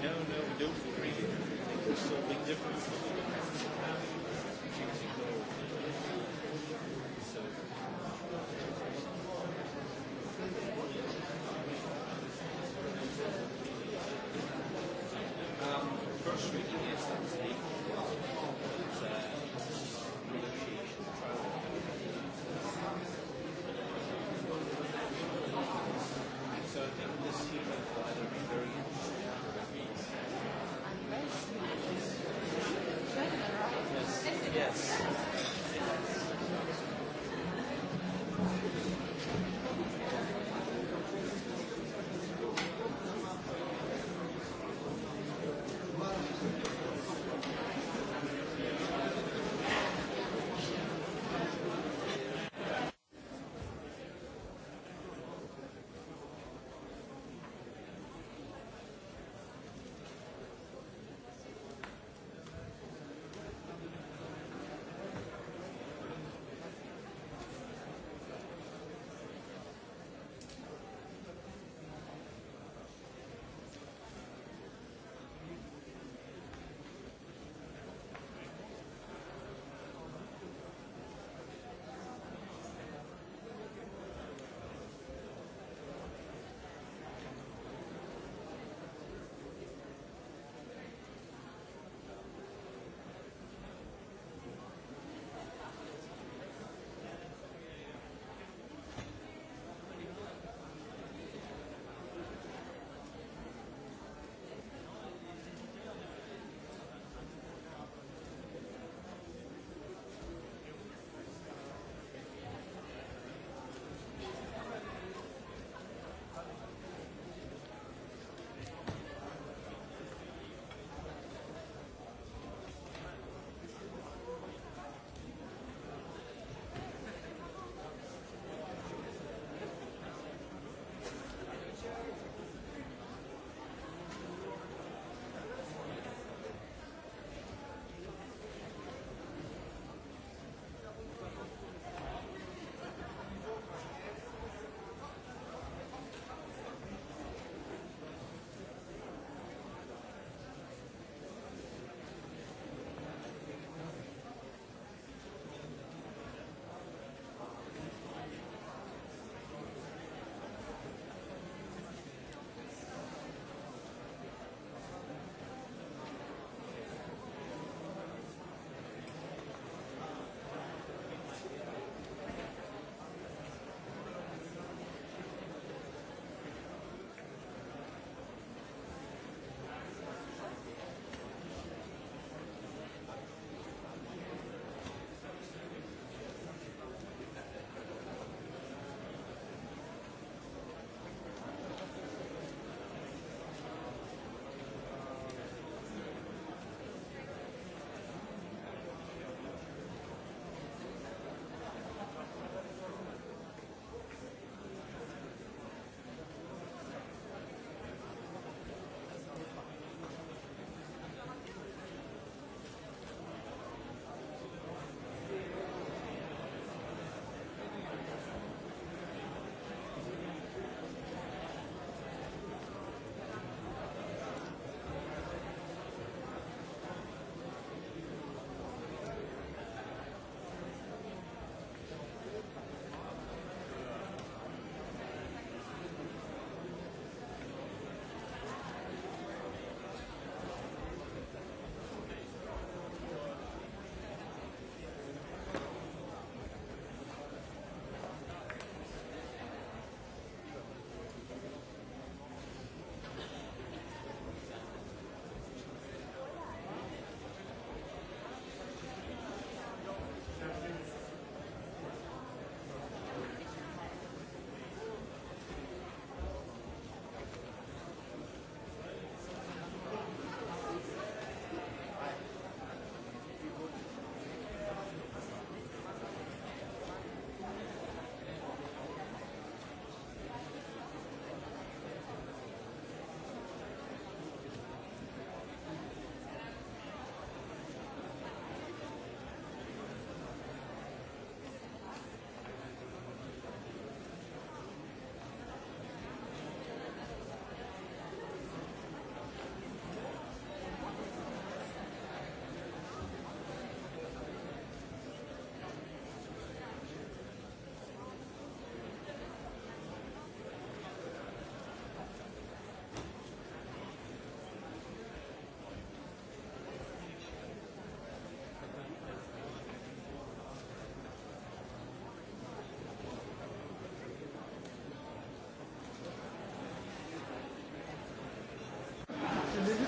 No, no, we don't agree. It's a big difference.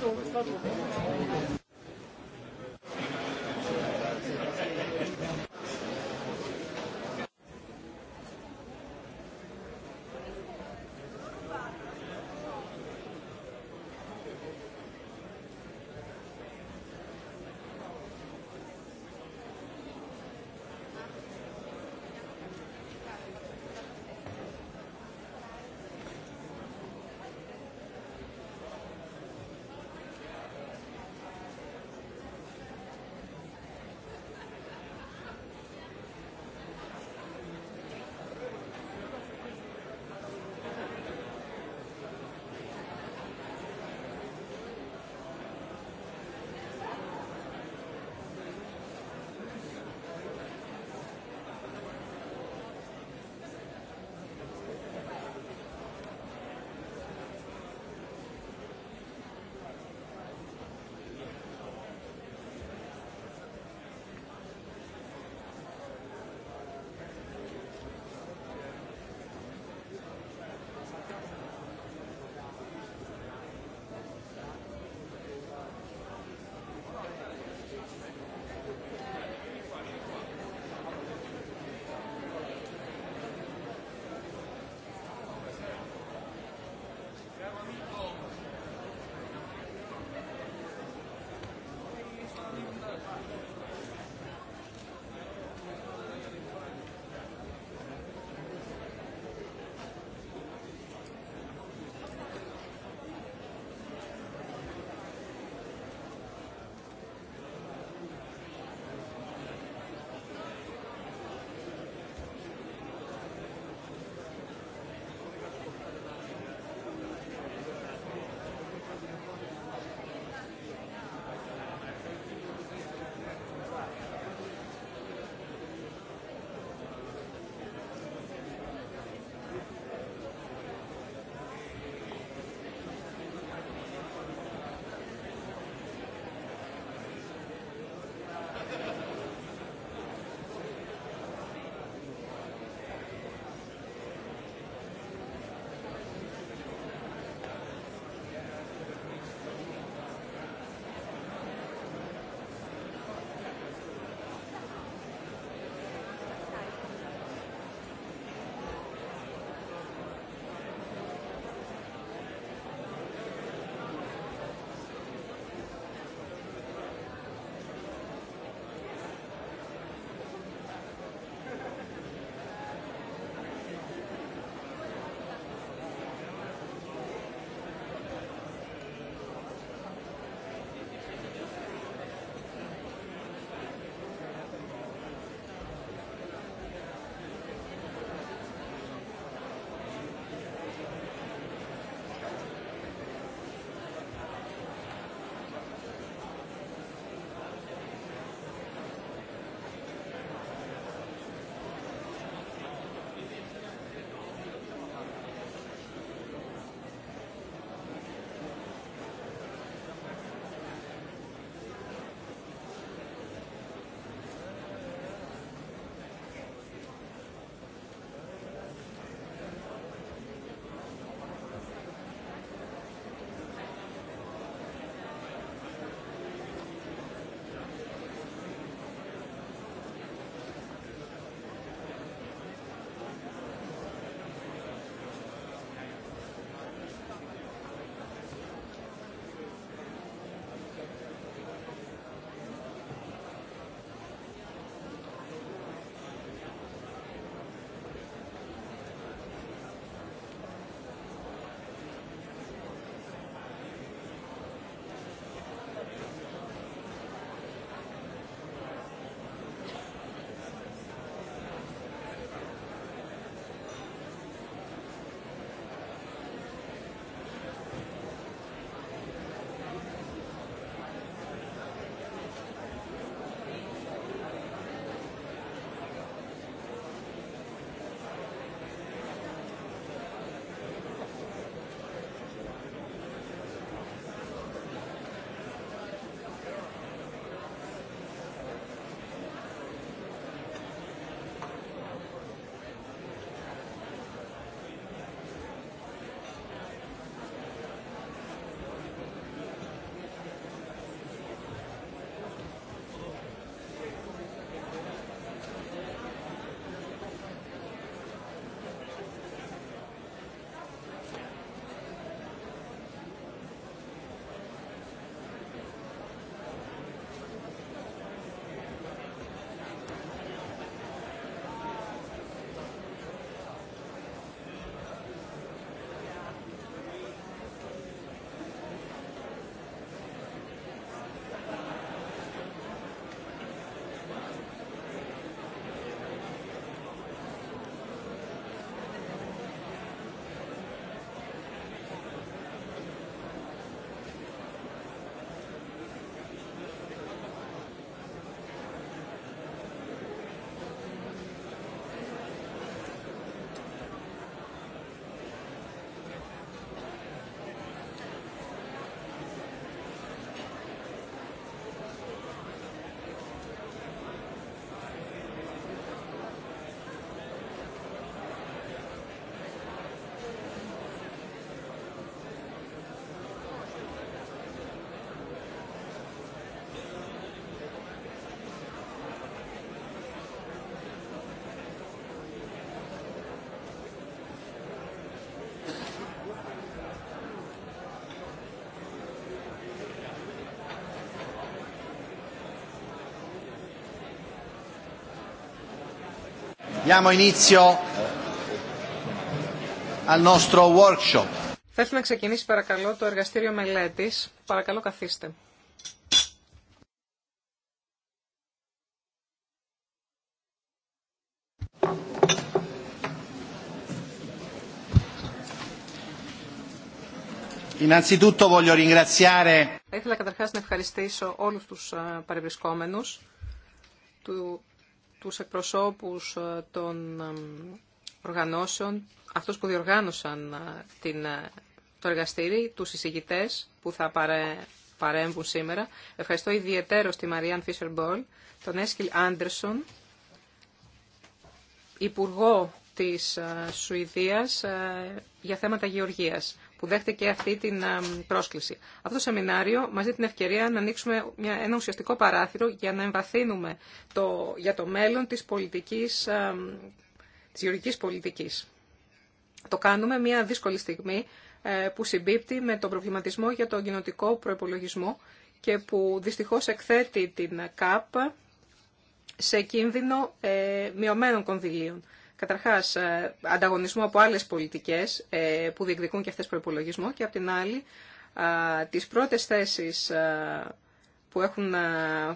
Lösung. Diamo inizio al nostro workshop. Θα ήθελα να ξεκινήσει παρακαλώ το εργαστήριο μελέτης. Παρακαλώ καθίστε. Innanzitutto voglio ringraziare Θα ήθελα καταρχάς να ευχαριστήσω όλους τους ε, παρευρισκόμενους του τους εκπροσώπους ε, των ε, οργανώσεων, αυτούς που διοργάνωσαν ε, την, το εργαστήρι, τους εισηγητές που θα παρέμβουν σήμερα. Ευχαριστώ ιδιαίτερο τη Μαριάν Φίσερ Μπολ, τον Έσκιλ Άντερσον, Υπουργό της Σουηδίας για θέματα γεωργίας που δέχτηκε αυτή την ε, πρόσκληση. Αυτό το σεμινάριο μας δίνει την ευκαιρία να ανοίξουμε μια, ένα ουσιαστικό παράθυρο για να εμβαθύνουμε το, για το μέλλον της, πολιτικής, ε, της γεωργικής πολιτικής. Το κάνουμε μια δύσκολη στιγμή ε, που συμπίπτει με τον προβληματισμό για τον κοινοτικό προπολογισμό και που δυστυχώς εκθέτει την ΚΑΠ σε κίνδυνο μειωμένων κονδυλίων καταρχάς ε, ανταγωνισμό από άλλες πολιτικές ε, που διεκδικούν και αυτές προπολογισμό και από την άλλη τις πρώτες θέσεις που, έχουν,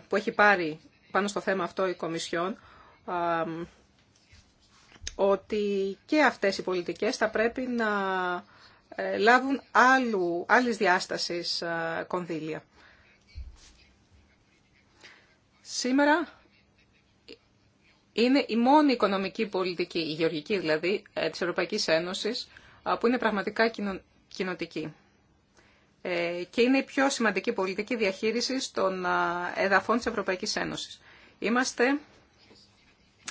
που έχει πάρει πάνω στο θέμα αυτό η Κομισιόν ότι και αυτές οι πολιτικές θα πρέπει να ε, λάβουν άλλου, άλλης διάστασης κονδύλια. Σήμερα είναι η μόνη οικονομική πολιτική, η γεωργική δηλαδή, ε, της Ευρωπαϊκής Ένωσης, ε, που είναι πραγματικά κοινο, κοινοτική. Ε, και είναι η πιο σημαντική πολιτική διαχείριση των εδαφών της Ευρωπαϊκής Ένωσης. Είμαστε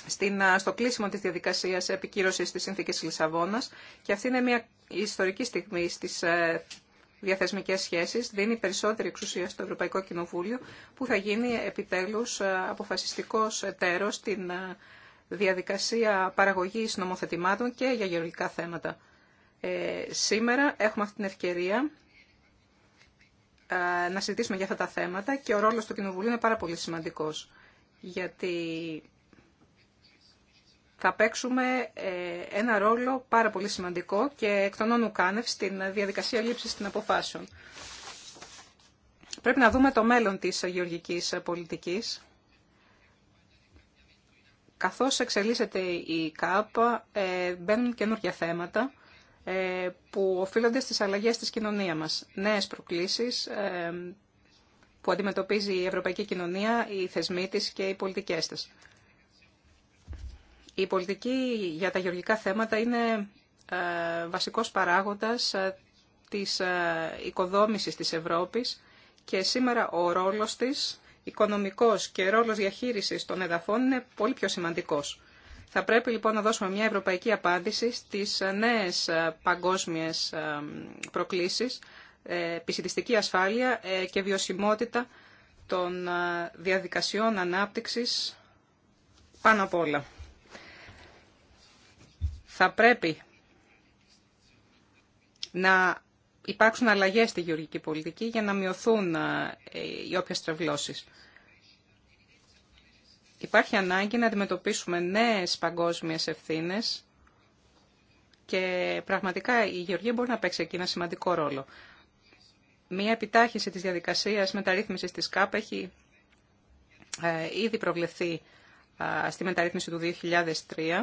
στην, στο κλείσιμο της διαδικασίας επικύρωσης της Συνθήκης Λισαβόνας και αυτή είναι μια ιστορική στιγμή στις διαθεσμικές σχέσεις δίνει περισσότερη εξουσία στο Ευρωπαϊκό Κοινοβούλιο που θα γίνει επιτέλους ε, αποφασιστικός εταίρος στην ε, διαδικασία παραγωγής νομοθετημάτων και για γεωργικά θέματα. Ε, σήμερα έχουμε αυτή την ευκαιρία ε, να συζητήσουμε για αυτά τα θέματα και ο ρόλος του Κοινοβουλίου είναι πάρα πολύ σημαντικός γιατί θα παίξουμε ε, ένα ρόλο πάρα πολύ σημαντικό και εκ των κάνευ στην διαδικασία λήψης των αποφάσεων. Πρέπει να δούμε το μέλλον της γεωργικής πολιτικής. Καθώς εξελίσσεται η ΚΑΠ, ε, μπαίνουν καινούργια θέματα ε, που οφείλονται στις αλλαγές της κοινωνία μας. Νέες προκλήσεις που αντιμετωπίζει η ευρωπαϊκή κοινωνία, οι θεσμοί της και οι πολιτικές της. Η πολιτική για τα γεωργικά θέματα είναι ε, βασικός παράγοντας ε, της ε, οικοδόμησης της Ευρώπης και σήμερα ο ρόλος της, οικονομικός και ρόλος διαχείρισης των εδαφών είναι πολύ πιο σημαντικός. Θα πρέπει λοιπόν να δώσουμε μια ευρωπαϊκή απάντηση στις νέες παγκόσμιες προκλήσεις, πισιτιστική ασφάλεια και βιωσιμότητα των διαδικασιών ανάπτυξης πάνω απ' όλα θα πρέπει να υπάρξουν αλλαγές στη γεωργική πολιτική για να μειωθούν ε, οι όποιες τρευλώσεις. Υπάρχει ανάγκη να αντιμετωπίσουμε νέες παγκόσμιες ευθύνες και πραγματικά η γεωργία μπορεί να παίξει εκεί ένα σημαντικό ρόλο. Μία επιτάχυση της διαδικασίας μεταρρύθμισης της ΚΑΠ έχει ε, ήδη προβλεφθεί ε, στη μεταρρύθμιση του 2003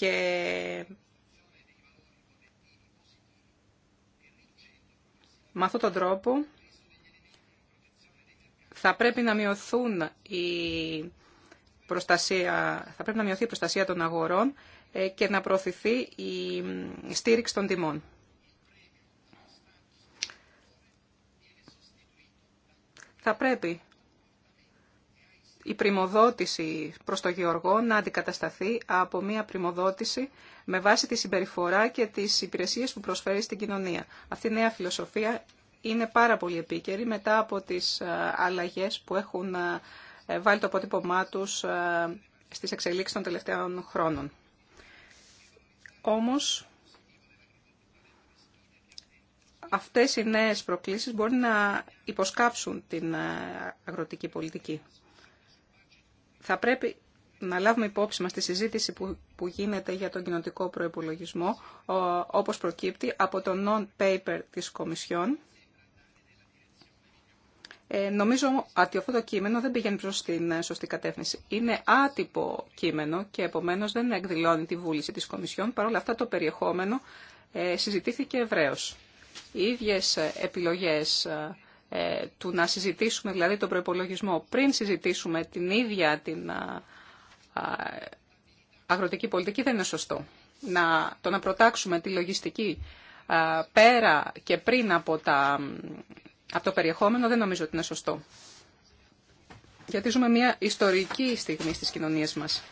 και με αυτόν τον τρόπο θα πρέπει να μειωθούν η προστασία, θα πρέπει να μειωθεί η προστασία των αγορών ε, και να προωθηθεί η στήριξη των τιμών. Θα πρέπει η πρημοδότηση προς τον Γεωργό να αντικατασταθεί από μια πρημοδότηση με βάση τη συμπεριφορά και τις υπηρεσίες που προσφέρει στην κοινωνία. Αυτή η νέα φιλοσοφία είναι πάρα πολύ επίκαιρη μετά από τις ε, αλλαγές που έχουν ε, βάλει το αποτύπωμά τους ε, στις εξελίξεις των τελευταίων χρόνων. Όμως, αυτές οι νέες προκλήσεις μπορεί να υποσκάψουν την αγροτική πολιτική θα πρέπει να λάβουμε υπόψη μας τη συζήτηση που, γίνεται για τον κοινοτικό προϋπολογισμό, όπως προκύπτει από το non-paper της Κομισιόν. Ε, νομίζω ότι αυτό το κείμενο δεν πηγαίνει προς την ε, σωστή κατεύθυνση. Είναι άτυπο κείμενο και επομένως δεν εκδηλώνει τη βούληση της Κομισιόν. Παρ' όλα αυτά το περιεχόμενο ε, συζητήθηκε ευρέως. Οι ίδιες ε, επιλογές ε, του να συζητήσουμε δηλαδή τον προπολογισμό πριν συζητήσουμε την ίδια την αγροτική πολιτική δεν είναι σωστό. Να, το να προτάξουμε τη λογιστική πέρα και πριν από, τα, από το περιεχόμενο δεν νομίζω ότι είναι σωστό. Γιατί ζούμε μια ιστορική στιγμή στις κοινωνίες μας.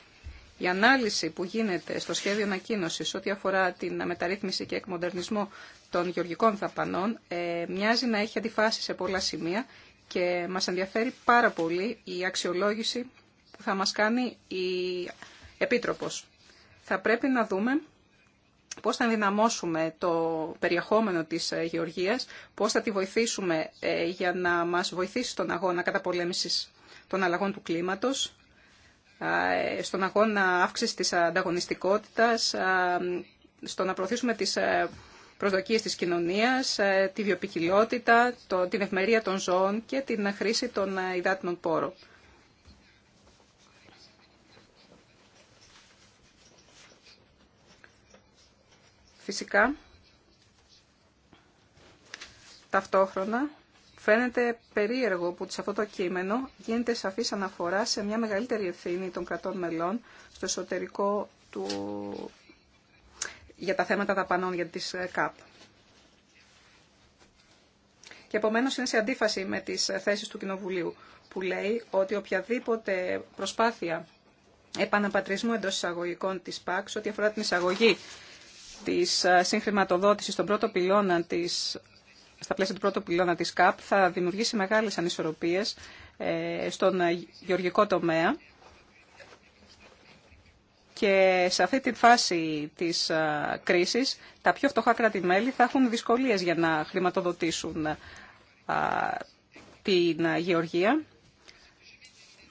Η ανάλυση που γίνεται στο σχέδιο ανακοίνωση ό,τι αφορά την μεταρρύθμιση και εκμοντερνισμό των γεωργικών δαπανών ε, μοιάζει να έχει αντιφάσει σε πολλά σημεία και μας ενδιαφέρει πάρα πολύ η αξιολόγηση που θα μας κάνει η Επίτροπος. Θα πρέπει να δούμε πώς θα ενδυναμώσουμε το περιεχόμενο της ε, γεωργίας, πώς θα τη βοηθήσουμε ε, για να μας βοηθήσει στον αγώνα κατά των αλλαγών του κλίματος, ε, στον αγώνα αύξηση της ανταγωνιστικότητας, στο να προωθήσουμε τις ε, προσδοκίες της κοινωνίας, ε, τη βιοπικιλότητα, την ευμερία των ζώων και την χρήση των υδάτινων πόρων. Φυσικά, ταυτόχρονα φαίνεται περίεργο που σε αυτό το κείμενο γίνεται σαφής αναφορά σε μια μεγαλύτερη ευθύνη των κρατών μελών στο εσωτερικό του... για τα θέματα δαπανών για τις ε, ΚΑΠ. Και επομένως είναι σε αντίφαση με τις ε, θέσεις του Κοινοβουλίου που λέει ότι οποιαδήποτε προσπάθεια επαναπατρισμού εντός εισαγωγικών της ΠΑΚ ό,τι αφορά την εισαγωγή της ε, συγχρηματοδότησης στον πρώτο πυλώνα της στα πλαίσια του πρώτου πυλώνα της ΚΑΠ θα δημιουργήσει μεγάλες ανισορροπίες ε, στον γεωργικό τομέα και σε αυτή τη φάση της ε, κρίσης τα πιο φτωχά κράτη-μέλη θα έχουν δυσκολίες για να χρηματοδοτήσουν ε, την γεωργία.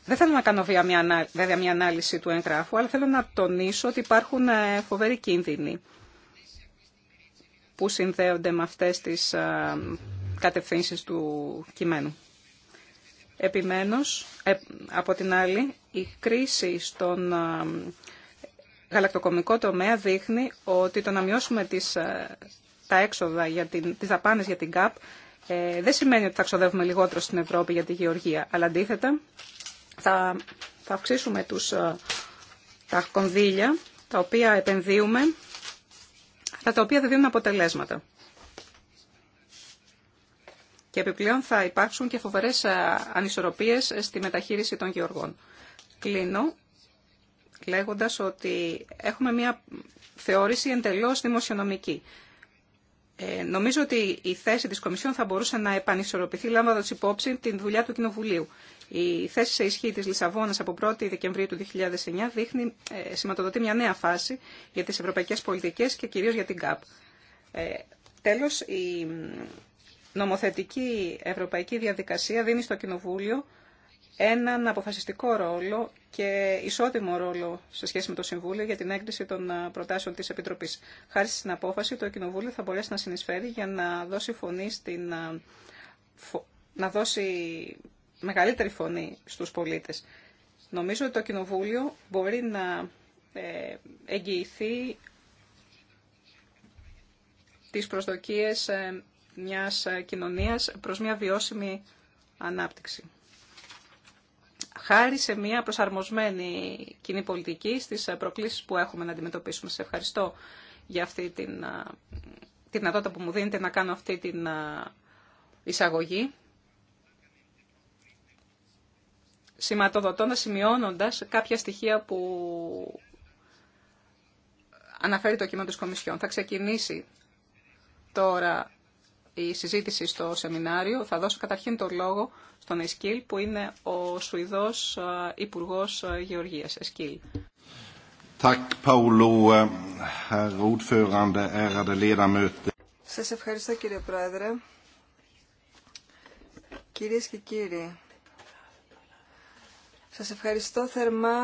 Δεν θέλω να κάνω βέβαια μια ανάλυση του εγγράφου, αλλά θέλω να τονίσω ότι υπάρχουν φοβεροί κίνδυνοι που συνδέονται με αυτές τις ε, κατευθύνσεις του κειμένου. Επιμένως, ε, από την άλλη, η κρίση στον ε, γαλακτοκομικό τομέα δείχνει ότι το να μειώσουμε τις, τα έξοδα, για την, τις δαπάνες για την ΚΑΠ δεν σημαίνει ότι θα ξοδεύουμε λιγότερο στην Ευρώπη για τη γεωργία, αλλά αντίθετα θα, θα αυξήσουμε τους, τα κονδύλια τα οποία επενδύουμε τα οποία δεν δίνουν αποτελέσματα. Και επιπλέον θα υπάρξουν και φοβερές ανισορροπίες στη μεταχείριση των γεωργών. Κλείνω λέγοντας ότι έχουμε μια θεώρηση εντελώς δημοσιονομική. Ε, νομίζω ότι η θέση της Κομισιόν θα μπορούσε να επανισορροπηθεί λαμβάνοντας υπόψη την δουλειά του Κοινοβουλίου. Η θέση σε ισχύ της Λισαβόνας από 1η Δεκεμβρίου του 2009 δείχνει, ε, σηματοδοτεί μια νέα φάση για τις ευρωπαϊκές πολιτικές και κυρίως για την ΚΑΠ. Ε, τέλος, η νομοθετική ευρωπαϊκή διαδικασία δίνει στο Κοινοβούλιο έναν αποφασιστικό ρόλο και ισότιμο ρόλο σε σχέση με το Συμβούλιο για την έγκριση των ε, προτάσεων της Επιτροπής. Χάρη στην απόφαση, το Κοινοβούλιο θα μπορέσει να συνεισφέρει για να δώσει φωνή στην... Ε, να δώσει μεγαλύτερη φωνή στους πολίτες. Νομίζω ότι το Κοινοβούλιο μπορεί να ε, εγγυηθεί τις προσδοκίες μιας κοινωνίας προς μια βιώσιμη ανάπτυξη χάρη σε μια προσαρμοσμένη κοινή πολιτική στις ε, προκλήσεις που έχουμε να αντιμετωπίσουμε. Σε ευχαριστώ για αυτή την, ε, τη δυνατότητα που μου δίνετε να κάνω αυτή την ε, εισαγωγή. Σηματοδοτώντας, σημειώνοντας κάποια στοιχεία που αναφέρει το κείμενο της Κομισιόν. Θα ξεκινήσει τώρα η συζήτηση στο σεμινάριο. Θα δώσω καταρχήν το λόγο τον Εσκίλ που είναι ο Σουηδός ε, Υπουργός ε, Γεωργίας. Εσκίλ. Ε, σας ευχαριστώ κύριε Πρόεδρε. Κυρίες και κύριοι, σας ευχαριστώ θερμά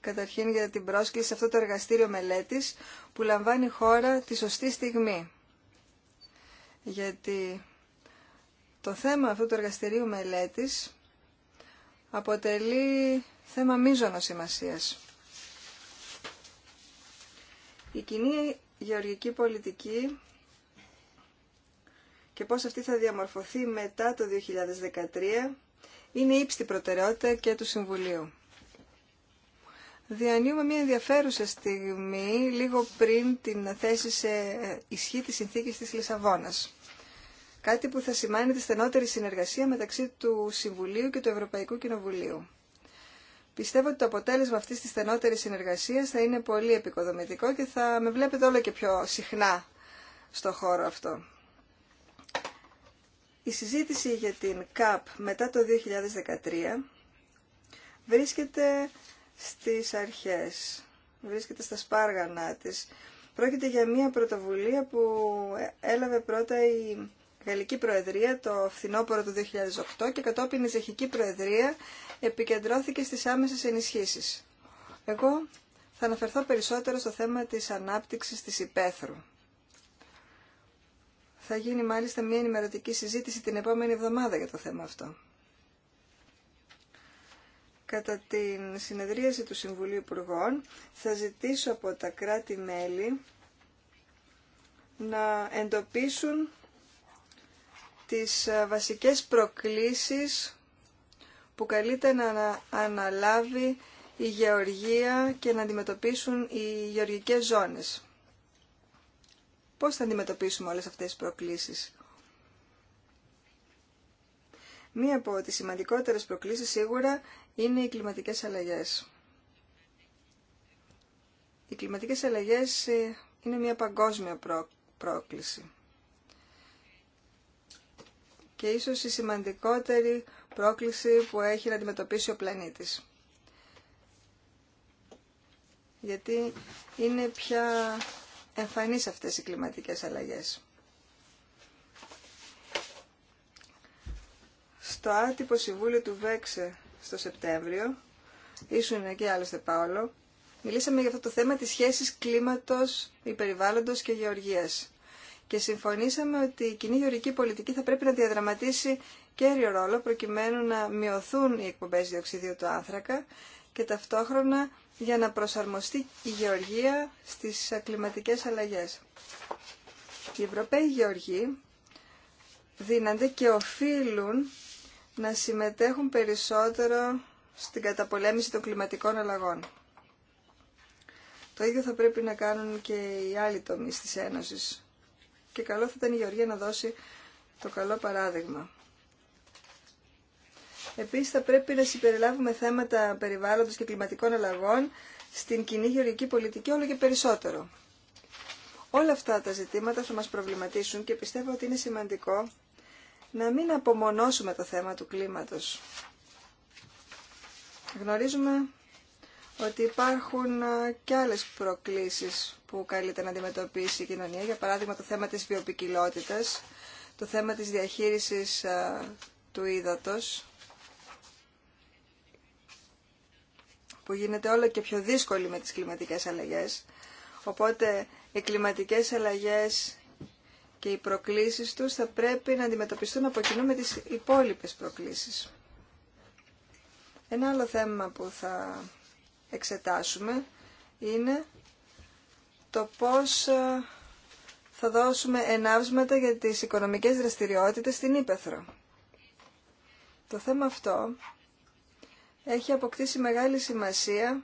καταρχήν για την πρόσκληση σε αυτό το εργαστήριο μελέτης που λαμβάνει η χώρα τη σωστή στιγμή. Γιατί το θέμα αυτού του εργαστηρίου μελέτης αποτελεί θέμα μείζωνος σημασίας. Η κοινή γεωργική πολιτική και πώς αυτή θα διαμορφωθεί μετά το 2013 είναι ύψη προτεραιότητα και του Συμβουλίου. Διανύουμε μια ενδιαφέρουσα στιγμή λίγο πριν την θέση σε ισχύ της συνθήκης της Λισαβόνας. Κάτι που θα σημάνει τη στενότερη συνεργασία μεταξύ του Συμβουλίου και του Ευρωπαϊκού Κοινοβουλίου. Πιστεύω ότι το αποτέλεσμα αυτής της στενότερης συνεργασίας θα είναι πολύ επικοδομητικό και θα με βλέπετε όλο και πιο συχνά στο χώρο αυτό. Η συζήτηση για την ΚΑΠ μετά το 2013 βρίσκεται στις αρχές, βρίσκεται στα σπάργανά της. Πρόκειται για μια πρωτοβουλία που έλαβε πρώτα η Γαλλική Προεδρία το φθινόπωρο του 2008 και κατόπιν η Ζεχική Προεδρία επικεντρώθηκε στις άμεσες ενισχύσεις. Εγώ θα αναφερθώ περισσότερο στο θέμα της ανάπτυξης της υπαίθρου. Θα γίνει μάλιστα μια ενημερωτική συζήτηση την επόμενη εβδομάδα για το θέμα αυτό. Κατά την συνεδρίαση του Συμβουλίου Υπουργών θα ζητήσω από τα κράτη-μέλη να εντοπίσουν τις ε, βασικές προκλήσεις που καλείται να αναλάβει η γεωργία και να αντιμετωπίσουν οι γεωργικές ζώνες. Πώς θα αντιμετωπίσουμε όλες αυτές τις προκλήσεις. Μία από τις σημαντικότερες προκλήσεις σίγουρα είναι οι κλιματικές αλλαγές. Οι κλιματικές αλλαγές ε, είναι μια παγκόσμια πρόκληση και ίσως η σημαντικότερη πρόκληση που έχει να αντιμετωπίσει ο πλανήτης. Γιατί είναι πια εμφανείς αυτές οι κλιματικές αλλαγές. Στο άτυπο συμβούλιο του Βέξε στο Σεπτέμβριο, ήσουν εκεί άλλωστε Πάολο, μιλήσαμε για αυτό το θέμα της σχέσης κλίματος, υπεριβάλλοντος και γεωργίας και συμφωνήσαμε ότι η κοινή γεωργική πολιτική θα πρέπει να διαδραματίσει κέριο ρόλο προκειμένου να μειωθούν οι εκπομπές διοξιδίου του άνθρακα και ταυτόχρονα για να προσαρμοστεί η γεωργία στις κλιματικές αλλαγές. Οι Ευρωπαίοι γεωργοί δίνανται και οφείλουν να συμμετέχουν περισσότερο στην καταπολέμηση των κλιματικών αλλαγών. Το ίδιο θα πρέπει να κάνουν και οι άλλοι τομείς της Ένωσης και καλό θα ήταν η Γεωργία να δώσει το καλό παράδειγμα. Επίσης θα πρέπει να συμπεριλάβουμε θέματα περιβάλλοντος και κλιματικών αλλαγών στην κοινή γεωργική πολιτική όλο και περισσότερο. Όλα αυτά τα ζητήματα θα μας προβληματίσουν και πιστεύω ότι είναι σημαντικό να μην απομονώσουμε το θέμα του κλίματος. Γνωρίζουμε ότι υπάρχουν και άλλες προκλήσεις που καλείται να αντιμετωπίσει η κοινωνία. Για παράδειγμα το θέμα της βιοπικιλότητας, το θέμα της διαχείρισης του ύδατος, που γίνεται όλο και πιο δύσκολη με τις κλιματικές αλλαγές. Οπότε οι κλιματικές αλλαγές και οι προκλήσεις τους θα πρέπει να αντιμετωπιστούν από κοινού με τις υπόλοιπες προκλήσεις. Ένα άλλο θέμα που θα εξετάσουμε είναι το πώς ε, θα δώσουμε ενάψματα για τις οικονομικές δραστηριότητες στην Ήπεθρο. Το θέμα αυτό έχει αποκτήσει μεγάλη σημασία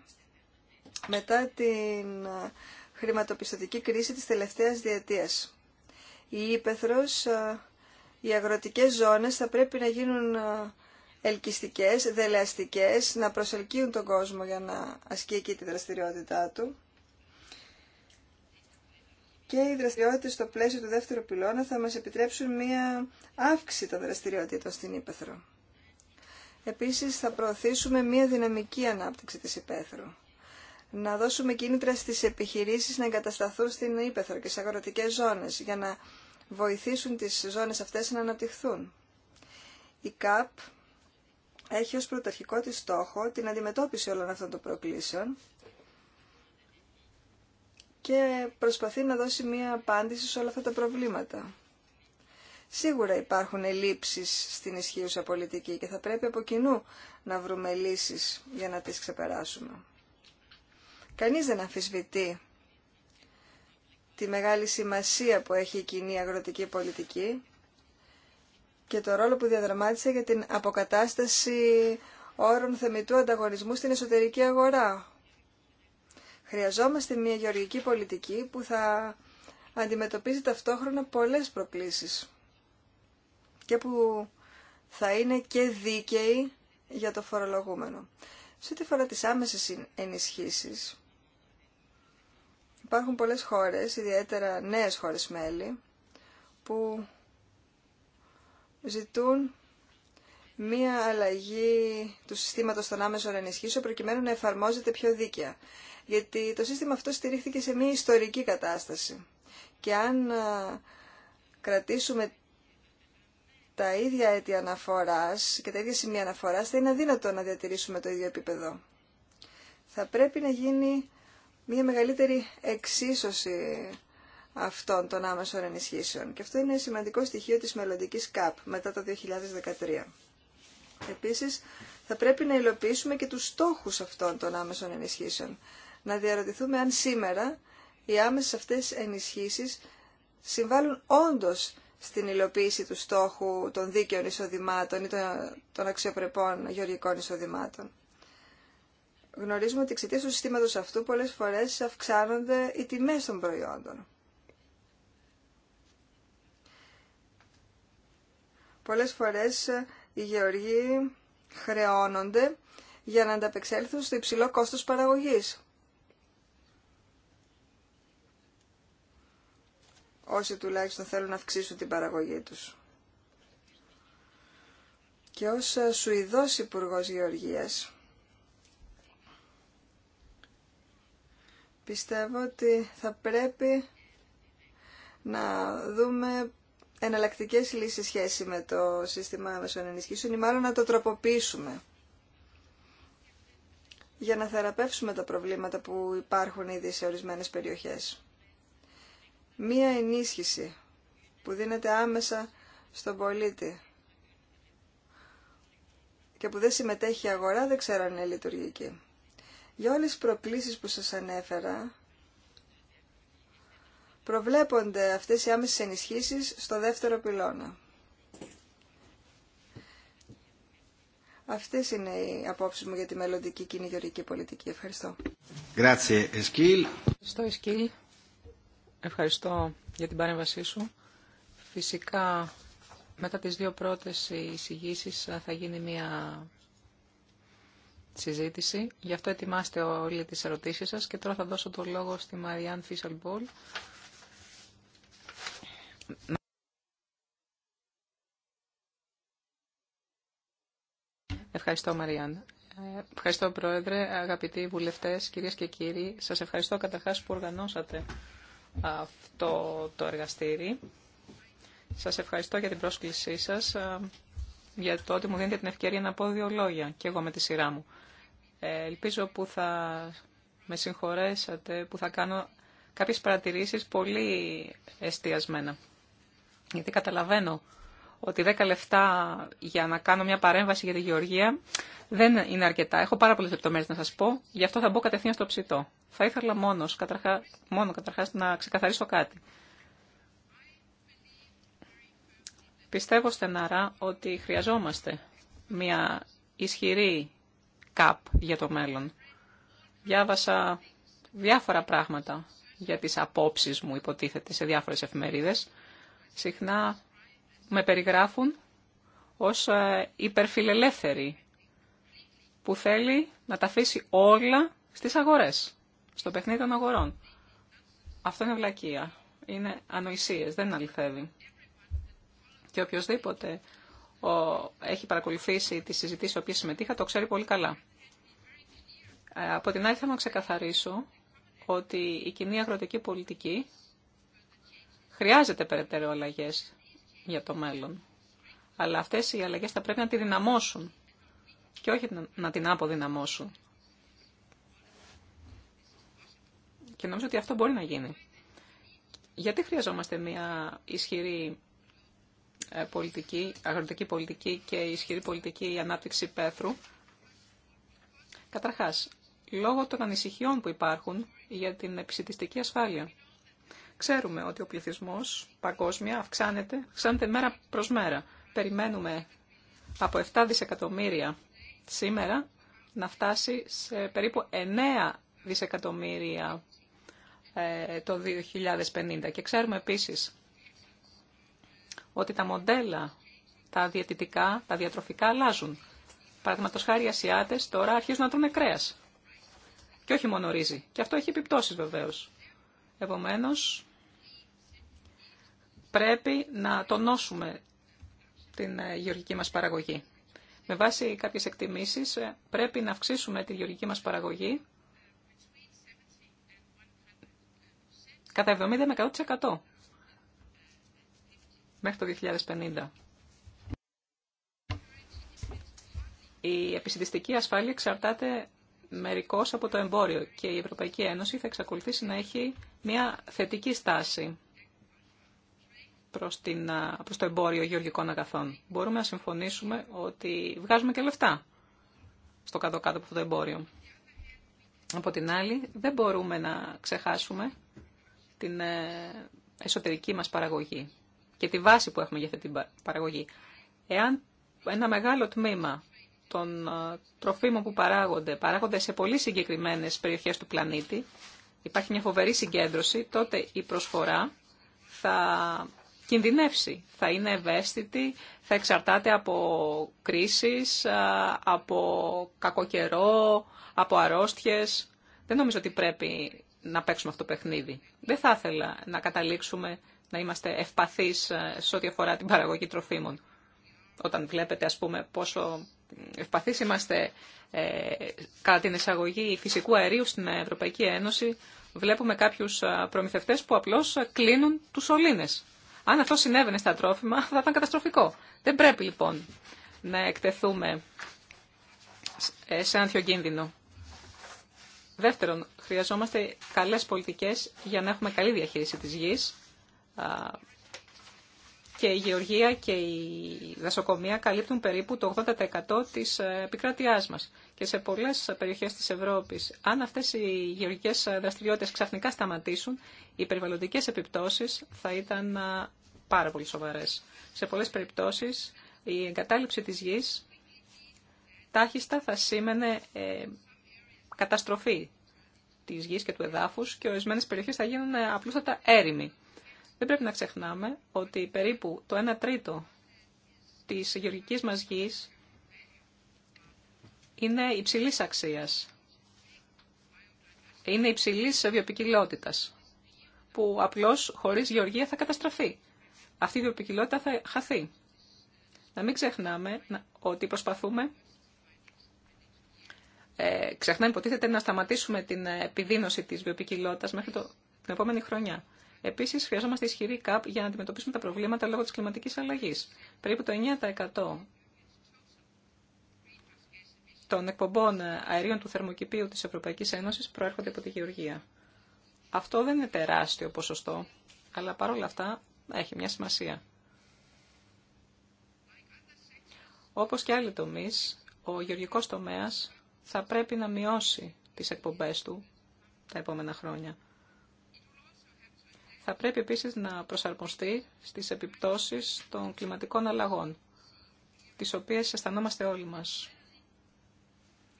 μετά την ε, χρηματοπιστωτική κρίση της τελευταίας διετίας. Η Ήπεθρος, ε, οι αγροτικές ζώνες θα πρέπει να γίνουν ελκυστικές, δελεαστικές, να προσελκύουν τον κόσμο για να ασκεί εκεί τη δραστηριότητά του. Και οι δραστηριότητες στο πλαίσιο του δεύτερου πυλώνα θα μας επιτρέψουν μία αύξηση των δραστηριοτήτων στην Ήπεθρο. Επίσης θα προωθήσουμε μία δυναμική ανάπτυξη της Ήπεθρου. Να δώσουμε κίνητρα στις επιχειρήσεις να εγκατασταθούν στην Ήπεθρο και σε αγροτικές ζώνες για να βοηθήσουν τις ζώνες αυτές να αναπτυχθούν. Η ΚΑΠ έχει ως πρωταρχικό της στόχο την αντιμετώπιση όλων αυτών των προκλήσεων και προσπαθεί να δώσει μία απάντηση σε όλα αυτά τα προβλήματα. Σίγουρα υπάρχουν ελλείψεις στην ισχύουσα πολιτική και θα πρέπει από κοινού να βρούμε λύσεις για να τις ξεπεράσουμε. Κανείς δεν αμφισβητεί τη μεγάλη σημασία που έχει η κοινή αγροτική πολιτική και το ρόλο που διαδραμάτισε για την αποκατάσταση όρων θεμητού ανταγωνισμού στην εσωτερική αγορά. Χρειαζόμαστε μια γεωργική πολιτική που θα αντιμετωπίζει ταυτόχρονα πολλές προκλήσεις και που θα είναι και δίκαιη για το φορολογούμενο. Σε ό,τι φορά τις άμεσες ενισχύσεις, υπάρχουν πολλές χώρες, ιδιαίτερα νέες χώρες μέλη, που ζητούν μία αλλαγή του συστήματος των άμεσων ενισχύσεων προκειμένου να εφαρμόζεται πιο δίκαια. Γιατί το σύστημα αυτό στηρίχθηκε σε μία ιστορική κατάσταση. Και αν κρατήσουμε τα ίδια αίτια αναφοράς και τα ίδια σημεία αναφοράς θα είναι αδύνατο να διατηρήσουμε το ίδιο επίπεδο. Θα πρέπει να γίνει μία μεγαλύτερη εξίσωση αυτών των άμεσων ενισχύσεων. Και αυτό είναι σημαντικό στοιχείο της μελλοντική ΚΑΠ μετά το 2013. Επίσης, θα πρέπει να υλοποιήσουμε και τους στόχους αυτών των άμεσων ενισχύσεων. Να διαρωτηθούμε αν σήμερα οι άμεσες αυτές ενισχύσεις συμβάλλουν όντως στην υλοποίηση του στόχου των δίκαιων εισοδημάτων ή των αξιοπρεπών γεωργικών εισοδημάτων. Γνωρίζουμε ότι εξαιτία του συστήματος αυτού πολλές φορές αυξάνονται οι τιμέ των προϊόντων. Πολλές φορές ε, οι γεωργοί χρεώνονται για να ανταπεξέλθουν στο υψηλό κόστος παραγωγής. Όσοι τουλάχιστον θέλουν να αυξήσουν την παραγωγή τους. Και ως ε, Σουηδός Υπουργός Γεωργίας πιστεύω ότι θα πρέπει να δούμε εναλλακτικέ λύσει σχέση με το σύστημα άμεσων ενισχύσεων ή μάλλον να το τροποποιήσουμε για να θεραπεύσουμε τα προβλήματα που υπάρχουν ήδη σε ορισμένες περιοχές. Μία ενίσχυση που δίνεται άμεσα στον πολίτη και που δεν συμμετέχει η αγορά δεν ξέρω αν είναι λειτουργική. Για όλες τις προκλήσεις που σας ανέφερα προβλέπονται αυτές οι άμεσες ενισχύσεις στο δεύτερο πυλώνα. Αυτές είναι οι απόψεις μου για τη μελλοντική κοινή πολιτική. Ευχαριστώ. Ευχαριστώ, Εσκύλ. Ευχαριστώ για την παρέμβασή σου. Φυσικά, μετά τις δύο πρώτες εισηγήσει θα γίνει μια συζήτηση. Γι' αυτό ετοιμάστε όλοι τις ερωτήσεις σας και τώρα θα δώσω το λόγο στη Μαριάν Φίσσαλμπολ. Ευχαριστώ, Μαριάν. Ε, ευχαριστώ, Πρόεδρε, αγαπητοί βουλευτές, κυρίες και κύριοι. Σας ευχαριστώ καταρχάς που οργανώσατε αυτό το εργαστήρι. Σας ευχαριστώ για την πρόσκλησή σας, ε, για το ότι μου δίνετε την ευκαιρία να πω δύο λόγια και εγώ με τη σειρά μου. Ε, ελπίζω που θα με συγχωρέσατε, που θα κάνω κάποιες παρατηρήσεις πολύ εστιασμένα. Γιατί καταλαβαίνω ότι 10 λεφτά για να κάνω μια παρέμβαση για τη γεωργία δεν είναι αρκετά. Έχω πάρα πολλέ λεπτομέρειε να σα πω, γι' αυτό θα μπω κατευθείαν στο ψητό. Θα ήθελα μόνος, καταρχά, μόνο καταρχά να ξεκαθαρίσω κάτι. Πιστεύω στεναρά ότι χρειαζόμαστε μια ισχυρή ΚΑΠ για το μέλλον. Διάβασα διάφορα πράγματα για τις απόψεις μου, υποτίθεται, σε διάφορες εφημερίδες συχνά με περιγράφουν ως ε, υπερφιλελεύθερη που θέλει να τα αφήσει όλα στις αγορές, στο παιχνίδι των αγορών. Αυτό είναι βλακεία. Είναι ανοησίες, δεν αληθεύει. Και οποιοδήποτε έχει παρακολουθήσει τις συζητήσεις στις οποίες συμμετείχα, το ξέρει πολύ καλά. Ε, από την άλλη θέλω να ξεκαθαρίσω ότι η κοινή αγροτική πολιτική Χρειάζεται περαιτέρω αλλαγέ για το μέλλον. Αλλά αυτές οι αλλαγέ θα πρέπει να τη δυναμώσουν και όχι να την αποδυναμώσουν. Και νομίζω ότι αυτό μπορεί να γίνει. Γιατί χρειαζόμαστε μια ισχυρή ε, πολιτική, αγροτική πολιτική και ισχυρή πολιτική ανάπτυξη πέθρου. Καταρχάς, λόγω των ανησυχιών που υπάρχουν για την επισητιστική ασφάλεια. Ξέρουμε ότι ο πληθυσμός παγκόσμια αυξάνεται, αυξάνεται μέρα προς μέρα. Περιμένουμε από 7 δισεκατομμύρια σήμερα να φτάσει σε περίπου 9 δισεκατομμύρια ε, το 2050. Και ξέρουμε επίσης ότι τα μοντέλα, τα διατητικά, τα διατροφικά αλλάζουν. Παραδείγματος χάρη οι Ασιάτες τώρα αρχίζουν να τρώνε κρέας. Και όχι μόνο ρύζι. Και αυτό έχει επιπτώσεις βεβαίως. Επομένως, πρέπει να τονώσουμε την ε, γεωργική μας παραγωγή. Με βάση κάποιες εκτιμήσεις ε, πρέπει να αυξήσουμε τη γεωργική μας παραγωγή κατά 70 με 100% μέχρι το 2050. Η επισυντιστική ασφάλεια εξαρτάται μερικώς από το εμπόριο και η Ευρωπαϊκή Ένωση θα εξακολουθήσει να έχει μια θετική στάση προς, την, το εμπόριο γεωργικών αγαθών. Μπορούμε να συμφωνήσουμε ότι βγάζουμε και λεφτά στο κάτω-κάτω από το εμπόριο. Από την άλλη, δεν μπορούμε να ξεχάσουμε την ε, εσωτερική μας παραγωγή και τη βάση που έχουμε για αυτή την παραγωγή. Εάν ένα μεγάλο τμήμα των ε, τροφίμων που παράγονται, παράγονται σε πολύ συγκεκριμένες περιοχές του πλανήτη, υπάρχει μια φοβερή συγκέντρωση, τότε η προσφορά θα κινδυνεύσει. Θα είναι ευαίσθητη, θα εξαρτάται από κρίσεις, από κακό καιρό, από αρρώστιες. Δεν νομίζω ότι πρέπει να παίξουμε αυτό το παιχνίδι. Δεν θα ήθελα να καταλήξουμε να είμαστε ευπαθείς σε ό,τι αφορά την παραγωγή τροφίμων. Όταν βλέπετε, ας πούμε, πόσο ευπαθείς είμαστε ε, κατά την εισαγωγή φυσικού αερίου στην Ευρωπαϊκή Ένωση, βλέπουμε κάποιους προμηθευτές που απλώς κλείνουν τους σωλήνες. Αν αυτό συνέβαινε στα τρόφιμα θα ήταν καταστροφικό. Δεν πρέπει λοιπόν να εκτεθούμε ε, σε άνθιο κίνδυνο. Δεύτερον, χρειαζόμαστε καλές πολιτικές για να έχουμε καλή διαχείριση της γης, και η γεωργία και η δασοκομεία καλύπτουν περίπου το 80% της ε, επικράτειάς μας. Και σε πολλές περιοχές της Ευρώπης, αν αυτές οι γεωργικές ε, δραστηριότητες ξαφνικά σταματήσουν, οι περιβαλλοντικές επιπτώσεις θα ήταν ε, πάρα πολύ σοβαρές. Σε πολλές περιπτώσεις, η εγκατάλειψη της γης τάχιστα θα σήμαινε καταστροφή της γης και του εδάφους και ορισμένε περιοχές θα γίνουν απλούστατα έρημοι. Δεν πρέπει να ξεχνάμε ότι περίπου το 1 τρίτο της γεωργικής μας γης είναι υψηλή αξίας. Είναι υψηλή βιοπικιλότητας, που απλώς χωρίς γεωργία θα καταστραφεί. Αυτή η βιοπικιλότητα θα χαθεί. Να μην ξεχνάμε ότι προσπαθούμε ε, ξεχνάμε υποτίθεται να σταματήσουμε την ε, επιδείνωση της βιοπικιλότητας μέχρι το, την επόμενη χρονιά. Επίσης, χρειαζόμαστε ισχυρή ΚΑΠ για να αντιμετωπίσουμε τα προβλήματα λόγω της κλιματικής αλλαγής. Περίπου το 9% των εκπομπών αερίων του θερμοκηπίου της Ευρωπαϊκής Ένωσης προέρχονται από τη Γεωργία. Αυτό δεν είναι τεράστιο ποσοστό, αλλά παρόλα αυτά έχει μια σημασία. Όπως και άλλοι τομείς, ο γεωργικός τομέας θα πρέπει να μειώσει τις εκπομπές του τα επόμενα χρόνια θα πρέπει επίσης να προσαρμοστεί στις επιπτώσεις των κλιματικών αλλαγών, τις οποίες αισθανόμαστε όλοι μας.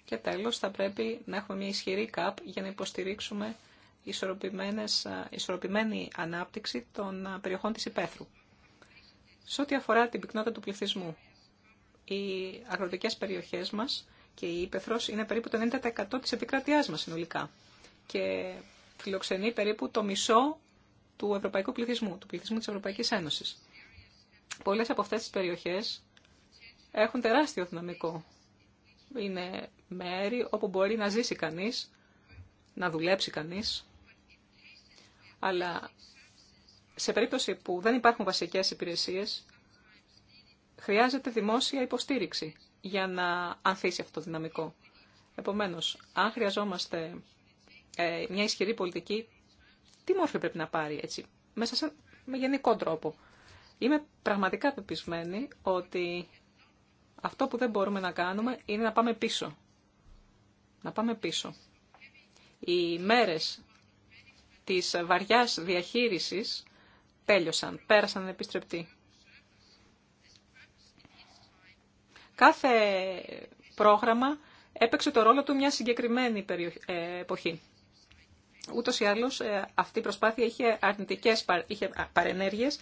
Και τέλος, θα πρέπει να έχουμε μια ισχυρή ΚΑΠ για να υποστηρίξουμε ισορροπημένη ανάπτυξη των περιοχών της υπαίθρου. Σε ό,τι αφορά την πυκνότητα του πληθυσμού, οι αγροτικές περιοχές μας και η ύπεθρος είναι περίπου το 90% της επικρατείας μας συνολικά και φιλοξενεί περίπου το μισό του ευρωπαϊκού πληθυσμού, του πληθυσμού της Ευρωπαϊκής Ένωσης. Πολλές από αυτές τις περιοχές έχουν τεράστιο δυναμικό. Είναι μέρη όπου μπορεί να ζήσει κανείς, να δουλέψει κανείς, αλλά σε περίπτωση που δεν υπάρχουν βασικές υπηρεσίες, χρειάζεται δημόσια υποστήριξη για να ανθίσει αυτό το δυναμικό. Επομένως, αν χρειαζόμαστε ε, μια ισχυρή πολιτική τι μόρφη πρέπει να πάρει έτσι, μέσα σε, με γενικό τρόπο. Είμαι πραγματικά πεπισμένη ότι αυτό που δεν μπορούμε να κάνουμε είναι να πάμε πίσω. Να πάμε πίσω. Οι μέρες της βαριάς διαχείρισης τέλειωσαν, πέρασαν επιστρεπτοί. Κάθε πρόγραμμα έπαιξε το ρόλο του μια συγκεκριμένη ε, εποχή. Ούτω ή άλλω, ε, αυτή η προσπάθεια είχε αρνητικές αρνητικες παρενεργειε παρενέργειες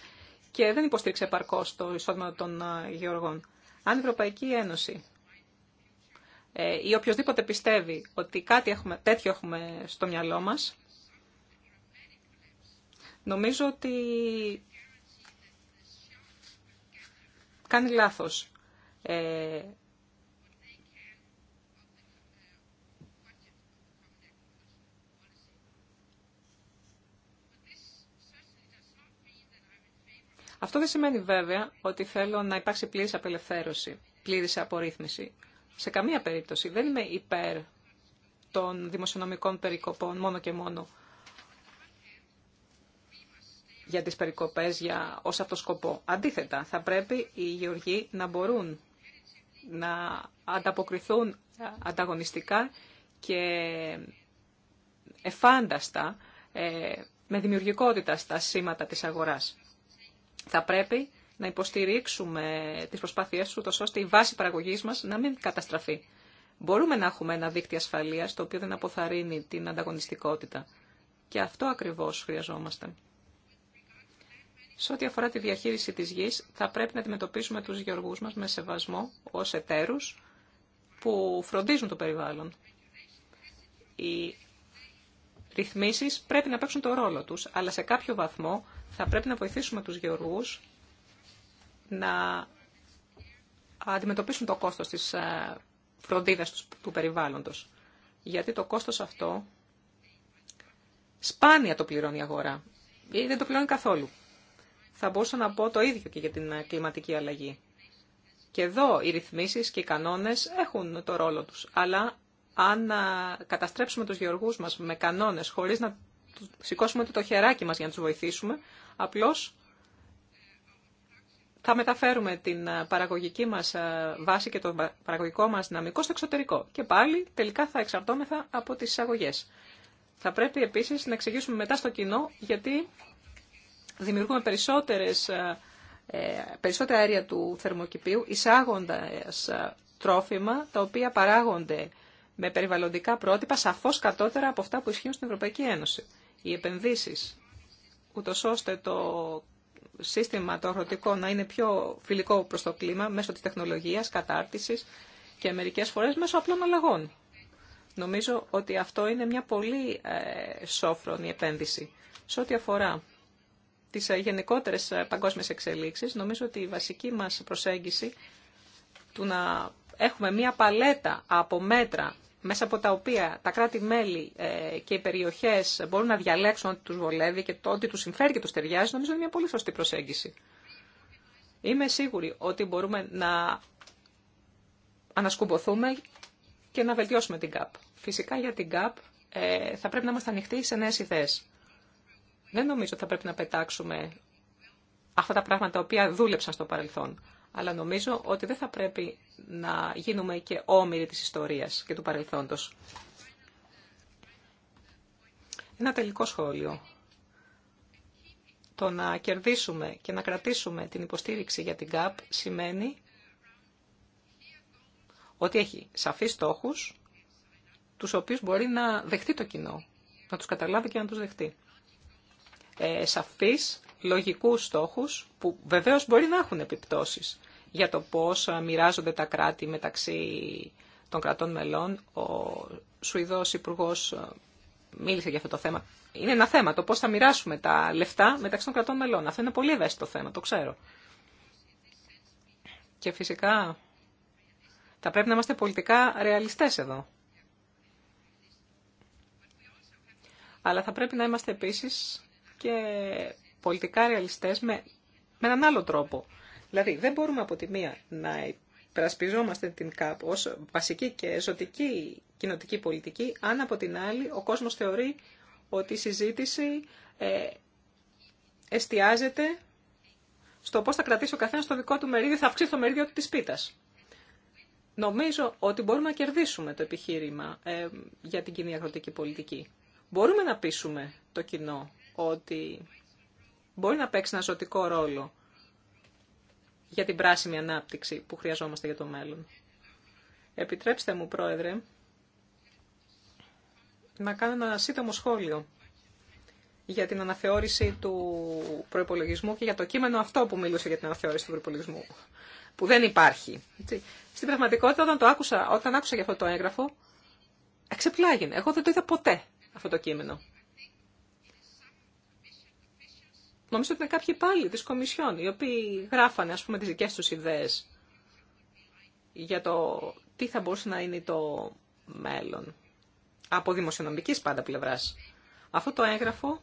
και δεν υποστήριξε επαρκώ το εισόδημα των ε, γεωργών. Αν η Ευρωπαϊκή Ένωση ε, ή οποιοδήποτε πιστεύει ότι κάτι έχουμε, τέτοιο έχουμε στο μυαλό μας, νομίζω ότι κάνει λάθος. Ε, Αυτό δεν σημαίνει βέβαια ότι θέλω να υπάρξει πλήρης απελευθέρωση, πλήρης απορρίθμιση. Σε καμία περίπτωση δεν είμαι υπέρ των δημοσιονομικών περικοπών μόνο και μόνο για τις περικοπές για, ως αυτό σκοπό. Αντίθετα, θα πρέπει οι γεωργοί να μπορούν να ανταποκριθούν ανταγωνιστικά και εφάνταστα ε, με δημιουργικότητα στα σήματα της αγοράς θα πρέπει να υποστηρίξουμε τις προσπάθειές του, ώστε η βάση παραγωγής μας να μην καταστραφεί. Μπορούμε να έχουμε ένα δίκτυο ασφαλείας, το οποίο δεν αποθαρρύνει την ανταγωνιστικότητα. Και αυτό ακριβώς χρειαζόμαστε. Σε ό,τι αφορά τη διαχείριση της γης, θα πρέπει να αντιμετωπίσουμε τους γεωργούς μας με σεβασμό ως εταίρους που φροντίζουν το περιβάλλον. Οι ρυθμίσεις πρέπει να παίξουν το ρόλο τους, αλλά σε κάποιο βαθμό θα πρέπει να βοηθήσουμε τους γεωργούς να αντιμετωπίσουν το κόστος της ε, φροντίδας του περιβάλλοντος. Γιατί το κόστος αυτό σπάνια το πληρώνει η αγορά ή δεν το πληρώνει καθόλου. Θα μπορούσα να πω το ίδιο και για την ε, κλιματική αλλαγή. Και εδώ οι ρυθμίσεις και οι κανόνες έχουν το ρόλο τους. Αλλά αν ε, καταστρέψουμε τους γεωργούς μας με κανόνες χωρίς να σηκώσουμε το χεράκι μας για να τους βοηθήσουμε. Απλώς θα μεταφέρουμε την ε, παραγωγική μας ε, βάση και το παραγωγικό μας δυναμικό στο εξωτερικό. Και πάλι τελικά θα εξαρτώμεθα από τις εισαγωγές. Θα πρέπει επίσης να εξηγήσουμε μετά στο κοινό γιατί δημιουργούμε περισσότερες, ε, περισσότερα αέρια του θερμοκηπίου εισάγοντας τρόφιμα τα οποία παράγονται με περιβαλλοντικά πρότυπα σαφώς κατώτερα από αυτά που ισχύουν στην Ευρωπαϊκή Ένωση οι επενδύσεις, ούτω ώστε το σύστημα το αγροτικό να είναι πιο φιλικό προς το κλίμα μέσω της τεχνολογίας, κατάρτισης και μερικές φορές μέσω απλών αλλαγών. Νομίζω ότι αυτό είναι μια πολύ ε, σόφρονη επένδυση. Σε ό,τι αφορά τις ε, γενικότερες ε, παγκόσμιες εξελίξεις, νομίζω ότι η βασική μας προσέγγιση του να έχουμε μια παλέτα από μέτρα μέσα από τα οποία τα κράτη-μέλη ε, και οι περιοχές μπορούν να διαλέξουν ό,τι τους βολεύει και το ό,τι τους συμφέρει και τους ταιριάζει, νομίζω είναι μια πολύ σωστή προσέγγιση. Είμαι σίγουρη ότι μπορούμε να ανασκουμποθούμε και να βελτιώσουμε την ΚΑΠ. Φυσικά για την ΚΑΠ ε, θα πρέπει να είμαστε ανοιχτοί σε νέες ιδέες. Δεν νομίζω ότι θα πρέπει να πετάξουμε αυτά τα πράγματα τα οποία δούλεψαν στο παρελθόν αλλά νομίζω ότι δεν θα πρέπει να γίνουμε και όμοιροι της ιστορίας και του παρελθόντος. Ένα τελικό σχόλιο. Το να κερδίσουμε και να κρατήσουμε την υποστήριξη για την ΚΑΠ σημαίνει ότι έχει σαφείς στόχους, τους οποίους μπορεί να δεχτεί το κοινό, να τους καταλάβει και να τους δεχτεί. Ε, σαφείς, λογικούς στόχους, που βεβαίως μπορεί να έχουν επιπτώσεις για το πώς μοιράζονται τα κράτη μεταξύ των κρατών μελών. Ο Σουηδός υπουργό ε, μίλησε για αυτό το θέμα. Είναι ένα θέμα το πώς θα μοιράσουμε τα λεφτά μεταξύ των κρατών μελών. Αυτό είναι πολύ ευαίσθητο θέμα, το ξέρω. Και φυσικά θα πρέπει να είμαστε πολιτικά ρεαλιστές εδώ. Αλλά θα πρέπει να είμαστε επίσης και πολιτικά ρεαλιστές με, με έναν άλλο τρόπο. Δηλαδή δεν μπορούμε από τη μία να υπερασπιζόμαστε την ΚΑΠ βασική και ζωτική κοινοτική πολιτική, αν από την άλλη ο κόσμος θεωρεί ότι η συζήτηση ε, εστιάζεται στο πώς θα κρατήσει ο καθένας το δικό του μερίδιο, θα αυξήσει το μερίδιο της πίτας. Νομίζω ότι μπορούμε να κερδίσουμε το επιχείρημα ε, για την κοινή αγροτική πολιτική. Μπορούμε να πείσουμε το κοινό ότι μπορεί να παίξει ένα ζωτικό ρόλο για την πράσινη ανάπτυξη που χρειαζόμαστε για το μέλλον. Επιτρέψτε μου, Πρόεδρε, να κάνω ένα σύντομο σχόλιο για την αναθεώρηση του προϋπολογισμού και για το κείμενο αυτό που μιλούσε για την αναθεώρηση του προϋπολογισμού, που δεν υπάρχει. Στην πραγματικότητα, όταν, το άκουσα, όταν άκουσα για αυτό το έγγραφο, εξεπλάγινε. Εγώ δεν το είδα ποτέ αυτό το κείμενο. Νομίζω ότι είναι κάποιοι πάλι τη Κομισιόν, οι οποίοι γράφανε, ας πούμε, τις δικές τους ιδέες για το τι θα μπορούσε να είναι το μέλλον. Από δημοσιονομικής πάντα πλευράς. Αυτό το έγγραφο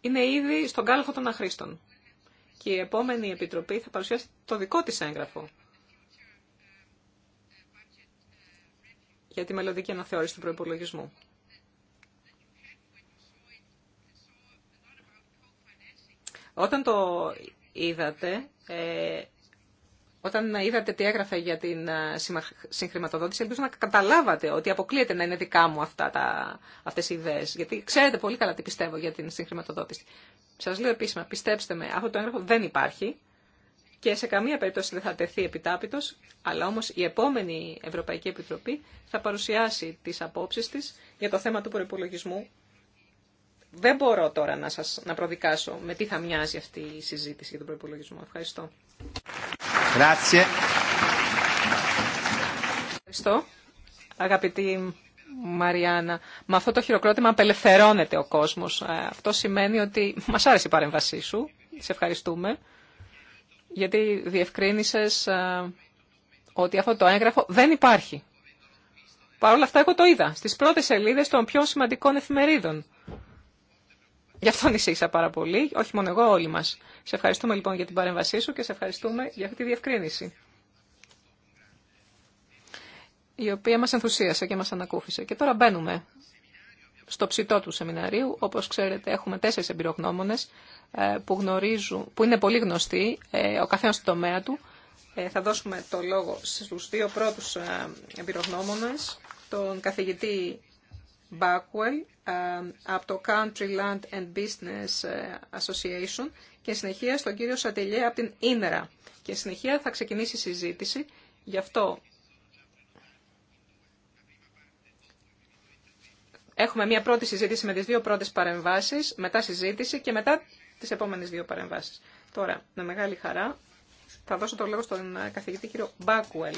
είναι ήδη στον κάλαθο των αχρήστων. Και η επόμενη επιτροπή θα παρουσιάσει το δικό της έγγραφο. για τη μελλοντική αναθεώρηση του προπολογισμού. Όταν το είδατε, ε, όταν είδατε τι έγραφε για την ε, συγχρηματοδότηση, ελπίζω να καταλάβατε ότι αποκλείεται να είναι δικά μου αυτά τα, αυτές οι ιδέες. Γιατί ξέρετε πολύ καλά τι πιστεύω για την συγχρηματοδότηση. Σας λέω επίσημα, πιστέψτε με, αυτό το έγγραφο δεν υπάρχει και σε καμία περίπτωση δεν θα τεθεί επιτάπητος, αλλά όμως η επόμενη Ευρωπαϊκή Επιτροπή θα παρουσιάσει τις απόψεις της για το θέμα του προπολογισμού. Δεν μπορώ τώρα να, σας, να προδικάσω με τι θα μοιάζει αυτή η συζήτηση για τον προπολογισμό. Ευχαριστώ. Ευχαριστώ. Αγαπητή Μαριάννα, με αυτό το χειροκρότημα απελευθερώνεται ο κόσμος. Ε, αυτό σημαίνει ότι μας άρεσε η παρέμβασή σου. Σε ευχαριστούμε γιατί διευκρίνησες ε, ότι αυτό το έγγραφο δεν υπάρχει. Παρ' όλα αυτά εγώ το είδα στις πρώτες σελίδες των πιο σημαντικών εφημερίδων. Γι' αυτό ανησύχησα πάρα πολύ, όχι μόνο εγώ, όλοι μας. Σε ευχαριστούμε λοιπόν για την παρέμβασή σου και σε ευχαριστούμε για αυτή τη διευκρίνηση. Η οποία μας ενθουσίασε και μας ανακούφισε. Και τώρα μπαίνουμε στο ψητό του σεμιναρίου. Όπως ξέρετε έχουμε τέσσερις εμπειρογνώμονες ε, που, γνωρίζουν, που είναι πολύ γνωστοί, ε, ο καθένας στον τομέα του. Ε, θα δώσουμε το λόγο στους δύο πρώτους εμπειρογνώμονες, τον καθηγητή Μπάκουελ από το Country Land and Business Association και συνεχεία στον κύριο Σατελιέ από την Ίνερα. Και συνεχεία θα ξεκινήσει η συζήτηση. Γι' αυτό Έχουμε μία πρώτη συζήτηση με τις δύο πρώτες παρεμβάσεις, μετά συζήτηση και μετά τις επόμενες δύο παρεμβάσεις. Τώρα, με μεγάλη χαρά, θα δώσω το λόγο στον ε, καθηγητή κύριο Μπάκουελ.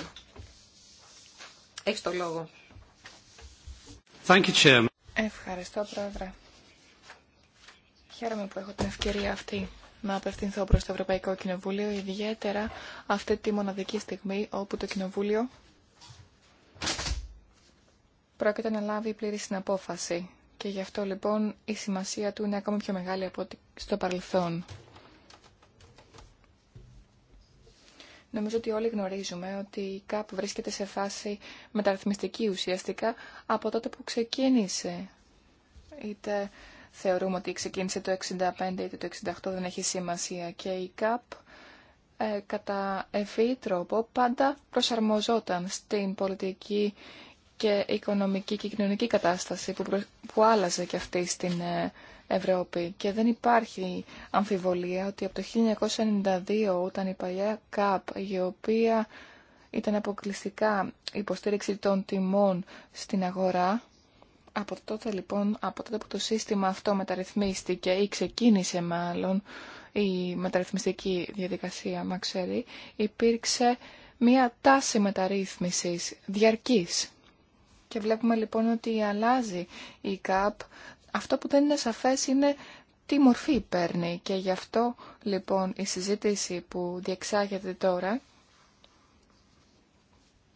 Έχεις το λόγο. Ευχαριστώ, Πρόεδρε. Χαίρομαι που έχω την ευκαιρία αυτή να απευθυνθώ προς το Ευρωπαϊκό Κοινοβούλιο, ιδιαίτερα αυτή τη μοναδική στιγμή όπου το Κοινοβούλιο πρόκειται να λάβει πλήρη στην απόφαση. Και γι' αυτό λοιπόν η σημασία του είναι ακόμη πιο μεγάλη από ότι στο παρελθόν. Νομίζω ότι όλοι γνωρίζουμε ότι η ΚΑΠ βρίσκεται σε φάση μεταρρυθμιστική ουσιαστικά από τότε που ξεκίνησε. Είτε θεωρούμε ότι ξεκίνησε το 65 είτε το 68 δεν έχει σημασία και η ΚΑΠ ε, κατά ευφύ τρόπο πάντα προσαρμοζόταν στην πολιτική και οικονομική και κοινωνική κατάσταση που, προ... που άλλαζε και αυτή στην ε, Ευρώπη. Και δεν υπάρχει αμφιβολία ότι από το 1992 όταν η παλιά ΚΑΠ η οποία ήταν αποκλειστικά υποστήριξη των τιμών στην αγορά από τότε λοιπόν, από τότε που το σύστημα αυτό μεταρρυθμίστηκε ή ξεκίνησε μάλλον η μεταρρυθμιστική διαδικασία, μα ξέρει, υπήρξε μια τάση μεταρρύθμισης διαρκής. Και βλέπουμε λοιπόν ότι αλλάζει η ΚΑΠ. Αυτό που δεν είναι σαφές είναι τι μορφή παίρνει και γι' αυτό λοιπόν η συζήτηση που διεξάγεται τώρα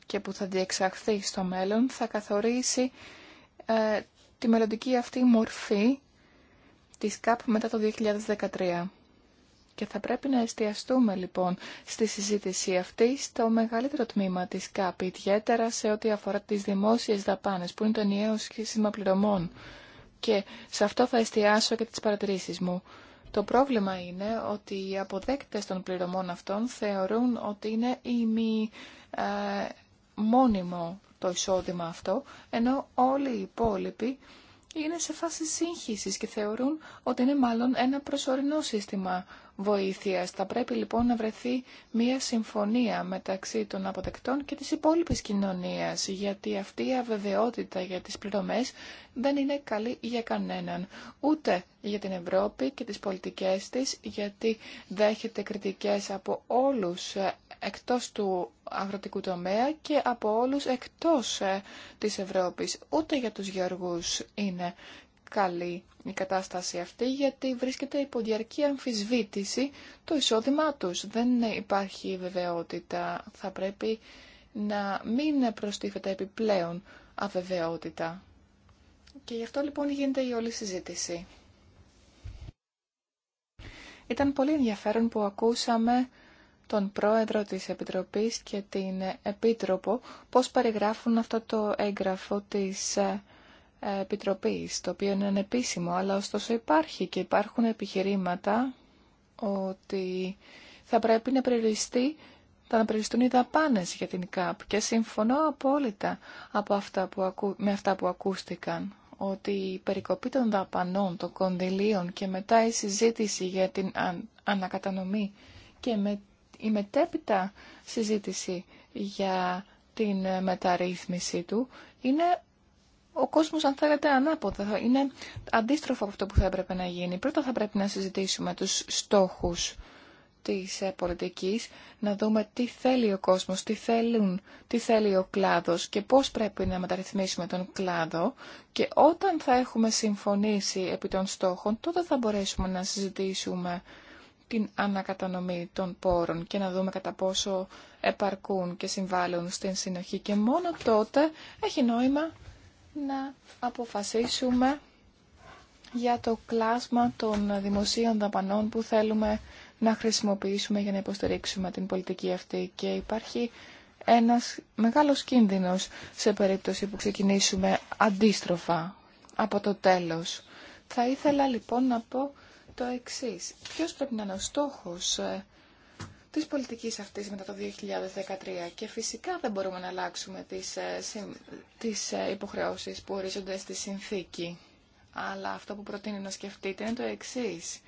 και που θα διεξαχθεί στο μέλλον θα καθορίσει ε, τη μελλοντική αυτή μορφή της ΚΑΠ μετά το 2013. Και θα πρέπει να εστιαστούμε λοιπόν στη συζήτηση αυτή στο μεγαλύτερο τμήμα της ΚΑΠ, ιδιαίτερα σε ό,τι αφορά τις δημόσιες δαπάνες, που είναι το ενιαίο πληρωμών. Και σε αυτό θα εστιάσω και τις παρατηρήσεις μου. Το πρόβλημα είναι ότι οι αποδέκτες των πληρωμών αυτών θεωρούν ότι είναι ε, μόνιμο το εισόδημα αυτό, ενώ όλοι οι υπόλοιποι είναι σε φάση σύγχυσης και θεωρούν ότι είναι μάλλον ένα προσωρινό σύστημα βοήθειας. Θα πρέπει λοιπόν να βρεθεί μια συμφωνία μεταξύ των αποδεκτών και της υπόλοιπης κοινωνίας, γιατί αυτή η αβεβαιότητα για τις πληρωμές δεν είναι καλή για κανέναν, ούτε για την Ευρώπη και τις πολιτικές της, γιατί δέχεται κριτικές από όλους ε, εκτός του αγροτικού τομέα και από όλους εκτός ε, της Ευρώπης. Ούτε για τους γεωργούς είναι καλή η κατάσταση αυτή γιατί βρίσκεται υπό διαρκή αμφισβήτηση το εισόδημά τους. Δεν υπάρχει βεβαιότητα. Θα πρέπει να μην προστίθεται επιπλέον αβεβαιότητα. Και γι' αυτό λοιπόν γίνεται η όλη συζήτηση. Ήταν πολύ ενδιαφέρον που ακούσαμε τον πρόεδρο της Επιτροπής και την Επίτροπο πώς περιγράφουν αυτό το έγγραφο της ε, Επιτροπής, το οποίο είναι ανεπίσημο, αλλά ωστόσο υπάρχει και υπάρχουν επιχειρήματα ότι θα πρέπει να περιοριστεί θα περιοριστούν οι δαπάνες για την ΚΑΠ και συμφωνώ απόλυτα από αυτά που ακου... με αυτά που ακούστηκαν ότι η περικοπή των δαπανών, των κονδυλίων και μετά η συζήτηση για την ανακατανομή και η μετέπειτα συζήτηση για την μεταρρύθμιση του είναι ο κόσμο, αν θέλετε ανάποδα. Είναι αντίστροφο από αυτό που θα έπρεπε να γίνει. Πρώτα θα πρέπει να συζητήσουμε του στόχου της ε, πολιτική, να δούμε τι θέλει ο κόσμο, τι, θέλουν, τι θέλει ο κλάδος και πώ πρέπει να μεταρρυθμίσουμε τον κλάδο και όταν θα έχουμε συμφωνήσει επί των στόχων, τότε θα μπορέσουμε να συζητήσουμε την ανακατανομή των πόρων και να δούμε κατά πόσο επαρκούν και συμβάλλουν στην συνοχή και μόνο τότε έχει νόημα να αποφασίσουμε για το κλάσμα των δημοσίων δαπανών που θέλουμε να χρησιμοποιήσουμε για να υποστηρίξουμε την πολιτική αυτή. Και υπάρχει ένας μεγάλος κίνδυνος σε περίπτωση που ξεκινήσουμε αντίστροφα από το τέλος. Θα ήθελα λοιπόν να πω το εξής. Ποιος πρέπει να είναι ο στόχος ε, της πολιτικής αυτής μετά το 2013 και φυσικά δεν μπορούμε να αλλάξουμε τις, ε, τις ε, υποχρεώσεις που ορίζονται στη συνθήκη. Αλλά αυτό που προτείνει να σκεφτείτε είναι το εξής.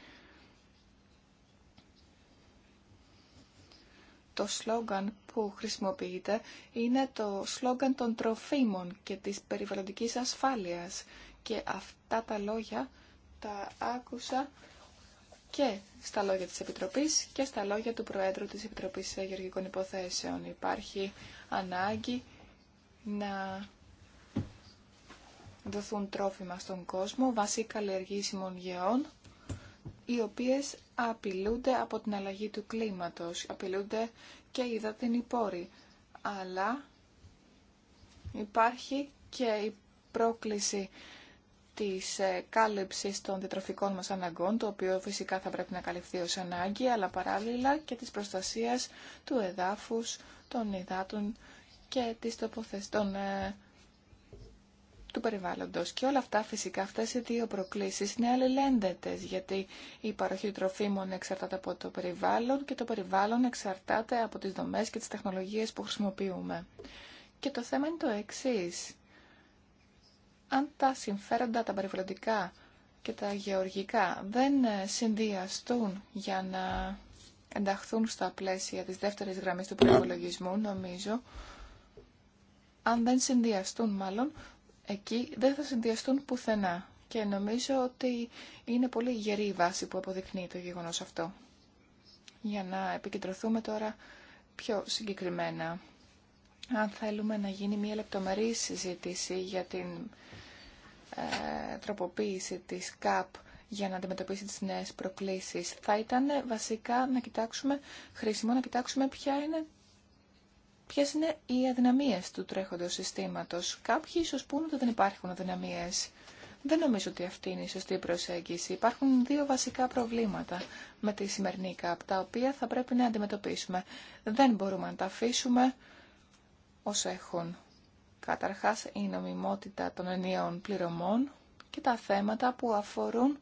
Το σλόγγαν που χρησιμοποιείται είναι το σλόγγαν των τροφίμων και της περιβαλλοντικής ασφάλειας. Και αυτά τα λόγια τα άκουσα και στα λόγια της Επιτροπής και στα λόγια του Προέδρου της Επιτροπής Γεωργικών Υποθέσεων. Υπάρχει ανάγκη να δοθούν τρόφιμα στον κόσμο βάσει καλλιεργήσιμων γεών, οι οποίες απειλούνται από την αλλαγή του κλίματος, απειλούνται και οι υδατινοί πόροι. Αλλά υπάρχει και η πρόκληση της ε, κάλυψης των διτροφικών μας αναγκών, το οποίο φυσικά θα πρέπει να καλυφθεί ως ανάγκη, αλλά παράλληλα και της προστασίας του εδάφους, των υδάτων και της τοποθεστών ε, του περιβάλλοντος. Και όλα αυτά φυσικά αυτές οι δύο προκλήσεις είναι αλληλένδετες, γιατί η παροχή τροφίμων εξαρτάται από το περιβάλλον και το περιβάλλον εξαρτάται από τις δομές και τις τεχνολογίες που χρησιμοποιούμε. Και το θέμα είναι το εξής αν τα συμφέροντα, τα περιβαλλοντικά και τα γεωργικά δεν ε, συνδυαστούν για να ενταχθούν στα πλαίσια της δεύτερης γραμμής του προϋπολογισμού, νομίζω, αν δεν συνδυαστούν μάλλον, εκεί δεν θα συνδυαστούν πουθενά. Και νομίζω ότι είναι πολύ γερή η βάση που αποδεικνύει το γεγονός αυτό. Για να επικεντρωθούμε τώρα πιο συγκεκριμένα. Αν θέλουμε να γίνει μια λεπτομερή συζήτηση για την ε, τροποποίηση της ΚΑΠ για να αντιμετωπίσει τις νέες προκλήσεις θα ήταν βασικά να κοιτάξουμε, χρήσιμο να κοιτάξουμε ποια είναι, ποιες είναι οι αδυναμίες του τρέχοντος συστήματος. Κάποιοι ίσως πούν ότι δεν υπάρχουν αδυναμίες. Δεν νομίζω ότι αυτή είναι η σωστή προσέγγιση. Υπάρχουν δύο βασικά προβλήματα με τη σημερινή ΚΑΠ, τα οποία θα πρέπει να αντιμετωπίσουμε. Δεν μπορούμε να τα αφήσουμε όσο έχουν. Καταρχάς, η νομιμότητα των ενιαίων πληρωμών και τα θέματα που αφορούν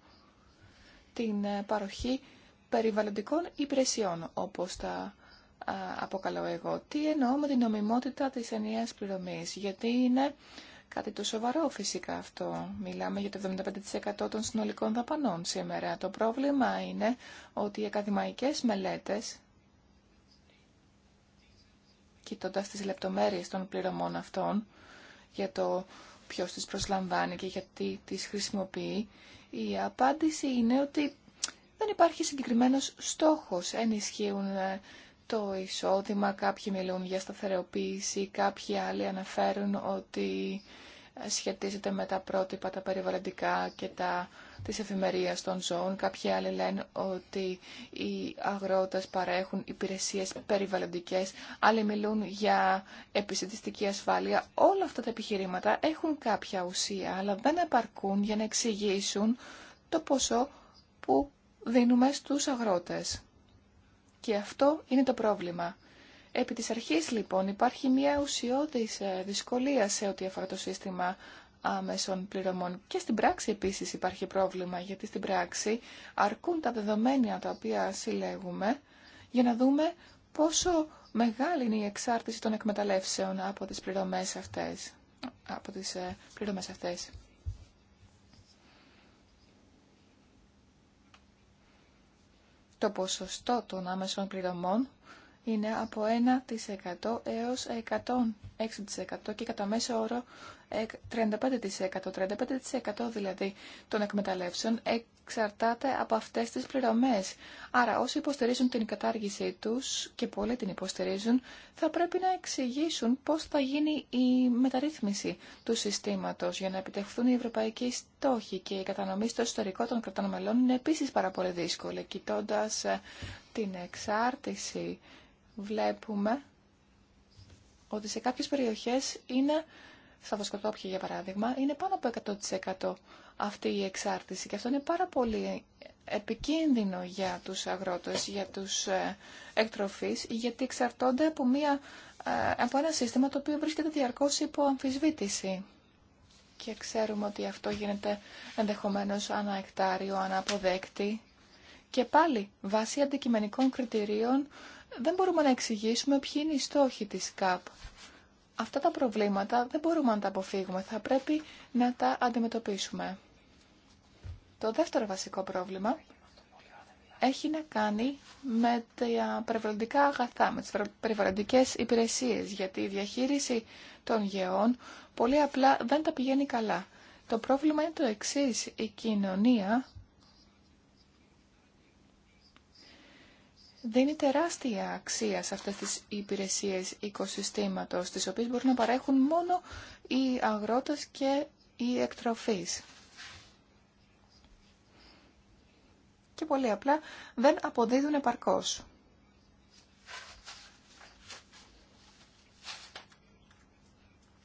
την ε, παροχή περιβαλλοντικών υπηρεσιών, όπως τα αποκαλώ εγώ. Τι εννοώ με την νομιμότητα της ενιαίας πληρωμής, γιατί είναι κάτι το σοβαρό φυσικά αυτό. Μιλάμε για το 75% των συνολικών δαπανών σήμερα. Το πρόβλημα είναι ότι οι ακαδημαϊκές μελέτες κοιτώντας τις λεπτομέρειες των πληρωμών αυτών για το ποιος τις προσλαμβάνει και γιατί τις χρησιμοποιεί, η απάντηση είναι ότι δεν υπάρχει συγκεκριμένος στόχος. Ενισχύουν ε, το εισόδημα, κάποιοι μιλούν για σταθεροποίηση, κάποιοι άλλοι αναφέρουν ότι ε, σχετίζεται με τα πρότυπα, τα περιβαλλοντικά και τα της εφημερίας των ζώων. Κάποιοι άλλοι λένε ότι οι αγρότες παρέχουν υπηρεσίες περιβαλλοντικές. Άλλοι μιλούν για επιστημιστική ασφάλεια. Όλα αυτά τα επιχειρήματα έχουν κάποια ουσία, αλλά δεν επαρκούν για να εξηγήσουν το ποσό που δίνουμε στους αγρότες. Και αυτό είναι το πρόβλημα. Επί της αρχής λοιπόν υπάρχει μια ουσιώδης ε, δυσκολία σε ό,τι αφορά το σύστημα άμεσων πληρωμών. Και στην πράξη επίσης υπάρχει πρόβλημα, γιατί στην πράξη αρκούν τα δεδομένα τα οποία συλλέγουμε για να δούμε πόσο μεγάλη είναι η εξάρτηση των εκμεταλλεύσεων από τις πληρωμές αυτές. Από τις ε, πληρωμές αυτές. Το ποσοστό των άμεσων πληρωμών είναι από 1% έως 106% και κατά μέσο όρο 35%. 35% δηλαδή των εκμεταλλεύσεων εξαρτάται από αυτές τις πληρωμές. Άρα όσοι υποστηρίζουν την κατάργησή τους και πολλοί την υποστηρίζουν θα πρέπει να εξηγήσουν πώς θα γίνει η μεταρρύθμιση του συστήματος για να επιτευχθούν οι ευρωπαϊκοί στόχοι και η κατανομή στο ιστορικό των κρατών μελών είναι επίσης πάρα πολύ δύσκολη. Κοιτώντα ε, την εξάρτηση βλέπουμε ότι σε κάποιες περιοχές είναι στα βοσκοτόπια για παράδειγμα, είναι πάνω από 100% αυτή η εξάρτηση και αυτό είναι πάρα πολύ επικίνδυνο για τους αγρότες, για τους ε, εκτροφείς, γιατί εξαρτώνται από, μια, ε, από ένα σύστημα το οποίο βρίσκεται διαρκώς υπό αμφισβήτηση. Και ξέρουμε ότι αυτό γίνεται ενδεχομένως ανά εκτάριο, ανά αποδέκτη. Και πάλι, βάσει αντικειμενικών κριτηρίων, δεν μπορούμε να εξηγήσουμε ποιοι είναι οι στόχοι της ΚΑΠ αυτά τα προβλήματα δεν μπορούμε να τα αποφύγουμε. Θα πρέπει να τα αντιμετωπίσουμε. Το δεύτερο βασικό πρόβλημα έχει να κάνει με τα περιβαλλοντικά αγαθά, με τις περιβαλλοντικές υπηρεσίες, γιατί η διαχείριση των γεών πολύ απλά δεν τα πηγαίνει καλά. Το πρόβλημα είναι το εξής. Η κοινωνία δίνει τεράστια αξία σε αυτές τις υπηρεσίες οικοσυστήματος, τις οποίες μπορούν να παρέχουν μόνο οι αγρότες και οι εκτροφείς. Και πολύ απλά δεν αποδίδουν επαρκώς.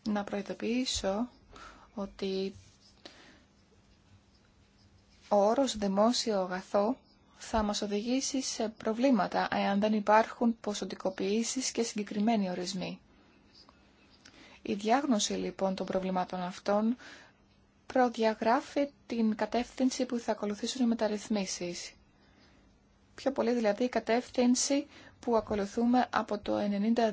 Να προειδοποιήσω ότι ο όρος δημόσιο αγαθό θα μας οδηγήσει σε προβλήματα εάν δεν υπάρχουν ποσοτικοποιήσεις και συγκεκριμένοι ορισμοί. Η διάγνωση λοιπόν των προβλημάτων αυτών προδιαγράφει την κατεύθυνση που θα ακολουθήσουν οι μεταρρυθμίσεις. Πιο πολύ δηλαδή η κατεύθυνση που ακολουθούμε από το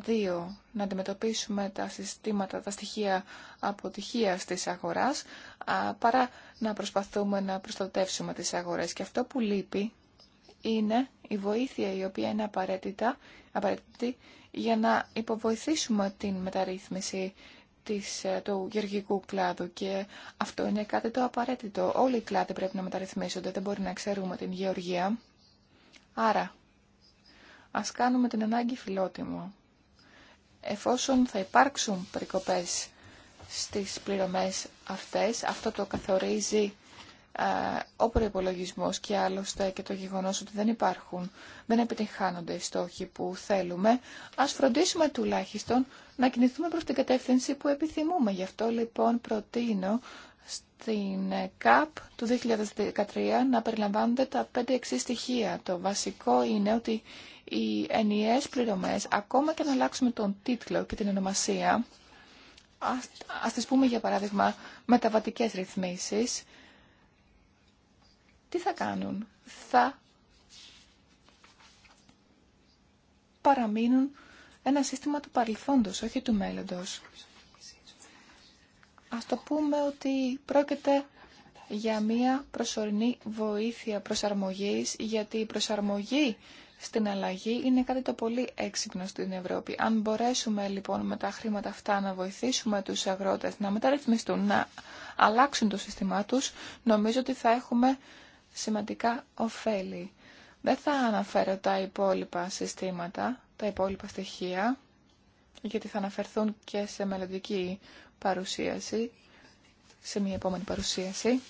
1992 να αντιμετωπίσουμε τα συστήματα, τα στοιχεία αποτυχίας της αγοράς παρά να προσπαθούμε να προστατεύσουμε τις αγορές. Και αυτό που λείπει είναι η βοήθεια η οποία είναι απαραίτητα, απαραίτητη για να υποβοηθήσουμε την μεταρρύθμιση της, ε, του γεωργικού κλάδου και αυτό είναι κάτι το απαραίτητο. Όλοι οι κλάδοι πρέπει να μεταρρυθμίσονται, δεν μπορεί να ξέρουμε την γεωργία. Άρα, ας κάνουμε την ανάγκη φιλότιμο. Εφόσον θα υπάρξουν περικοπές στις πληρωμές αυτές, αυτό το καθορίζει ε, ο προπολογισμό και άλλωστε και το γεγονός ότι δεν υπάρχουν, δεν επιτυγχάνονται οι στόχοι που θέλουμε, ας φροντίσουμε τουλάχιστον να κινηθούμε προς την κατεύθυνση που επιθυμούμε. Γι' αυτό λοιπόν προτείνω στην ΚΑΠ του 2013 να περιλαμβάνονται τα πέντε εξή στοιχεία. Το βασικό είναι ότι οι ενιαίες πληρωμές, ακόμα και να αλλάξουμε τον τίτλο και την ονομασία, ας, ας πούμε για παράδειγμα μεταβατικές ρυθμίσεις, τι θα κάνουν. Θα παραμείνουν ένα σύστημα του παρελθόντος, όχι του μέλλοντος. Ας το πούμε ότι πρόκειται για μία προσωρινή βοήθεια προσαρμογής, γιατί η προσαρμογή στην αλλαγή είναι κάτι το πολύ έξυπνο στην Ευρώπη. Αν μπορέσουμε λοιπόν με τα χρήματα αυτά να βοηθήσουμε τους αγρότες να μεταρρυθμιστούν, να αλλάξουν το σύστημά τους, νομίζω ότι θα έχουμε σημαντικά ωφέλη. Δεν θα αναφέρω τα υπόλοιπα συστήματα, τα υπόλοιπα στοιχεία, γιατί θα αναφερθούν και σε μελλοντική παρουσίαση, σε μια επόμενη παρουσίαση.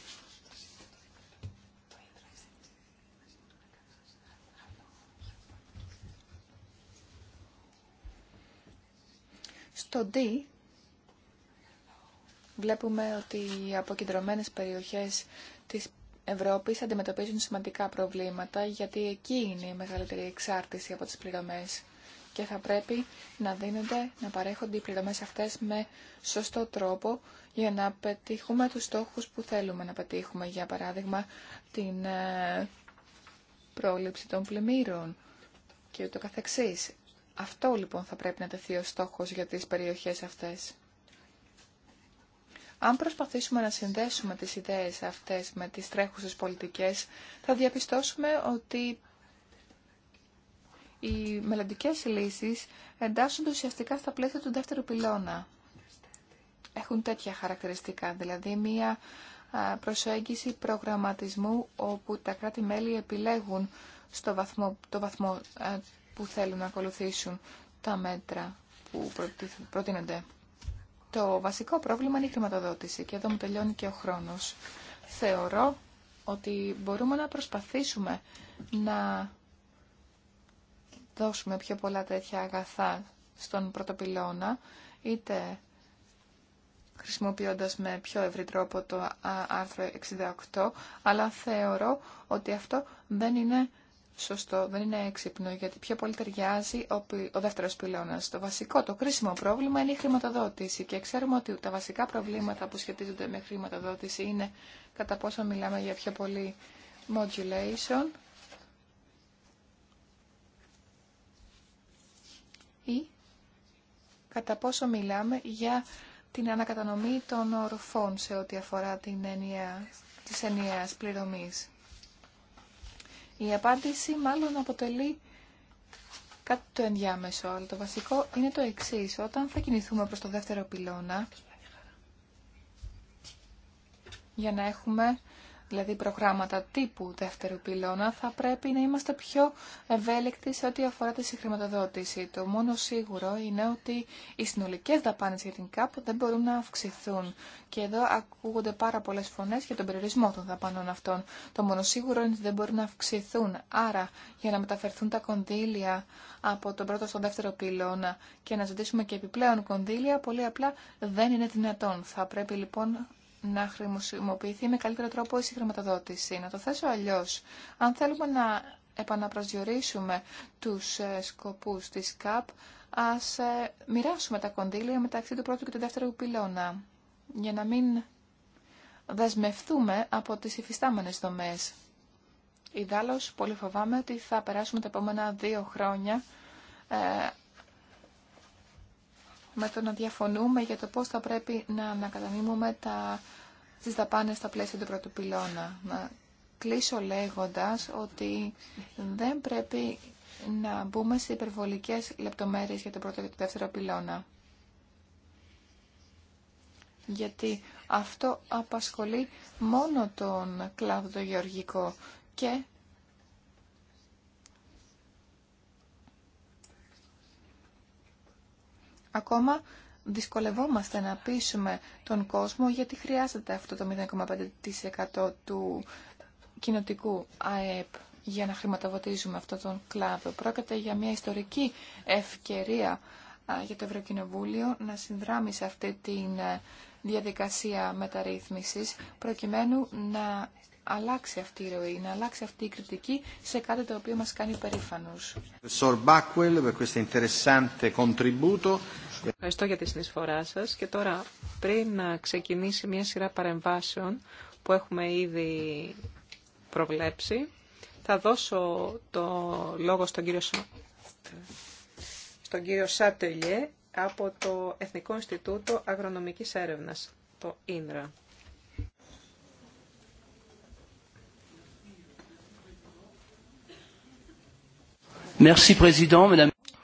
Στο D βλέπουμε ότι οι αποκεντρωμένες περιοχές της Ευρώπη αντιμετωπίζουν σημαντικά προβλήματα γιατί εκεί είναι η μεγαλύτερη εξάρτηση από τις πληρωμές και θα πρέπει να δίνονται, να παρέχονται οι πληρωμές αυτές με σωστό τρόπο για να πετύχουμε τους στόχους που θέλουμε να πετύχουμε. Για παράδειγμα, την ε, πρόληψη των πλημμύρων και ούτω καθεξής. Αυτό λοιπόν θα πρέπει να τεθεί ο στόχος για τις περιοχές αυτές. Αν προσπαθήσουμε να συνδέσουμε τις ιδέες αυτές με τις τρέχουσες πολιτικές, θα διαπιστώσουμε ότι οι μελλοντικέ λύσεις εντάσσονται ουσιαστικά στα πλαίσια του δεύτερου πυλώνα. Έχουν τέτοια χαρακτηριστικά, δηλαδή μία προσέγγιση προγραμματισμού όπου τα κράτη-μέλη επιλέγουν στο βαθμό, το βαθμό που θέλουν να ακολουθήσουν τα μέτρα που προτείνονται. Το βασικό πρόβλημα είναι η χρηματοδότηση και εδώ μου τελειώνει και ο χρόνος. Θεωρώ ότι μπορούμε να προσπαθήσουμε να δώσουμε πιο πολλά τέτοια αγαθά στον πρωτοπυλώνα, είτε χρησιμοποιώντας με πιο ευρύ τρόπο το άρθρο 68, αλλά θεωρώ ότι αυτό δεν είναι σωστό, δεν είναι έξυπνο, γιατί πιο πολύ ταιριάζει ο, ο δεύτερο πυλώνα. Το βασικό, το κρίσιμο πρόβλημα είναι η χρηματοδότηση. Και ξέρουμε ότι τα βασικά προβλήματα που σχετίζονται με χρηματοδότηση είναι κατά πόσο μιλάμε για πιο πολύ modulation ή κατά πόσο μιλάμε για την ανακατανομή των ορφών σε ό,τι αφορά την ενιαία, της ενιαίας πληρωμής. Η απάντηση μάλλον αποτελεί κάτι το ενδιάμεσο, αλλά το βασικό είναι το εξή. Όταν θα κινηθούμε προς το δεύτερο πυλώνα, για να έχουμε δηλαδή προγράμματα τύπου δεύτερου πυλώνα, θα πρέπει να είμαστε πιο ευέλικτοι σε ό,τι αφορά τη συγχρηματοδότηση. Το μόνο σίγουρο είναι ότι οι συνολικέ δαπάνε για την ΚΑΠ δεν μπορούν να αυξηθούν. Και εδώ ακούγονται πάρα πολλέ φωνέ για τον περιορισμό των δαπανών αυτών. Το μόνο σίγουρο είναι ότι δεν μπορούν να αυξηθούν. Άρα, για να μεταφερθούν τα κονδύλια από τον πρώτο στον δεύτερο πυλώνα και να ζητήσουμε και επιπλέον κονδύλια, πολύ απλά δεν είναι δυνατόν. Θα πρέπει λοιπόν να χρησιμοποιηθεί με καλύτερο τρόπο η συγχρηματοδότηση. Να το θέσω αλλιώ. Αν θέλουμε να επαναπροσδιορίσουμε τους ε, σκοπούς της ΚΑΠ, ας ε, μοιράσουμε τα κονδύλια μεταξύ του πρώτου και του δεύτερου πυλώνα, για να μην δεσμευτούμε από τις υφιστάμενες δομές. Ιδάλλως, πολύ φοβάμαι ότι θα περάσουμε τα επόμενα δύο χρόνια ε, με το να διαφωνούμε για το πώς θα πρέπει να ανακατανύμουμε τα, τις δαπάνες στα πλαίσια του πρώτου πυλώνα. Να κλείσω λέγοντας ότι δεν πρέπει να μπούμε σε υπερβολικές λεπτομέρειες για το πρώτο και το δεύτερο πυλώνα. Γιατί αυτό απασχολεί μόνο τον κλάδο το γεωργικό και ακόμα δυσκολευόμαστε να πείσουμε τον κόσμο γιατί χρειάζεται αυτό το 0,5% του κοινοτικού ΑΕΠ για να χρηματοδοτήσουμε αυτό τον κλάδο. Πρόκειται για μια ιστορική ευκαιρία για το Ευρωκοινοβούλιο να συνδράμει σε αυτή τη ε, διαδικασία μεταρρύθμισης προκειμένου να αλλάξει αυτή η ροή, να αλλάξει αυτή η κριτική σε κάτι το οποίο μας κάνει περήφανος. Ευχαριστώ για τη συνεισφορά σας και τώρα πριν να ξεκινήσει μια σειρά παρεμβάσεων που έχουμε ήδη προβλέψει, θα δώσω το λόγο στον κύριο, στον κύριο Σάτελιε από το Εθνικό Ινστιτούτο Αγρονομικής Έρευνας, το ΙΝΡΑ. Merci,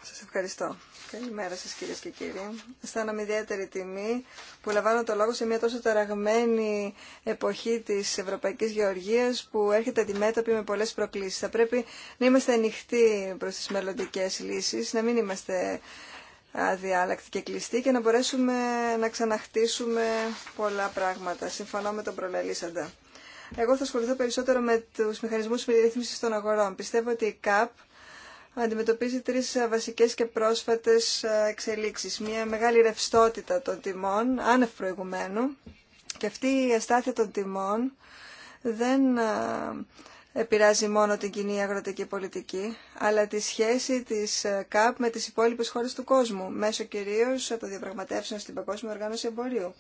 Σας ευχαριστώ. Καλημέρα σας κυρίες και κύριοι. Αισθάνομαι ιδιαίτερη τιμή που λαμβάνω το λόγο σε μια τόσο ταραγμένη εποχή της Ευρωπαϊκής Γεωργίας που έρχεται αντιμέτωπη με πολλές προκλήσεις. Θα πρέπει να είμαστε ανοιχτοί προς τις μελλοντικέ λύσεις, να μην είμαστε αδιάλακτοι και κλειστοί και να μπορέσουμε να ξαναχτίσουμε πολλά πράγματα. Συμφωνώ με τον προλαλήσαντα. Εγώ θα ασχοληθώ περισσότερο με τους μηχανισμούς ρύθμισης των αγορών. Πιστεύω ότι η ΚΑΠ αντιμετωπίζει τρεις ε, βασικές και πρόσφατες ε, εξελίξεις. Μια μεγάλη ρευστότητα των τιμών, άνευ προηγουμένου, και αυτή η αστάθεια των τιμών δεν ε, επηρεάζει μόνο την κοινή αγροτική πολιτική, αλλά τη σχέση της ΚΑΠ με τις υπόλοιπες χώρες του κόσμου, μέσω κυρίως των διαπραγματεύσεων στην Παγκόσμια Οργάνωση Εμπορίου.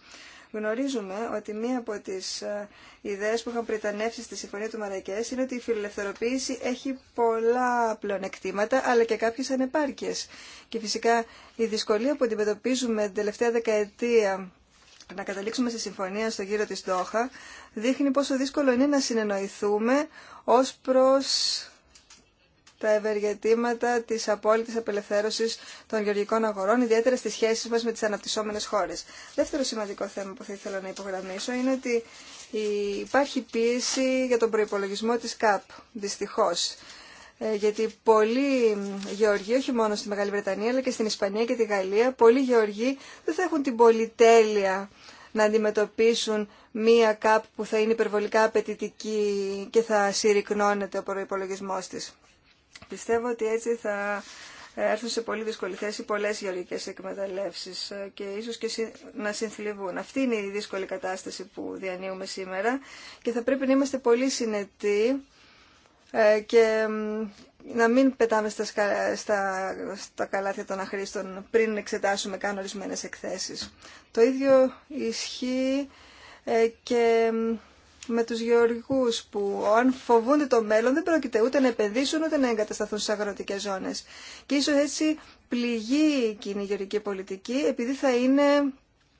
Γνωρίζουμε ότι μία από τις ε, ιδέες που είχαν πριτανεύσει στη Συμφωνία του Μαρακέ είναι ότι η φιλελευθερωποίηση έχει πολλά πλεονεκτήματα αλλά και κάποιες ανεπάρκειες. Και φυσικά η δυσκολία που αντιμετωπίζουμε την τελευταία δεκαετία να καταλήξουμε σε συμφωνία στο γύρο της Δόχα δείχνει πόσο δύσκολο είναι να συνεννοηθούμε ως προς τα ευεργετήματα τη απόλυτη απελευθέρωση των γεωργικών αγορών, ιδιαίτερα στι σχέσει μα με τι αναπτυσσόμενες χώρε. Δεύτερο σημαντικό θέμα που θα ήθελα να υπογραμμίσω είναι ότι υπάρχει πίεση για τον προπολογισμό τη ΚΑΠ, δυστυχώ, ε, Γιατί πολλοί γεωργοί, όχι μόνο στη Μεγάλη Βρετανία, αλλά και στην Ισπανία και τη Γαλλία, πολλοί γεωργοί δεν θα έχουν την πολυτέλεια να αντιμετωπίσουν μία ΚΑΠ που θα είναι υπερβολικά απαιτητική και θα συρρυκνώνεται ο προπολογισμό της. Πιστεύω ότι έτσι θα έρθουν σε πολύ δύσκολη θέση πολλές γεωργικές εκμεταλλεύσεις ε, και ίσως και να συνθλιβούν. Αυτή είναι η δύσκολη κατάσταση που διανύουμε σήμερα και θα πρέπει να είμαστε πολύ συνετοί ε, και να μην πετάμε στα, στα, στα καλάθια των αχρήστων πριν εξετάσουμε καν ορισμένες εκθέσεις. Το ίδιο ισχύει ε, και με τους γεωργικούς που αν φοβούνται το μέλλον δεν πρόκειται ούτε να επενδύσουν ούτε να εγκατασταθούν στις αγροτικές ζώνες. Και ίσως έτσι πληγεί η κοινή γεωργική πολιτική επειδή θα είναι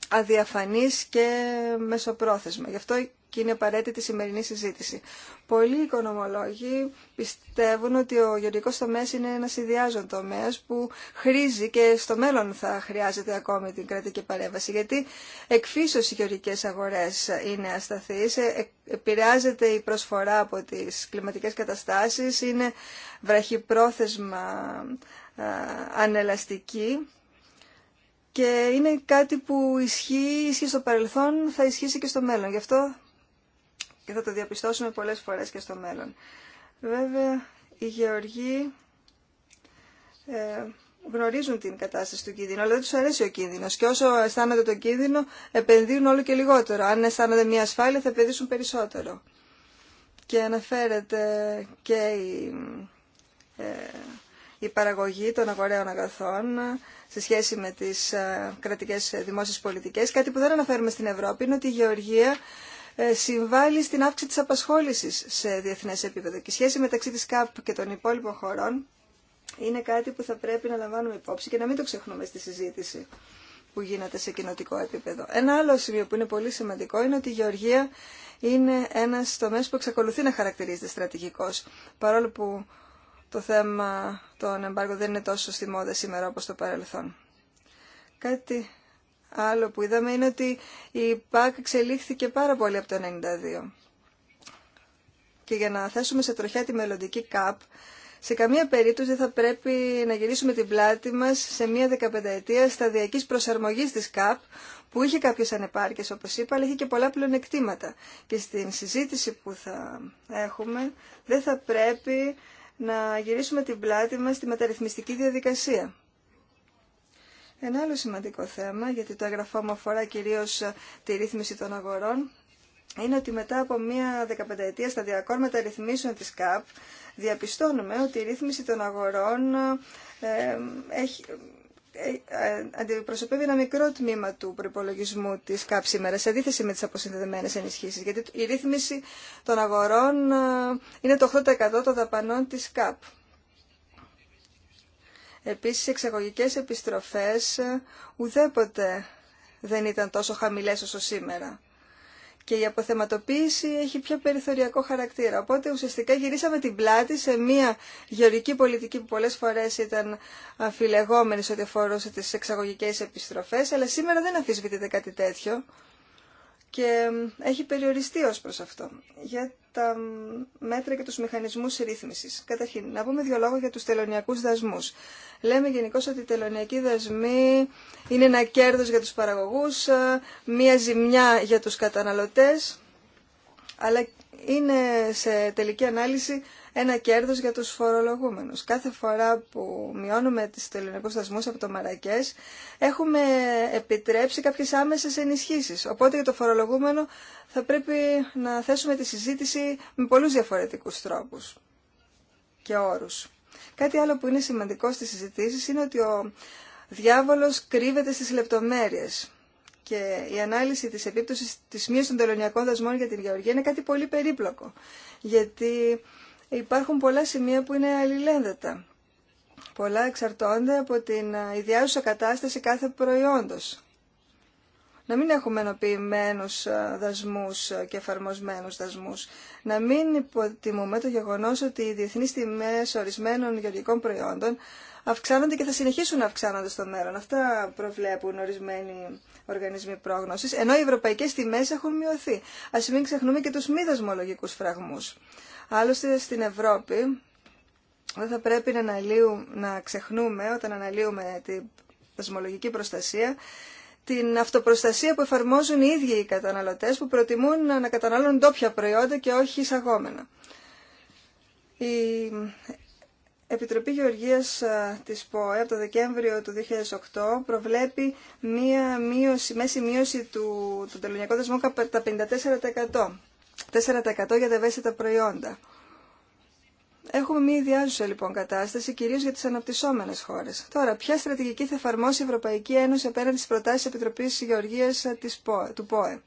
αδιαφανής και μεσοπρόθεσμα. Γι' αυτό και είναι απαραίτητη η σημερινή συζήτηση. Πολλοί οικονομολόγοι πιστεύουν ότι ο γεωργικός τομέας είναι ένας ιδιάζων τομέας που χρήζει και στο μέλλον θα χρειάζεται ακόμη την κρατική παρέμβαση, γιατί εκφίσως οι γεωργικές αγορές είναι ασταθείς, ε, ε, επηρεάζεται η προσφορά από τις κλιματικές καταστάσεις, είναι βραχυπρόθεσμα ανελαστική και είναι κάτι που ισχύει, ισχύει στο παρελθόν, θα ισχύσει και στο μέλλον. Γι' αυτό και θα το διαπιστώσουμε πολλές φορές και στο μέλλον. Βέβαια, οι γεωργοί ε, γνωρίζουν την κατάσταση του κίνδυνου, αλλά δεν τους αρέσει ο κίνδυνος. Και όσο αισθάνονται τον κίνδυνο, επενδύουν όλο και λιγότερο. Αν αισθάνονται μια ασφάλεια, θα επενδύσουν περισσότερο. Και αναφέρεται και η, ε, η παραγωγή των αγοραίων αγαθών ε, σε σχέση με τις ε, κρατικές δημόσιες πολιτικές. Κάτι που δεν αναφέρουμε στην Ευρώπη είναι ότι η γεωργία ε, συμβάλλει στην αύξηση της απασχόλησης σε διεθνές επίπεδο. Και η σχέση μεταξύ της ΚΑΠ και των υπόλοιπων χωρών είναι κάτι που θα πρέπει να λαμβάνουμε υπόψη και να μην το ξεχνούμε στη συζήτηση που γίνεται σε κοινοτικό επίπεδο. Ένα άλλο σημείο που είναι πολύ σημαντικό είναι ότι η γεωργία είναι ένας τομέας που εξακολουθεί να χαρακτηρίζεται στρατηγικός, παρόλο που το θέμα των εμπάργων δεν είναι τόσο στη μόδα σήμερα όπως το παρελθόν άλλο που είδαμε είναι ότι η ΠΑΚ εξελίχθηκε πάρα πολύ από το 1992. Και για να θέσουμε σε τροχιά τη μελλοντική ΚΑΠ, σε καμία περίπτωση δεν θα πρέπει να γυρίσουμε την πλάτη μας σε μια δεκαπενταετία σταδιακής προσαρμογής της ΚΑΠ, που είχε κάποιες ανεπάρκειες, όπως είπα, αλλά είχε και πολλά πλεονεκτήματα. Και στην συζήτηση που θα έχουμε, δεν θα πρέπει να γυρίσουμε την πλάτη μας στη μεταρρυθμιστική διαδικασία. Ένα άλλο σημαντικό θέμα, γιατί το έγγραφό μου αφορά κυρίως ε, τη ρύθμιση των αγορών, είναι ότι μετά από μία δεκαπενταετία σταδιακών μεταρρυθμίσεων της ΚΑΠ, διαπιστώνουμε ότι η ρύθμιση των αγορών ε, έχει, ε, ε, αντιπροσωπεύει ένα μικρό τμήμα του προπολογισμού τη ΚΑΠ σήμερα, σε αντίθεση με τι αποσυνδεδεμένε ενισχύσει. Γιατί η ρύθμιση των αγορών είναι το 8% των δαπανών τη ΚΑΠ. Επίσης, οι εξαγωγικές επιστροφές ουδέποτε δεν ήταν τόσο χαμηλές όσο σήμερα. Και η αποθεματοποίηση έχει πιο περιθωριακό χαρακτήρα. Οπότε ουσιαστικά γυρίσαμε την πλάτη σε μια γεωρική πολιτική που πολλές φορές ήταν αφιλεγόμενη σε ό,τι αφορούσε τις εξαγωγικές επιστροφές, αλλά σήμερα δεν αφισβητείται κάτι τέτοιο και έχει περιοριστεί ως προς αυτό. Γιατί? τα μέτρα και τους μηχανισμούς ρύθμισης. Καταρχήν, να πούμε δύο λόγια για τους τελωνιακούς δασμούς. Λέμε γενικώ ότι οι τελωνιακοί δασμοί είναι ένα κέρδος για τους παραγωγούς, μία ζημιά για τους καταναλωτές, αλλά είναι σε τελική ανάλυση ένα κέρδος για τους φορολογούμενους. Κάθε φορά που μειώνουμε τις ελληνικούς σταθμούς από το Μαρακές, έχουμε επιτρέψει κάποιες άμεσες ενισχύσεις. Οπότε για το φορολογούμενο θα πρέπει να θέσουμε τη συζήτηση με πολλούς διαφορετικούς τρόπους και όρους. Κάτι άλλο που είναι σημαντικό στις συζητήσεις είναι ότι ο διάβολος κρύβεται στις λεπτομέρειες και η ανάλυση της επίπτωσης της μείωσης των τελωνιακών δασμών για την Γεωργία είναι κάτι πολύ περίπλοκο. Γιατί υπάρχουν πολλά σημεία που είναι αλληλένδετα. Πολλά εξαρτώνται από την ε, ιδιάζουσα κατάσταση κάθε προϊόντος. Να μην έχουμε ενοποιημένους ε, δασμούς ε, και εφαρμοσμένους δασμούς. Να μην υποτιμούμε το γεγονός ότι οι διεθνείς τιμές ορισμένων γεωργικών προϊόντων αυξάνονται και θα συνεχίσουν να αυξάνονται στο μέλλον. Αυτά προβλέπουν ορισμένοι οργανισμοί πρόγνωση, ενώ οι ευρωπαϊκέ τιμέ έχουν μειωθεί. Α μην ξεχνούμε και του μη δασμολογικού φραγμού. Άλλωστε στην Ευρώπη δεν θα πρέπει να, αναλύουμε, να ξεχνούμε όταν αναλύουμε τη δασμολογική προστασία την αυτοπροστασία που εφαρμόζουν οι ίδιοι οι καταναλωτές που προτιμούν να καταναλώνουν ντόπια προϊόντα και όχι εισαγόμενα. Η Επιτροπή Γεωργίας της ΠΟΕ από το Δεκέμβριο του 2008 προβλέπει μία μείωση, μέση μείωση του, του τελωνιακού δεσμού κατά 54%. 4% για τα ευαίσθητα προϊόντα. Έχουμε μια ιδιάζουσα λοιπόν κατάσταση, κυρίω για τι αναπτυσσόμενε χώρε. Τώρα, ποια στρατηγική θα εφαρμόσει η Ευρωπαϊκή Ένωση απέναντι στι προτάσει τη Επιτροπή Γεωργία του ΠΟΕ.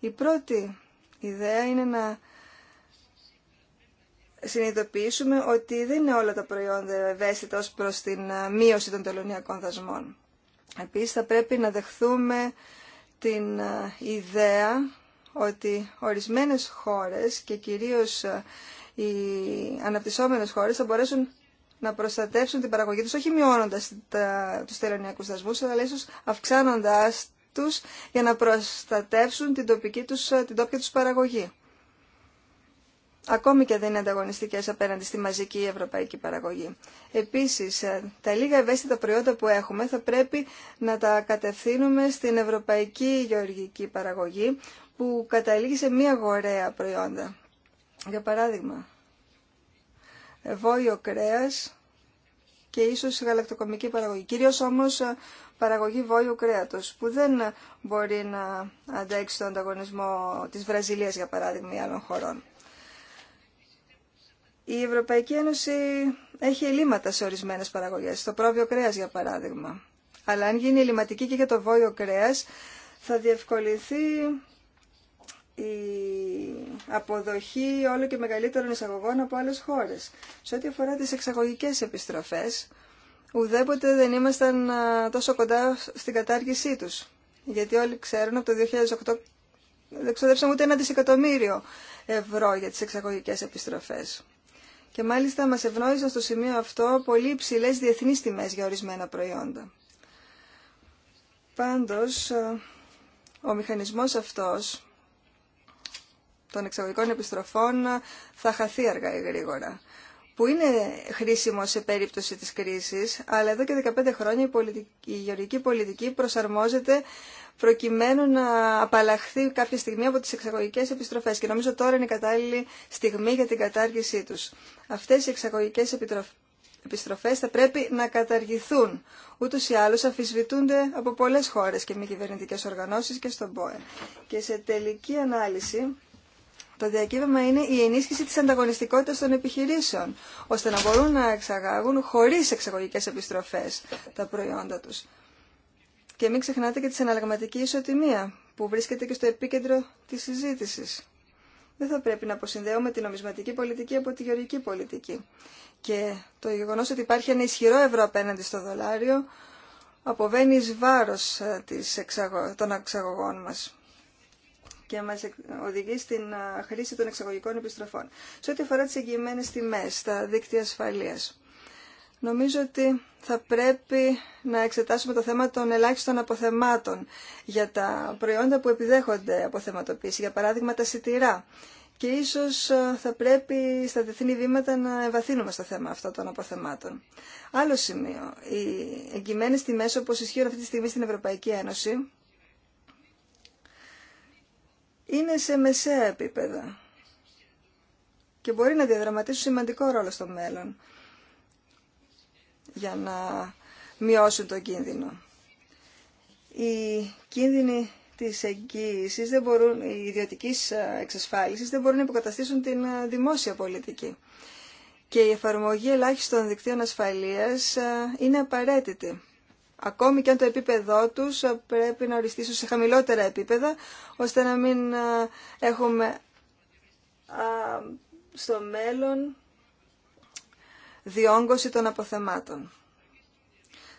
Η πρώτη ιδέα είναι να συνειδητοποιήσουμε ότι δεν είναι όλα τα προϊόντα ευαίσθητα ως προς την μείωση των τελωνιακών δασμών. Επίσης θα πρέπει να δεχθούμε την ιδέα ότι ορισμένες χώρες και κυρίως ε, οι αναπτυσσόμενες χώρες θα μπορέσουν να προστατεύσουν την παραγωγή τους, όχι μειώνοντας τα, τους τελωνιακούς δασμούς, αλλά ίσως αυξάνοντας τους για να προστατεύσουν την, τοπική τους, ε, την τόπια τους παραγωγή. Ακόμη και δεν είναι ανταγωνιστικέ απέναντι στη μαζική ευρωπαϊκή παραγωγή. Επίση, ε, τα λίγα ευαίσθητα προϊόντα που έχουμε θα πρέπει να τα κατευθύνουμε στην ευρωπαϊκή γεωργική παραγωγή, που καταλήγει σε μία γορέα προϊόντα. Για παράδειγμα, βόλιο κρέας και ίσως γαλακτοκομική παραγωγή. Κυρίως όμως ε, παραγωγή βόλιο κρέατος που δεν μπορεί να αντέξει τον ανταγωνισμό της Βραζιλίας για παράδειγμα ή άλλων χωρών. Η Ευρωπαϊκή Ένωση έχει ελλείμματα σε ορισμένες παραγωγές, στο πρόβιο κρέας για παράδειγμα. Αλλά αν γίνει ελληματική και για το βόλιο κρέας θα διευκολυνθεί η αποδοχή όλο και μεγαλύτερων εισαγωγών από άλλες χώρες. Σε ό,τι αφορά τις εξαγωγικές επιστροφές, ουδέποτε δεν ήμασταν τόσο κοντά στην κατάργησή τους. Γιατί όλοι ξέρουν από το 2008 δεν ξοδέψαμε ούτε ένα δισεκατομμύριο ευρώ για τις εξαγωγικές επιστροφές. Και μάλιστα μας ευνόησαν στο σημείο αυτό πολύ υψηλέ διεθνείς τιμές για ορισμένα προϊόντα. Πάντως, ο μηχανισμός αυτός των εξαγωγικών επιστροφών θα χαθεί αργά ή γρήγορα που είναι χρήσιμο σε περίπτωση της κρίσης, αλλά εδώ και 15 χρόνια η, πολιτική, η γεωργική πολιτική προσαρμόζεται προκειμένου να απαλλαχθεί κάποια στιγμή από τις εξαγωγικές επιστροφές και νομίζω τώρα είναι η κατάλληλη στιγμή για την κατάργησή τους. Αυτές οι εξαγωγικές επιστροφές θα πρέπει να καταργηθούν. Ούτως ή άλλως αφισβητούνται από πολλές χώρες και μη κυβερνητικές οργανώσεις και στον ΠΟΕ. Και σε τελική ανάλυση το διακύβευμα είναι η ενίσχυση της ανταγωνιστικότητας των επιχειρήσεων, ώστε να μπορούν να εξαγάγουν χωρίς εξαγωγικές επιστροφές τα προϊόντα τους. Και μην ξεχνάτε και τη συναλλαγματική ισοτιμία, που βρίσκεται και στο επίκεντρο της συζήτησης. Δεν θα πρέπει να αποσυνδέουμε την νομισματική πολιτική από τη γεωργική πολιτική. Και το γεγονός ότι υπάρχει ένα ισχυρό ευρώ απέναντι στο δολάριο αποβαίνει εις βάρος ε, των εξαγωγών μας και μας οδηγεί στην χρήση των εξαγωγικών επιστροφών. Σε ό,τι αφορά τις εγγυημένες τιμές, στα δίκτυα ασφαλείας, νομίζω ότι θα πρέπει να εξετάσουμε το θέμα των ελάχιστων αποθεμάτων για τα προϊόντα που επιδέχονται αποθεματοποίηση, για παράδειγμα τα σιτηρά. Και ίσως θα πρέπει στα διεθνή βήματα να ευαθύνουμε στο θέμα αυτό των αποθεμάτων. Άλλο σημείο, οι εγγυημένες τιμές όπως ισχύουν αυτή τη στιγμή στην Ευρωπαϊκή Ένωση είναι σε μεσαία επίπεδα και μπορεί να διαδραματίσουν σημαντικό ρόλο στο μέλλον για να μειώσουν τον κίνδυνο. Οι κίνδυνοι της εγγύησης, δεν μπορούν, οι ιδιωτικής εξασφάλισης δεν μπορούν να υποκαταστήσουν την δημόσια πολιτική. Και η εφαρμογή ελάχιστων δικτύων ασφαλείας ε, είναι απαραίτητη ακόμη και αν το επίπεδό τους πρέπει να οριστεί σε χαμηλότερα επίπεδα, ώστε να μην ε, έχουμε στο μέλλον διόγκωση των αποθεμάτων.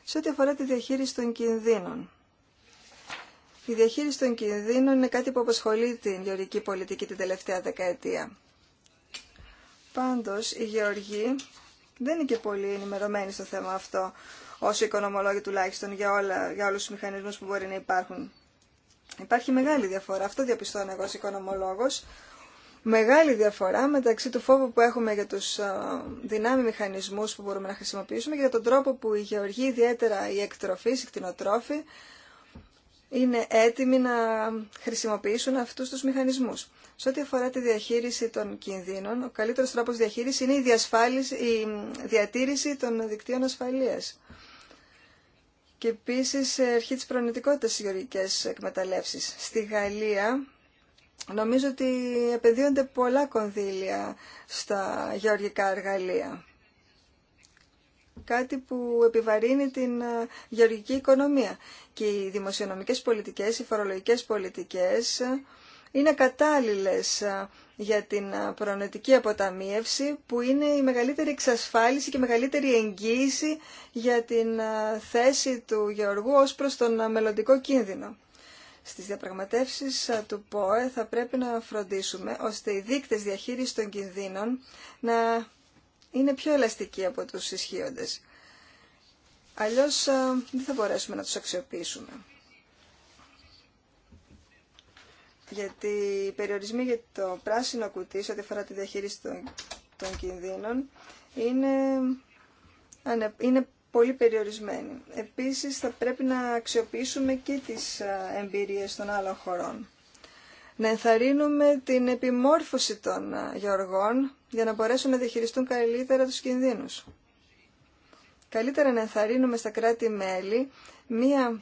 Σε ό,τι αφορά τη διαχείριση των κινδύνων. Η διαχείριση των κινδύνων είναι κάτι που απασχολεί την γεωργική πολιτική την τελευταία δεκαετία. Πάντως, η Γεωργή δεν είναι και πολύ ενημερωμένη στο θέμα αυτό όσο οικονομολόγοι τουλάχιστον για, όλα, για όλους τους μηχανισμούς που μπορεί να υπάρχουν. Υπάρχει μεγάλη διαφορά, αυτό διαπιστώνω εγώ ως οικονομολόγος, μεγάλη διαφορά μεταξύ του φόβου που έχουμε για τους δυνάμει μηχανισμούς που μπορούμε να χρησιμοποιήσουμε και για τον τρόπο που οι γεωργοί, ιδιαίτερα η εκτροφείς, οι κτηνοτρόφοι, είναι έτοιμοι να χρησιμοποιήσουν αυτούς τους μηχανισμούς. Σε ό,τι αφορά τη διαχείριση των κινδύνων, ο καλύτερος τρόπος διαχείρισης είναι η, η διατήρηση των δικτύων ασφαλείας και επίση ε, αρχή της προνοητικότητα στι γεωργικές εκμεταλλεύσεις. Στη Γαλλία νομίζω ότι επενδύονται πολλά κονδύλια στα γεωργικά εργαλεία. Κάτι που επιβαρύνει την ε, γεωργική οικονομία. Και οι δημοσιονομικές πολιτικές, οι φορολογικές πολιτικές είναι κατάλληλες για την προνοητική αποταμίευση που είναι η μεγαλύτερη εξασφάλιση και μεγαλύτερη εγγύηση για την θέση του Γεωργού ως προς τον μελλοντικό κίνδυνο. Στις διαπραγματεύσεις του ΠΟΕ θα πρέπει να φροντίσουμε ώστε οι δείκτες διαχείρισης των κινδύνων να είναι πιο ελαστικοί από τους ισχύοντες. Αλλιώς δεν θα μπορέσουμε να τους αξιοποιήσουμε. γιατί οι περιορισμοί για το πράσινο κουτί σε ό,τι αφορά τη διαχείριση των, κινδύνων είναι, είναι πολύ περιορισμένοι. Επίσης θα πρέπει να αξιοποιήσουμε και τις εμπειρίες των άλλων χωρών. Να ενθαρρύνουμε την επιμόρφωση των γεωργών για να μπορέσουν να διαχειριστούν καλύτερα τους κινδύνους. Καλύτερα να ενθαρρύνουμε στα κράτη-μέλη μία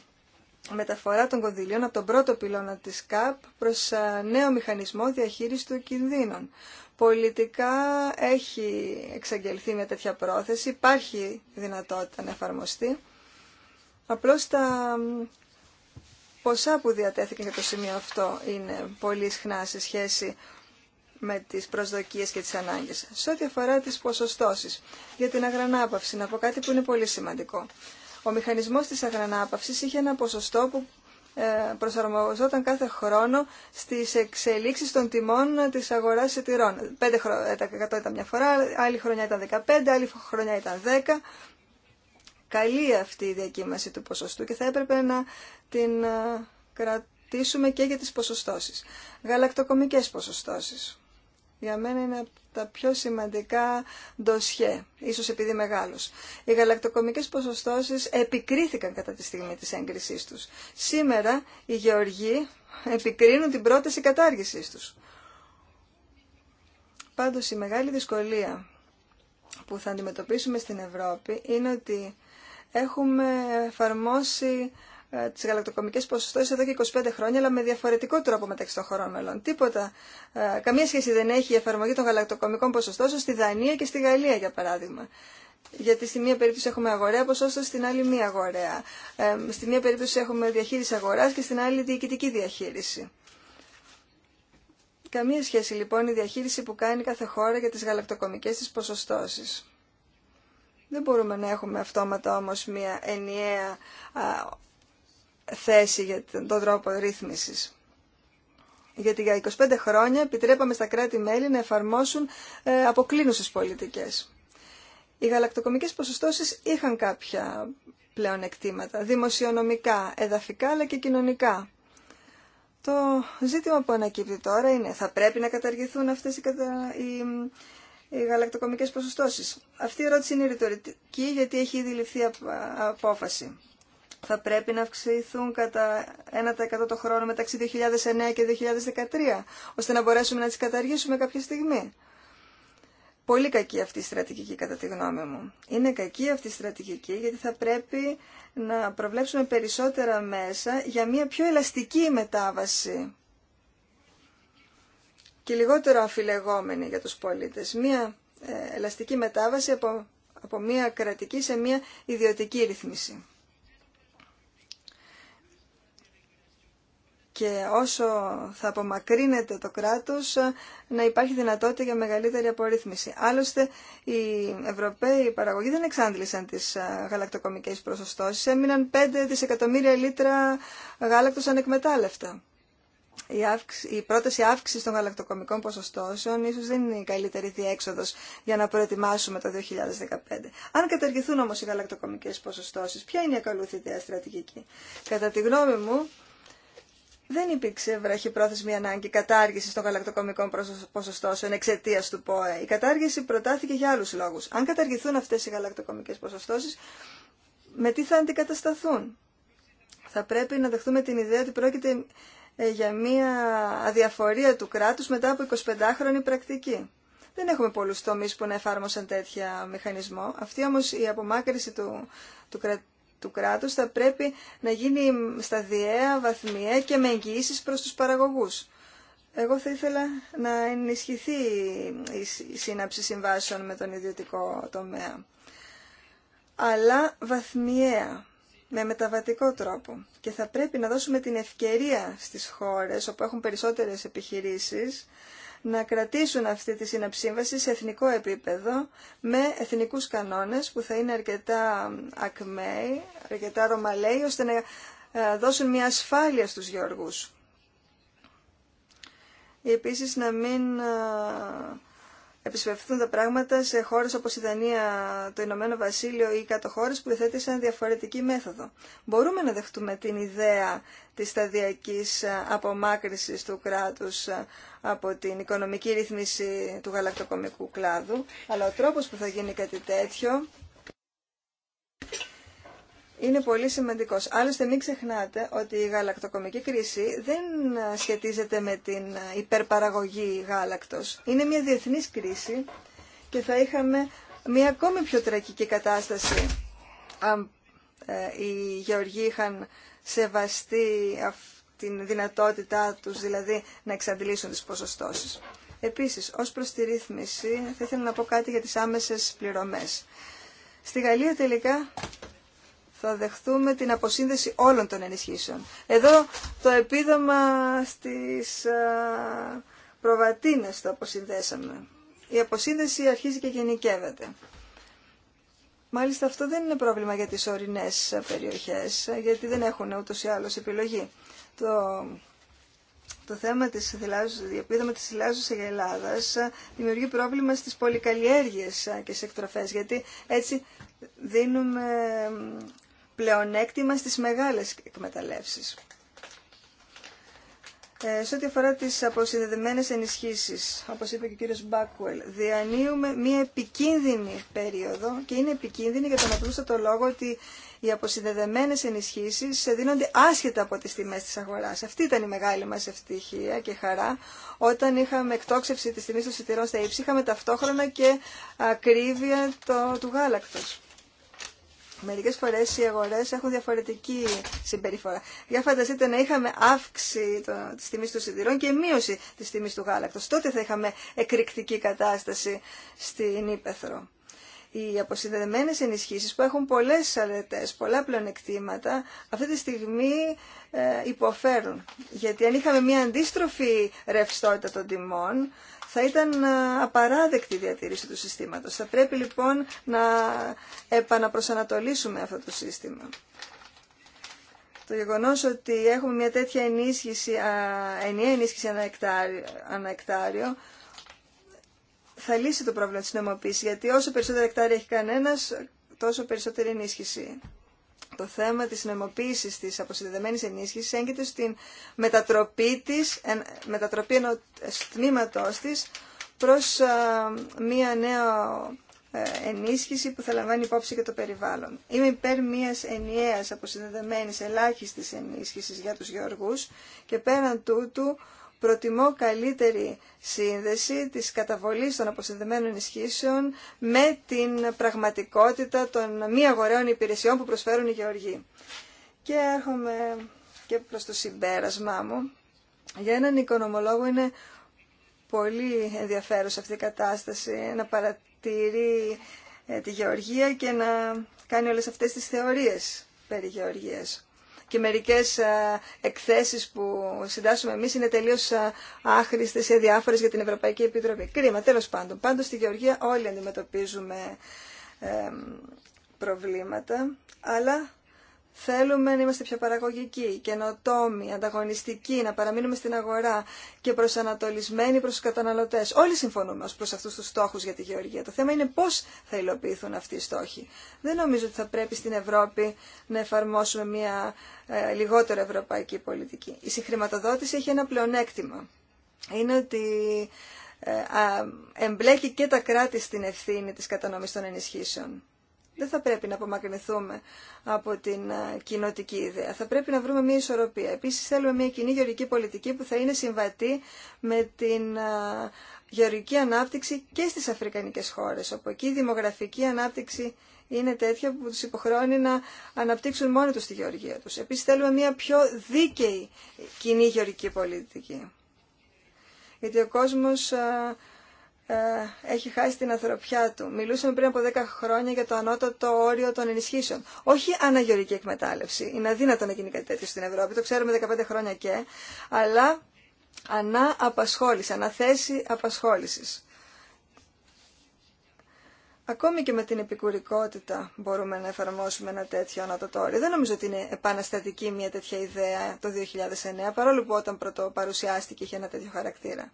μεταφορά των κονδυλίων από τον πρώτο πυλώνα της ΚΑΠ προς νέο μηχανισμό διαχείρισης των κινδύνων. Πολιτικά έχει εξαγγελθεί μια τέτοια πρόθεση, υπάρχει δυνατότητα να εφαρμοστεί. Απλώς τα ποσά που διατέθηκαν για το σημείο αυτό είναι πολύ συχνά σε σχέση με τις προσδοκίες και τις ανάγκες. Σε ό,τι αφορά τις ποσοστώσεις για την αγρανάπαυση, να πω κάτι που είναι πολύ σημαντικό. Ο μηχανισμός της αγρανάπαυσης είχε ένα ποσοστό που ε, προσαρμοζόταν κάθε χρόνο στις εξελίξεις των τιμών της αγοράς ετηρών. 5% ε, ήταν μια φορά, άλλη χρονιά ήταν 15%, άλλη χρονιά ήταν 10%. Καλή αυτή η διακύμαση του ποσοστού και θα έπρεπε να την ε, κρατήσουμε και για τις ποσοστώσεις. Γαλακτοκομικές ποσοστώσεις για μένα είναι από τα πιο σημαντικά ντοσιέ, ίσως επειδή μεγάλος. Οι γαλακτοκομικές ποσοστώσεις επικρίθηκαν κατά τη στιγμή της έγκρισής τους. Σήμερα οι γεωργοί επικρίνουν την πρόταση κατάργησής τους. Πάντως η μεγάλη δυσκολία που θα αντιμετωπίσουμε στην Ευρώπη είναι ότι έχουμε εφαρμόσει ε, τι γαλακτοκομικές ποσοστώσεις εδώ και 25 χρόνια, αλλά με διαφορετικό τρόπο μεταξύ των χωρών μελών. Τίποτα, ε, καμία σχέση δεν έχει η εφαρμογή των γαλακτοκομικών ποσοστώσεων στη Δανία και στη Γαλλία, για παράδειγμα. Γιατί στη μία περίπτωση έχουμε αγοραία ποσοστό στην άλλη μία αγοραία. Ε, στη μία περίπτωση έχουμε διαχείριση αγορά και στην άλλη διοικητική διαχείριση. Καμία σχέση λοιπόν η διαχείριση που κάνει κάθε χώρα για τι γαλακτοκομικέ τη ποσοστώσεις. Δεν μπορούμε να έχουμε αυτόματα όμως μια ενιαία θέση για τον τρόπο ρύθμισης. Γιατί για 25 χρόνια επιτρέπαμε στα κράτη-μέλη να εφαρμόσουν ε, αποκλίνουσες πολιτικές. Οι γαλακτοκομικές ποσοστώσεις είχαν κάποια πλέον δημοσιονομικά, εδαφικά αλλά και κοινωνικά. Το ζήτημα που ανακύπτει τώρα είναι θα πρέπει να καταργηθούν αυτές οι, οι, οι ποσοστώσεις. Αυτή η ερώτηση είναι ρητορική γιατί έχει ήδη ληφθεί απόφαση θα πρέπει να αυξηθούν κατά 1% το χρόνο μεταξύ 2009 και 2013, ώστε να μπορέσουμε να τις καταργήσουμε κάποια στιγμή. Πολύ κακή αυτή η στρατηγική κατά τη γνώμη μου. Είναι κακή αυτή η στρατηγική γιατί θα πρέπει να προβλέψουμε περισσότερα μέσα για μια πιο ελαστική μετάβαση και λιγότερο αφιλεγόμενη για τους πολίτες. Μια ε, ελαστική μετάβαση από, από μια κρατική σε μια ιδιωτική ρυθμίση. και όσο θα απομακρύνεται το κράτος να υπάρχει δυνατότητα για μεγαλύτερη απορρίθμιση. Άλλωστε οι Ευρωπαίοι παραγωγοί δεν εξάντλησαν τις γαλακτοκομικές προσωστώσεις, έμειναν 5 δισεκατομμύρια λίτρα γάλακτος ανεκμετάλλευτα. Η, αύξη, η πρόταση αύξηση των γαλακτοκομικών ποσοστώσεων ίσω δεν είναι η καλύτερη διέξοδος για να προετοιμάσουμε το 2015. Αν καταργηθούν όμω οι γαλακτοκομικές ποσοστώσει, ποια είναι η ακολουθητέα στρατηγική. Κατά τη γνώμη μου, δεν υπήρξε βραχυπρόθεσμη ανάγκη κατάργηση των γαλακτοκομικών ποσοστώσεων εξαιτία του ΠΟΕ. Η κατάργηση προτάθηκε για άλλου λόγου. Αν καταργηθούν αυτέ οι γαλακτοκομικέ ποσοστώσει, με τι θα αντικατασταθούν. Θα πρέπει να δεχτούμε την ιδέα ότι πρόκειται ε, για μια αδιαφορία του κράτους μετά από 25χρονη πρακτική. Δεν έχουμε πολλούς τομείς που να εφάρμοσαν τέτοια μηχανισμό. Αυτή όμως η απομάκρυση του, του, του κράτους θα πρέπει να γίνει σταδιαία, βαθμιαία και με εγγυήσεις προς τους παραγωγούς. Εγώ θα ήθελα να ενισχυθεί η σύναψη συμβάσεων με τον ιδιωτικό τομέα. Αλλά βαθμιαία, με μεταβατικό τρόπο. Και θα πρέπει να δώσουμε την ευκαιρία στις χώρες όπου έχουν περισσότερες επιχειρήσεις να κρατήσουν αυτή τη συναψύμβαση σε εθνικό επίπεδο με εθνικούς κανόνες που θα είναι αρκετά ακμαίοι, αρκετά ρωμαλαίοι, ώστε να ε, δώσουν μια ασφάλεια στους γεωργούς. Επίσης να μην ε, επισπευθούν τα πράγματα σε χώρε όπως η Δανία, το Ηνωμένο Βασίλειο ή κάτω χώρε που υιοθέτησαν διαφορετική μέθοδο. Μπορούμε να δεχτούμε την ιδέα της σταδιακής απομάκρυση του κράτους ε, από την οικονομική ρύθμιση του γαλακτοκομικού κλάδου, αλλά ο τρόπος που θα γίνει κάτι τέτοιο είναι πολύ σημαντικός. Άλλωστε μην ξεχνάτε ότι η γαλακτοκομική κρίση δεν σχετίζεται με την υπερπαραγωγή γάλακτος. Είναι μια διεθνή κρίση και θα είχαμε μια ακόμη πιο τραγική κατάσταση αν ε, οι γεωργοί είχαν σεβαστεί την δυνατότητά τους, δηλαδή να εξαντλήσουν τις ποσοστώσεις. Επίσης, ως προς τη ρύθμιση, θα ήθελα να πω κάτι για τις άμεσες πληρωμές. Στη Γαλλία τελικά θα δεχθούμε την αποσύνδεση όλων των ενισχύσεων. Εδώ το επίδομα στις προβατίνες το αποσυνδέσαμε. Η αποσύνδεση αρχίζει και γενικεύεται. Μάλιστα αυτό δεν είναι πρόβλημα για τις ορεινές περιοχές, γιατί δεν έχουν ούτως ή άλλως επιλογή. Το, το θέμα της επίδομα της σε Ελλάδας δημιουργεί πρόβλημα στις πολυκαλλιέργειες και στις εκτροφές, γιατί έτσι δίνουμε πλεονέκτημα στις μεγάλες εκμεταλλεύσεις. Ε, σε ό,τι αφορά τις αποσυνδεδεμένες ενισχύσεις, όπως είπε και ο κύριος Μπάκουελ, διανύουμε μία επικίνδυνη περίοδο και είναι επικίνδυνη για τον απλούστατο λόγο ότι οι αποσυνδεδεμένες ενισχύσεις δίνονται άσχετα από τις τιμές της αγοράς. Αυτή ήταν η μεγάλη μας ευτυχία και χαρά. Όταν είχαμε εκτόξευση της τιμής των σιτηρών στα ύψη, είχαμε ταυτόχρονα και ακρίβεια το, του γάλακτος. Μερικέ φορέ οι αγορέ έχουν διαφορετική συμπεριφορά. Για φανταστείτε να είχαμε αύξηση τη τιμή των σιδηρών και μείωση τη τιμή του γάλακτο. Τότε θα είχαμε εκρηκτική κατάσταση στην Ήπεθρο. Οι αποσυνδεδεμένες ενισχύσεις που έχουν πολλές αρετές, πολλά πλανεκτήματα, αυτή τη στιγμή ε, υποφέρουν. Γιατί αν είχαμε μια αντίστροφη ρευστότητα των τιμών, θα ήταν ε, απαράδεκτη η διατήρηση του συστήματος. Θα πρέπει λοιπόν να επαναπροσανατολίσουμε αυτό το σύστημα. Το γεγονός ότι έχουμε μια τέτοια ενίσχυση, ενιαία ενίσχυση ανά εκτάριο, ανά θα λύσει το πρόβλημα της νομοποίησης, γιατί όσο περισσότερα εκτάρια έχει κανένας, τόσο περισσότερη ενίσχυση το θέμα της νομοποίησης της αποσυνδεδεμένης ενίσχυσης έγκυται στην μετατροπή, της, μετατροπή ενός τμήματός της προς μία νέα ε, ενίσχυση που θα λαμβάνει υπόψη και το περιβάλλον. Είμαι υπέρ μιας ενιαίας αποσυνδεδεμένης ελάχιστης ενίσχυσης για τους Γιώργους και πέραν τούτου προτιμώ καλύτερη σύνδεση της καταβολής των αποσυνδεμένων ισχύσεων με την πραγματικότητα των μη αγοραίων υπηρεσιών που προσφέρουν οι γεωργοί. Και έρχομαι και προς το συμπέρασμά μου. Για έναν οικονομολόγο είναι πολύ ενδιαφέρουσα αυτή η κατάσταση να παρατηρεί ε, τη γεωργία και να κάνει όλες αυτές τις θεωρίες περί γεωργίας και μερικές ε, εκθέσεις που συντάσσουμε εμείς είναι τελείως ε, άχρηστες ή αδιάφορες για την Ευρωπαϊκή Επιτροπή. Κρίμα, τέλος πάντων. Πάντως στη Γεωργία όλοι αντιμετωπίζουμε ε, προβλήματα, αλλά Θέλουμε να είμαστε πιο παραγωγικοί, καινοτόμοι, ανταγωνιστικοί, να παραμείνουμε στην αγορά και προσανατολισμένοι προς τους καταναλωτές. Όλοι συμφωνούμε ως προς αυτούς τους στόχους για τη γεωργία. Το θέμα είναι πώς θα υλοποιηθούν αυτοί οι στόχοι. Δεν νομίζω ότι θα πρέπει στην Ευρώπη να εφαρμόσουμε μια ε, λιγότερο ευρωπαϊκή πολιτική. Η συγχρηματοδότηση έχει ένα πλεονέκτημα. Είναι ότι ε, εμπλέκει και τα κράτη στην ευθύνη της κατανομής των ενισχύσεων δεν θα πρέπει να απομακρυνθούμε από την ε, κοινοτική ιδέα. Θα πρέπει να βρούμε μια ισορροπία. Επίσης θέλουμε μια κοινή γεωργική πολιτική που θα είναι συμβατή με την ε, γεωργική ανάπτυξη και στις αφρικανικές χώρες, όπου εκεί η δημογραφική ανάπτυξη είναι τέτοια που τους υποχρεώνει να αναπτύξουν μόνοι τους τη γεωργία τους. Επίσης θέλουμε μια πιο δίκαιη κοινή γεωργική πολιτική. Γιατί ο κόσμος ε, ε, έχει χάσει την ανθρωπιά του. Μιλούσαμε πριν από 10 χρόνια για το ανώτατο όριο των ενισχύσεων. Όχι αναγιορική εκμετάλλευση. Είναι αδύνατο να γίνει κάτι τέτοιο στην Ευρώπη. Το ξέρουμε 15 χρόνια και. Αλλά ανά απασχόληση, αναθέση απασχόλησης. Ακόμη και με την επικουρικότητα μπορούμε να εφαρμόσουμε ένα τέτοιο ανώτατο όριο. Δεν νομίζω ότι είναι επαναστατική μια τέτοια ιδέα το 2009, παρόλο που όταν πρωτοπαρουσιάστηκε είχε ένα τέτοιο χαρακτήρα.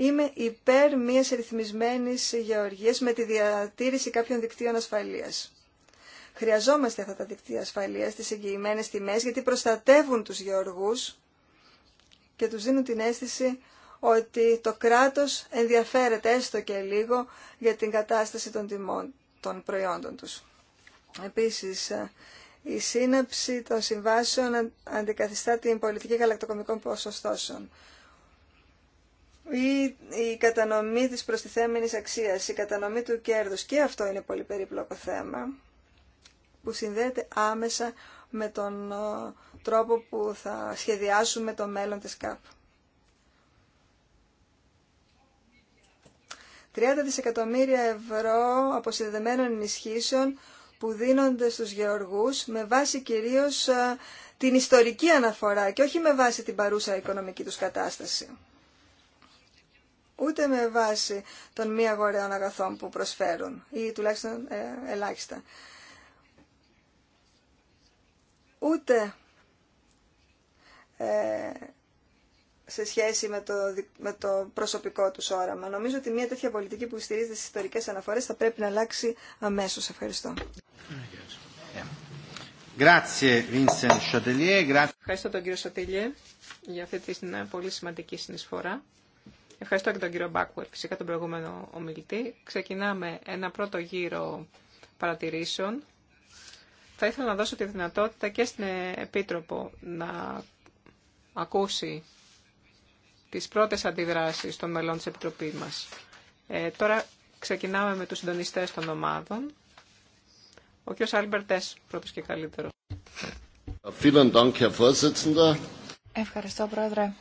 Είμαι υπέρ μιας ρυθμισμένης γεωργίας με τη διατήρηση κάποιων δικτύων ασφαλείας. Χρειαζόμαστε αυτά τα δικτύα ασφαλείας, τις εγγυημένες τιμές, γιατί προστατεύουν τους γεωργούς και τους δίνουν την αίσθηση ότι το κράτος ενδιαφέρεται έστω και λίγο για την κατάσταση των τιμών των προϊόντων τους. Επίσης, η σύναψη των συμβάσεων αντικαθιστά την πολιτική γαλακτοκομικών ποσοστώσεων ή η κατανομή της προστιθέμενης αξίας, η κατανομή του κέρδους. Και αυτό είναι πολύ περίπλοκο θέμα που συνδέεται άμεσα με τον ε, τρόπο που θα σχεδιάσουμε το μέλλον της ΚΑΠ. 30 δισεκατομμύρια ευρώ αποσυνδεμένων ενισχύσεων που δίνονται στους γεωργούς με βάση κυρίως ε, την ιστορική αναφορά και όχι με βάση την παρούσα οικονομική τους κατάσταση ούτε με βάση των μη αγοραίων αγαθών που προσφέρουν ή τουλάχιστον ε, ελάχιστα. Ούτε ε, σε σχέση με το, προσωπικό τους όραμα. Νομίζω ότι μια τέτοια πολιτική που στηρίζεται στις ιστορικές αναφορές θα πρέπει να αλλάξει αμέσως. Ευχαριστώ. Ευχαριστώ τον κύριο Σατελιέ για αυτή την ε, πολύ σημαντική συνεισφορά. Ευχαριστώ και τον κύριο Μπάκουερ, φυσικά τον προηγούμενο ομιλητή. Ξεκινάμε ένα πρώτο γύρο παρατηρήσεων. Θα ήθελα να δώσω τη δυνατότητα και στην Επίτροπο να ακούσει τις πρώτες αντιδράσεις των μελών της Επιτροπής μας. Ε, τώρα ξεκινάμε με τους συντονιστές των ομάδων. Ο κ. Άλμπερτες, πρώτος και καλύτερο. Ευχαριστώ, Πρόεδρε.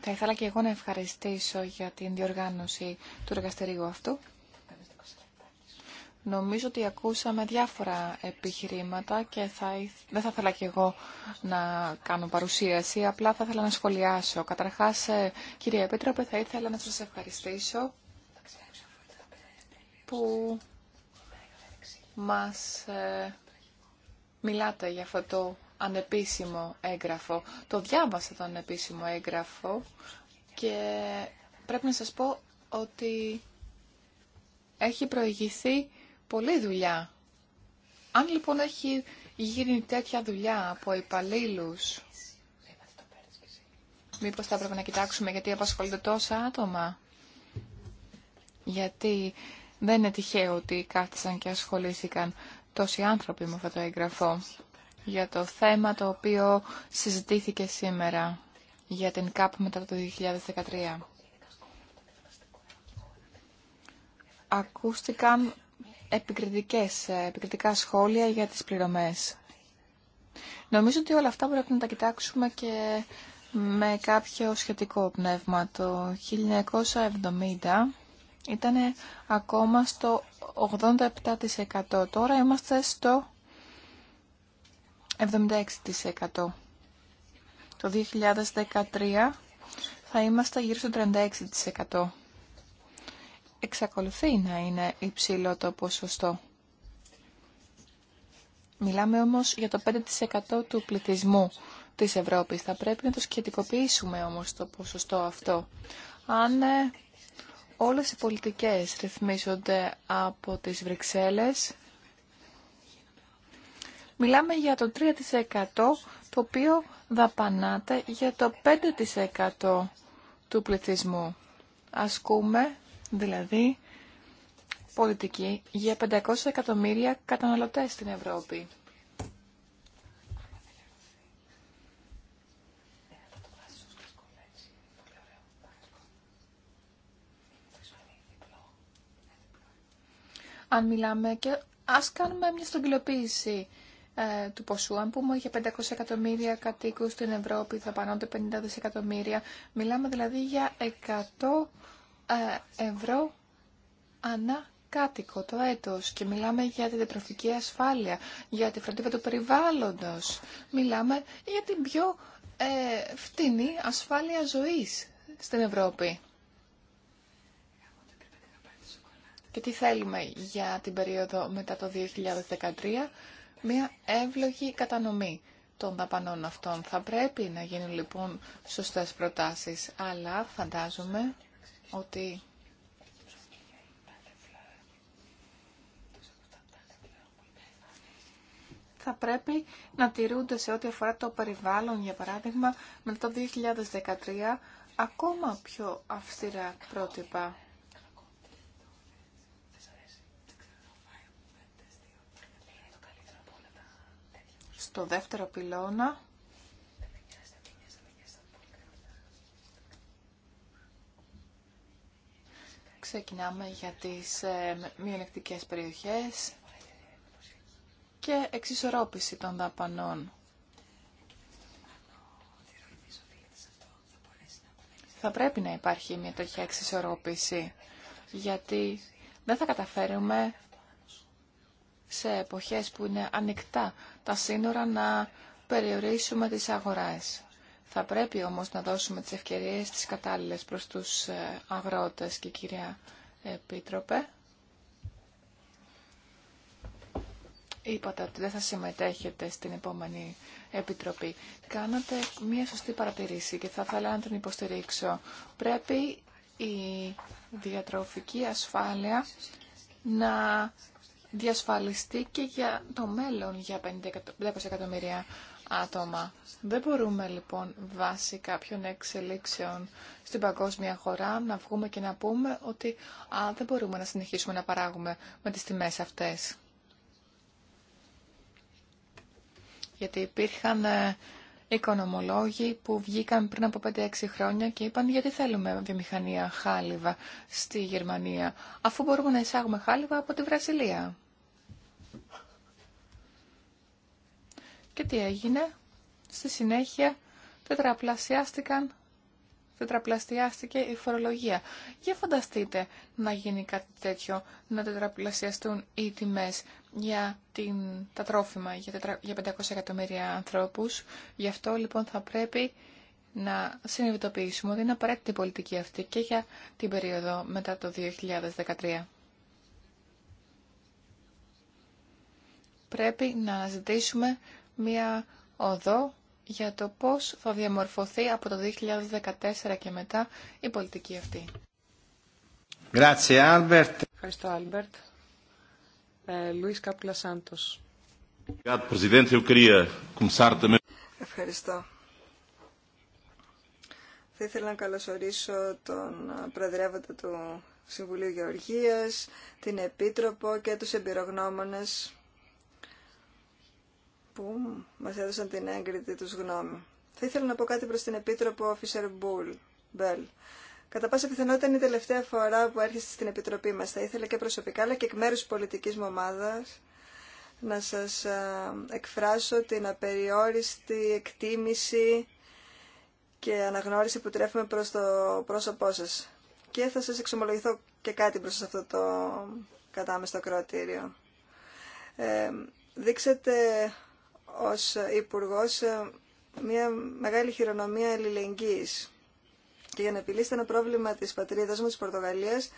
Θα ήθελα και εγώ να ευχαριστήσω για την διοργάνωση του εργαστηρίου αυτού. Νομίζω ότι ακούσαμε διάφορα επιχειρήματα και θα δεν θα ήθελα και εγώ να κάνω παρουσίαση, απλά θα ήθελα να σχολιάσω. Καταρχάς, ε, κύριε Επίτροπε, θα ήθελα να σας ευχαριστήσω που μας ε, μιλάτε για αυτό το ανεπίσημο έγγραφο. Το διάβασα το ανεπίσημο έγγραφο και πρέπει να σας πω ότι έχει προηγηθεί πολλή δουλειά. Αν λοιπόν έχει γίνει τέτοια δουλειά από υπαλλήλου. Μήπως θα έπρεπε να κοιτάξουμε γιατί απασχολούνται τόσα άτομα. Γιατί δεν είναι τυχαίο ότι κάθισαν και ασχολήθηκαν τόσοι άνθρωποι με αυτό το έγγραφο για το θέμα το οποίο συζητήθηκε σήμερα για την ΚΑΠ μετά το 2013. Ακούστηκαν επικριτικές, επικριτικά σχόλια για τις πληρωμές. Νομίζω ότι όλα αυτά πρέπει να τα κοιτάξουμε και με κάποιο σχετικό πνεύμα. Το 1970 ήταν ακόμα στο 87%. Τώρα είμαστε στο 76%. Το 2013 θα είμαστε γύρω στο 36%. Εξακολουθεί να είναι υψηλό το ποσοστό. Μιλάμε όμως για το 5% του πληθυσμού της Ευρώπης. Θα πρέπει να το σχετικοποιήσουμε όμως το ποσοστό αυτό. Αν ε, όλες οι πολιτικές ρυθμίζονται από τις Βρυξέλλες, Μιλάμε για το 3% το οποίο δαπανάται για το 5% του πληθυσμού. Ασκούμε δηλαδή πολιτική για 500 εκατομμύρια καταναλωτές στην Ευρώπη. Αν μιλάμε και ας κάνουμε μια στογγυλοποίηση ε, του ποσού. Αν πούμε για 500 εκατομμύρια κατοίκους στην Ευρώπη θα πανώνται 50 δισεκατομμύρια. Μιλάμε δηλαδή για 100 ε, ευρώ ανά κάτοικο το έτος και μιλάμε για την διατροφική ασφάλεια, για τη φροντίδα του περιβάλλοντος. Μιλάμε για την πιο ε, φτηνή ασφάλεια ζωής στην Ευρώπη. Και τι θέλουμε για την περίοδο μετά το 2013 μια εύλογη κατανομή των δαπανών αυτών. Θα πρέπει να γίνουν λοιπόν σωστές προτάσεις, αλλά φαντάζομαι ότι θα πρέπει να τηρούνται σε ό,τι αφορά το περιβάλλον, για παράδειγμα, με το 2013, ακόμα πιο αυστηρά πρότυπα. στο δεύτερο πυλώνα ξεκινάμε για τις ε, μειονεκτικές περιοχές και εξισορρόπηση των δαπανών. Θα πρέπει να υπάρχει μια τέτοια εξισορρόπηση, γιατί δεν θα καταφέρουμε σε εποχές που είναι ανοιχτά τα σύνορα να περιορίσουμε τις αγοράες. Θα πρέπει όμως να δώσουμε τις ευκαιρίες τις κατάλληλες προς τους ε, αγρότες και κυρία Επίτροπε. Είπατε ότι δεν θα συμμετέχετε στην επόμενη Επιτροπή. Κάνατε μία σωστή παρατηρήση και θα ήθελα να την υποστηρίξω. Πρέπει η διατροφική ασφάλεια να διασφαλιστεί και για το μέλλον για 50 εκατομμύρια άτομα. Δεν μπορούμε λοιπόν βάσει κάποιων εξελίξεων στην παγκόσμια χώρα να βγούμε και να πούμε ότι α, δεν μπορούμε να συνεχίσουμε να παράγουμε με τις τιμές αυτές. Γιατί υπήρχαν ε, οικονομολόγοι που βγήκαν πριν από 5-6 χρόνια και είπαν γιατί θέλουμε βιομηχανία χάλιβα στη Γερμανία, αφού μπορούμε να εισάγουμε χάλιβα από τη Βραζιλία. Και τι έγινε, στη συνέχεια τετραπλασιάστηκαν τετραπλασιάστηκε η φορολογία. Για φανταστείτε να γίνει κάτι τέτοιο, να τετραπλασιαστούν οι τιμές για την, τα τρόφιμα για, 500 εκατομμύρια ανθρώπους. Γι' αυτό λοιπόν θα πρέπει να συνειδητοποιήσουμε ότι είναι απαραίτητη η πολιτική αυτή και για την περίοδο μετά το 2013. Πρέπει να ζητήσουμε μία οδό για το πώς θα διαμορφωθεί από το 2014 και μετά η πολιτική αυτή. Ευχαριστώ, Άλμπερτ. Ε, Λουίς Κάπουλα Σάντος. Ευχαριστώ. Θα ήθελα να καλωσορίσω τον Προεδρεύοντα του Συμβουλίου Γεωργίας, την Επίτροπο και τους εμπειρογνώμονες που μας έδωσαν την έγκριτη τους γνώμη. Θα ήθελα να πω κάτι προς την Επίτροπο Officer Bull, Bell. Κατά πάσα πιθανότητα είναι η τελευταία φορά που έρχεστε στην Επιτροπή μας. Θα ήθελα και προσωπικά, αλλά και εκ μέρους πολιτικής μου ομάδας, να σας εκφράσω την απεριόριστη εκτίμηση και αναγνώριση που τρέφουμε προς το πρόσωπό σας. Και θα σας εξομολογηθώ και κάτι προς αυτό το κατάμεστο κροατήριο. Ε, ως υπουργό ε, μια μεγάλη χειρονομία αλληλεγγύης. Και για να επιλύσετε ένα πρόβλημα της πατρίδας μου, της Πορτογαλίας,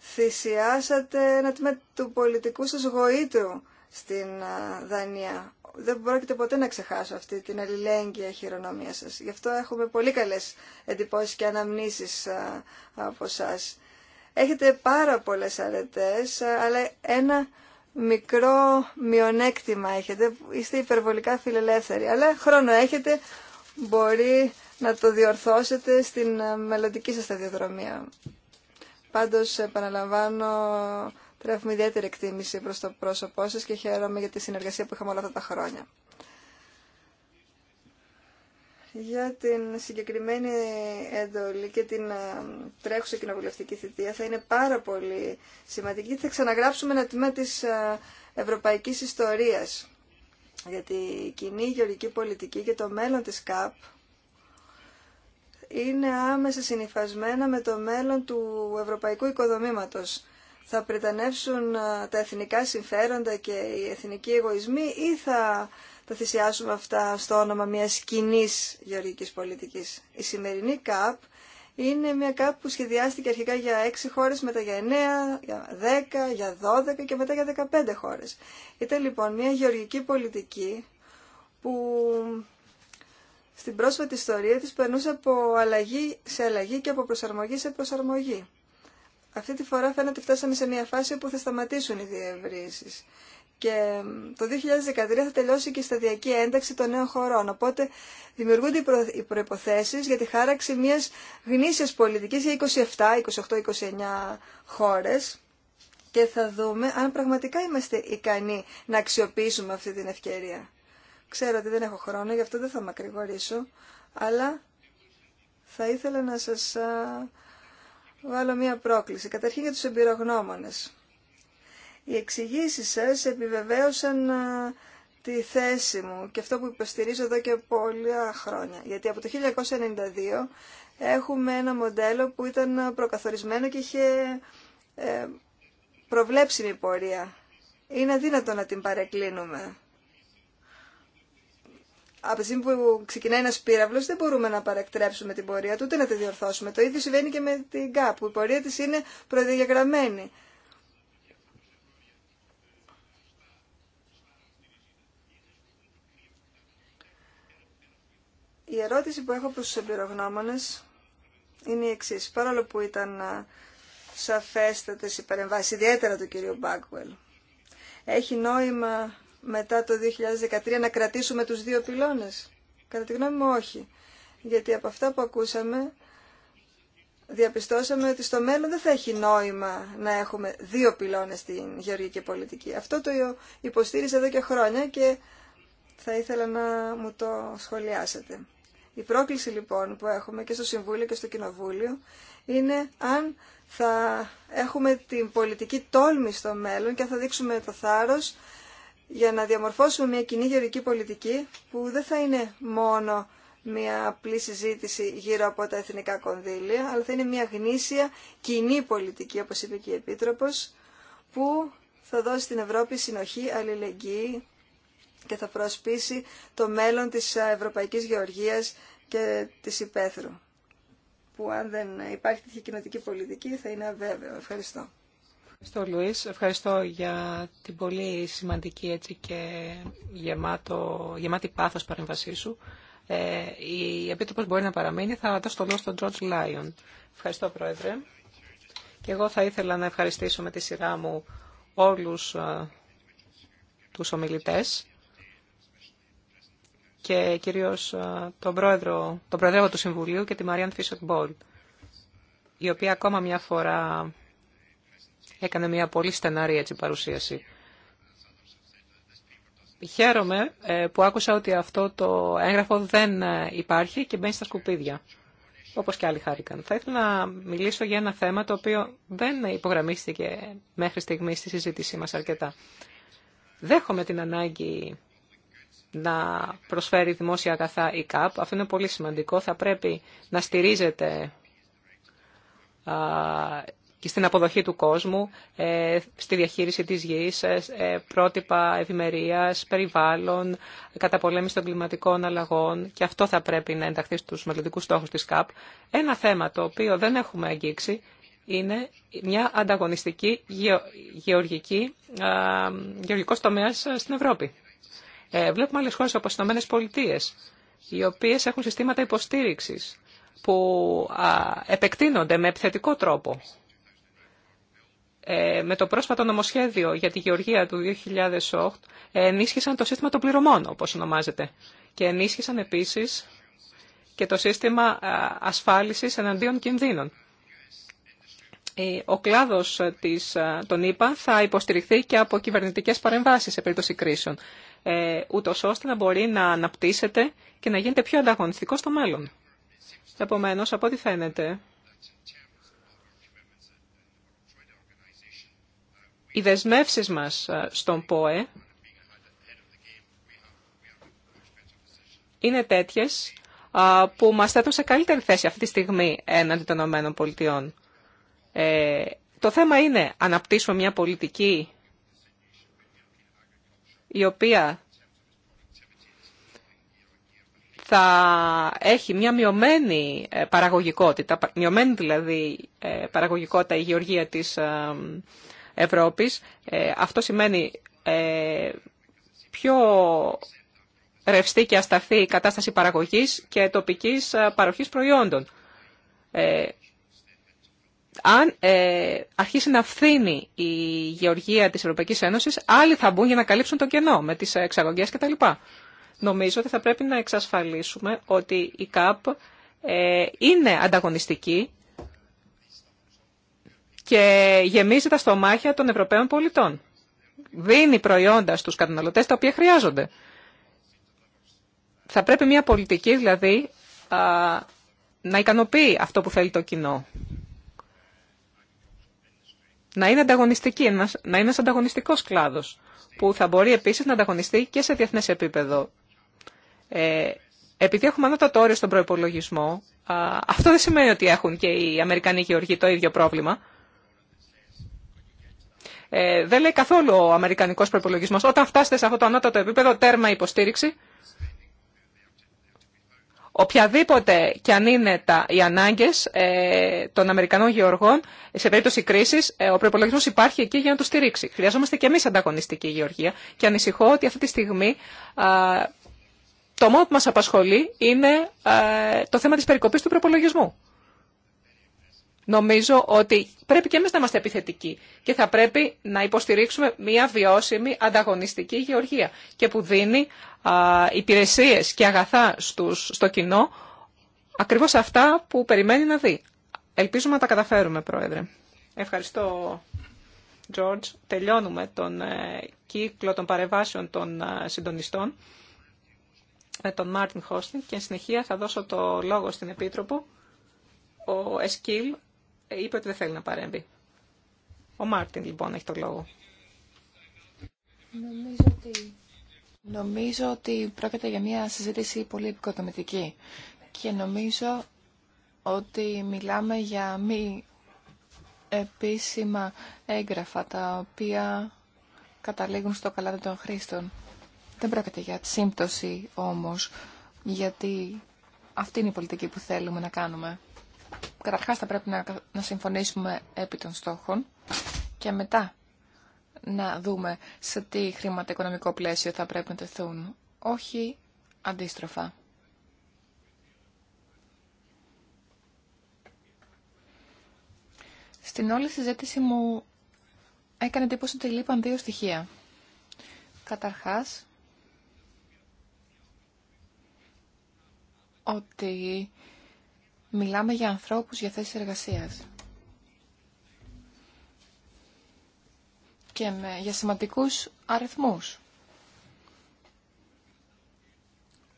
θυσιάσατε ένα τμήμα του πολιτικού σας γοήτρου στην ε, Δανία. Δεν πρόκειται ποτέ να ξεχάσω αυτή την αλληλέγγυα χειρονομία σας. Γι' αυτό έχουμε πολύ καλές εντυπώσεις και αναμνήσεις ε, από σας. Έχετε πάρα πολλές αρετές, αλλά ένα μικρό μειονέκτημα έχετε, είστε υπερβολικά φιλελεύθεροι, αλλά χρόνο έχετε, μπορεί να το διορθώσετε στην ε, μελλοντική σας σταδιοδρομία. Πάντως, επαναλαμβάνω, τρέφουμε ιδιαίτερη εκτίμηση προς το πρόσωπό σας και χαίρομαι για τη συνεργασία που είχαμε όλα αυτά τα χρόνια για την συγκεκριμένη εντολή και την ε, τρέχουσα κοινοβουλευτική θητεία θα είναι πάρα πολύ σημαντική. Θα ξαναγράψουμε ένα τμήμα της ε, ευρωπαϊκής ιστορίας. Γιατί η κοινή γεωργική πολιτική και το μέλλον της ΚΑΠ είναι άμεσα συνειφασμένα με το μέλλον του ευρωπαϊκού οικοδομήματος. Θα πρετανεύσουν ε, τα εθνικά συμφέροντα και οι εθνικοί εγωισμοί ή θα θα θυσιάσουμε αυτά στο όνομα μιας κοινή γεωργικής πολιτικής. Η σημερινή ΚΑΠ είναι μια ΚΑΠ που σχεδιάστηκε αρχικά για 6 χώρες, μετά για 9, για 10, για 12 και μετά για 15 χώρες. Ήταν λοιπόν μια γεωργική πολιτική που στην πρόσφατη ιστορία της περνούσε από αλλαγή σε αλλαγή και από προσαρμογή σε προσαρμογή. Αυτή τη φορά φαίνεται ότι φτάσαμε σε μια φάση όπου θα σταματήσουν οι διευρύνσει. Και το 2013 θα τελειώσει και η σταδιακή ένταξη των νέων χωρών. Οπότε δημιουργούνται οι προϋποθέσεις για τη χάραξη μια γνήσια πολιτική για 27, 28, 29 χώρε. και θα δούμε αν πραγματικά είμαστε ικανοί να αξιοποιήσουμε αυτή την ευκαιρία. Ξέρω ότι δεν έχω χρόνο, γι' αυτό δεν θα μακρηγορήσω, αλλά θα ήθελα να σας βάλω μία πρόκληση. Καταρχήν για τους εμπειρογνώμονες. Οι εξηγήσει σας επιβεβαίωσαν ε, τη θέση μου και αυτό που υποστηρίζω εδώ και πολλά χρόνια. Γιατί από το 1992 έχουμε ένα μοντέλο που ήταν προκαθορισμένο και είχε ε, προβλέψιμη πορεία. Είναι αδύνατο να την παρεκκλίνουμε. Από τη στιγμή που ξεκινάει ένα πύραυλο, δεν μπορούμε να παρεκτρέψουμε την πορεία του, ούτε να τη διορθώσουμε. Το ίδιο συμβαίνει και με την ΚΑΠ, που η πορεία τη είναι προδιαγραμμένη. Η ερώτηση που έχω προς τους εμπειρογνώμονες είναι η εξή. Παρόλο που ήταν σαφέστατες οι παρεμβάσεις, ιδιαίτερα του κυρίου Μπάκουελ, έχει νόημα μετά το 2013 να κρατήσουμε τους δύο πυλώνες. Κατά τη γνώμη μου όχι. Γιατί από αυτά που ακούσαμε διαπιστώσαμε ότι στο μέλλον δεν θα έχει νόημα να έχουμε δύο πυλώνες στην γεωργική πολιτική. Αυτό το υποστήριζα εδώ και χρόνια και θα ήθελα να μου το σχολιάσετε. Η πρόκληση λοιπόν που έχουμε και στο Συμβούλιο και στο Κοινοβούλιο είναι αν θα έχουμε την πολιτική τόλμη στο μέλλον και αν θα δείξουμε το θάρρος για να διαμορφώσουμε μια κοινή γεωρική πολιτική που δεν θα είναι μόνο μια απλή συζήτηση γύρω από τα εθνικά κονδύλια, αλλά θα είναι μια γνήσια κοινή πολιτική, όπως είπε και η Επίτροπος, που θα δώσει στην Ευρώπη συνοχή, αλληλεγγύη και θα προσπίσει το μέλλον της Ευρωπαϊκής Γεωργίας και της Υπέθρου που αν δεν υπάρχει τέτοια πολιτική θα είναι αβέβαιο. Ευχαριστώ. Ευχαριστώ Λουίς, ευχαριστώ για την πολύ σημαντική έτσι και γεμάτο, γεμάτη πάθος παρέμβασή σου. Ε, η Επίτροπος μπορεί να παραμείνει, θα το λόγο στον George Λάιον. Ευχαριστώ Πρόεδρε. Και εγώ θα ήθελα να ευχαριστήσω με τη σειρά μου όλους ε, τους ομιλητές και κυρίως ε, τον πρόεδρο, τον του Συμβουλίου και τη Μαριάν Φίσοκ Μπόλ, η οποία ακόμα μια φορά έκανε μια πολύ στενάρη έτσι παρουσίαση. Χαίρομαι ε, που άκουσα ότι αυτό το έγγραφο δεν ε, υπάρχει και μπαίνει στα σκουπίδια, όπως και άλλοι χάρηκαν. Θα ήθελα να μιλήσω για ένα θέμα το οποίο δεν υπογραμμίστηκε μέχρι στιγμή στη συζήτησή μας αρκετά. Δέχομαι την ανάγκη να προσφέρει δημόσια αγαθά η ΚΑΠ. Αυτό είναι πολύ σημαντικό. Θα πρέπει να στηρίζεται και στην αποδοχή του κόσμου, ε, στη διαχείριση της γης, ε, ε, πρότυπα ευημερίας, περιβάλλον, καταπολέμηση των κλιματικών αλλαγών και αυτό θα πρέπει να ενταχθεί στους μελλοντικούς στόχους της ΚΑΠ. Ένα θέμα το οποίο δεν έχουμε αγγίξει είναι μια ανταγωνιστική γεωργική, γεωργικός τομέας στην Ευρώπη. Ε, βλέπουμε άλλε χώρε όπω οι Ηνωμένε οι οποίες έχουν συστήματα υποστήριξης που επεκτείνονται με επιθετικό τρόπο. Ε, με το πρόσφατο νομοσχέδιο για τη Γεωργία του 2008 ενίσχυσαν το σύστημα των πληρωμών, όπως ονομάζεται, και ενίσχυσαν επίσης και το σύστημα ασφάλισης εναντίον κινδύνων. Ε, ο κλάδος της, τον είπα, θα υποστηριχθεί και από κυβερνητικές παρεμβάσεις σε περίπτωση κρίσεων. Ε, ούτως ώστε να μπορεί να αναπτύσσεται και να γίνεται πιο ανταγωνιστικό στο μέλλον. Επομένως, από ό,τι φαίνεται, οι δεσμεύσεις μας ε, στον ΠΟΕ είναι τέτοιες ε, που μας θέτουν σε καλύτερη θέση αυτή τη στιγμή έναντι των ΗΠΑ. Το θέμα είναι, αναπτύσσουμε μια πολιτική η οποία θα έχει μια μειωμένη ε, παραγωγικότητα, μειωμένη δηλαδή ε, παραγωγικότητα η γεωργία της ε, Ευρώπης. Αυτό σημαίνει πιο ρευστή και ασταθή κατάσταση παραγωγής και τοπικής παροχής προϊόντων αν ε, αρχίσει να φθήνει η γεωργία της Ευρωπαϊκής Ένωσης, άλλοι θα μπουν για να καλύψουν το κενό με τις εξαγωγές κτλ. Νομίζω ότι θα πρέπει να εξασφαλίσουμε ότι η ΚΑΠ ε, είναι ανταγωνιστική και γεμίζει τα στομάχια των Ευρωπαίων πολιτών. Δίνει προϊόντα στους καταναλωτές τα οποία χρειάζονται. Θα πρέπει μια πολιτική δηλαδή να ικανοποιεί αυτό που θέλει το κοινό να είναι, ανταγωνιστική, να είναι ανταγωνιστικός κλάδος, που θα μπορεί επίσης να ανταγωνιστεί και σε διεθνές επίπεδο. Ε, επειδή έχουμε ανώτατο όριο στον προπολογισμό, αυτό δεν σημαίνει ότι έχουν και οι Αμερικανοί γεωργοί το ίδιο πρόβλημα. Ε, δεν λέει καθόλου ο Αμερικανικός προπολογισμό. Όταν φτάσετε σε αυτό το ανώτατο επίπεδο, τέρμα υποστήριξη, Οποιαδήποτε και αν είναι τα, οι ανάγκες ε, των Αμερικανών γεωργών σε περίπτωση κρίση, ε, ο προπολογισμό υπάρχει εκεί για να το στηρίξει. Χρειαζόμαστε και εμείς ανταγωνιστική γεωργία και ανησυχώ ότι αυτή τη στιγμή το μόνο που μας απασχολεί είναι ε, το θέμα της περικοπής του προπολογισμού. Νομίζω ότι πρέπει και εμείς να είμαστε επιθετικοί και θα πρέπει να υποστηρίξουμε μια βιώσιμη ανταγωνιστική γεωργία και που δίνει α, υπηρεσίες και αγαθά στους, στο κοινό ακριβώς αυτά που περιμένει να δει. Ελπίζουμε να τα καταφέρουμε, Πρόεδρε. Ευχαριστώ, George. Τελειώνουμε τον ε, κύκλο των παρεμβάσεων των ε, συντονιστών με τον Μάρτιν Χόστιν και συνεχεία θα δώσω το λόγο στην Επίτροπο ο Εσκύλ είπε ότι δεν θέλει να παρέμβει. Ο Μάρτιν λοιπόν έχει το λόγο. Νομίζω ότι, νομίζω ότι πρόκειται για μια συζήτηση πολύ επικοδομητική και νομίζω ότι μιλάμε για μη επίσημα έγγραφα τα οποία καταλήγουν στο καλάδι των χρήστων. Δεν πρόκειται για σύμπτωση όμως, γιατί αυτή είναι η πολιτική που θέλουμε να κάνουμε καταρχάς θα πρέπει να, να συμφωνήσουμε επί των στόχων και μετά να δούμε σε τι χρηματοοικονομικό πλαίσιο θα πρέπει να τεθούν. Όχι αντίστροφα. Στην όλη συζήτηση μου έκανε εντύπωση ότι λείπαν δύο στοιχεία. Καταρχάς, ότι Μιλάμε για ανθρώπους για θέσεις εργασίας. Και για σημαντικούς αριθμούς.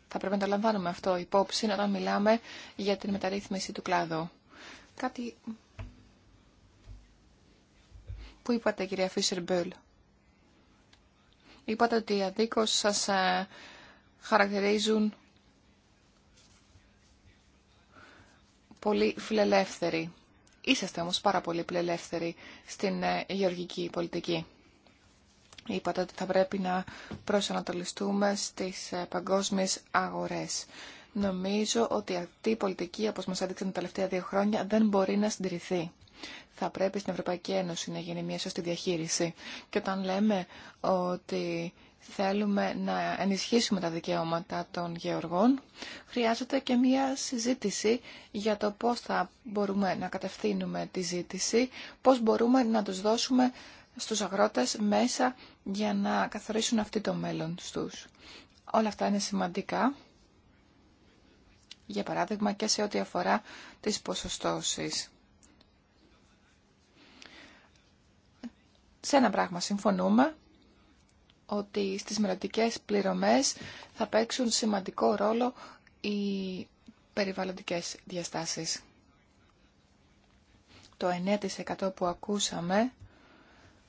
Θα πρέπει να το λαμβάνουμε αυτό υπόψη όταν μιλάμε για την μεταρρύθμιση του κλάδου. Κάτι που είπατε κυρία Φίσερ Μπέλ. Είπατε ότι αδίκως σας ε, χαρακτηρίζουν πολύ φιλελεύθεροι. Είσαστε όμως πάρα πολύ φιλελεύθεροι στην ε, γεωργική πολιτική. Είπατε ότι θα πρέπει να προσανατολιστούμε στις ε, παγκόσμιες αγορές. Νομίζω ότι αυτή η πολιτική, όπως μας έδειξαν τα τελευταία δύο χρόνια, δεν μπορεί να συντηρηθεί. Θα πρέπει στην Ευρωπαϊκή Ένωση να γίνει μια σωστή διαχείριση. Και όταν λέμε ότι θέλουμε να ενισχύσουμε τα δικαιώματα των γεωργών, χρειάζεται και μία συζήτηση για το πώς θα μπορούμε να κατευθύνουμε τη ζήτηση, πώς μπορούμε να τους δώσουμε στους αγρότες μέσα για να καθορίσουν αυτή το μέλλον τους. Όλα αυτά είναι σημαντικά, για παράδειγμα και σε ό,τι αφορά τις ποσοστώσεις. Σε ένα πράγμα συμφωνούμε, ότι στις μερατικές πληρωμές θα παίξουν σημαντικό ρόλο οι περιβαλλοντικές διαστάσεις. Το 9% που ακούσαμε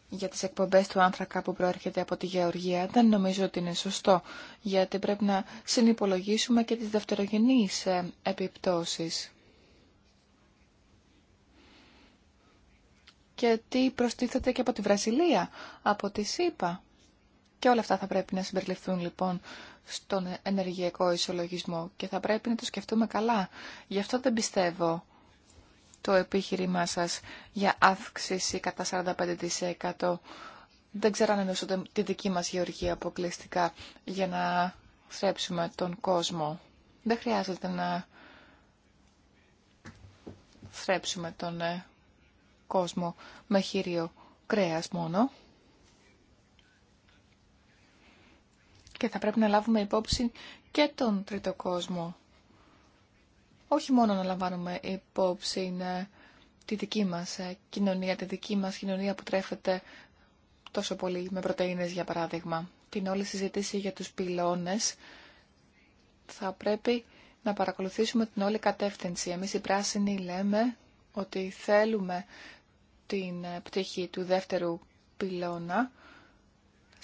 για τις εκπομπές του άνθρακα που προέρχεται από τη γεωργία δεν νομίζω ότι είναι σωστό, γιατί πρέπει να συνυπολογίσουμε και τις δευτερογενείς ε, επιπτώσεις. Και τι προστίθεται και από τη Βραζιλία, από τη ΣΥΠΑ. Και όλα αυτά θα πρέπει να συμπεριληφθούν λοιπόν στον ενεργειακό ισολογισμό και θα πρέπει να το σκεφτούμε καλά. Γι' αυτό δεν πιστεύω το επιχείρημά σας για αύξηση κατά 45%. Δεν ξέρω αν εννοούσατε τη δική μας γεωργία αποκλειστικά για να θρέψουμε τον κόσμο. Δεν χρειάζεται να θρέψουμε τον ε, κόσμο με χείριο κρέας μόνο. Και θα πρέπει να λάβουμε υπόψη και τον τρίτο κόσμο. Όχι μόνο να λαμβάνουμε υπόψη ναι, τη δική μας ε, κοινωνία, τη δική μας κοινωνία που τρέφεται τόσο πολύ με πρωτεΐνες για παράδειγμα. Την όλη συζήτηση για τους πυλώνες θα πρέπει να παρακολουθήσουμε την όλη κατεύθυνση. Εμείς οι πράσινοι λέμε ότι θέλουμε την ε, πτυχή του δεύτερου πυλώνα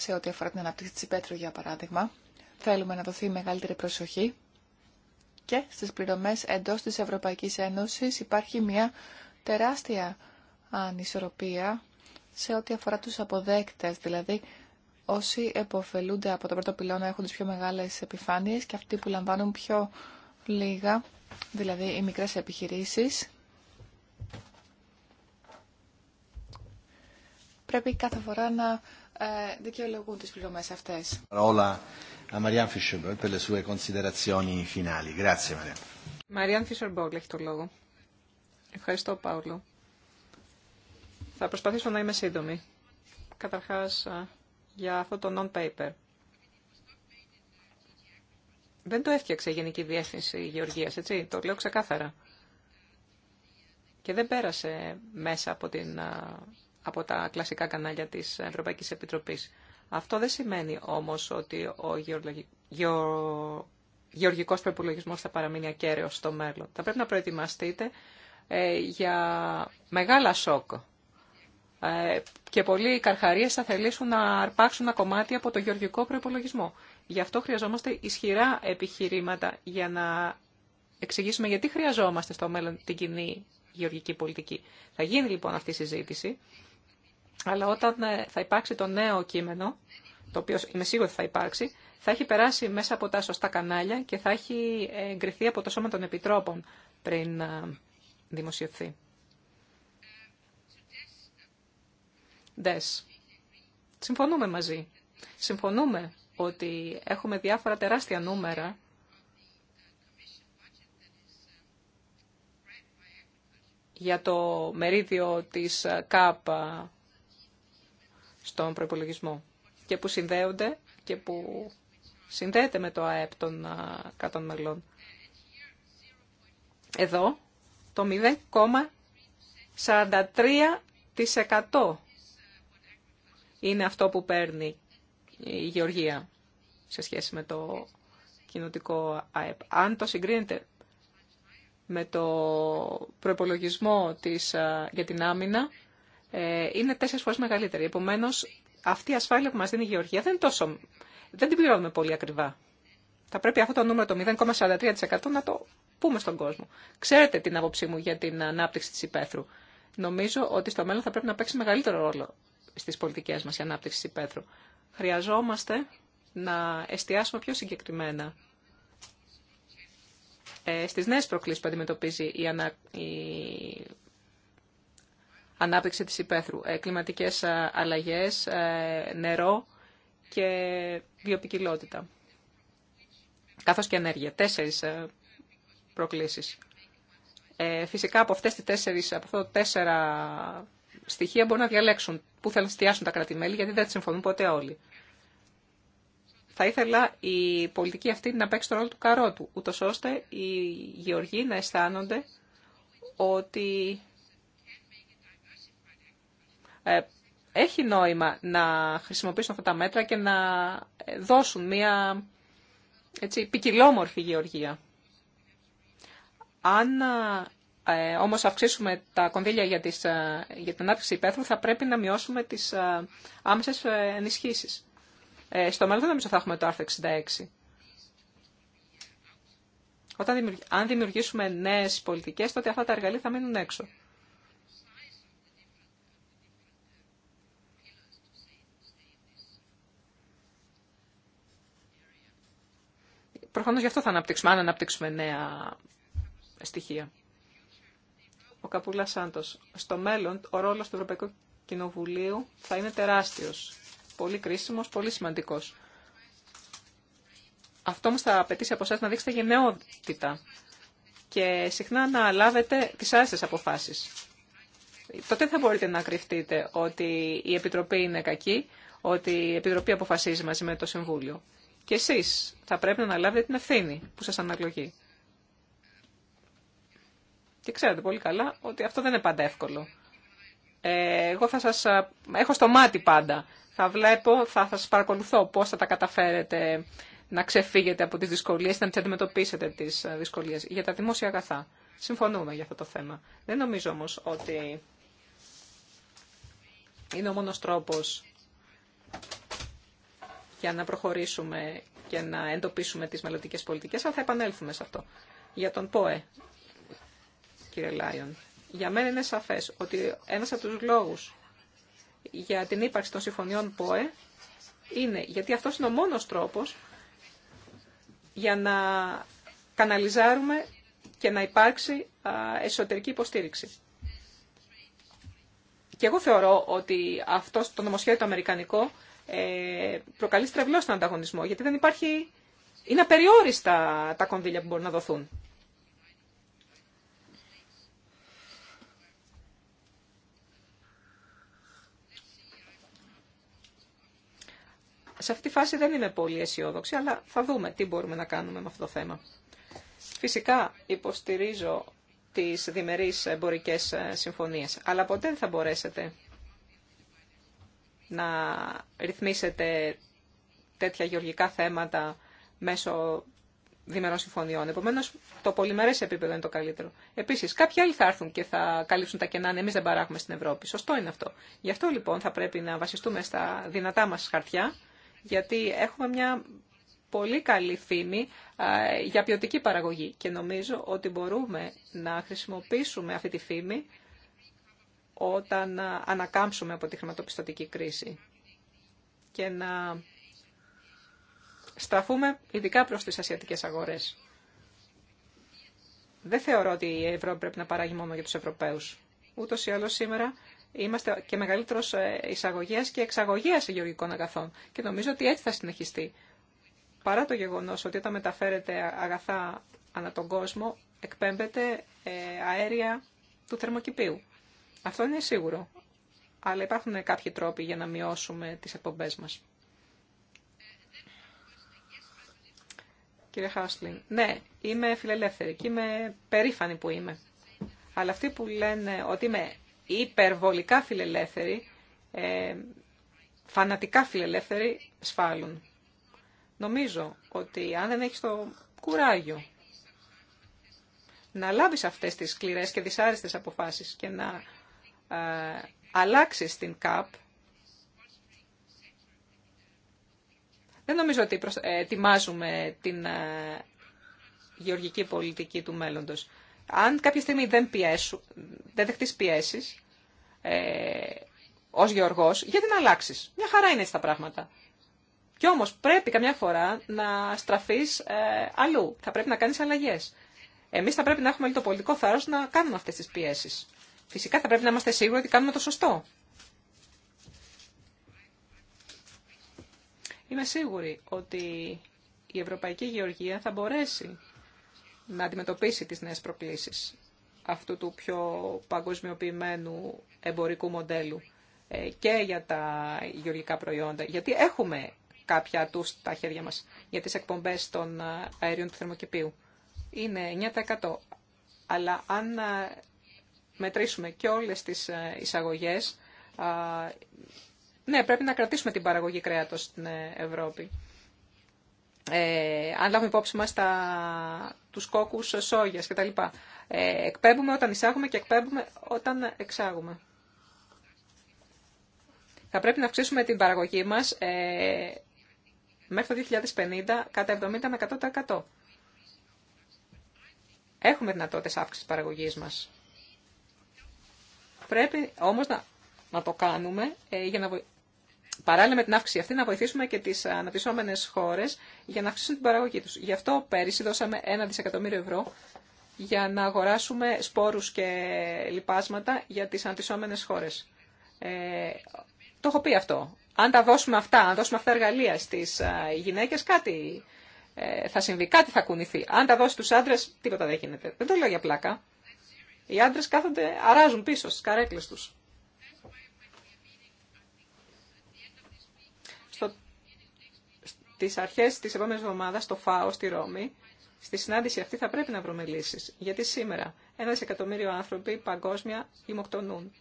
σε ό,τι αφορά την ανάπτυξη της πέτρου, για παράδειγμα. Θέλουμε να δοθεί μεγαλύτερη προσοχή και στις πληρωμές εντός της Ευρωπαϊκής Ένωσης υπάρχει μια τεράστια ανισορροπία σε ό,τι αφορά τους αποδέκτες, δηλαδή όσοι εποφελούνται από τον πρώτο πυλώνα έχουν τις πιο μεγάλες επιφάνειες και αυτοί που λαμβάνουν πιο λίγα, δηλαδή οι μικρές επιχειρήσεις. Πρέπει κάθε φορά να ε, δικαιολογούν τις πληρωμές αυτές. Μαριάν Φίσορμπόλ έχει το λόγο. Ευχαριστώ, Παύλο. Θα προσπαθήσω να είμαι σύντομη. Καταρχάς, για αυτό το non-paper. Δεν το έφτιαξε η Γενική Διεύθυνση Γεωργίας, έτσι, το λέω ξεκάθαρα. Και δεν πέρασε μέσα από την από τα κλασικά κανάλια της Ευρωπαϊκής Επιτροπής. Αυτό δεν σημαίνει όμως ότι ο γεω... γεωργικός προπολογισμό θα παραμείνει ακέραιος στο μέλλον. Θα πρέπει να προετοιμαστείτε ε, για μεγάλα σοκ. Ε, και πολλοί καρχαρίες θα θελήσουν να αρπάξουν ένα κομμάτι από το γεωργικό προπολογισμό. Γι' αυτό χρειαζόμαστε ισχυρά επιχειρήματα για να εξηγήσουμε γιατί χρειαζόμαστε στο μέλλον την κοινή γεωργική πολιτική. Θα γίνει λοιπόν αυτή η συζήτηση αλλά όταν ε, θα υπάρξει το νέο κείμενο, το οποίο είμαι σίγουρη ότι θα υπάρξει, θα έχει περάσει μέσα από τα σωστά κανάλια και θα έχει εγκριθεί από το Σώμα των Επιτρόπων πριν ε, δημοσιευθεί. Δες. Συμφωνούμε μαζί. Συμφωνούμε ότι έχουμε διάφορα τεράστια νούμερα για το μερίδιο της ΚΑΠΑ στον προπολογισμό και που συνδέονται και που συνδέεται με το ΑΕΠ των κάτων μελών. Εδώ το 0,43% είναι αυτό που παίρνει η Γεωργία σε σχέση με το κοινοτικό ΑΕΠ. Αν το συγκρίνετε με το προπολογισμό της, για την άμυνα, ε, είναι τέσσερι φορέ μεγαλύτερη. Επομένω, αυτή η ασφάλεια που μα δίνει η Γεωργία δεν, τόσο, δεν την πληρώνουμε πολύ ακριβά. Θα πρέπει αυτό το νούμερο το 0,43% να το πούμε στον κόσμο. Ξέρετε την άποψή μου για την ανάπτυξη τη υπαίθρου. Νομίζω ότι στο μέλλον θα πρέπει να παίξει μεγαλύτερο ρόλο στι πολιτικέ μα η ανάπτυξη της υπαίθρου. Χρειαζόμαστε να εστιάσουμε πιο συγκεκριμένα ε, στις νέες προκλήσεις που αντιμετωπίζει η, ανα... η ανάπτυξη της υπαίθρου, ε, κλιματικές ε, αλλαγές, ε, νερό και βιοπικιλότητα, καθώς και ενέργεια. Τέσσερις προκλήσεις. Φυσικά από, αυτές τις τέσσερις, από αυτά τα τέσσερα στοιχεία μπορούν να διαλέξουν πού θέλουν να εστιάσουν τα κρατη γιατί δεν συμφωνούν ποτέ όλοι. Θα ήθελα η πολιτική αυτή να παίξει τον ρόλο του καρότου, ούτως ώστε οι γεωργοί να αισθάνονται ότι ε, έχει νόημα να χρησιμοποιήσουν αυτά τα μέτρα και να δώσουν μια έτσι, ποικιλόμορφη γεωργία. Αν ε, όμως αυξήσουμε τα κονδύλια για, τις, ε, για την ανάπτυξη υπαίθρου, θα πρέπει να μειώσουμε τις ε, άμεσες ε, ενισχύσεις. στο μέλλον δεν νομίζω θα έχουμε το άρθρο 66. Όταν αν δημιουργήσουμε νέες πολιτικές, τότε αυτά τα εργαλεία θα μείνουν έξω. προφανώς γι' αυτό θα αναπτύξουμε, αν αναπτύξουμε νέα στοιχεία. Ο Καπούλα Σάντος. Στο μέλλον, ο ρόλος του Ευρωπαϊκού Κοινοβουλίου θα είναι τεράστιος. Πολύ κρίσιμος, πολύ σημαντικός. Αυτό μας θα απαιτήσει από εσά να δείξετε γενναιότητα και συχνά να λάβετε τις άρεστες αποφάσεις. Τότε θα μπορείτε να κρυφτείτε ότι η Επιτροπή είναι κακή, ότι η Επιτροπή αποφασίζει μαζί με το Συμβούλιο. Και εσείς θα πρέπει να αναλάβετε την ευθύνη που σας αναλογεί. Και ξέρετε πολύ καλά ότι αυτό δεν είναι πάντα εύκολο. Ε, εγώ θα σας έχω στο μάτι πάντα. Θα βλέπω, θα σας παρακολουθώ πώς θα τα καταφέρετε να ξεφύγετε από τις δυσκολίες, να τις αντιμετωπίσετε τις ε, δυσκολίες για τα δημόσια αγαθά. Συμφωνούμε για αυτό το θέμα. Δεν νομίζω όμως ότι είναι ο μόνος τρόπος για να προχωρήσουμε και να εντοπίσουμε τις μελλοντικέ πολιτικές, αλλά θα επανέλθουμε σε αυτό. Για τον ΠΟΕ, κύριε Λάιον, για μένα είναι σαφές ότι ένας από τους λόγους για την ύπαρξη των συμφωνιών ΠΟΕ είναι γιατί αυτός είναι ο μόνος τρόπος για να καναλιζάρουμε και να υπάρξει εσωτερική υποστήριξη. Και εγώ θεωρώ ότι αυτό το νομοσχέδιο το αμερικανικό ε, προκαλεί στρεβλό στον ανταγωνισμό, γιατί δεν υπάρχει... Είναι απεριόριστα τα κονδύλια που μπορούν να δοθούν. Σε αυτή τη φάση δεν είμαι πολύ αισιόδοξη, αλλά θα δούμε τι μπορούμε να κάνουμε με αυτό το θέμα. Φυσικά υποστηρίζω τις διμερείς εμπορικές ε, συμφωνίες, αλλά ποτέ δεν θα μπορέσετε να ρυθμίσετε τέτοια γεωργικά θέματα μέσω διμερών συμφωνιών. Επομένω, το πολυμερέ επίπεδο είναι το καλύτερο. Επίση, κάποιοι άλλοι θα έρθουν και θα καλύψουν τα κενά αν εμεί δεν παράγουμε στην Ευρώπη. Σωστό είναι αυτό. Γι' αυτό λοιπόν θα πρέπει να βασιστούμε στα δυνατά μα χαρτιά, γιατί έχουμε μια πολύ καλή φήμη για ποιοτική παραγωγή. Και νομίζω ότι μπορούμε να χρησιμοποιήσουμε αυτή τη φήμη όταν ε, ανακάμψουμε από τη χρηματοπιστωτική κρίση και να στραφούμε ειδικά προς τις ασιατικές αγορές. Δεν θεωρώ ότι η Ευρώπη πρέπει να παράγει μόνο για τους Ευρωπαίους. Ούτως ή άλλως σήμερα είμαστε και μεγαλύτερος ε, εισαγωγέας και εξαγωγέας γεωργικών αγαθών και νομίζω ότι έτσι θα συνεχιστεί. Παρά το γεγονός ότι όταν μεταφέρεται αγαθά ανά τον κόσμο, εκπέμπεται ε, αέρια του θερμοκηπίου. Αυτό είναι σίγουρο. Αλλά υπάρχουν κάποιοι τρόποι για να μειώσουμε τις εκπομπές μας. Κύριε Χάσλιν, ναι, είμαι φιλελεύθερη και είμαι περήφανη που είμαι. Αλλά αυτοί που λένε ότι είμαι υπερβολικά φιλελεύθερη, ε, φανατικά φιλελεύθερη, σφάλουν. Νομίζω ότι αν δεν έχεις το κουράγιο να λάβεις αυτές τις σκληρές και δυσάρεστες αποφάσεις και να ε, αλλάξει την ΚΑΠ, δεν νομίζω ότι ε, ετοιμάζουμε την ε, γεωργική πολιτική του μέλλοντος. Αν κάποια στιγμή δεν, πιέσου, δεν δεχτείς πιέσεις ε, ως γεωργός, γιατί να αλλάξεις. Μια χαρά είναι έτσι τα πράγματα. Κι όμως πρέπει καμιά φορά να στραφείς αλλού. Θα πρέπει να κάνεις αλλαγές. Εμείς θα πρέπει να έχουμε το πολιτικό θάρρος να κάνουμε αυτές τις πιέσεις. Φυσικά θα πρέπει να είμαστε σίγουροι ότι κάνουμε το σωστό. Είμαι σίγουρη ότι η Ευρωπαϊκή Γεωργία θα μπορέσει να αντιμετωπίσει τις νέες προκλήσεις αυτού του πιο παγκοσμιοποιημένου εμπορικού μοντέλου ε, και για τα γεωργικά προϊόντα. Γιατί έχουμε κάποια του στα χέρια μας για τις εκπομπές των ε, αερίων του θερμοκηπίου. Είναι 9%. Αλλά αν ε, μετρήσουμε και όλες τις ε, εισαγωγές, ναι, πρέπει να κρατήσουμε την παραγωγή κρέατος στην ε, Ευρώπη. Ε, αν λάβουμε υπόψη μας τα, τους κόκκους σόγιας κτλ. Ε, εκπέμπουμε όταν εισάγουμε και εκπέμπουμε όταν εξάγουμε. Θα πρέπει να αυξήσουμε την παραγωγή μας ε, μέχρι το 2050 κατά 70 με 100%. Έχουμε δυνατότητες αύξησης παραγωγής μας πρέπει όμως να, να το κάνουμε ε, να Παράλληλα με την αύξηση αυτή να βοηθήσουμε και τι αναπτυσσόμενε χώρε για να αυξήσουν την παραγωγή του. Γι' αυτό πέρυσι δώσαμε ένα δισεκατομμύριο ευρώ για να αγοράσουμε σπόρου και λοιπάσματα για τι αναπτυσσόμενε χώρε. Ε, το έχω πει αυτό. Αν τα δώσουμε αυτά, αν δώσουμε αυτά εργαλεία στι ε, γυναίκε, κάτι ε, θα συμβεί, κάτι θα κουνηθεί. Αν τα δώσει στους άντρε, τίποτα δεν γίνεται. Δεν το λέω για πλάκα. Οι άντρες κάθονται, αράζουν πίσω στις καρέκλες τους. Στο, στις αρχές της επόμενης εβδομάδας, στο ΦΑΟ, στη Ρώμη, στη συνάντηση αυτή θα πρέπει να βρούμε λύσει. Γιατί σήμερα ένα εκατομμύριο άνθρωποι παγκόσμια ημοκτονούν.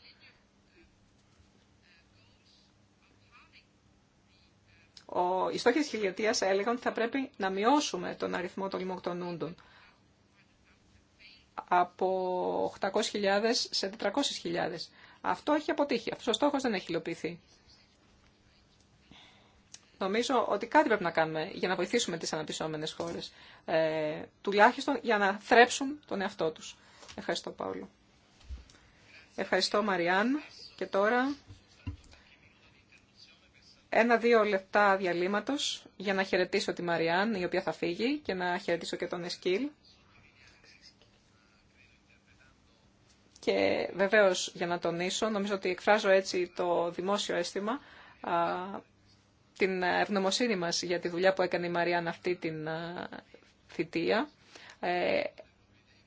Ο, οι στόχοι της χιλιετίας έλεγαν ότι θα πρέπει να μειώσουμε τον αριθμό των λιμοκτονούντων από 800.000 σε 400.000. Αυτό έχει αποτύχει. Αυτός ο στόχος δεν έχει υλοποιηθεί. Νομίζω ότι κάτι πρέπει να κάνουμε για να βοηθήσουμε τις αναπτυσσόμενες χώρες. Ε, τουλάχιστον για να θρέψουν τον εαυτό τους. Ευχαριστώ Παύλο. Ευχαριστώ Μαριάν. Και τώρα ένα-δύο λεπτά διαλύματος για να χαιρετήσω τη Μαριάν η οποία θα φύγει και να χαιρετήσω και τον Εσκύλ Και βεβαίως, για να τονίσω, νομίζω ότι εκφράζω έτσι το δημόσιο αίσθημα, την ευγνωμοσύνη μας για τη δουλειά που έκανε η Μαριάν αυτή την θητεία. Ε,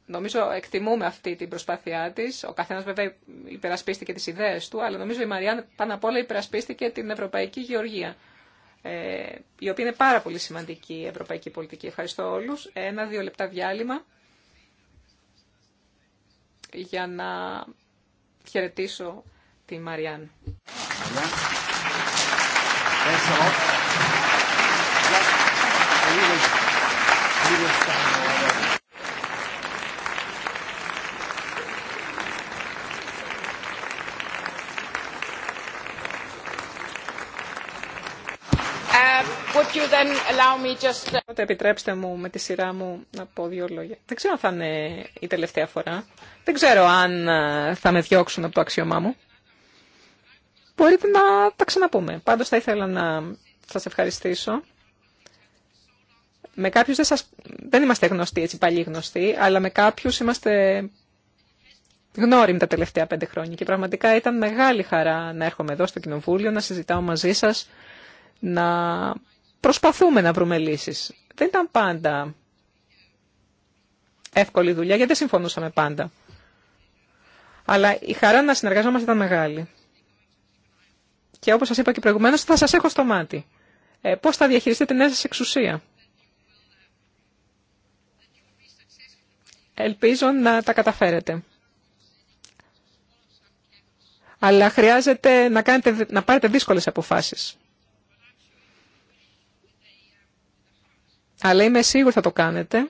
νομίζω εκτιμούμε αυτή την προσπάθειά της. Ο καθένας βέβαια υπερασπίστηκε τις ιδέες του, αλλά νομίζω η Μαριάν πάνω απ' όλα υπερασπίστηκε την Ευρωπαϊκή Γεωργία, ε, η οποία είναι πάρα πολύ σημαντική η ευρωπαϊκή πολιτική. Ευχαριστώ όλους. Ένα-δύο λεπτά διάλειμμα για να χαιρετήσω τη Μαριάν. Would you then allow me just Οπότε επιτρέψτε μου με τη σειρά μου να πω δύο λόγια. Δεν ξέρω αν θα είναι η τελευταία φορά. Δεν ξέρω αν ε, θα με διώξουν από το αξιωμά μου. Μπορείτε να τα ξαναπούμε. Πάντως θα ήθελα να σας ευχαριστήσω. Με κάποιους δεν, σας... δεν είμαστε γνωστοί, έτσι παλιοί γνωστοί, αλλά με κάποιους είμαστε γνώριμοι τα τελευταία πέντε χρόνια. Και πραγματικά ήταν μεγάλη χαρά να έρχομαι εδώ στο Κοινοβούλιο, να συζητάω μαζί σας, να προσπαθούμε να βρούμε λύσεις. Δεν ήταν πάντα εύκολη δουλειά, γιατί δεν συμφωνούσαμε πάντα. Αλλά η χαρά να συνεργαζόμαστε ήταν μεγάλη. Και όπως σας είπα και προηγουμένως, θα σας έχω στο μάτι. Ε, πώς θα διαχειριστείτε την νέα σας εξουσία. Ελπίζω να τα καταφέρετε. Αλλά χρειάζεται να, κάνετε, να πάρετε δύσκολες αποφάσεις. αλλά είμαι σίγουρη θα το κάνετε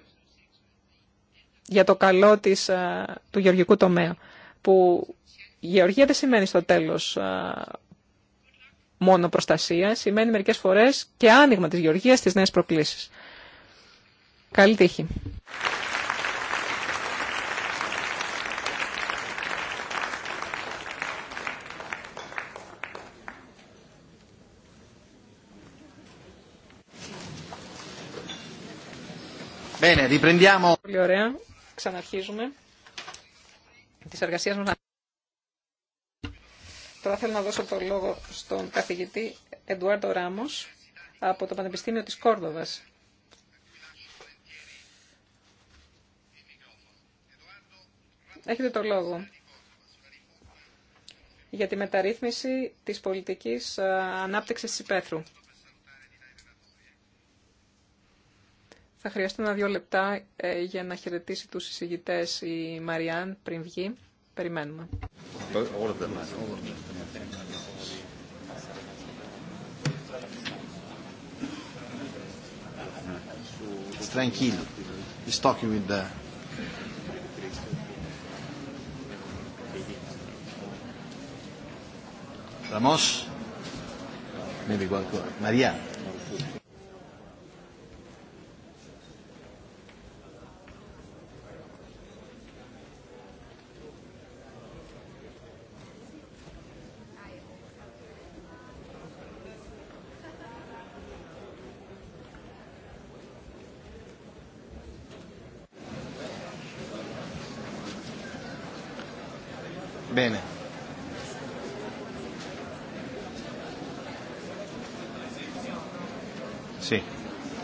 για το καλό της, του γεωργικού τομέα. Που γεωργία δεν σημαίνει στο τέλος μόνο προστασία, σημαίνει μερικές φορές και άνοιγμα της γεωργίας στις νέες προκλήσεις. Καλή τύχη. Bene, riprendiamo. Πολύ ωραία. Ξαναρχίζουμε. Τη εργασία μα. Τώρα θέλω να δώσω το λόγο στον καθηγητή Εντουάρντο Ράμος από το Πανεπιστήμιο της Κόρδοβας. Έχετε το λόγο για τη μεταρρύθμιση της πολιτικής ε, ανάπτυξης της υπαίθρου. Θα χρειαστεί ένα-δύο λεπτά ε, για να χαιρετήσει τους εισηγητές η Μαριάν πριν βγει. Περιμένουμε. Tranquillo. He's talking with the Ramos. Maybe more. Maria.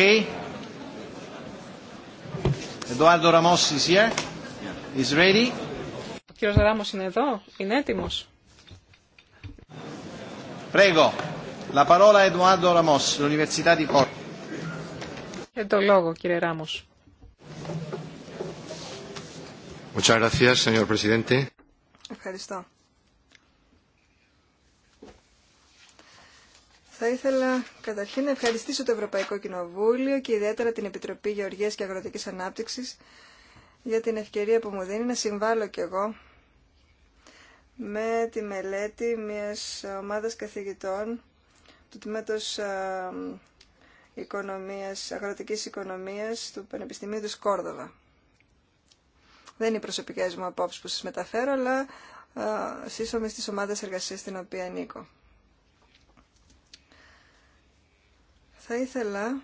Okay. Eduardo Ramos is here. Is ready. Ο κύριος Ράμος είναι εδώ. Είναι έτοιμος. Prego. La parola Eduardo Ramos, l'Università di Porto. Ε, το λόγο, κύριε Ράμος. Muchas gracias, señor presidente. Ευχαριστώ. Θα ήθελα καταρχήν να ευχαριστήσω το Ευρωπαϊκό Κοινοβούλιο και ιδιαίτερα την Επιτροπή Γεωργίας και Αγροτικής Ανάπτυξης για την ευκαιρία που μου δίνει να συμβάλλω κι εγώ με τη μελέτη μιας ομάδας καθηγητών του Τμήματος οικονομίας, Αγροτικής Οικονομίας του Πανεπιστημίου της Κόρδοβα. Δεν είναι οι προσωπικές μου απόψεις που σας μεταφέρω, αλλά σύσσωμες της ομάδας εργασίας στην οποία ανήκω. Θα ήθελα,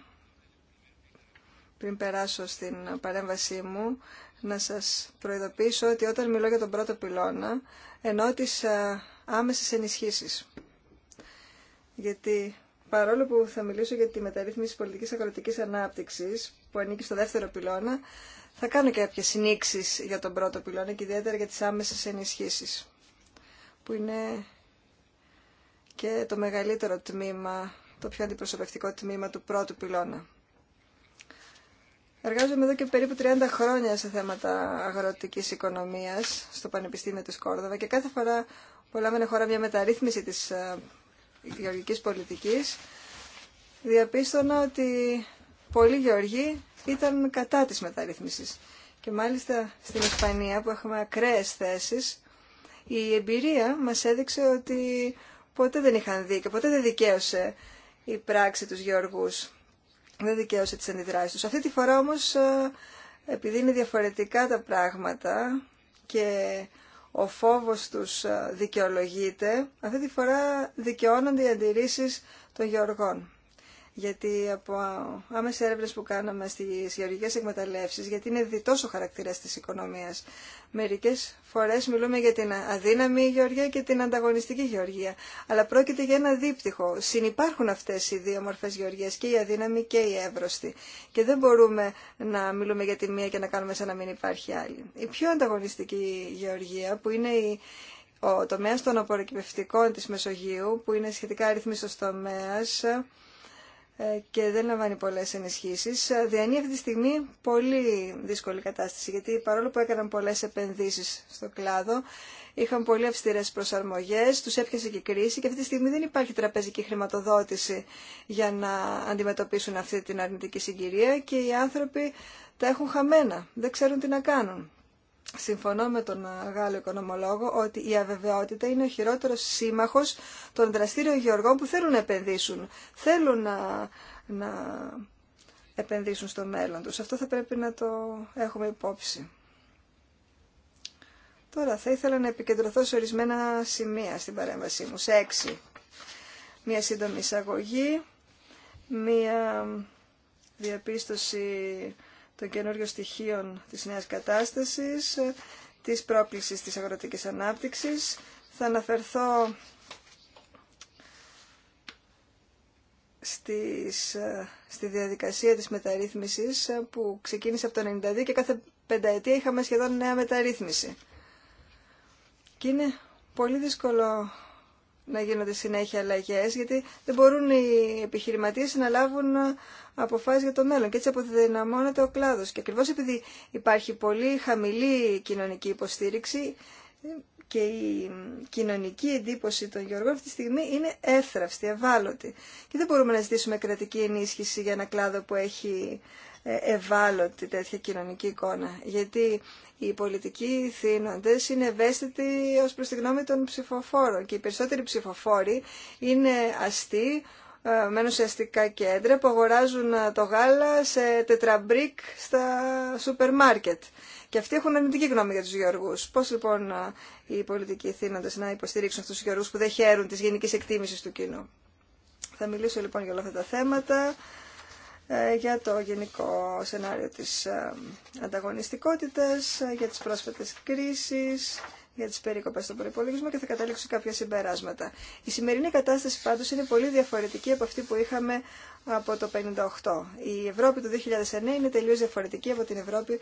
πριν περάσω στην παρέμβασή μου, να σας προειδοποιήσω ότι όταν μιλώ για τον πρώτο πυλώνα, ενώ τις ε, άμεσες ενισχύσεις. Γιατί παρόλο που θα μιλήσω για τη μεταρρύθμιση πολιτικής αγροτικής ανάπτυξης, που ανήκει στο δεύτερο πυλώνα, θα κάνω και κάποιες συνήξεις για τον πρώτο πυλώνα και ιδιαίτερα για τις άμεσες ενισχύσεις, που είναι και το μεγαλύτερο τμήμα το πιο αντιπροσωπευτικό τμήμα του πρώτου πυλώνα. Εργάζομαι εδώ και περίπου 30 χρόνια σε θέματα αγροτικής οικονομίας στο Πανεπιστήμιο της Κόρδοβα και κάθε φορά που λάμβανε χώρα μια μεταρρύθμιση της ε, γεωργικής πολιτικής διαπίστωνα ότι πολλοί γεωργοί ήταν κατά της μεταρρύθμισης. Και μάλιστα στην Ισπανία που έχουμε ακραίες θέσεις η εμπειρία μας έδειξε ότι ποτέ δεν είχαν και ποτέ δεν δικαίωσε η πράξη τους γεωργούς. Δεν δικαίωσε τις αντιδράσεις τους. Αυτή τη φορά όμως, ε, επειδή είναι διαφορετικά τα πράγματα και ο φόβος τους ε, δικαιολογείται, αυτή τη φορά δικαιώνονται οι αντιρρήσεις των γεωργών γιατί από άμεσε έρευνε που κάναμε στι γεωργικέ εκμεταλλεύσει, γιατί είναι διτό ο χαρακτήρα τη οικονομία. Μερικέ φορέ μιλούμε για την αδύναμη γεωργία και την ανταγωνιστική γεωργία. Αλλά πρόκειται για ένα δίπτυχο. Συνυπάρχουν αυτέ οι δύο μορφέ γεωργία, και η αδύναμη και η εύρωστη. Και δεν μπορούμε να μιλούμε για τη μία και να κάνουμε σαν να μην υπάρχει άλλη. Η πιο ανταγωνιστική γεωργία, που είναι η, ο τομέας των απορροκυπευτικών της Μεσογείου, που είναι σχετικά αριθμιστος τομέας, ε, και δεν λαμβάνει πολλές ενισχύσει. Ε, διανύει αυτή τη στιγμή πολύ δύσκολη κατάσταση, γιατί παρόλο που έκαναν πολλές επενδύσεις στο κλάδο, είχαν πολύ αυστηρέ προσαρμογές, τους έπιασε και κρίση και αυτή τη στιγμή δεν υπάρχει τραπεζική χρηματοδότηση για να αντιμετωπίσουν αυτή την αρνητική συγκυρία και οι άνθρωποι τα έχουν χαμένα, δεν ξέρουν τι να κάνουν. Συμφωνώ με τον Γάλλο οικονομολόγο ότι η αβεβαιότητα είναι ο χειρότερος σύμμαχος των δραστήριων γεωργών που θέλουν να επενδύσουν. Θέλουν να, να επενδύσουν στο μέλλον τους. Αυτό θα πρέπει να το έχουμε υπόψη. Τώρα θα ήθελα να επικεντρωθώ σε ορισμένα σημεία στην παρέμβασή μου. Σε έξι. Μία σύντομη εισαγωγή, μία διαπίστωση των καινούριων στοιχείων της νέας κατάστασης, ε, της πρόκλησης της αγροτικής ανάπτυξης. Θα αναφερθώ στις, ε, στη διαδικασία της μεταρρύθμισης ε, που ξεκίνησε από το 1992 και κάθε πενταετία είχαμε σχεδόν νέα μεταρρύθμιση. Και είναι πολύ δύσκολο να γίνονται συνέχεια αλλαγέ, γιατί δεν μπορούν οι επιχειρηματίε να λάβουν αποφάσει για το μέλλον. Και έτσι αποδυναμώνεται ο κλάδο. Και ακριβώ επειδή υπάρχει πολύ χαμηλή κοινωνική υποστήριξη και η κοινωνική εντύπωση των γεωργών αυτή τη στιγμή είναι έθραυστη, ευάλωτη. Και δεν μπορούμε να ζητήσουμε κρατική ενίσχυση για ένα κλάδο που έχει ε, ευάλωτη τέτοια κοινωνική εικόνα. Γιατί οι πολιτικοί θύνοντες είναι ευαίσθητοι ως προς τη γνώμη των ψηφοφόρων και οι περισσότεροι ψηφοφόροι είναι αστεί, ε, μένουν σε αστικά κέντρα που αγοράζουν ε, το γάλα σε τετραμπρίκ στα σούπερ μάρκετ. Και αυτοί έχουν αρνητική γνώμη για του γεωργού. Πώ λοιπόν οι πολιτικοί θύνοντε να υποστηρίξουν αυτού του Γεωργού που δεν χαίρουν τη γενική εκτίμηση του κοινού. Θα μιλήσω λοιπόν για όλα αυτά τα θέματα. Ε, για το γενικό σενάριο της ε, ανταγωνιστικότητας, ε, για τις πρόσφατες κρίσεις, για τις περίκοπες στον προϋπολογισμό και θα καταλήξω κάποια συμπεράσματα. Η σημερινή κατάσταση πάντως είναι πολύ διαφορετική από αυτή που είχαμε από το 1958. Η Ευρώπη του 2009 είναι τελείως διαφορετική από την Ευρώπη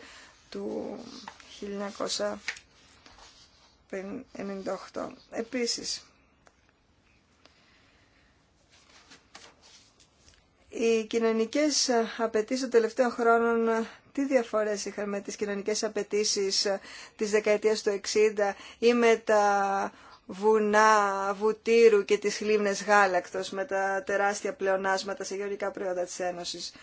του 1998. Επίσης, Οι κοινωνικές απαιτήσει των τελευταίων χρόνων τι διαφορές είχαν με τις κοινωνικές απαιτήσει της δεκαετίας του 60 ή με τα βουνά βουτύρου και τις λίμνες γάλακτος με τα τεράστια πλεονάσματα σε γεωργικά προϊόντα της Ένωσης.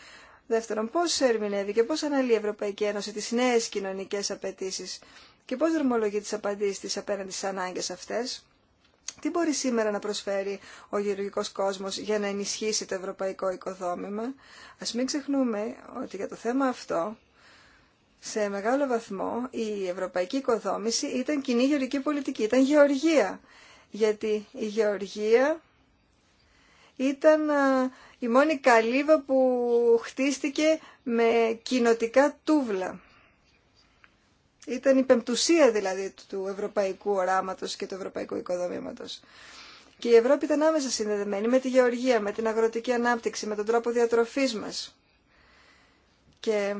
Δεύτερον, πώς ερμηνεύει και πώς αναλύει η Ευρωπαϊκή Ένωση τις νέες κοινωνικές απαιτήσει και πώς δρομολογεί τις απαντήσεις απέναντι στις ανάγκες αυτές. Τι μπορεί σήμερα να προσφέρει ο γεωργικός κόσμος για να ενισχύσει το ευρωπαϊκό οικοδόμημα. Ας μην ξεχνούμε ότι για το θέμα αυτό, σε μεγάλο βαθμό, η ευρωπαϊκή οικοδόμηση ήταν κοινή γεωργική πολιτική, ήταν γεωργία. Γιατί η γεωργία ήταν η μόνη καλύβα που χτίστηκε με κοινοτικά τούβλα. Ήταν η πεμπτουσία δηλαδή του ευρωπαϊκού οράματος και του ευρωπαϊκού οικοδομήματος. Και η Ευρώπη ήταν άμεσα συνδεδεμένη με τη γεωργία, με την αγροτική ανάπτυξη, με τον τρόπο διατροφής μας. Και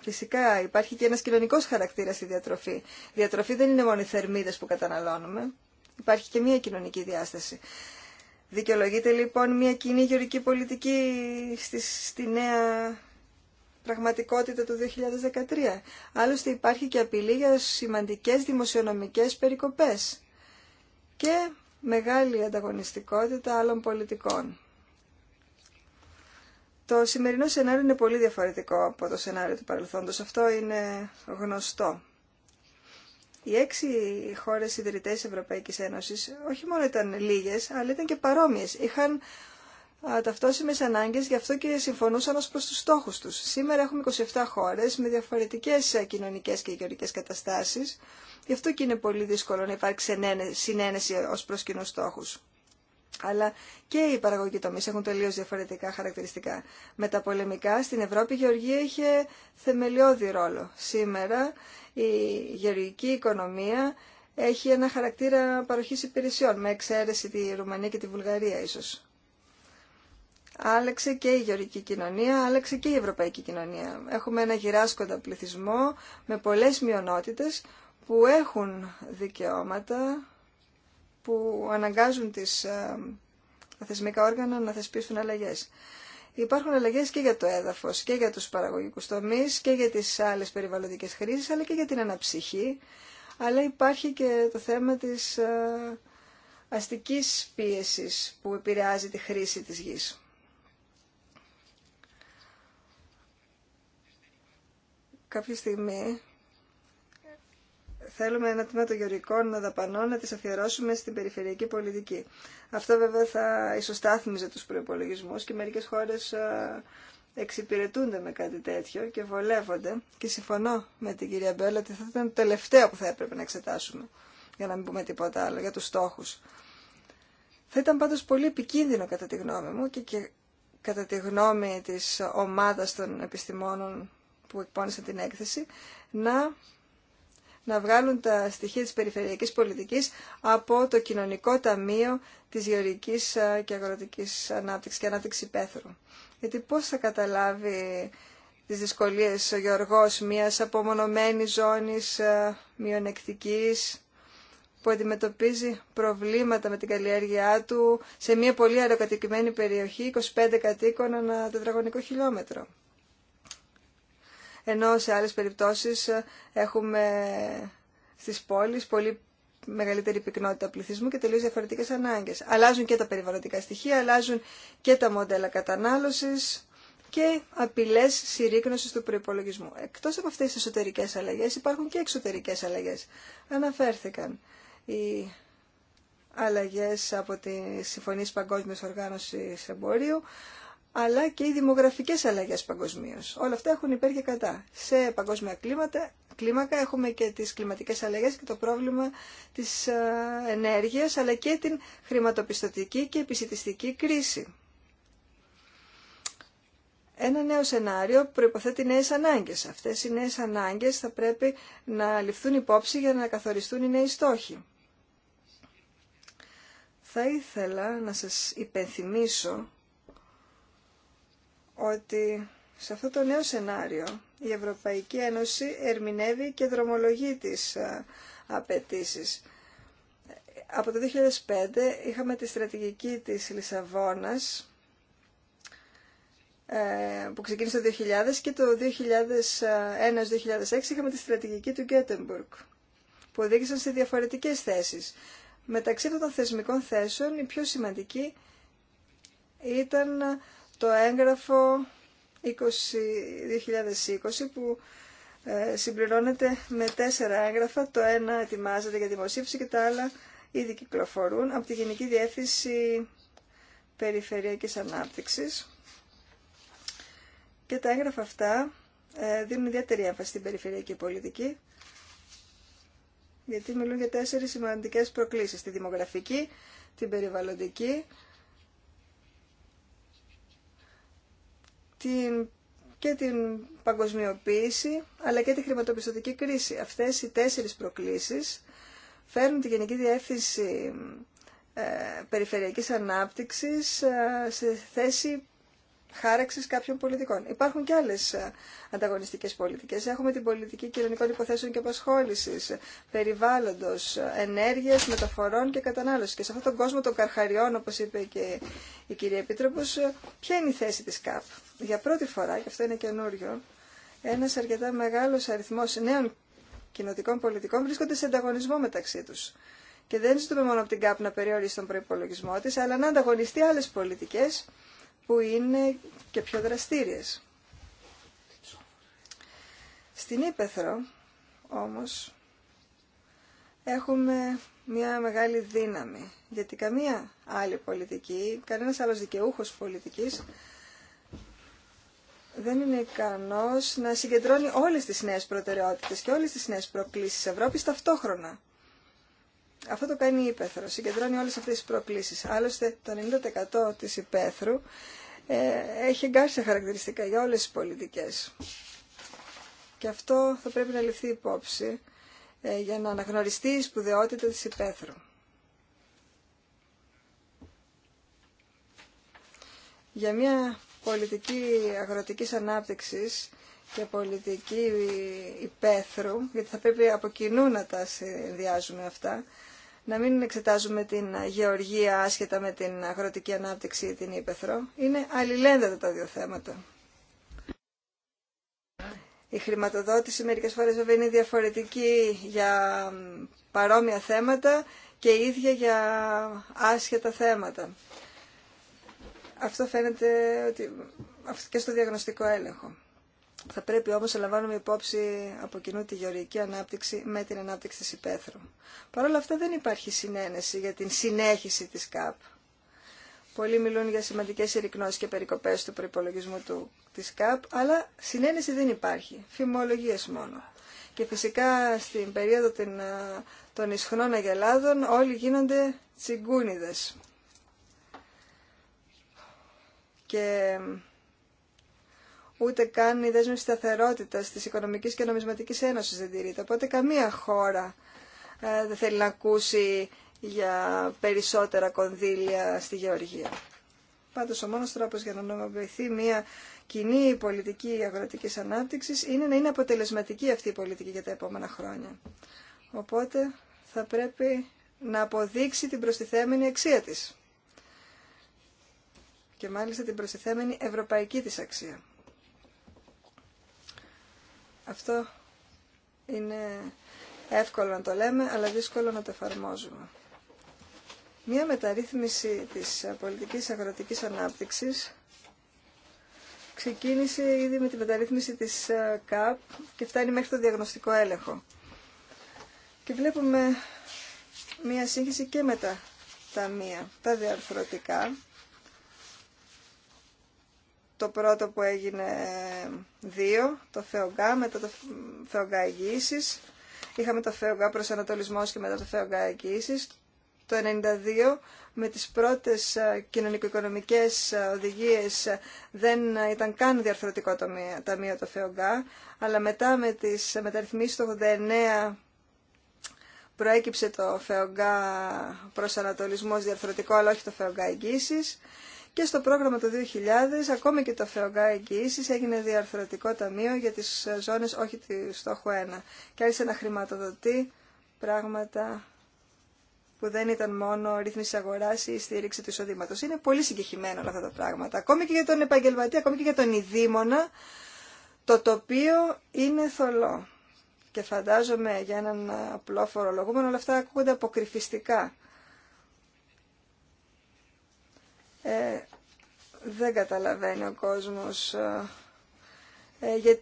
φυσικά υπάρχει και ένας κοινωνικός χαρακτήρας στη διατροφή. Διατροφή δεν είναι μόνο οι θερμίδες που καταναλώνουμε. Υπάρχει και μια κοινωνική διάσταση. Δικαιολογείται λοιπόν μια κοινή γεωργική πολιτική στη, στη νέα πραγματικότητα του 2013. Άλλωστε υπάρχει και απειλή για σημαντικές δημοσιονομικές περικοπές και μεγάλη ανταγωνιστικότητα άλλων πολιτικών. Το σημερινό σενάριο είναι πολύ διαφορετικό από το σενάριο του παρελθόντος. Αυτό είναι γνωστό. Οι έξι χώρες ιδρυτές Ευρωπαϊκής Ένωσης όχι μόνο ήταν λίγες, αλλά ήταν και παρόμοιες. Είχαν ταυτόσιμε ανάγκε, γι' αυτό και συμφωνούσαν ω προ του στόχους του. Σήμερα έχουμε 27 χώρε με διαφορετικέ ε, κοινωνικέ και γεωργικέ καταστάσει. γι' αυτό και είναι πολύ δύσκολο να υπάρξει συνένεση ω προ κοινού στόχου. Αλλά και οι παραγωγικοί τομεί έχουν τελείω διαφορετικά χαρακτηριστικά. Με τα πολεμικά στην Ευρώπη η γεωργία είχε θεμελιώδη ρόλο. Σήμερα η γεωργική οικονομία έχει ένα χαρακτήρα παροχής υπηρεσιών, με εξαίρεση τη Ρουμανία και τη Βουλγαρία ίσω άλλαξε και η γεωργική κοινωνία, άλλαξε και η ευρωπαϊκή κοινωνία. Έχουμε ένα γυράσκοντα πληθυσμό με πολλές μειονότητες που έχουν δικαιώματα, που αναγκάζουν τις ε, θεσμικά όργανα να θεσπίσουν αλλαγές. Υπάρχουν αλλαγέ και για το έδαφο και για του παραγωγικού τομεί και για τι άλλε περιβαλλοντικέ χρήσει αλλά και για την αναψυχή. Αλλά υπάρχει και το θέμα τη ε, αστικής πίεσης που επηρεάζει τη χρήση της γης. κάποια στιγμή θέλουμε ένα τμήμα των γεωργικών δαπανών να τις αφιερώσουμε στην περιφερειακή πολιτική. Αυτό βέβαια θα ισοστάθμιζε τους προϋπολογισμούς και μερικές χώρες ε, εξυπηρετούνται με κάτι τέτοιο και βολεύονται και συμφωνώ με την κυρία Μπέλα ότι θα ήταν το τελευταίο που θα έπρεπε να εξετάσουμε για να μην πούμε τίποτα άλλο, για τους στόχους. Θα ήταν πάντως πολύ επικίνδυνο κατά τη γνώμη μου και, και κατά τη γνώμη της ομάδας των επιστημόνων που εκπώνησαν την έκθεση να, να βγάλουν τα στοιχεία της περιφερειακής πολιτικής από το κοινωνικό ταμείο της γεωργικής και αγροτικής ανάπτυξης και ανάπτυξη πέθρου. Γιατί πώς θα καταλάβει τις δυσκολίες ο Γεωργός μιας απομονωμένης ζώνης μειονεκτικής που αντιμετωπίζει προβλήματα με την καλλιέργειά του σε μια πολύ αεροκατοικημένη περιοχή 25 κατοίκων ανά τετραγωνικό χιλιόμετρο ενώ σε άλλες περιπτώσεις ε, έχουμε στις πόλεις πολύ μεγαλύτερη πυκνότητα πληθυσμού και τελείως διαφορετικές ανάγκες. Αλλάζουν και τα περιβαλλοντικά στοιχεία, αλλάζουν και τα μοντέλα κατανάλωσης και απειλέ συρρήκνωση του προπολογισμού. Εκτό από αυτέ τι εσωτερικέ αλλαγέ, υπάρχουν και εξωτερικέ αλλαγέ. Αναφέρθηκαν οι αλλαγέ από τη Συμφωνία Παγκόσμια Οργάνωση Εμπορίου, αλλά και οι δημογραφικές αλλαγές παγκοσμίω. Όλα αυτά έχουν υπέρ και κατά. Σε παγκόσμια κλίματα, κλίμακα έχουμε και τι κλιματικές αλλαγές και το πρόβλημα της ε, ενέργειας, αλλά και την χρηματοπιστωτική και επισητιστική κρίση. Ένα νέο σενάριο προϋποθέτει νέες ανάγκες. Αυτές οι νέες ανάγκες θα πρέπει να ληφθούν υπόψη για να καθοριστούν οι νέοι στόχοι. Θα ήθελα να σας υπενθυμίσω ότι σε αυτό το νέο σενάριο η Ευρωπαϊκή Ένωση ερμηνεύει και δρομολογεί τις ε, απαιτήσει. Από το 2005 είχαμε τη στρατηγική της Λισαβόνας ε, που ξεκίνησε το 2000 και το 2001-2006 είχαμε τη στρατηγική του Γκέτεμπουργκ που οδήγησαν σε διαφορετικές θέσεις. Μεταξύ των θεσμικών θέσεων η πιο σημαντική ήταν το έγγραφο 2020 που ε, συμπληρώνεται με τέσσερα έγγραφα. Το ένα ετοιμάζεται για δημοσίευση και τα άλλα ήδη κυκλοφορούν από τη Γενική Διεύθυνση Περιφερειακής Ανάπτυξης. Και τα έγγραφα αυτά ε, δίνουν ιδιαίτερη έμφαση στην περιφερειακή πολιτική γιατί μιλούν για τέσσερις σημαντικές προκλήσεις, τη δημογραφική, την περιβαλλοντική, την, και την παγκοσμιοποίηση αλλά και τη χρηματοπιστωτική κρίση. Αυτές οι τέσσερις προκλήσεις φέρνουν τη Γενική Διεύθυνση ε, Περιφερειακής Ανάπτυξης ε, σε θέση χάραξης κάποιων πολιτικών. Υπάρχουν και άλλες ε, ανταγωνιστικές πολιτικές. Έχουμε την πολιτική κοινωνικών υποθέσεων και απασχόλησης, περιβάλλοντος, ενέργειας, μεταφορών και κατανάλωσης. Και σε αυτόν τον κόσμο των καρχαριών, όπως είπε και η κυρία Επίτροπος, ε, ποια είναι η θέση της ΚΑΠ. Για πρώτη φορά, και αυτό είναι καινούριο, ένας αρκετά μεγάλος αριθμός νέων κοινοτικών πολιτικών βρίσκονται σε ανταγωνισμό μεταξύ τους. Και δεν ζητούμε μόνο από την ΚΑΠ να περιορίσει τον προπολογισμό τη, αλλά να ανταγωνιστεί άλλε πολιτικέ που είναι και πιο δραστήριες. Στην Ήπεθρο, όμως, έχουμε μια μεγάλη δύναμη, γιατί καμία άλλη πολιτική, κανένας άλλος δικαιούχος πολιτικής, δεν είναι ικανός να συγκεντρώνει όλες τις νέες προτεραιότητες και όλες τις νέες προκλήσεις Ευρώπης ταυτόχρονα. Αυτό το κάνει η υπέθρο, συγκεντρώνει όλες αυτές τις προκλήσεις. Άλλωστε το 90% της Υπέθρου ε, έχει εγκάρσια χαρακτηριστικά για όλες τις πολιτικές. Και αυτό θα πρέπει να ληφθεί υπόψη ε, για να αναγνωριστεί η σπουδαιότητα της Υπέθρου. Για μια πολιτική αγροτικής ανάπτυξης και πολιτική υπαίθρου, γιατί θα πρέπει από κοινού να τα συνδυάζουμε αυτά, να μην εξετάζουμε την γεωργία άσχετα με την αγροτική ανάπτυξη ή την ύπεθρο. Είναι αλληλένδετα τα δύο θέματα. Η χρηματοδότηση μερικές φορές βέβαια είναι διαφορετική για παρόμοια θέματα και ίδια για άσχετα θέματα. Αυτό φαίνεται ότι και στο διαγνωστικό έλεγχο. Θα πρέπει όμως να λαμβάνουμε υπόψη από κοινού τη γεωργική ανάπτυξη με την ανάπτυξη της υπαίθρου. Παρ' όλα αυτά δεν υπάρχει συνένεση για την συνέχιση της ΚΑΠ. Πολλοί μιλούν για σημαντικές ερυκνώσεις και περικοπές του προϋπολογισμού του, της ΚΑΠ, αλλά συνένεση δεν υπάρχει, φημολογίες μόνο. Και φυσικά στην περίοδο των ισχνών αγελάδων όλοι γίνονται τσιγκούνιδες. Και ούτε καν η δέσμευση σταθερότητα τη Οικονομική και Νομισματική Ένωση δεν τηρείται. Οπότε καμία χώρα ε, δεν θέλει να ακούσει για περισσότερα κονδύλια στη Γεωργία. Πάντω, ο μόνο τρόπο για να νομιμοποιηθεί μια κοινή πολιτική αγροτική ανάπτυξη είναι να είναι αποτελεσματική αυτή η πολιτική για τα επόμενα χρόνια. Οπότε θα πρέπει να αποδείξει την προστιθέμενη αξία της και μάλιστα την προστιθέμενη ευρωπαϊκή της αξία. Αυτό είναι εύκολο να το λέμε, αλλά δύσκολο να το εφαρμόζουμε. Μία μεταρρύθμιση της πολιτικής αγροτικής ανάπτυξης ξεκίνησε ήδη με τη μεταρρύθμιση της ε, ΚΑΠ και φτάνει μέχρι το διαγνωστικό έλεγχο. Και βλέπουμε μία σύγχυση και με τα μία, τα διαρθρωτικά, το πρώτο που έγινε δύο, το ΦΕΟΓΑ, μετά το ΦΕΟΓΑ εγγύησης. Είχαμε το ΦΕΟΓΑ προσανατολισμός και μετά το ΦΕΟΓΑ εγγύησης. Το 1992 με τις πρώτες ε, κοινωνικο-οικονομικές ε, οδηγίες ε, δεν ήταν καν διαρθρωτικό ταμείο το ΦΕΟΓΑ, αλλά μετά με τις μεταρρυθμίσεις το 89 προέκυψε το ΦΕΟΓΑ προσανατολισμός διαρθρωτικό, αλλά όχι το ΦΕΟΓΑ εγγύησης. Και στο πρόγραμμα του 2000, ακόμη και το ΦΕΟΓΑ εγγυήσει, έγινε διαρθρωτικό ταμείο για τις ζώνες όχι του στόχου 1 και άρχισε να χρηματοδοτεί πράγματα που δεν ήταν μόνο ρύθμιση αγορά ή στήριξη του εισοδήματο. Είναι πολύ συγκεχημένα όλα αυτά τα πράγματα. Ακόμη και για τον επαγγελματία, ακόμη και για τον ειδήμονα, το τοπίο είναι θολό. Και φαντάζομαι για έναν απλό φορολογούμενο όλα αυτά ακούγονται αποκρυφιστικά. ε, δεν καταλαβαίνει ο κόσμος. Ε, ε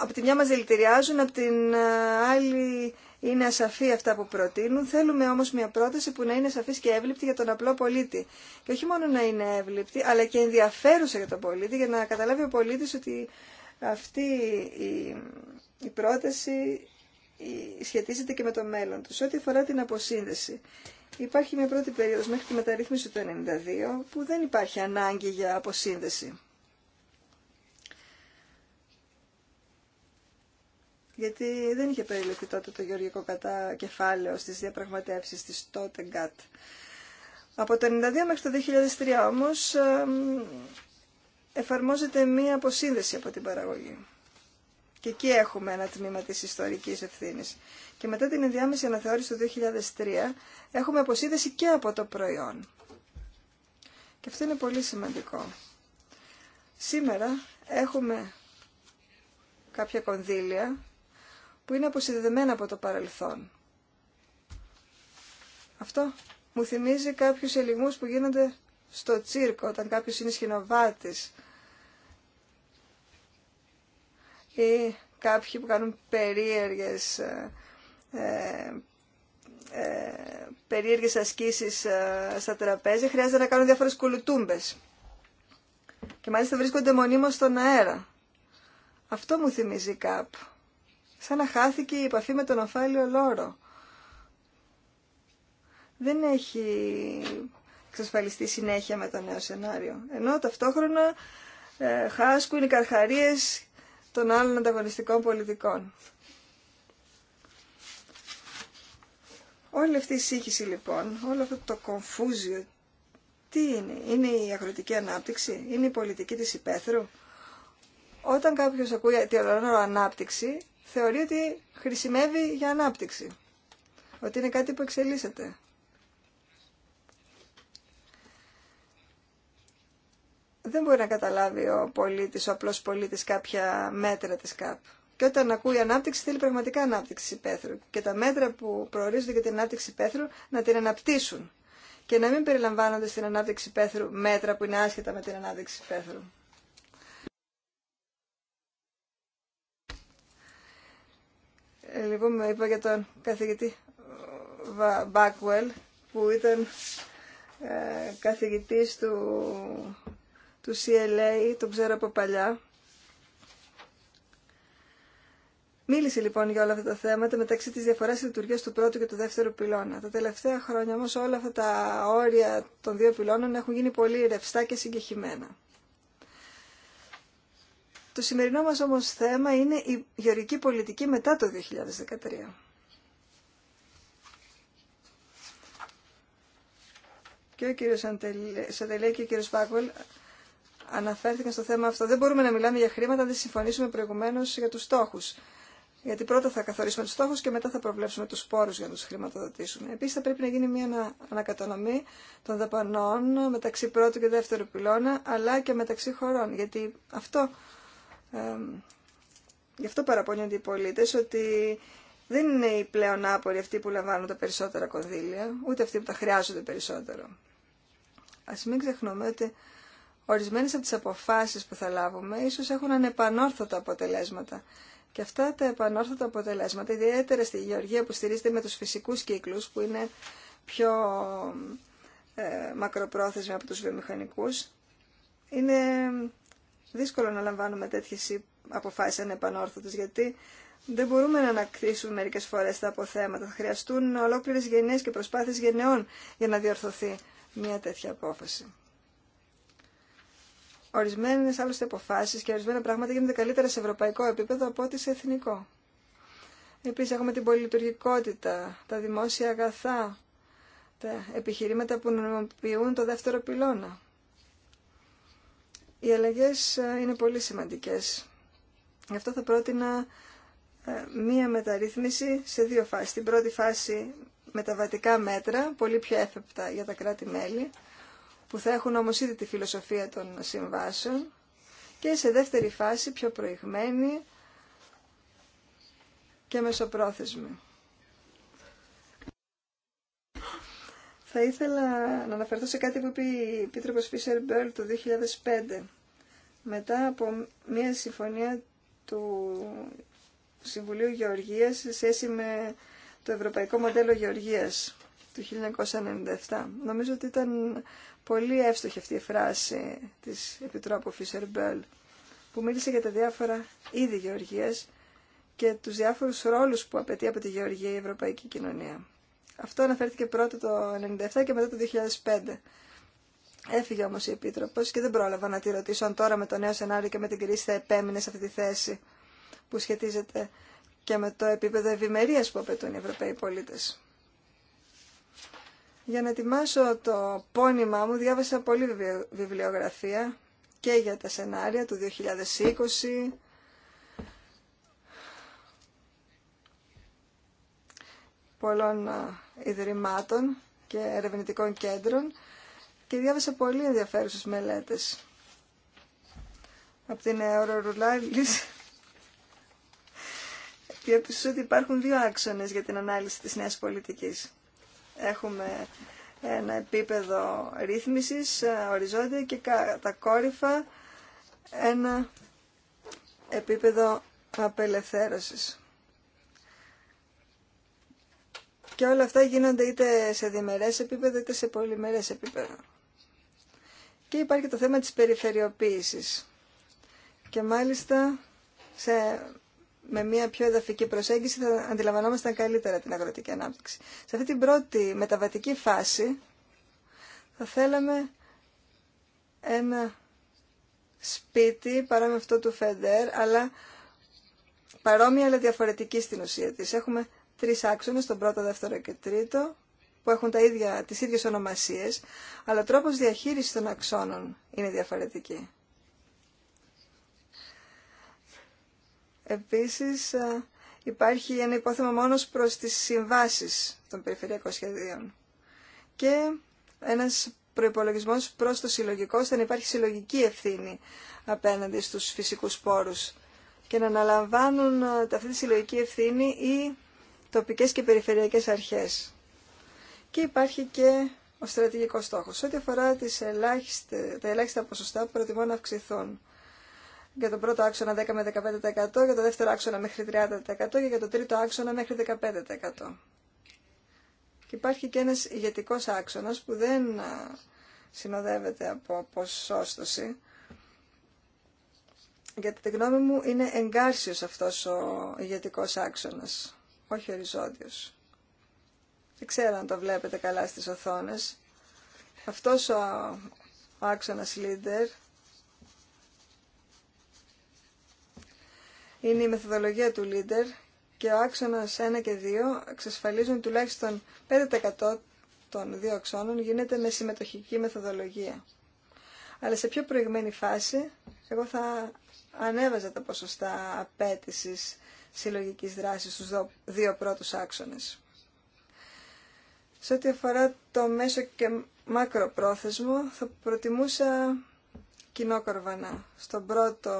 από τη μια μας δηλητηριάζουν, από την ε, άλλη είναι ασαφή αυτά που προτείνουν. Θέλουμε όμως μια πρόταση που να είναι σαφής και εύληπτη για τον απλό πολίτη. Και όχι μόνο να είναι εύληπτη, αλλά και ενδιαφέρουσα για τον πολίτη, για να καταλάβει ο πολίτης ότι αυτή η, η πρόταση σχετίζεται και με το μέλλον του. Ό,τι αφορά την αποσύνδεση, Υπάρχει μια πρώτη περίοδος μέχρι τη μεταρρύθμιση του 1992 που δεν υπάρχει ανάγκη για αποσύνδεση. Γιατί δεν είχε περιληφθεί τότε το γεωργικό κατά κεφάλαιο στις διαπραγματεύσεις της τότε ΓΚΑΤ. Από το 1992 μέχρι το 2003 όμως εφαρμόζεται μία αποσύνδεση από την παραγωγή. Και εκεί έχουμε ένα τμήμα της ιστορικής ευθύνης. Και μετά την ενδιάμεση αναθεώρηση του 2003 έχουμε αποσύνδεση και από το προϊόν. Και αυτό είναι πολύ σημαντικό. Σήμερα έχουμε κάποια κονδύλια που είναι αποσυνδεδεμένα από το παρελθόν. Αυτό μου θυμίζει κάποιους ελιγμούς που γίνονται στο τσίρκο όταν κάποιος είναι σχηνοβάτης ή κάποιοι που κάνουν περίεργες, ε, ε, ε περίεργες ασκήσεις ε, στα τραπέζια χρειάζεται να κάνουν διάφορες κουλουτούμπες. Και μάλιστα βρίσκονται μονίμως στον αέρα. Αυτό μου θυμίζει κάπου. Σαν να χάθηκε η επαφή με τον οφάλιο λόρο. Δεν έχει εξασφαλιστεί συνέχεια με το νέο σενάριο. Ενώ ταυτόχρονα ε, χάσκουν οι καρχαρίες των άλλων ανταγωνιστικών πολιτικών. Όλη αυτή η σύγχυση λοιπόν, όλο αυτό το κομφούζιο, τι είναι, είναι η αγροτική ανάπτυξη, είναι η πολιτική της υπαίθρου. Όταν κάποιος ακούει τη όρο ανάπτυξη, θεωρεί ότι χρησιμεύει για ανάπτυξη, ότι είναι κάτι που εξελίσσεται. δεν μπορεί να καταλάβει ο πολιτή ο απλός πολίτης κάποια μέτρα τη ΚΑΠ. Και όταν ακούει ανάπτυξη θέλει πραγματικά ανάπτυξη υπαίθρου και τα μέτρα που προορίζονται για την ανάπτυξη υπαίθρου να την αναπτύσσουν και να μην περιλαμβάνονται στην ανάπτυξη υπαίθρου μέτρα που είναι άσχετα με την ανάπτυξη υπαίθρου. Ε, λοιπόν, με είπα για τον καθηγητή ε, Μπάκουελ που ήταν ε, καθηγητής του του CLA, τον ξέρω από παλιά. Μίλησε λοιπόν για όλα αυτά τα θέματα μεταξύ της διαφοράς λειτουργίας του πρώτου και του δεύτερου πυλώνα. Τα τελευταία χρόνια όμως όλα αυτά τα όρια των δύο πυλώνων έχουν γίνει πολύ ρευστά και συγκεχημένα. Το σημερινό μας όμως θέμα είναι η γεωργική πολιτική μετά το 2013. Και ο κύριος Σαντελέ και ο κύριος Πάκολ αναφέρθηκαν στο θέμα αυτό. Δεν μπορούμε να μιλάμε για χρήματα αν δεν συμφωνήσουμε προηγουμένω για του στόχου. Γιατί πρώτα θα καθορίσουμε του στόχου και μετά θα προβλέψουμε του πόρου για να του χρηματοδοτήσουμε. Επίση, θα πρέπει να γίνει μια ανακατανομή των δαπανών μεταξύ πρώτου και δεύτερου πυλώνα, αλλά και μεταξύ χωρών. Γιατί αυτό, ε, γι' αυτό παραπονιούνται οι πολίτε, ότι δεν είναι οι πλέον άποροι αυτοί που λαμβάνουν τα περισσότερα κονδύλια, ούτε αυτοί που τα χρειάζονται περισσότερο. Α μην ξεχνούμε ότι ορισμένες από τις αποφάσεις που θα λάβουμε ίσως έχουν ανεπανόρθωτα αποτελέσματα. Και αυτά τα επανόρθωτα αποτελέσματα, ιδιαίτερα στη γεωργία που στηρίζεται με τους φυσικούς κύκλους, που είναι πιο ε, μακροπρόθεσμοι από τους βιομηχανικούς, είναι δύσκολο να λαμβάνουμε τέτοιες αποφάσεις ανεπανόρθωτες, γιατί δεν μπορούμε να ανακτήσουμε μερικέ φορέ τα αποθέματα. Θα χρειαστούν ολόκληρε γενιέ και προσπάθειε γενεών για να διορθωθεί μια τέτοια απόφαση. Ορισμένε άλλωστε αποφάσει και ορισμένα πράγματα γίνονται καλύτερα σε ευρωπαϊκό επίπεδο από ό,τι σε εθνικό. Επίση, έχουμε την πολυλειτουργικότητα, τα δημόσια αγαθά, τα επιχειρήματα που νομιμοποιούν το δεύτερο πυλώνα. Οι αλλαγέ ε, είναι πολύ σημαντικέ. Γι' αυτό θα πρότεινα ε, μία μεταρρύθμιση σε δύο φάσει. Στην πρώτη φάση μεταβατικά μέτρα, πολύ πιο έφεπτα για τα κράτη-μέλη, που θα έχουν όμως ήδη τη φιλοσοφία των συμβάσεων και σε δεύτερη φάση πιο προηγμένη και μεσοπρόθεσμη. Θα ήθελα να αναφερθώ σε κάτι που είπε η Επίτροπος Φίσερ Μπέρλ το 2005 μετά από μια συμφωνία του Συμβουλίου Γεωργίας σε σχέση με το Ευρωπαϊκό Μοντέλο Γεωργίας του 1997. Νομίζω ότι ήταν πολύ εύστοχη αυτή η φράση της Επιτρόπου Φίσερ Μπέλ που μίλησε για τα διάφορα είδη γεωργίας και τους διάφορους ρόλους που απαιτεί από τη γεωργία η ευρωπαϊκή κοινωνία. Αυτό αναφέρθηκε πρώτα το 1997 και μετά το 2005. Έφυγε όμω η επίτροπο και δεν πρόλαβα να τη ρωτήσω αν τώρα με το νέο σενάριο και με την κρίση θα επέμεινε σε αυτή τη θέση που σχετίζεται και με το επίπεδο ευημερία που απαιτούν οι Ευρωπαίοι πολίτες. Για να ετοιμάσω το πόνημά μου διάβασα πολλή βιβλιογραφία και για τα σενάρια του 2020 πολλών ιδρυμάτων και ερευνητικών κέντρων και διάβασα πολύ ενδιαφέρουσες μελέτες από την Ρουλάλης, πιστεύω ότι υπάρχουν δύο άξονες για την ανάλυση της νέας πολιτικής. Έχουμε ένα επίπεδο ρύθμισης ε, οριζόντια και κόρυφα ένα επίπεδο απελευθέρωσης. Και όλα αυτά γίνονται είτε σε διμερές επίπεδο είτε σε πολυμερές επίπεδο. Και υπάρχει το θέμα της περιφερειοποίησης. Και μάλιστα σε με μια πιο εδαφική προσέγγιση θα αντιλαμβανόμασταν καλύτερα την αγροτική ανάπτυξη. Σε αυτή την πρώτη μεταβατική φάση θα θέλαμε ένα σπίτι παρόμοιο αυτό του Φεντέρ, αλλά παρόμοια αλλά διαφορετική στην ουσία της. Έχουμε τρεις άξονες, τον πρώτο, δεύτερο και τρίτο, που έχουν τα ίδια, τις ίδιες ονομασίες, αλλά ο τρόπος διαχείρισης των αξώνων είναι διαφορετική. Επίσης ε, υπάρχει ένα υπόθεμα μόνος προς τις συμβάσεις των περιφερειακών σχεδίων και ένας προϋπολογισμός προς το συλλογικό ώστε να υπάρχει συλλογική ευθύνη απέναντι στους φυσικούς πόρους και να αναλαμβάνουν ε, αυτή τη συλλογική ευθύνη οι τοπικές και περιφερειακές αρχές. Και υπάρχει και ο στρατηγικός στόχος. Ό,τι αφορά τις ελάχιστε, τα ελάχιστα ποσοστά προτιμώ να αυξηθούν για τον πρώτο άξονα 10 με 15%, για το δεύτερο άξονα μέχρι 30% και για το τρίτο άξονα μέχρι 15%. Και υπάρχει και ένας ηγετικό άξονας που δεν συνοδεύεται από ποσόστοση. Γιατί τη γνώμη μου είναι εγκάρσιος αυτός ο ηγετικό άξονας, όχι οριζόντιος. Δεν ξέρω αν το βλέπετε καλά στις οθόνες. Αυτός ο άξονας leader είναι η μεθοδολογία του Λίντερ και ο άξονας 1 και 2 εξασφαλίζουν τουλάχιστον 5% των δύο αξώνων γίνεται με συμμετοχική μεθοδολογία. Αλλά σε πιο προηγμένη φάση εγώ θα ανέβαζα τα ποσοστά απέτηση συλλογική δράσης στους δύο πρώτους άξονες. Σε ό,τι αφορά το μέσο και μακροπρόθεσμο θα προτιμούσα κοινό κορβανά. Στον πρώτο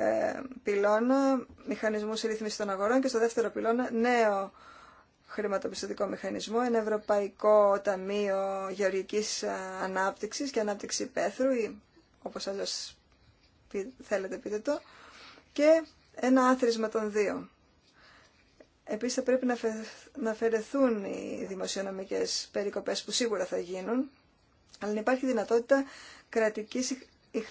ε, πυλώνα μηχανισμούς ρύθμισης των αγορών και στο δεύτερο πυλώνα νέο χρηματοπιστωτικό μηχανισμό, ένα ευρωπαϊκό ταμείο γεωργικής ε, ανάπτυξης και ανάπτυξη πέθρου ή όπως άλλως θέλετε πείτε το και ένα άθροισμα των δύο. Επίσης θα πρέπει να αφαιρεθούν οι δημοσιονομικές περικοπές που σίγουρα θα γίνουν, αλλά υπάρχει δυνατότητα κρατικής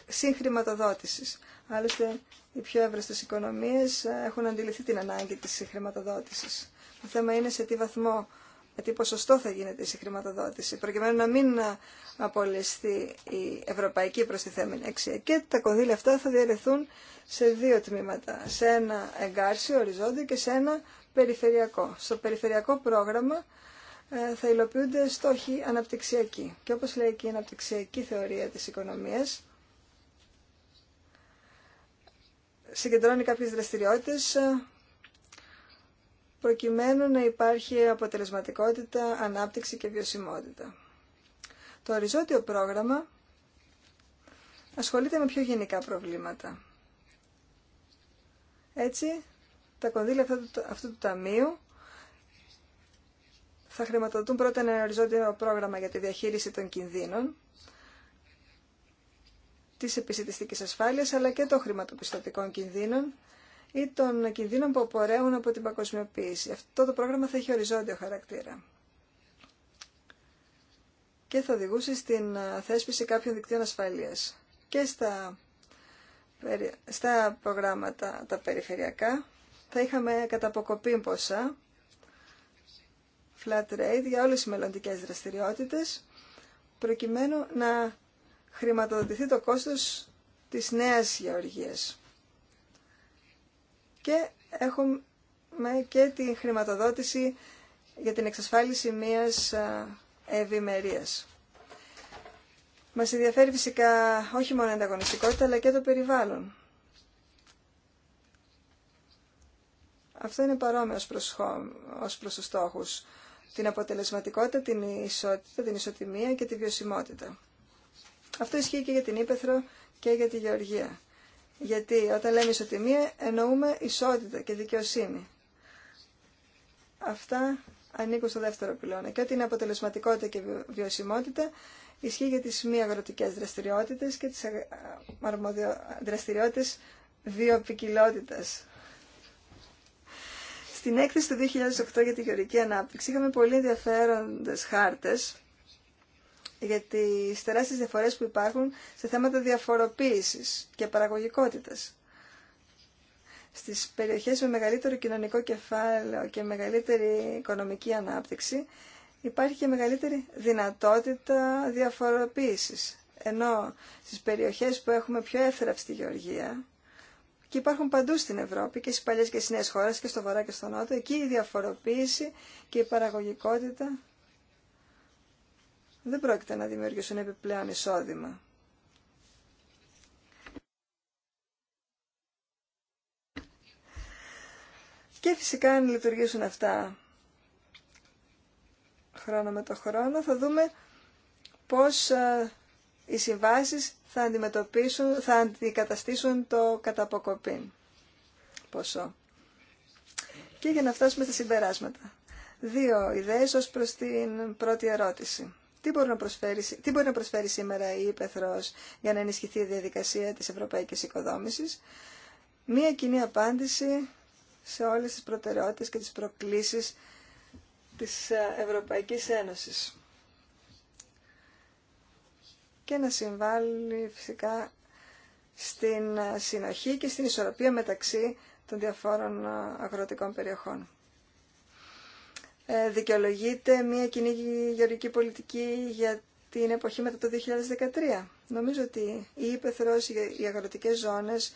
συγχρηματοδότηση. Άλλωστε, οι πιο εύρεστες οικονομίες ε, έχουν αντιληφθεί την ανάγκη της συγχρηματοδότησης. Το θέμα είναι σε τι βαθμό, με τι ποσοστό θα γίνεται η συγχρηματοδότηση, προκειμένου να μην ε, απολυστεί η ευρωπαϊκή προστιθέμενη αξία. Και τα κονδύλια αυτά θα διαλυθούν σε δύο τμήματα, σε ένα εγκάρσιο οριζόντιο και σε ένα περιφερειακό. Στο περιφερειακό πρόγραμμα ε, θα υλοποιούνται στόχοι αναπτυξιακοί. Και όπω λέει και η αναπτυξιακή θεωρία της οικονομίας, συγκεντρώνει κάποιες δραστηριότητες ε, προκειμένου να υπάρχει αποτελεσματικότητα, ανάπτυξη και βιωσιμότητα. Το οριζόντιο πρόγραμμα ασχολείται με πιο γενικά προβλήματα. Έτσι, τα κονδύλια αυτού του ταμείου θα χρηματοδοτούν πρώτα ένα οριζόντιο πρόγραμμα για τη διαχείριση των κινδύνων, της επισητιστικής ασφάλειας αλλά και των χρηματοπιστωτικών κινδύνων ή των κινδύνων που απορρέουν από την παγκοσμιοποίηση. Αυτό το πρόγραμμα θα έχει οριζόντιο χαρακτήρα και θα οδηγούσε στην ε, θέσπιση κάποιων δικτύων ασφαλείας και στα, στα προγράμματα τα περιφερειακά θα είχαμε κατά αποκοπή ποσά flat rate για όλες τις μελλοντικέ δραστηριότητες προκειμένου να χρηματοδοτηθεί το κόστος της νέας γεωργίας. Και έχουμε και τη χρηματοδότηση για την εξασφάλιση μιας ευημερία. Μας ενδιαφέρει φυσικά όχι μόνο η ανταγωνιστικότητα αλλά και το περιβάλλον. Αυτό είναι παρόμοιο προς, τους στόχους. Την αποτελεσματικότητα, την ισότητα, την ισοτιμία και τη βιωσιμότητα. Αυτό ισχύει και για την Ήπεθρο και για τη Γεωργία. Γιατί όταν λέμε ισοτιμία εννοούμε ισότητα και δικαιοσύνη. Αυτά ανήκουν στο δεύτερο πυλώνα. Και ό,τι είναι αποτελεσματικότητα και βιωσιμότητα ισχύει για τις μη αγροτικές δραστηριότητες και τις αρμοδιο... δραστηριότητες βιοπικιλότητας. Στην έκθεση του 2008 για τη γεωργική ανάπτυξη είχαμε πολύ ενδιαφέροντες χάρτες για τις τεράστιες διαφορές που υπάρχουν σε θέματα διαφοροποίησης και παραγωγικότητας. Στις περιοχές με μεγαλύτερο κοινωνικό κεφάλαιο και μεγαλύτερη οικονομική ανάπτυξη υπάρχει και μεγαλύτερη δυνατότητα διαφοροποίησης. Ενώ στις περιοχές που έχουμε πιο τη γεωργία και υπάρχουν παντού στην Ευρώπη και στις παλιές και στις νέες χώρες και στο βορρά και στο νότο, εκεί η διαφοροποίηση και η παραγωγικότητα δεν πρόκειται να δημιουργήσουν επιπλέον εισόδημα. Και φυσικά αν λειτουργήσουν αυτά χρόνο με το χρόνο θα δούμε πώς ε, οι συμβάσεις θα αντιμετωπίσουν, θα αντικαταστήσουν το καταποκοπήν ποσό. Και για να φτάσουμε στα συμπεράσματα. Δύο ιδέες ως προς την πρώτη ερώτηση. Τι μπορεί να προσφέρει, τι να προσφέρει σήμερα η Ήπεθρος για να ενισχυθεί η διαδικασία της ευρωπαϊκής οικοδόμησης. Μία κοινή απάντηση σε όλες τις προτεραιότητες και τις προκλήσεις της ε, Ευρωπαϊκής Ένωσης. Και να συμβάλλει φυσικά στην ε, συνοχή και στην ισορροπία μεταξύ των διαφόρων ε, αγροτικών περιοχών. Ε, δικαιολογείται μια κοινή γεωργική πολιτική για την εποχή μετά το 2013. Νομίζω ότι οι υπεθρός, οι αγροτικές ζώνες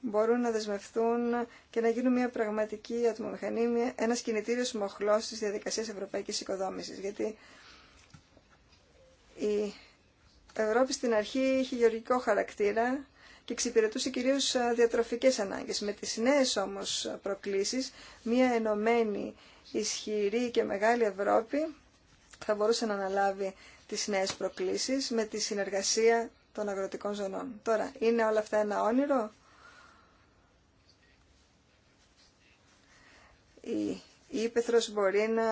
μπορούν να δεσμευθούν και να γίνουν μια πραγματική ατμομηχανή, ένας κινητήριος μοχλός της διαδικασίας ευρωπαϊκής οικοδόμησης. Γιατί η Ευρώπη στην αρχή είχε γεωργικό χαρακτήρα και εξυπηρετούσε κυρίως διατροφικές ανάγκες. Με τις νέες όμως προκλήσεις, μια ενωμένη ισχυρή και μεγάλη Ευρώπη θα μπορούσε να αναλάβει τις νέες προκλήσεις με τη συνεργασία των αγροτικών ζωνών. Τώρα, είναι όλα αυτά ένα όνειρο? Η Ήπεθρος μπορεί να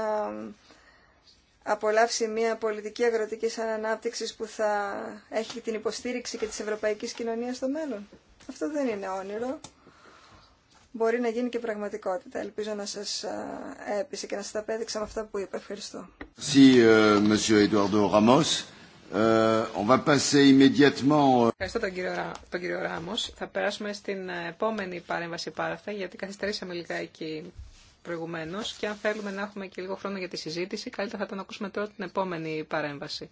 απολαύσει μια πολιτική αγροτικής ανανάπτυξης που θα έχει την υποστήριξη και της ευρωπαϊκής κοινωνίας στο μέλλον. Αυτό δεν είναι όνειρο μπορεί να γίνει και πραγματικότητα. Ελπίζω να σα έπεισε και να σα τα πέδειξα με αυτά που είπα. Ευχαριστώ. Ευχαριστώ τον κύριο, τον Ράμος. Θα περάσουμε στην ε, επόμενη παρέμβαση πάρα γιατί καθυστερήσαμε λίγα εκεί προηγουμένω και αν θέλουμε να έχουμε και λίγο χρόνο για τη συζήτηση, καλύτερα θα τον ακούσουμε τώρα την επόμενη παρέμβαση.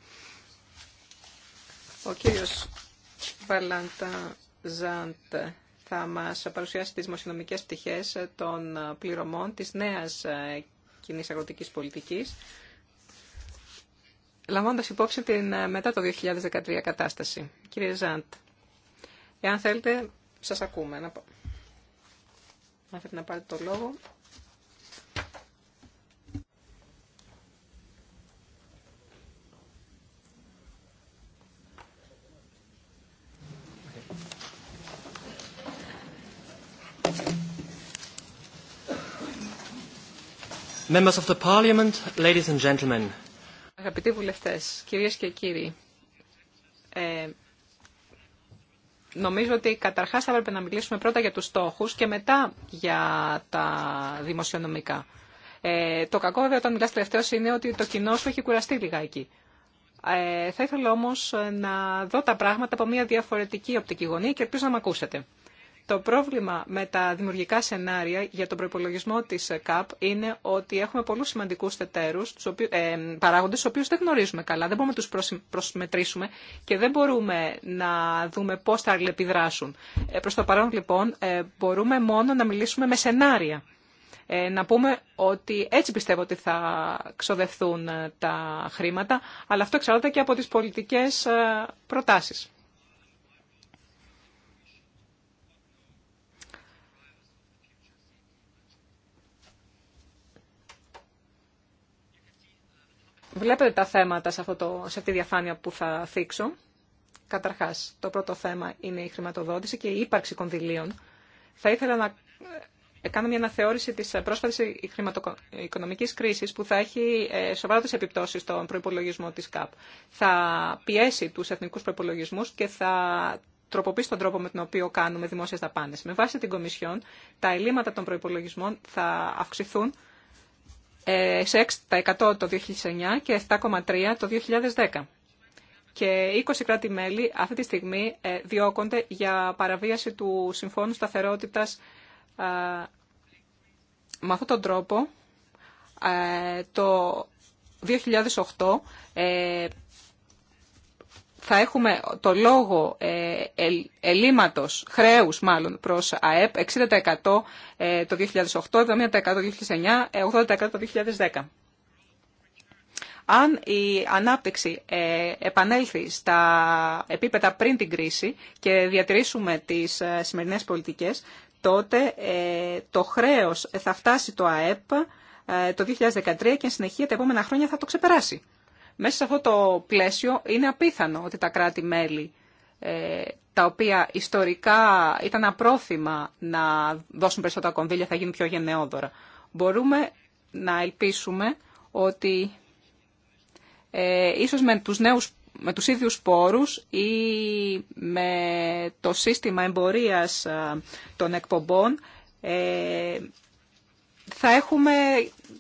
Ο κύριος Βαλάντα Ζάντε θα μας παρουσιάσει τις δημοσιονομικές πτυχές των πληρωμών της νέας ε, κοινής αγροτικής πολιτικής, λαμβάνοντας υπόψη την ε, μετά το 2013 κατάσταση. Κύριε Ζαντ, εάν θέλετε, σας ακούμε. Να, να πάρετε το λόγο Members of the Parliament, ladies and gentlemen. Αγαπητοί βουλευτές, κυρίες και κύριοι, ε, νομίζω ότι καταρχάς θα έπρεπε να μιλήσουμε πρώτα για τους στόχους και μετά για τα δημοσιονομικά. Ε, το κακό βέβαια όταν μιλάς τελευταίος είναι ότι το κοινό σου έχει κουραστεί λιγάκι. Ε, θα ήθελα όμως να δω τα πράγματα από μια διαφορετική οπτική γωνία και ελπίζω να με ακούσετε. Το πρόβλημα με τα δημιουργικά σενάρια για τον προπολογισμό τη ΚΑΠ είναι ότι έχουμε πολλού σημαντικού εταίρου, παράγοντε, του οποίου ε, δεν γνωρίζουμε καλά, δεν μπορούμε να του προσμετρήσουμε και δεν μπορούμε να δούμε πώ θα αλληλεπιδράσουν. Ε, Προ το παρόν, λοιπόν, ε, μπορούμε μόνο να μιλήσουμε με σενάρια. Ε, να πούμε ότι έτσι πιστεύω ότι θα ξοδευτούν τα χρήματα, αλλά αυτό εξαρτάται και από τι πολιτικέ προτάσει. Βλέπετε τα θέματα σε, αυτό σε αυτή τη διαφάνεια που θα θίξω. Καταρχάς, το πρώτο θέμα είναι η χρηματοδότηση και η ύπαρξη κονδυλίων. Θα ήθελα να ε, κάνω μια αναθεώρηση της πρόσφατης ε, οικονομικής κρίσης που θα έχει ε, σοβαρότερε επιπτώσεις στον προϋπολογισμό της ΚΑΠ. Θα πιέσει τους εθνικούς προϋπολογισμούς και θα τροποποιήσει τον τρόπο με τον οποίο κάνουμε δημόσιες δαπάνες. Με βάση την Κομισιόν, τα ελλείμματα των προϋπολογισμών θα αυξηθούν ε, σε 6% το 2009 και 7,3% το 2010. Και 20 κράτη-μέλη αυτή τη στιγμή ε, διώκονται για παραβίαση του Συμφώνου Σταθερότητας. Ε, με αυτόν τον τρόπο το 2008 θα έχουμε το λόγο ε, ελλείμματος, χρέους μάλλον, προς ΑΕΠ, 60% ε, το 2008, 70% το 2009, 80% ε, το 2010. Αν η ανάπτυξη επανέλθει στα επίπεδα πριν την κρίση και διατηρήσουμε τις σημερινές πολιτικές, τότε το χρέος θα φτάσει το ΑΕΠ το 2013 και εν συνεχεία τα επόμενα χρόνια θα το ξεπεράσει. Μέσα σε αυτό το πλαίσιο είναι απίθανο ότι τα κράτη-μέλη ε, τα οποία ιστορικά ήταν απρόθυμα να δώσουν περισσότερα κονδύλια θα γίνουν πιο γενναιόδωρα. Μπορούμε να ελπίσουμε ότι ε, ίσως με τους, νέους, με τους ίδιους πόρους ή με το σύστημα εμπορίας ε, των εκπομπών ε, θα έχουμε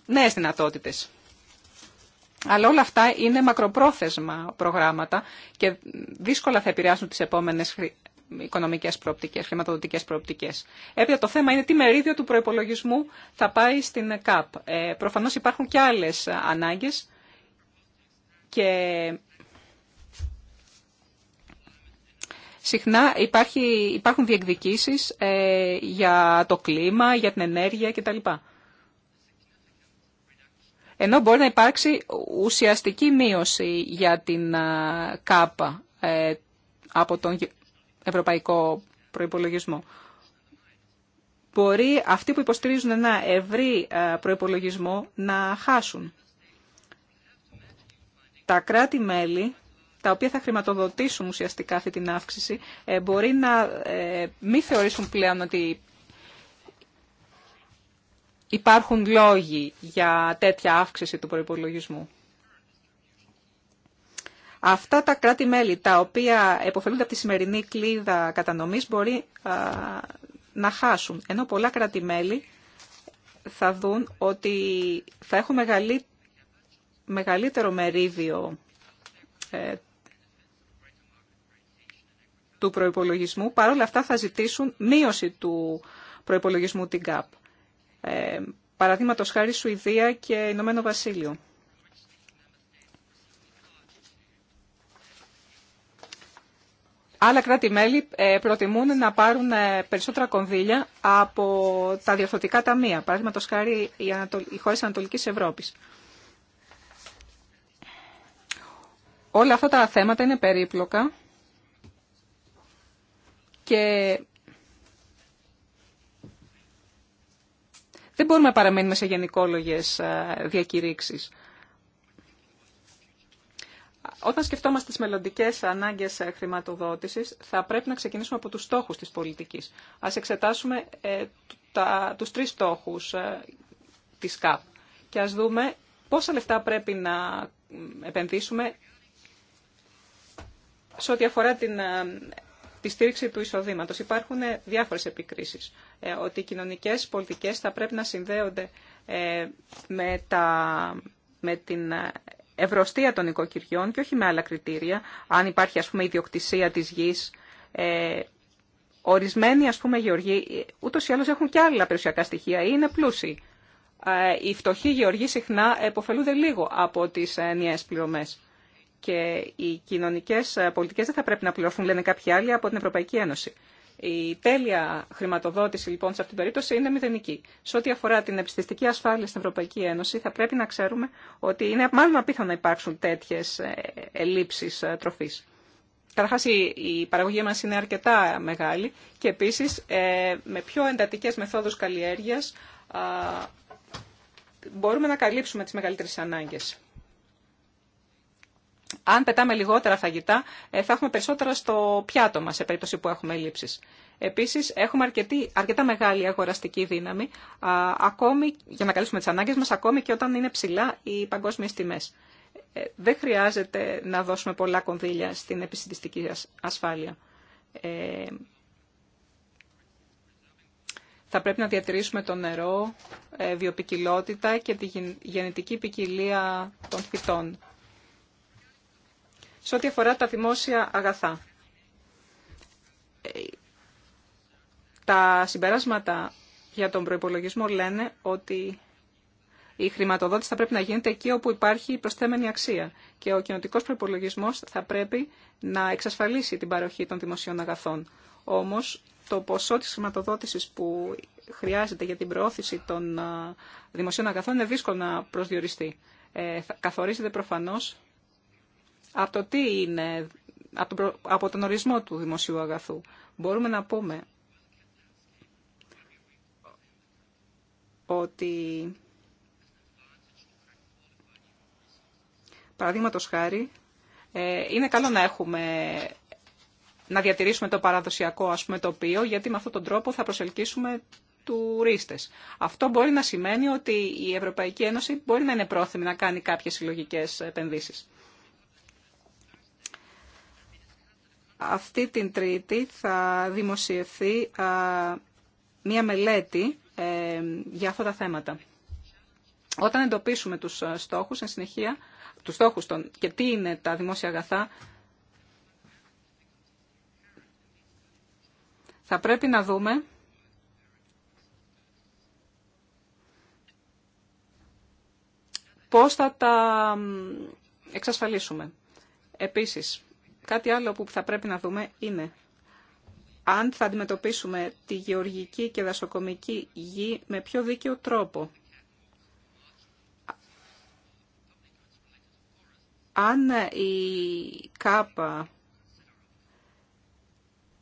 νέες δυνατότητες. Αλλά όλα αυτά είναι μακροπρόθεσμα προγράμματα και δύσκολα θα επηρεάσουν τις επόμενες οικονομικές προοπτικές, χρηματοδοτικές προοπτικές. Έπειτα το θέμα είναι τι μερίδιο του προϋπολογισμού θα πάει στην ΚΑΠ. Ε, προφανώς υπάρχουν και άλλες ανάγκες και συχνά υπάρχει, υπάρχουν διεκδικήσεις ε, για το κλίμα, για την ενέργεια κτλ ενώ μπορεί να υπάρξει ουσιαστική μείωση για την ΚΑΠΑ ε, από τον ευρωπαϊκό προϋπολογισμό. Μπορεί αυτοί που υποστηρίζουν ένα ευρύ προϋπολογισμό να χάσουν. Τα κράτη-μέλη, τα οποία θα χρηματοδοτήσουν ουσιαστικά αυτή την αύξηση, ε, μπορεί να ε, μην θεωρήσουν πλέον ότι υπάρχουν λόγοι για τέτοια αύξηση του προϋπολογισμού. Αυτά τα κράτη-μέλη τα οποία εποφελούνται από τη σημερινή κλίδα κατανομής μπορεί να χάσουν, ενώ πολλά κράτη-μέλη θα δουν ότι θα έχουν μεγαλύτερο μερίδιο ε, του προϋπολογισμού, παρόλα αυτά θα ζητήσουν μείωση του προϋπολογισμού την ΚΑΠ. Ε, παραδείγματος χάρη Σουηδία και Ηνωμένο Βασίλειο. Άλλα κράτη-μέλη ε, προτιμούν να πάρουν ε, περισσότερα κονδύλια από τα διορθωτικά ταμεία, παραδείγματος χάρη οι, Ανατολ... οι χώρες Ανατολικής Ευρώπης. Όλα αυτά τα θέματα είναι περίπλοκα και Δεν μπορούμε να παραμένουμε σε γενικόλογες ε, διακηρύξεις. Όταν σκεφτόμαστε τις μελλοντικέ ανάγκες ε, χρηματοδότησης, θα πρέπει να ξεκινήσουμε από τους στόχους της πολιτικής. Ας εξετάσουμε ε, τα, τους τρεις στόχους της ΚΑΠ και ας δούμε πόσα λεφτά πρέπει να επενδύσουμε σε ό,τι αφορά την τη στήριξη του εισοδήματος. Υπάρχουν ε, διάφορες επικρίσεις ε, ότι οι κοινωνικές πολιτικές θα πρέπει να συνδέονται ε, με, τα, με την ευρωστία των οικοκυριών και όχι με άλλα κριτήρια, αν υπάρχει ας πούμε ιδιοκτησία της γης. ορισμένοι ας πούμε γεωργοί ούτως ή άλλως έχουν και άλλα περιουσιακά στοιχεία ή είναι πλούσιοι. οι φτωχοί γεωργοί συχνά εποφελούνται λίγο από τις ενιαίες πληρωμές και οι κοινωνικέ ε, πολιτικέ δεν θα πρέπει να πληρωθούν, λένε κάποιοι άλλοι, από την Ευρωπαϊκή Ένωση. Η τέλεια χρηματοδότηση λοιπόν σε αυτήν την περίπτωση είναι μηδενική. Σε ό,τι αφορά την επιστηστική ασφάλεια στην Ευρωπαϊκή Ένωση, θα πρέπει να ξέρουμε ότι είναι μάλλον απίθανο να υπάρξουν τέτοιε ελλείψει ε, τροφή. Καταρχά, η παραγωγή μα είναι αρκετά μεγάλη και επίση ε, με πιο εντατικέ μεθόδου καλλιέργεια μπορούμε να καλύψουμε τι μεγαλύτερε ανάγκε αν πετάμε λιγότερα φαγητά, ε, θα έχουμε περισσότερα στο πιάτο μας, σε περίπτωση που έχουμε λήψει. Επίσης, έχουμε αρκετή, αρκετά μεγάλη αγοραστική δύναμη, α, ακόμη, για να καλύψουμε τι ανάγκε μα, ακόμη και όταν είναι ψηλά οι παγκόσμιες τιμές. Ε, δεν χρειάζεται να δώσουμε πολλά κονδύλια στην επιστημιστική ασφάλεια. Ε, θα πρέπει να διατηρήσουμε το νερό, βιοπικιλότητα και τη γενετική ποικιλία των φυτών σε ό,τι αφορά τα δημόσια αγαθά. Ε, τα συμπεράσματα για τον προϋπολογισμό λένε ότι η χρηματοδότηση θα πρέπει να γίνεται εκεί όπου υπάρχει προσθέμενη αξία και ο κοινοτικό προπολογισμό θα πρέπει να εξασφαλίσει την παροχή των δημοσίων αγαθών. Όμω, το ποσό τη χρηματοδότηση που χρειάζεται για την προώθηση των ε, δημοσίων αγαθών είναι δύσκολο να προσδιοριστεί. Ε, καθορίζεται προφανώ από, το τι είναι, από, τον, από τον ορισμό του δημοσίου αγαθού. Μπορούμε να πούμε ότι παραδείγματο χάρη ε, είναι καλό να έχουμε να διατηρήσουμε το παραδοσιακό ας πούμε, τοπίο, γιατί με αυτόν τον τρόπο θα προσελκύσουμε τουρίστες. Αυτό μπορεί να σημαίνει ότι η Ευρωπαϊκή Ένωση μπορεί να είναι πρόθυμη να κάνει κάποιες συλλογικέ επενδύσεις. αυτή την Τρίτη θα δημοσιευθεί μία μελέτη ε, για αυτά τα θέματα. Όταν εντοπίσουμε τους ε, στόχους, εν συνεχεία, τους στόχους και τι είναι τα δημόσια αγαθά, θα πρέπει να δούμε πώς θα τα εξασφαλίσουμε. Επίσης, Κάτι άλλο που θα πρέπει να δούμε είναι αν θα αντιμετωπίσουμε τη γεωργική και δασοκομική γη με πιο δίκαιο τρόπο. Αν η ΚΑΠΑ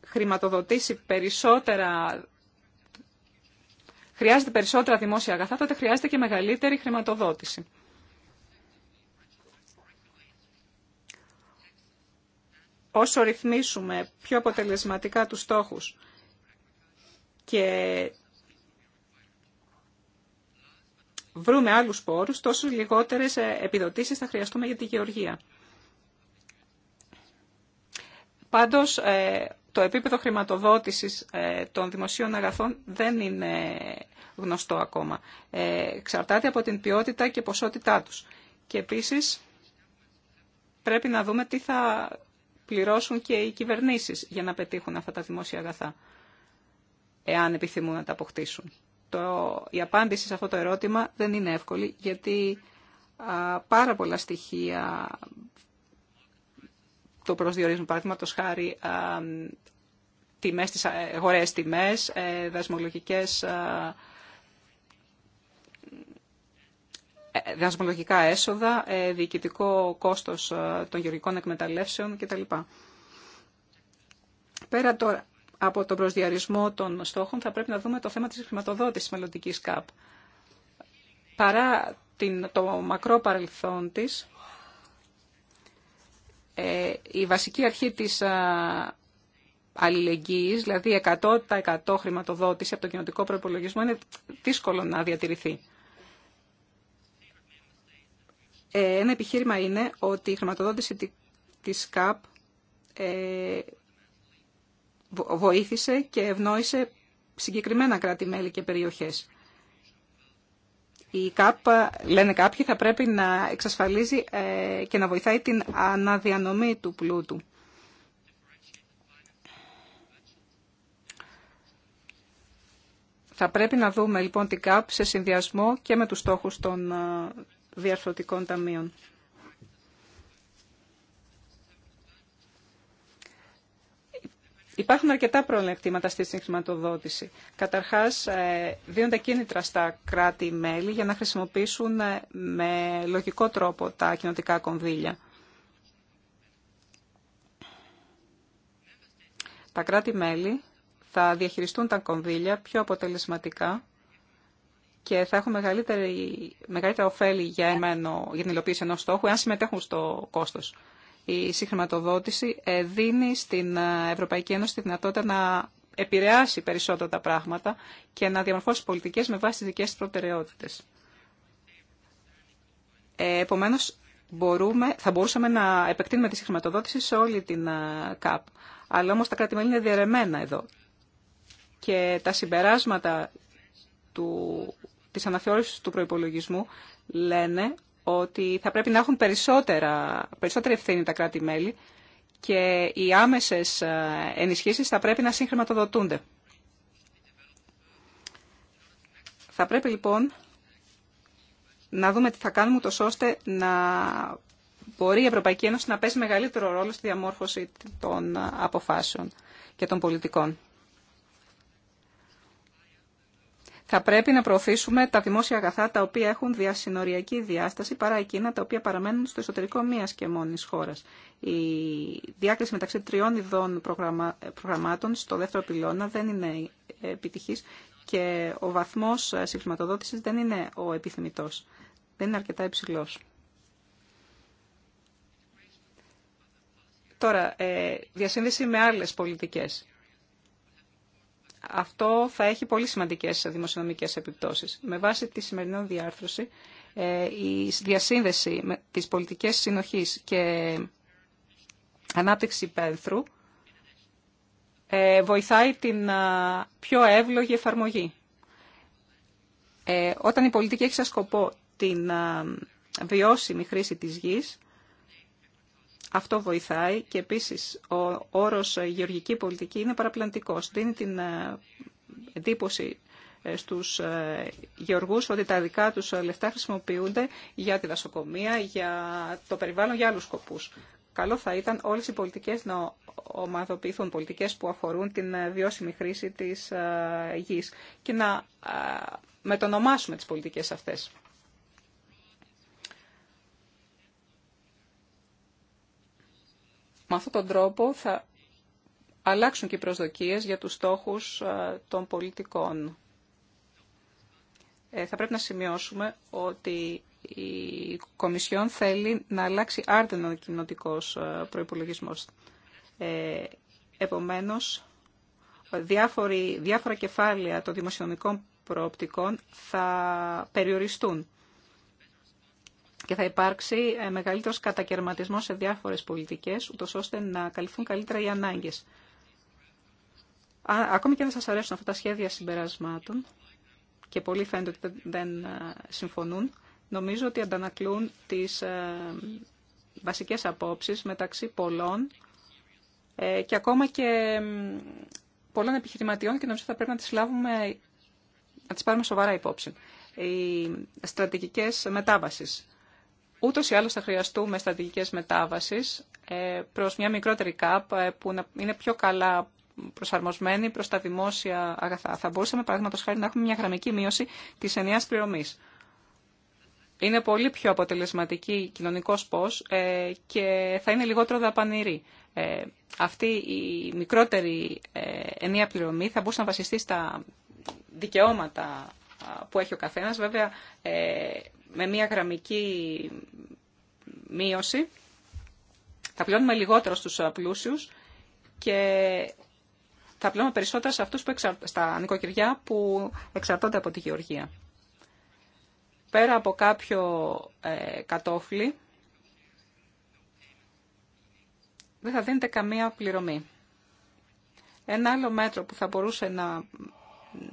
χρηματοδοτήσει περισσότερα, χρειάζεται περισσότερα δημόσια αγαθά, τότε χρειάζεται και μεγαλύτερη χρηματοδότηση. όσο ρυθμίσουμε πιο αποτελεσματικά τους στόχους και βρούμε άλλους πόρους, τόσο λιγότερες ε, επιδοτήσεις θα χρειαστούμε για τη γεωργία. Πάντως, ε, το επίπεδο χρηματοδότησης ε, των δημοσίων αγαθών δεν είναι γνωστό ακόμα. Εξαρτάται από την ποιότητα και ποσότητά τους. Και επίσης, πρέπει να δούμε τι θα πληρώσουν και οι κυβερνήσεις για να πετύχουν αυτά τα δημόσια αγαθά, εάν επιθυμούν να τα αποκτήσουν. Το, η απάντηση σε αυτό το ερώτημα δεν είναι εύκολη, γιατί πάρα πολλά στοιχεία το προσδιορίζουν, παραδείγματο χάρη α, τιμές, τις αγορές τιμές, ε, δασμολογικές Ε, ε, δασμολογικά έσοδα, ε, διοικητικό κόστος των γεωργικών εκμεταλλεύσεων κτλ. Πέρα τώρα από τον προσδιαρισμό των στόχων θα πρέπει να δούμε το θέμα της χρηματοδότησης μελλοντικής ΚΑΠ. Παρά την, το μακρό παρελθόν της, η βασική αρχή της αλληλεγγύης, δηλαδή 100% χρηματοδότηση από το κοινοτικό προπολογισμό, είναι δύσκολο να διατηρηθεί. Ε, ένα επιχείρημα είναι ότι η χρηματοδότηση της ΚΑΠ ε, βοήθησε και ευνόησε συγκεκριμένα κράτη-μέλη και περιοχές. Η ΚΑΠ, λένε κάποιοι, θα πρέπει να εξασφαλίζει ε, και να βοηθάει την αναδιανομή του πλούτου. Θα πρέπει να δούμε λοιπόν την ΚΑΠ σε συνδυασμό και με τους στόχους των διαρθρωτικών ταμείων. Υπάρχουν αρκετά προνεκτήματα στη συγχρηματοδότηση. Καταρχάς, ε, δίνονται κίνητρα στα κράτη-μέλη για να χρησιμοποιήσουν ε, με λογικό τρόπο τα κοινοτικά κονδύλια. Τα κράτη-μέλη θα διαχειριστούν τα κονδύλια πιο αποτελεσματικά και θα έχουν μεγαλύτερη ωφέλη για, εμένο, για την υλοποίηση ενός στόχου αν συμμετέχουν στο κόστος. Η συγχρηματοδότηση ε, δίνει στην ε, Ευρωπαϊκή Ένωση τη δυνατότητα να επηρεάσει περισσότερα τα πράγματα και να διαμορφώσει πολιτικές με βάση τις δικές της προτεραιότητες. Ε, επομένως, μπορούμε, θα μπορούσαμε να επεκτείνουμε τη συγχρηματοδότηση σε όλη την ΚΑΠ. Αλλά όμως τα κράτη-μέλη είναι διαιρεμένα εδώ. Και τα συμπεράσματα του, της του προϋπολογισμού λένε ότι θα πρέπει να έχουν περισσότερα, περισσότερη ευθύνη τα κράτη-μέλη και οι άμεσες ε, ενισχύσεις θα πρέπει να συγχρηματοδοτούνται. Θα πρέπει λοιπόν να δούμε τι θα κάνουμε τόσο ώστε να μπορεί η Ευρωπαϊκή Ένωση να παίζει μεγαλύτερο ρόλο στη διαμόρφωση των ε, αποφάσεων και των πολιτικών. Θα πρέπει να προωθήσουμε τα δημόσια αγαθά τα οποία έχουν διασυνοριακή διάσταση παρά εκείνα τα οποία παραμένουν στο εσωτερικό μία και μόνη χώρα. Η διάκριση μεταξύ τριών ειδών προγραμμάτων στο δεύτερο πυλώνα δεν είναι επιτυχή και ο βαθμό ε, συγχρηματοδότηση δεν είναι ο επιθυμητό. Δεν είναι αρκετά υψηλό. Τώρα, ε, διασύνδεση με άλλες πολιτικές αυτό θα έχει πολύ σημαντικές δημοσιονομικές επιπτώσεις. Με βάση τη σημερινή διάρθρωση, ε, η διασύνδεση της πολιτικής συνοχής και ανάπτυξη πένθρου ε, βοηθάει την πιο εύλογη εφαρμογή. Ε, όταν η πολιτική έχει σαν σκοπό την βιώσιμη χρήση της γης, αυτό βοηθάει και επίσης ο όρος γεωργική πολιτική είναι παραπλανητικός. Δίνει την ε, εντύπωση ε, στους ε, γεωργούς ότι τα δικά τους λεφτά χρησιμοποιούνται για τη δασοκομεία, για το περιβάλλον, για άλλους σκοπούς. Καλό θα ήταν όλες οι πολιτικές να ομαδοποιηθούν, πολιτικές που αφορούν την βιώσιμη χρήση της γης και να μετονομάσουμε τις πολιτικές αυτές. Με αυτόν τον τρόπο θα αλλάξουν και οι προσδοκίες για τους στόχους ε, των πολιτικών. Ε, θα πρέπει να σημειώσουμε ότι η Κομισιόν θέλει να αλλάξει άρτενο ο κοινωτικός ε, προϋπολογισμός. Ε, επομένως, διάφοροι, διάφορα κεφάλαια των δημοσιονομικών προοπτικών θα περιοριστούν και θα υπάρξει ε, μεγαλύτερος κατακαιρματισμός σε διάφορες πολιτικές, ούτως ώστε να καλυφθούν καλύτερα οι ανάγκες. Ακόμη και αν σας αρέσουν αυτά τα σχέδια συμπερασμάτων και πολλοί φαίνεται ότι δεν ε, συμφωνούν, νομίζω ότι αντανακλούν τις ε, βασικές απόψεις μεταξύ πολλών και ακόμα και πολλών επιχειρηματιών και νομίζω θα πρέπει να τις, λάβουμε, να τις πάρουμε σοβαρά υπόψη. Οι στρατηγικές μετάβασεις Ούτως ή άλλως θα χρειαστούμε στρατηγικές μετάβασεις ε, προς μια μικρότερη ΚΑΠ ε, που είναι πιο καλά προσαρμοσμένη προς τα δημόσια αγαθά. Θα μπορούσαμε, παράδειγμα, χάρη, να έχουμε μια γραμμική μείωση της ενιαίας πληρωμής. Είναι πολύ πιο αποτελεσματική κοινωνικός πώς ε, και θα είναι λιγότερο δαπανηρή. Αυτή η μικρότερη ενιαία πληρωμή θα μπορούσε να βασιστεί στα δικαιώματα που έχει ο καθένας. Βέβαια, με μια γραμμική μείωση. Θα πληρώνουμε λιγότερο στους απλούσιους ε, και θα πληρώνουμε περισσότερα σε αυτούς που εξαρ... στα νοικοκυριά που εξαρτώνται από τη γεωργία. Πέρα από κάποιο ε, κατόφλι, δεν θα δίνεται καμία πληρωμή. Ένα άλλο μέτρο που θα μπορούσε να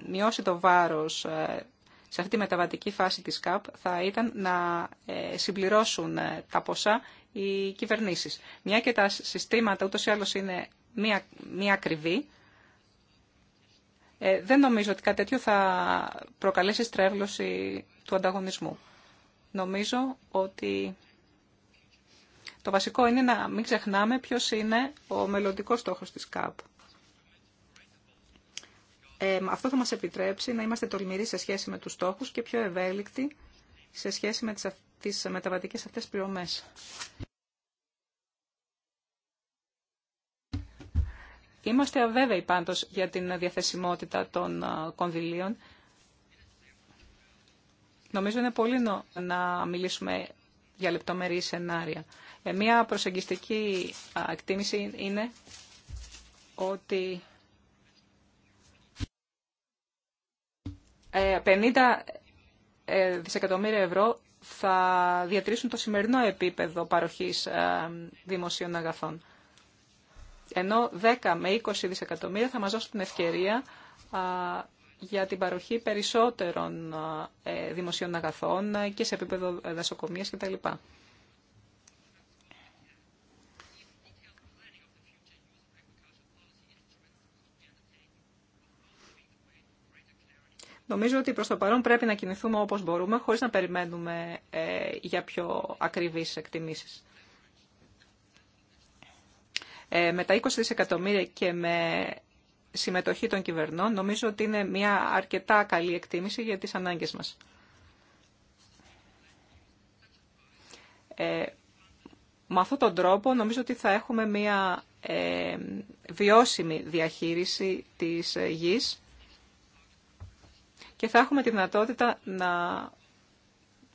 μειώσει το βάρος ε, σε αυτή τη μεταβατική φάση της ΚΑΠ θα ήταν να ε, συμπληρώσουν ε, τα ποσά οι κυβερνήσεις. Μια και τα συστήματα ούτως ή άλλως είναι μία, μία ακριβή, ε, δεν νομίζω ότι κάτι τέτοιο θα προκαλέσει στρέβλωση του ανταγωνισμού. Νομίζω ότι το βασικό είναι να μην ξεχνάμε ποιος είναι ο μελλοντικός στόχος της ΚΑΠ αυτό θα μας επιτρέψει να είμαστε τολμηροί σε σχέση με τους στόχους και πιο ευέλικτοι σε σχέση με τις, τις μεταβατικές αυτές πληρωμές. Είμαστε αβέβαιοι πάντως για την διαθεσιμότητα των ε, κονδυλίων. Νομίζω είναι πολύ να μιλήσουμε για λεπτομερή σενάρια. Ε, μία προσεγγιστική εκτίμηση είναι ότι 50 ε, ε, δισεκατομμύρια ευρώ θα διατηρήσουν το σημερινό επίπεδο παροχής ε, δημοσίων αγαθών. Ενώ 10 με 20 δισεκατομμύρια θα μας δώσουν την ευκαιρία για την παροχή περισσότερων δημοσίων αγαθών και σε επίπεδο δασοκομείας κτλ. Νομίζω ότι προς το παρόν πρέπει να κινηθούμε όπως μπορούμε, χωρίς να περιμένουμε ε, για πιο ακριβείς εκτιμήσεις. Ε, με τα 20 δισεκατομμύρια και με συμμετοχή των κυβερνών, νομίζω ότι είναι μια αρκετά καλή εκτίμηση για τις ανάγκες μας. Ε, με αυτόν τον τρόπο νομίζω ότι θα έχουμε μια ε, βιώσιμη διαχείριση της γης και θα έχουμε τη δυνατότητα να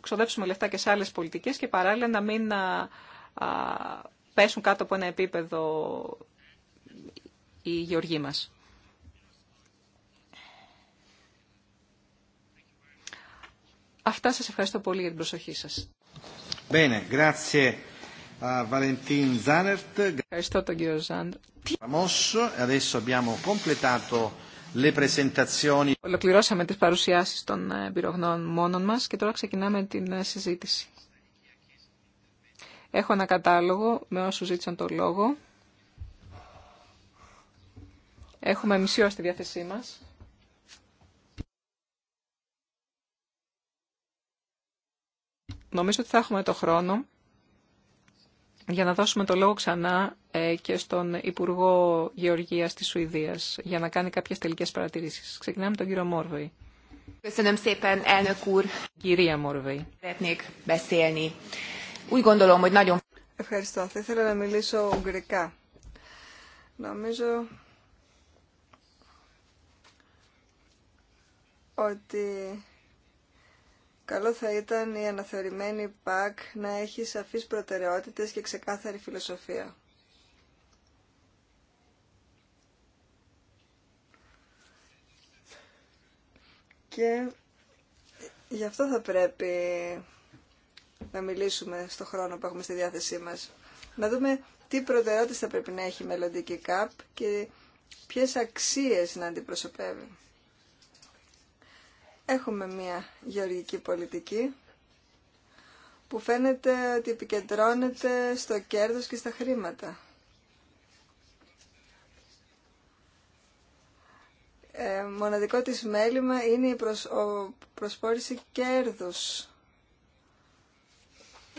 ξοδέψουμε λεφτά και σε άλλες πολιτικές και παράλληλα να μην πέσουν κάτω από ένα επίπεδο οι γεωργοί μας. Αυτά σας ευχαριστώ πολύ για την προσοχή σας. Bene, grazie. Valentin Zanert. Ευχαριστώ τον Ολοκληρώσαμε τις παρουσιάσεις των ε, πυρογνών μόνων μας και τώρα ξεκινάμε την ε, συζήτηση. Έχω ένα κατάλογο με όσους ζήτησαν το λόγο. Έχουμε μισή ώρα στη διάθεσή μας. Νομίζω ότι θα έχουμε το χρόνο για να δώσουμε το λόγο ξανά ε, και στον Υπουργό Γεωργίας της Σουηδίας για να κάνει κάποιες τελικές παρατηρήσεις. Ξεκινάμε τον κύριο Μόρβεϊ. Κυρία Μόρβεϊ. Ευχαριστώ. Θα ήθελα να μιλήσω ουγγρικά. Νομίζω ότι Καλό θα ήταν η αναθεωρημένη ΠΑΚ να έχει σαφείς προτεραιότητες και ξεκάθαρη φιλοσοφία. Και γι' αυτό θα πρέπει να μιλήσουμε στο χρόνο που έχουμε στη διάθεσή μας. Να δούμε τι προτεραιότητες θα πρέπει να έχει η μελλοντική ΚΑΠ και ποιες αξίες να αντιπροσωπεύει. Έχουμε μια γεωργική πολιτική που φαίνεται ότι επικεντρώνεται στο κέρδος και στα χρήματα. Ε, μοναδικό της μέλημα είναι η ο, προσπόρηση κέρδους.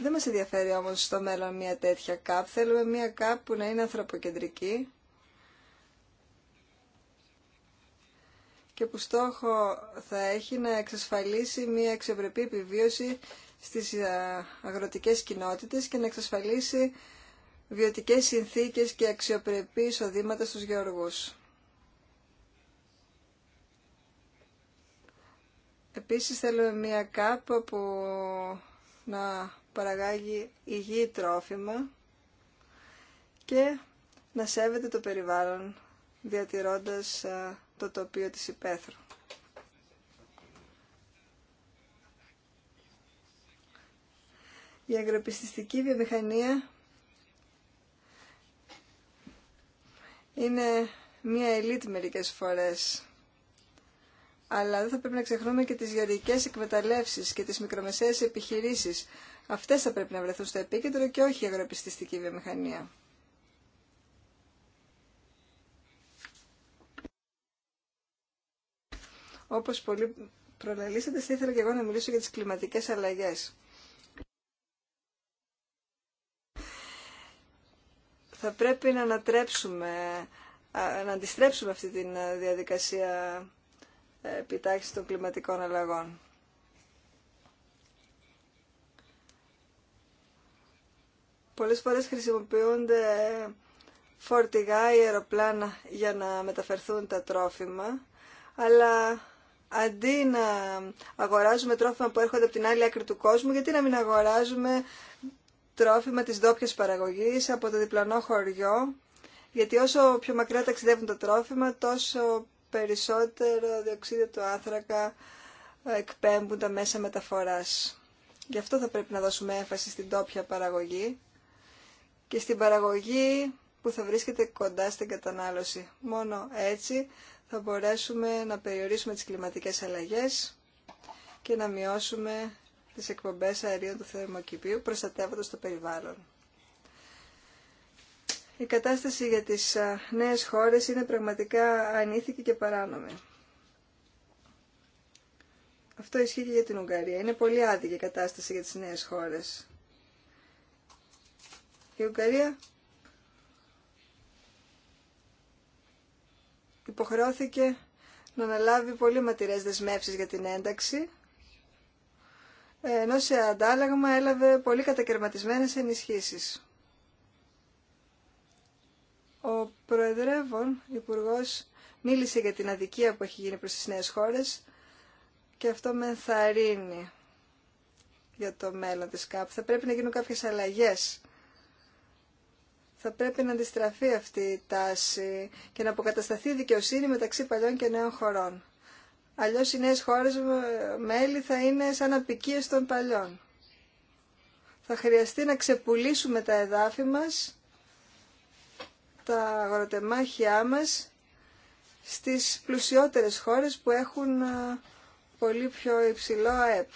Δεν μας ενδιαφέρει όμως στο μέλλον μια τέτοια ΚΑΠ. Θέλουμε μια ΚΑΠ που να είναι ανθρωποκεντρική και που στόχο θα έχει να εξασφαλίσει μια εξευρεπή επιβίωση στις ε, αγροτικές κοινότητες και να εξασφαλίσει βιωτικές συνθήκες και αξιοπρεπή εισοδήματα στους γεωργούς. Επίσης θέλουμε μια ΚΑΠ που να παραγάγει υγιή τρόφιμα και να σέβεται το περιβάλλον διατηρώντας ε, το τοπίο της υπαίθρου. Η αγροπιστιστική βιομηχανία είναι μία ελίτ μερικές φορές. Αλλά δεν θα πρέπει να ξεχνούμε και τις γεωργικές εκμεταλλεύσεις και τις μικρομεσαίες επιχειρήσεις. Αυτές θα πρέπει να βρεθούν στο επίκεντρο και όχι η αγροπιστιστική βιομηχανία. Όπως πολύ προλαλήσατε, θα ήθελα και εγώ να μιλήσω για τις κλιματικές αλλαγές. Θα πρέπει να ανατρέψουμε, να αντιστρέψουμε αυτή τη διαδικασία ε, επιτάξεις των κλιματικών αλλαγών. Πολλές φορές χρησιμοποιούνται φορτηγά ή αεροπλάνα για να μεταφερθούν τα τρόφιμα, αλλά αντί να αγοράζουμε τρόφιμα που έρχονται από την άλλη άκρη του κόσμου, γιατί να μην αγοράζουμε τρόφιμα της ντόπια παραγωγής από το διπλανό χωριό, γιατί όσο πιο μακριά ταξιδεύουν τα τρόφιμα, τόσο περισσότερο διοξίδιο του άνθρακα εκπέμπουν τα μέσα μεταφοράς. Γι' αυτό θα πρέπει να δώσουμε έμφαση στην τόπια παραγωγή και στην παραγωγή που θα βρίσκεται κοντά στην κατανάλωση. Μόνο έτσι θα μπορέσουμε να περιορίσουμε τις κλιματικές αλλαγές και να μειώσουμε τις εκπομπές αερίων του θερμοκηπίου προστατεύοντας το περιβάλλον. Η κατάσταση για τις νέες χώρες είναι πραγματικά ανήθικη και παράνομη. Αυτό ισχύει και για την Ουγγαρία. Είναι πολύ άδικη η κατάσταση για τις νέες χώρες. Η Ουγγαρία υποχρεώθηκε να αναλάβει πολύ ματηρές δεσμεύσεις για την ένταξη, ενώ σε αντάλλαγμα έλαβε πολύ κατακαιρματισμένες ενισχύσεις. Ο Προεδρεύων υπουργό μίλησε για την αδικία που έχει γίνει προς τις νέες χώρες και αυτό με ενθαρρύνει για το μέλλον της ΚΑΠ. Θα πρέπει να γίνουν κάποιες αλλαγές θα πρέπει να αντιστραφεί αυτή η τάση και να αποκατασταθεί η δικαιοσύνη μεταξύ παλιών και νέων χωρών. Αλλιώς οι νέες χώρες ε, μέλη θα είναι σαν απικίες των παλιών. Θα χρειαστεί να ξεπουλήσουμε τα εδάφη μας, τα αγροτεμάχια μας, στις πλουσιότερες χώρες που έχουν ε, πολύ πιο υψηλό ΑΕΠ.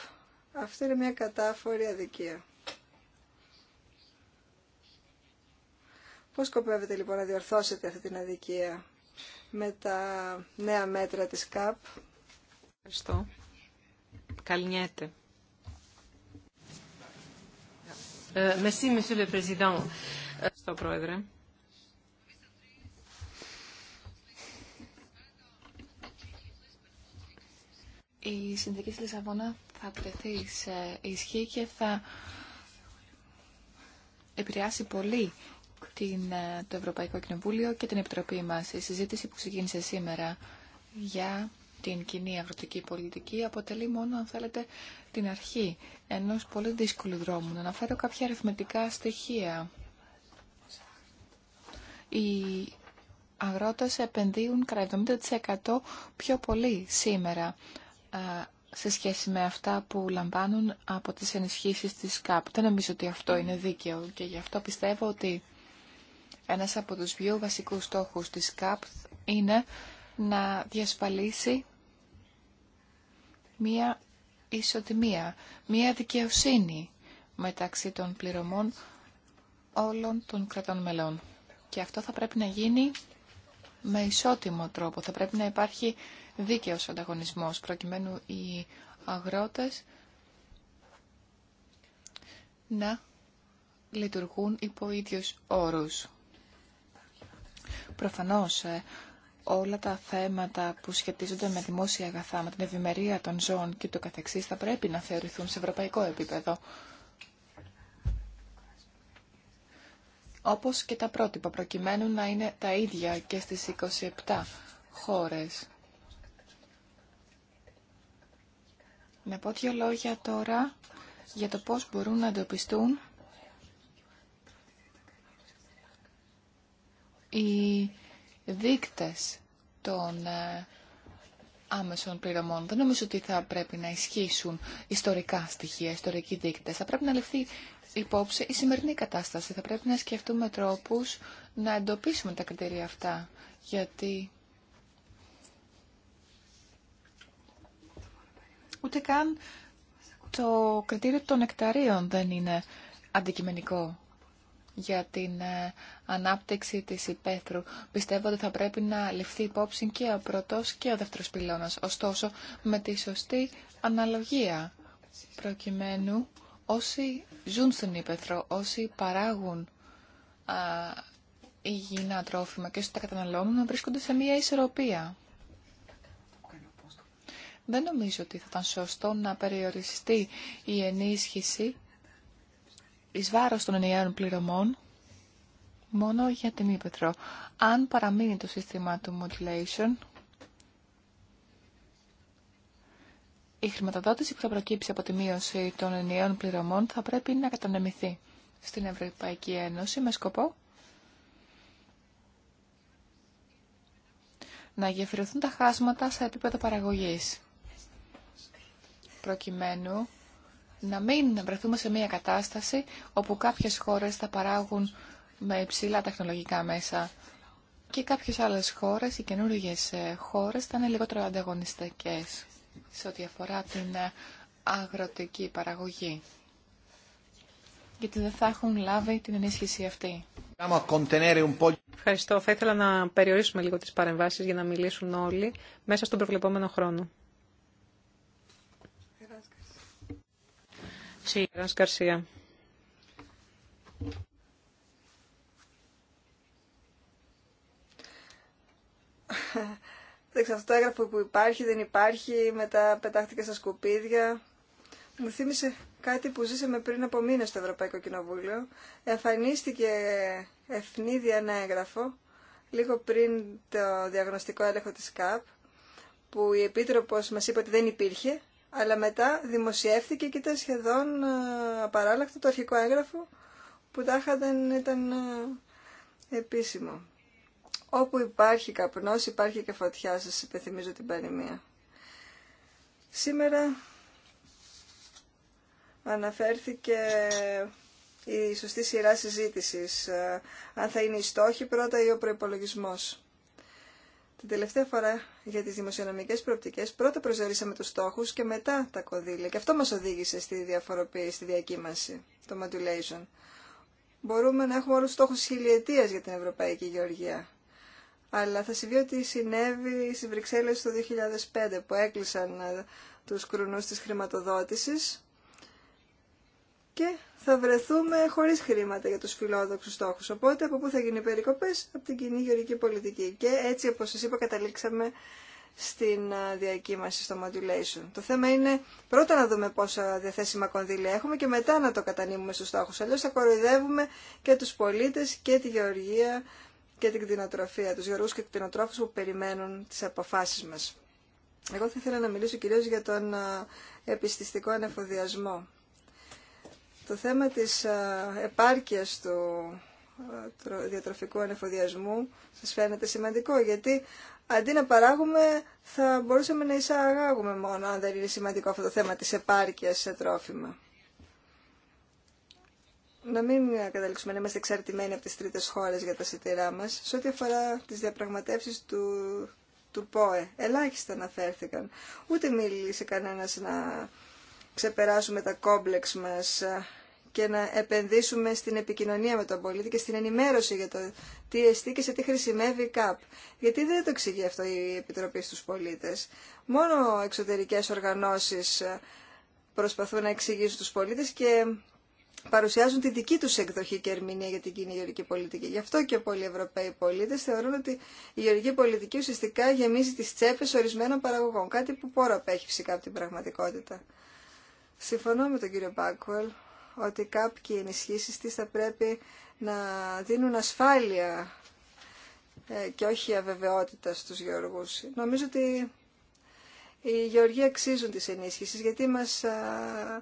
Αυτή είναι μια κατάφορη αδικία. Πώς σκοπεύετε λοιπόν να διορθώσετε αυτή την αδικία με τα νέα μέτρα της ΚΑΠ. Ευχαριστώ. Καλνιέται. Ε, merci, Monsieur le Président. Ευχαριστώ, Πρόεδρε. Η συνθήκη της Λισαβόνα θα τεθεί σε ισχύ και θα επηρεάσει πολύ την, ε, το Ευρωπαϊκό Κοινοβούλιο και την Επιτροπή μας. Η συζήτηση που ξεκίνησε σήμερα για την κοινή αγροτική πολιτική αποτελεί μόνο, αν θέλετε, την αρχή ενός πολύ δύσκολου δρόμου. Να αναφέρω κάποια αριθμητικά στοιχεία. Οι αγρότες επενδύουν κατά 70% πιο πολύ σήμερα ε, σε σχέση με αυτά που λαμβάνουν από τις ενισχύσεις της ΚΑΠ. Δεν νομίζω ότι αυτό είναι δίκαιο και γι' αυτό πιστεύω ότι ένας από τους δύο βασικούς στόχους της ΚΑΠΘ είναι να διασφαλίσει μία ισοτιμία, μία δικαιοσύνη μεταξύ των πληρωμών όλων των κρατών μελών. Και αυτό θα πρέπει να γίνει με ισότιμο τρόπο. Θα πρέπει να υπάρχει δίκαιος ανταγωνισμός, προκειμένου οι αγρότες να λειτουργούν υπό ίδιους όρους. Προφανώς ε, όλα τα θέματα που σχετίζονται με δημόσια αγαθά, με την ευημερία των ζώων και το καθεξής θα πρέπει να θεωρηθούν σε ευρωπαϊκό επίπεδο. Όπως και τα πρότυπα προκειμένου να είναι τα ίδια και στις 27 χώρες. Να πω δύο λόγια τώρα για το πώς μπορούν να εντοπιστούν οι δείκτες των ε, άμεσων πληρωμών. Δεν νομίζω ότι θα πρέπει να ισχύσουν ιστορικά στοιχεία, ιστορικοί δείκτες. Θα πρέπει να ληφθεί υπόψη η σημερινή κατάσταση. Θα πρέπει να σκεφτούμε τρόπους να εντοπίσουμε τα κριτήρια αυτά. Γιατί ούτε καν το κριτήριο των εκταρίων δεν είναι αντικειμενικό για την ε, ανάπτυξη της υπαίθρου. Πιστεύω ότι θα πρέπει να ληφθεί υπόψη και ο πρώτος και ο δεύτερος πυλώνας, ωστόσο με τη σωστή αναλογία, προκειμένου όσοι ζουν στην υπαίθρο, όσοι παράγουν α, υγιεινά τρόφιμα και όσοι τα καταναλώνουν, να βρίσκονται σε μια ισορροπία. Δεν νομίζω ότι θα ήταν σωστό να περιοριστεί η ενίσχυση εις βάρος των ενιαίων πληρωμών μόνο για την Αν παραμείνει το σύστημα του modulation, η χρηματοδότηση που θα προκύψει από τη μείωση των ενιαίων πληρωμών θα πρέπει να κατανεμηθεί στην Ευρωπαϊκή Ένωση με σκοπό να γεφυρωθούν τα χάσματα σε επίπεδο παραγωγής προκειμένου να μην βρεθούμε σε μια κατάσταση όπου κάποιες χώρες θα παράγουν με υψηλά τεχνολογικά μέσα και κάποιες άλλες χώρες, οι καινούργιες ε, χώρες, θα είναι λιγότερο ανταγωνιστικές σε ό,τι αφορά την ε, αγροτική παραγωγή. Γιατί δεν θα έχουν λάβει την ενίσχυση αυτή. Ευχαριστώ. Θα ήθελα να περιορίσουμε λίγο τις παρεμβάσεις για να μιλήσουν όλοι μέσα στον προβλεπόμενο χρόνο. Sí. García. Δεν αυτό το έγγραφο που υπάρχει, δεν υπάρχει, μετά πετάχτηκε στα σκουπίδια. Μου θύμισε κάτι που ζήσαμε πριν από μήνε στο Ευρωπαϊκό Κοινοβούλιο. Εμφανίστηκε ευνίδια ένα έγγραφο, λίγο πριν το διαγνωστικό έλεγχο της ΚΑΠ, που η Επίτροπος μας είπε ότι δεν υπήρχε αλλά μετά δημοσιεύθηκε και ήταν σχεδόν ε, απαράλλακτο το αρχικό έγγραφο που τάχα δεν ήταν ε, επίσημο. Όπου υπάρχει καπνός υπάρχει και φωτιά, σας υπενθυμίζω την πανημία. Σήμερα αναφέρθηκε η σωστή σειρά συζήτησης, ε, αν θα είναι η στόχη πρώτα ή ο προϋπολογισμός. Την τελευταία φορά για τις δημοσιονομικές προοπτικές πρώτα προσδιορίσαμε τους στόχους και μετά τα κονδύλια. Και αυτό μας οδήγησε στη διαφοροποίηση, στη διακύμανση, το modulation. Μπορούμε να έχουμε όλους τους στόχους χιλιετίας για την Ευρωπαϊκή Γεωργία. Αλλά θα συμβεί ότι συνέβη στις Βρυξέλλες το 2005 που έκλεισαν ε, τους κρουνούς της χρηματοδότησης και θα βρεθούμε χωρίς χρήματα για τους φιλόδοξους στόχους. Οπότε από πού θα γίνει οι περικοπές, από την κοινή γεωργική πολιτική. Και έτσι, όπως σας είπα, καταλήξαμε στην διακύμαση, στο modulation. Το θέμα είναι πρώτα να δούμε πόσα διαθέσιμα κονδύλια έχουμε και μετά να το κατανείμουμε στους στόχους. Αλλιώς θα κοροϊδεύουμε και τους πολίτες και τη γεωργία και την κτηνοτροφία, τους γεωργούς και κτηνοτρόφους που περιμένουν τις αποφάσεις μας. Εγώ θα ήθελα να μιλήσω κυρίως για τον επιστηστικό ανεφοδιασμό. Το θέμα της επάρκειας του διατροφικού ανεφοδιασμού σας φαίνεται σημαντικό, γιατί αντί να παράγουμε θα μπορούσαμε να εισαγάγουμε μόνο, αν δεν είναι σημαντικό αυτό το θέμα της επάρκειας σε τρόφιμα. Να μην καταλήξουμε να είμαστε εξαρτημένοι από τις τρίτες χώρες για τα σιτηρά μας. Σε ό,τι αφορά τις διαπραγματεύσεις του, του ΠΟΕ, ελάχιστα αναφέρθηκαν. Ούτε μίλησε κανένας να ξεπεράσουμε τα κόμπλεξ μας και να επενδύσουμε στην επικοινωνία με τον πολίτη και στην ενημέρωση για το τι εστί και σε τι χρησιμεύει η ΚΑΠ. Γιατί δεν το εξηγεί αυτό η Επιτροπή στους πολίτες. Μόνο εξωτερικές οργανώσεις ε, προσπαθούν να εξηγήσουν τους πολίτες και παρουσιάζουν τη δική τους εκδοχή και ερμηνεία για την κοινή γεωργική πολιτική. Γι' αυτό και πολλοί Ευρωπαίοι πολίτες θεωρούν ότι η γεωργική πολιτική ουσιαστικά γεμίζει τις τσέπες ορισμένων παραγωγών, κάτι που πόρο απέχει φυσικά από την πραγματικότητα. Συμφωνώ με τον κύριο Μπάκουελ ότι κάποιοι ενισχύσει της θα πρέπει να δίνουν ασφάλεια ε, και όχι αβεβαιότητα στους γεωργούς. Νομίζω ότι οι γεωργοί αξίζουν τις ενίσχυσεις γιατί μας ε,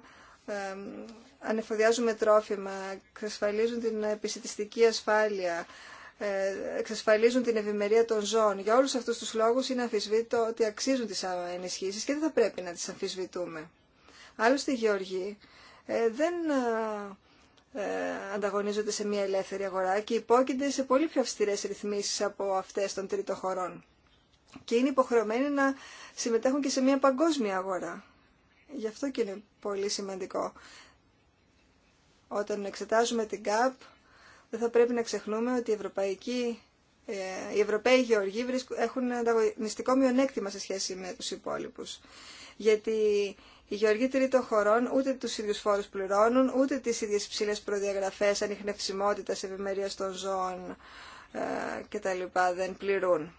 ανεφοδιάζουν με τρόφιμα, εξασφαλίζουν την επιστημιστική ασφάλεια, ε, εξασφαλίζουν την ευημερία των ζώων. Για όλους αυτούς τους λόγους είναι αμφισβήτο ότι αξίζουν τις ενισχύσεις και δεν θα πρέπει να τις αμφισβητούμε. Άλλωστε οι γεωργοί ε, δεν ε, ε, ανταγωνίζονται σε μια ελεύθερη αγορά και υπόκεινται σε πολύ πιο αυστηρές ρυθμίσεις από αυτές των τρίτων χωρών. Και είναι υποχρεωμένοι να συμμετέχουν και σε μια παγκόσμια αγορά. Γι' αυτό και είναι πολύ σημαντικό. Όταν εξετάζουμε την ΚΑΠ, δεν θα πρέπει να ξεχνούμε ότι Ευρωπαϊκή οι Ευρωπαίοι γεωργοί έχουν ανταγωνιστικό μειονέκτημα σε σχέση με τους υπόλοιπους. Γιατί οι γεωργοί τρίτων χωρών ούτε του ίδιου φόρου πληρώνουν, ούτε τι ίδιε υψηλέ προδιαγραφέ ανιχνευσιμότητα, ευημερία των ζώων ε, κτλ. δεν πληρούν.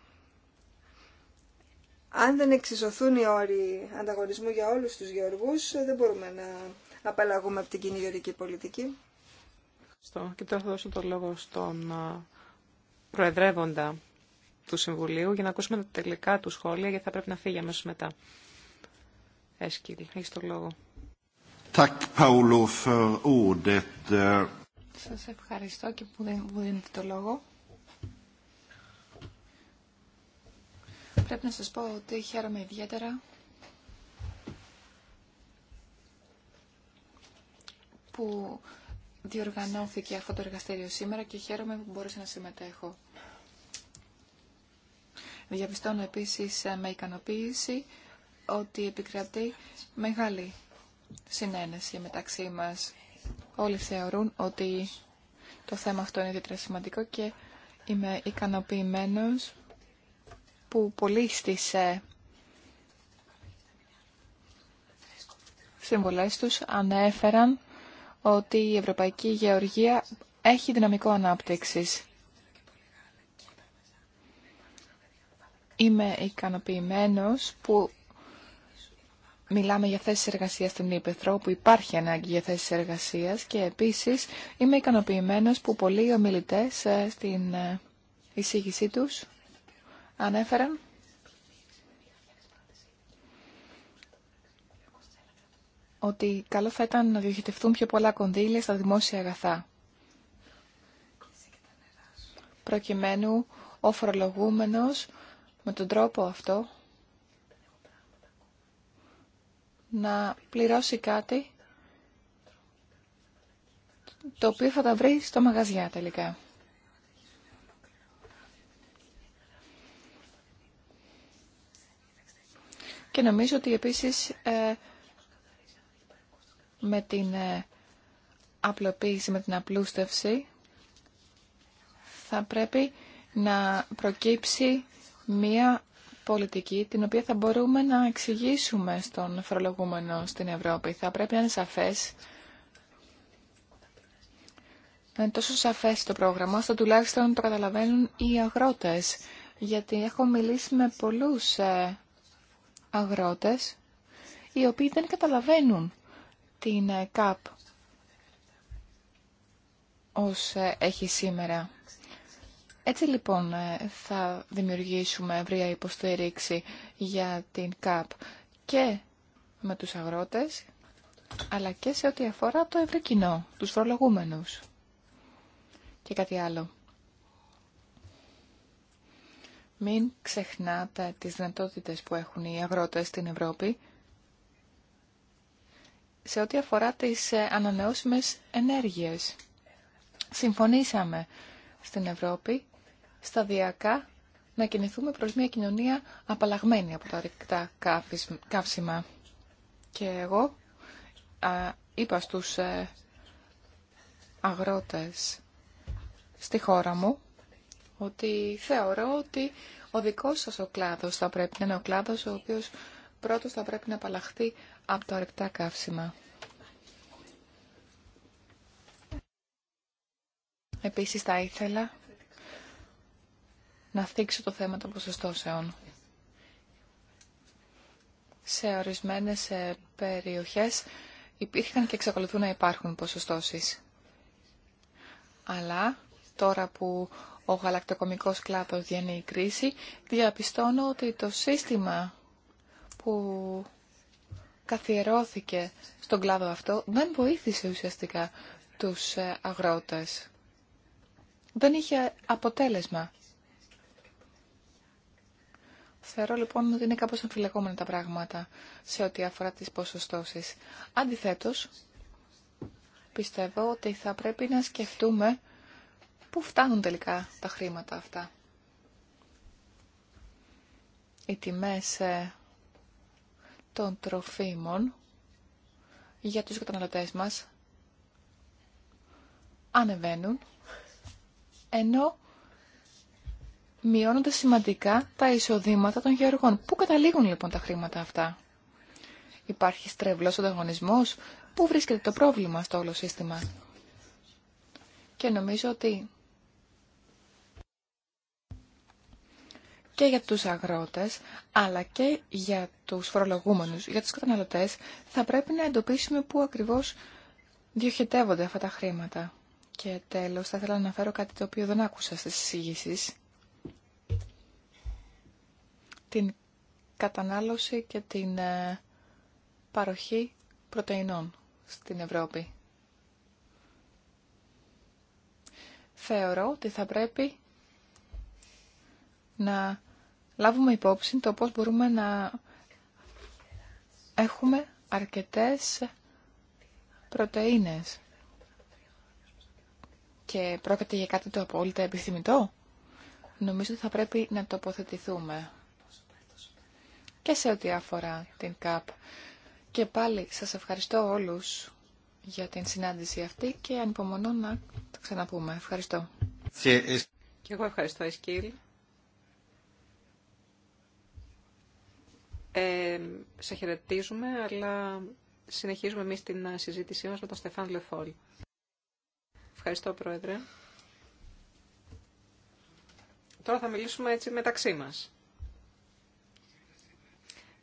Αν δεν εξισωθούν οι όροι ανταγωνισμού για όλου του γεωργού, δεν μπορούμε να απαλλαγούμε από την κοινή γεωργική πολιτική. Ευχαριστώ. Και τώρα θα δώσω το λόγο στον ε, Προεδρεύοντα του Συμβουλίου για να ακούσουμε τα τελικά του σχόλια, γιατί θα πρέπει να φύγει αμέσω μετά. Σα Σας ευχαριστώ και που μου δίνετε το λόγο. Πρέπει να σας πω ότι χαίρομαι ιδιαίτερα που διοργανώθηκε αυτό το εργαστήριο σήμερα και χαίρομαι που μπορούσα να συμμετέχω. Διαπιστώνω επίσης ε, με ικανοποίηση ότι επικρατεί μεγάλη συνένεση μεταξύ μας. Όλοι θεωρούν ότι το θέμα αυτό είναι ιδιαίτερα σημαντικό και είμαι ικανοποιημένος που πολλοί στις ε, συμβολές τους ανέφεραν ότι η Ευρωπαϊκή Γεωργία έχει δυναμικό ανάπτυξης. Είμαι ικανοποιημένος που Μιλάμε για θέσει εργασία στην Ήπεθρο, που υπάρχει ανάγκη για θέσεις εργασία, και επίσης είμαι ικανοποιημένο που πολλοί ομιλητέ ε, στην ε, εισήγησή του ανέφεραν ότι καλό θα ήταν να διοχετευτούν πιο πολλά κονδύλια στα δημόσια αγαθά προκειμένου ο φορολογούμενος με τον τρόπο αυτό να πληρώσει κάτι το οποίο θα τα βρει στο μαγαζιά τελικά. Και νομίζω ότι επίσης ε, με την ε, απλοποίηση, με την απλούστευση θα πρέπει να προκύψει μία πολιτική την οποία θα μπορούμε να εξηγήσουμε στον φορολογούμενο στην Ευρώπη. Θα πρέπει να είναι σαφές, να είναι τόσο σαφές το πρόγραμμα, ώστε τουλάχιστον το καταλαβαίνουν οι αγρότες. Γιατί έχω μιλήσει με πολλούς ε, αγρότες οι οποίοι δεν καταλαβαίνουν την ε, ΚΑΠ ως ε, έχει σήμερα. Έτσι λοιπόν ε, θα δημιουργήσουμε ευρεία υποστήριξη για την ΚΑΠ και με τους αγρότες, αλλά και σε ό,τι αφορά το ευρύ κοινό, τους φρολογούμενους Και κάτι άλλο. Μην ξεχνάτε τις δυνατότητες που έχουν οι αγρότες στην Ευρώπη σε ό,τι αφορά τις ε, ανανεώσιμες ενέργειες. Συμφωνήσαμε στην Ευρώπη σταδιακά να κινηθούμε προς μια κοινωνία απαλλαγμένη από τα ρηκτά καύσιμα. Και εγώ είπα στους ε, αγρότες στη χώρα μου ότι θεωρώ ότι ο δικός σας ο κλάδος θα πρέπει να είναι ο κλάδος ο οποίος πρώτος θα πρέπει να απαλλαχθεί από τα ρηκτά καύσιμα. Επίσης θα ήθελα να θίξω το θέμα των ποσοστώσεων. Σε ορισμένες ε, περιοχές υπήρχαν και εξακολουθούν να υπάρχουν ποσοστώσεις. Αλλά τώρα που ο γαλακτοκομικός κλάδος διανύει κρίση, διαπιστώνω ότι το σύστημα που καθιερώθηκε στον κλάδο αυτό δεν βοήθησε ουσιαστικά τους ε, αγρότες. Δεν είχε αποτέλεσμα. Θεωρώ λοιπόν ότι είναι κάπως αμφιλεγόμενα τα πράγματα σε ό,τι αφορά τις ποσοστώσεις. Αντιθέτως, πιστεύω ότι θα πρέπει να σκεφτούμε πού φτάνουν τελικά τα χρήματα αυτά. Οι τιμές ε, των τροφίμων για τους καταναλωτές μας ανεβαίνουν, ενώ μειώνονται σημαντικά τα εισοδήματα των γεωργών. Πού καταλήγουν λοιπόν τα χρήματα αυτά. Υπάρχει στρεβλός ανταγωνισμός. Πού βρίσκεται το πρόβλημα στο όλο σύστημα. Και νομίζω ότι και για τους αγρότες, αλλά και για τους φορολογούμενους, για τους καταναλωτές, θα πρέπει να εντοπίσουμε πού ακριβώς διοχετεύονται αυτά τα χρήματα. Και τέλος, θα ήθελα να αναφέρω κάτι το οποίο δεν άκουσα στις εισηγήσεις την κατανάλωση και την ε, παροχή πρωτεϊνών στην Ευρώπη. Θεωρώ ότι θα πρέπει να λάβουμε υπόψη το πώς μπορούμε να έχουμε αρκετές πρωτεΐνες. Και πρόκειται για κάτι το απόλυτα επιθυμητό. Νομίζω ότι θα πρέπει να τοποθετηθούμε και σε ό,τι αφορά την ΚΑΠ. Και πάλι σας ευχαριστώ όλους για την συνάντηση αυτή και ανυπομονώ να τα ξαναπούμε. Ευχαριστώ. Και εγώ ευχαριστώ, Εσκύλ. Ε, σε χαιρετίζουμε, αλλά συνεχίζουμε εμείς την συζήτησή μας με τον Στεφάν Λεφόλ. Ευχαριστώ, Πρόεδρε. Τώρα θα μιλήσουμε έτσι μεταξύ μας.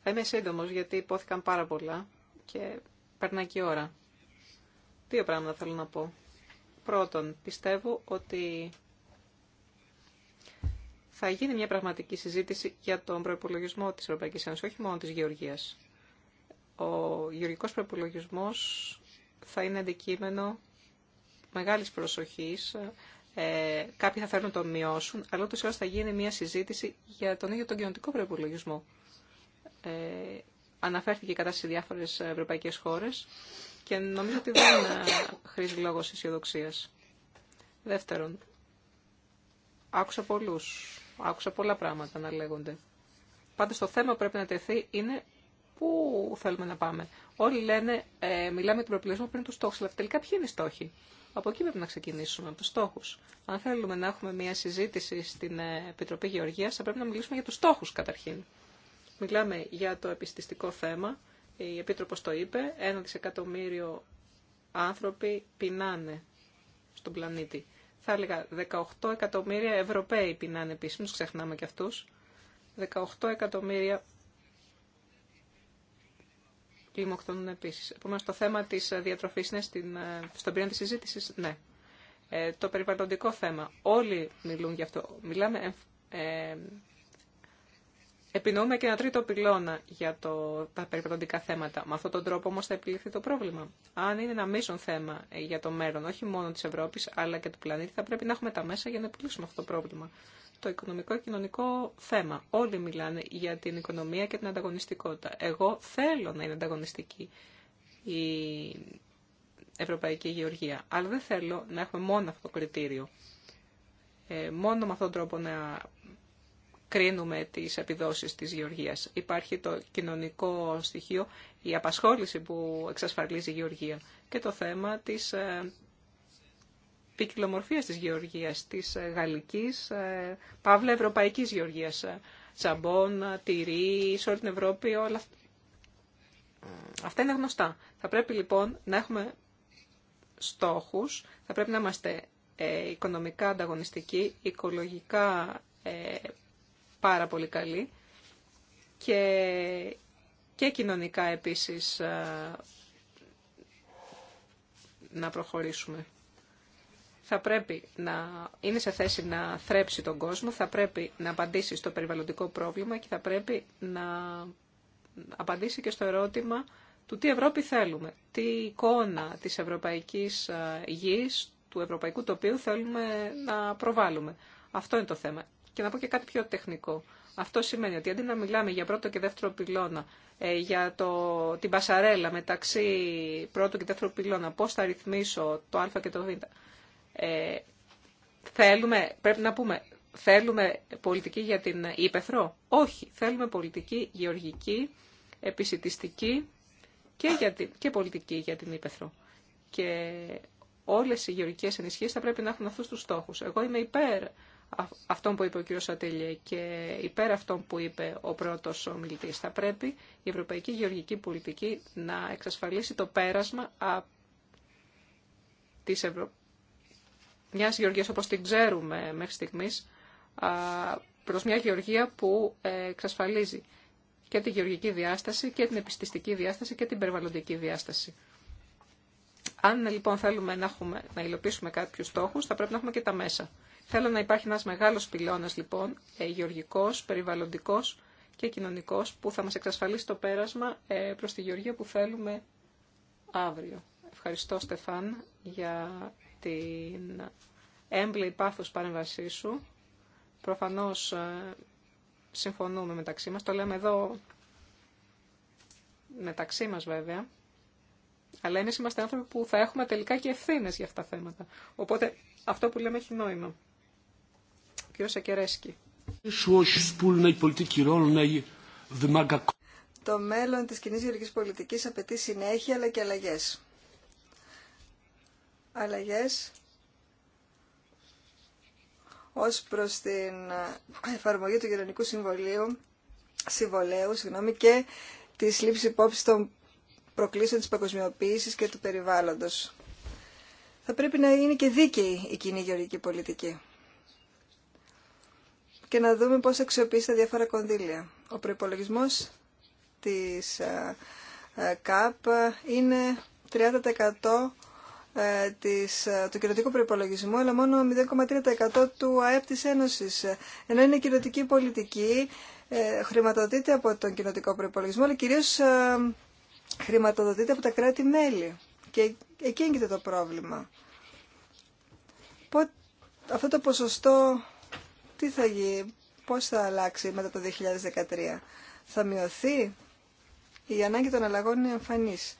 Θα είμαι σύντομο γιατί υπόθηκαν πάρα πολλά και περνάει και η ώρα. Δύο πράγματα θέλω να πω. Πρώτον, πιστεύω ότι θα γίνει μια πραγματική συζήτηση για τον προπολογισμό της Ευρωπαϊκής Ένωσης, όχι μόνο της Γεωργίας. Ο γεωργικός προπολογισμό θα είναι αντικείμενο μεγάλης προσοχής. Ε, κάποιοι θα θέλουν να τον μειώσουν, αλλά ούτως ή θα γίνει μια συζήτηση για τον ίδιο τον κοινωνικό προπολογισμό ε, αναφέρθηκε κατά σε διάφορες ευρωπαϊκές χώρες και νομίζω ότι δεν ε, χρήζει λόγος αισιοδοξία. Δεύτερον, άκουσα πολλούς, άκουσα πολλά πράγματα να λέγονται. Πάντως το θέμα που πρέπει να τεθεί είναι πού θέλουμε να πάμε. Όλοι λένε, ε, μιλάμε για τον πριν του στόχου, αλλά τελικά ποιοι είναι οι στόχοι. Από εκεί πρέπει να ξεκινήσουμε, από του στόχου. Αν θέλουμε να έχουμε μια συζήτηση στην ε, Επιτροπή Γεωργία, θα πρέπει να μιλήσουμε για του στόχου καταρχήν. Μιλάμε για το επιστηστικό θέμα. Η Επίτροπος το είπε, ένα δισεκατομμύριο άνθρωποι πεινάνε στον πλανήτη. Θα έλεγα 18 εκατομμύρια Ευρωπαίοι πεινάνε επίσης, μην ξεχνάμε και αυτούς. 18 εκατομμύρια λιμοκτώνουν επίσης. Επομένως το θέμα της διατροφής είναι στην, ε, στον πυρήνα της συζήτησης, ναι. Ε, το περιβαλλοντικό θέμα, όλοι μιλούν γι' αυτό. Μιλάμε ε, Επινοούμε και ένα τρίτο πυλώνα για το, τα περιβαλλοντικά θέματα. Με αυτόν τον τρόπο όμω θα επιληθεί το πρόβλημα. Αν είναι ένα μείζον θέμα ε, για το μέλλον, όχι μόνο τη Ευρώπη, αλλά και του πλανήτη, θα πρέπει να έχουμε τα μέσα για να επιλύσουμε αυτό το πρόβλημα. Το οικονομικό και κοινωνικό θέμα. Όλοι μιλάνε για την οικονομία και την ανταγωνιστικότητα. Εγώ θέλω να είναι ανταγωνιστική η Ευρωπαϊκή Γεωργία, αλλά δεν θέλω να έχουμε μόνο αυτό το κριτήριο. Ε, μόνο με αυτόν τον τρόπο να κρίνουμε τις επιδόσεις της γεωργίας. Υπάρχει το κοινωνικό στοιχείο, η απασχόληση που εξασφαλίζει η γεωργία και το θέμα της ε, ποικιλομορφίας της γεωργίας, της ε, γαλλικής, ε, παύλα ευρωπαϊκής γεωργίας, τσαμπών, τυρί, σε όλη την Ευρώπη, όλα αυτά. είναι γνωστά. Θα πρέπει λοιπόν να έχουμε στόχους, θα πρέπει να είμαστε οικονομικά ανταγωνιστικοί, οικολογικά πάρα πολύ καλή και, και κοινωνικά επίσης ε, να προχωρήσουμε. Θα πρέπει να είναι σε θέση να θρέψει τον κόσμο, θα πρέπει να απαντήσει στο περιβαλλοντικό πρόβλημα και θα πρέπει να απαντήσει και στο ερώτημα του τι Ευρώπη θέλουμε, τι εικόνα της ευρωπαϊκής ε, γης, του ευρωπαϊκού τοπίου θέλουμε να προβάλλουμε. Αυτό είναι το θέμα. Και να πω και κάτι πιο τεχνικό. Αυτό σημαίνει ότι αντί να μιλάμε για πρώτο και δεύτερο πυλώνα, ε, για το, την πασαρέλα μεταξύ πρώτου και δεύτερου πυλώνα, πώς θα ρυθμίσω το α και το β, ε, θέλουμε, πρέπει να πούμε, θέλουμε πολιτική για την Ήπεθρο. Όχι, θέλουμε πολιτική γεωργική, επισητιστική και, για και πολιτική για την Ήπεθρο. Και όλες οι γεωργικές ενισχύσεις θα πρέπει να έχουν αυτούς τους στόχους. Εγώ είμαι υπέρ αυτό που είπε ο κ. Σατελιέ και υπέρ αυτών που είπε ο πρώτος ομιλητής. Θα πρέπει η ευρωπαϊκή γεωργική πολιτική να εξασφαλίσει το πέρασμα της Ευρω... μιας γεωργίας όπως την ξέρουμε μέχρι στιγμής προς μια γεωργία που ε, εξασφαλίζει και τη γεωργική διάσταση και την επιστηστική διάσταση και την περιβαλλοντική διάσταση. Αν λοιπόν θέλουμε να, έχουμε, να υλοποιήσουμε κάποιους στόχους, θα πρέπει να έχουμε και τα μέσα. Θέλω να υπάρχει ένας μεγάλος πυλώνας λοιπόν, ε, γεωργικός, περιβαλλοντικός και κοινωνικός, που θα μας εξασφαλίσει το πέρασμα ε, προς τη γεωργία που θέλουμε αύριο. Ευχαριστώ Στεφάν για την έμπλεη πάθος παρέμβασή σου. Προφανώς ε, συμφωνούμε μεταξύ μας, το λέμε εδώ μεταξύ μας βέβαια. Αλλά εμεί είμαστε άνθρωποι που θα έχουμε τελικά και ευθύνε για αυτά τα θέματα. Οπότε αυτό που λέμε έχει νόημα. Το μέλλον της κοινή γεωργικής πολιτικής απαιτεί συνέχεια αλλά και αλλαγές. Αλλαγές ως προς την εφαρμογή του γεωργικού Συμβολίου, Συμβολέου συγγνώμη, και τη λήψη υπόψη των προκλήσεων της παγκοσμιοποίησης και του περιβάλλοντος. Θα πρέπει να είναι και δίκαιη η κοινή γεωργική πολιτική και να δούμε πώς αξιοποιείς τα διάφορα κονδύλια. Ο προϋπολογισμός της ε, ε, ΚΑΠ είναι 30% ε, της, του κοινωτικού προϋπολογισμού, αλλά μόνο 0,3% του ΑΕΠ της Ένωσης. Ενώ είναι κοινωτική πολιτική, χρηματοδοτείται από τον κοινοτικό προϋπολογισμό, αλλά κυρίως χρηματοδοτείται από τα κράτη-μέλη. Και εκεί έγκυται το πρόβλημα. Αυτό το ποσοστό τι θα γίνει, πώς θα αλλάξει μετά το 2013. Θα μειωθεί, η ανάγκη των αλλαγών είναι εμφανής.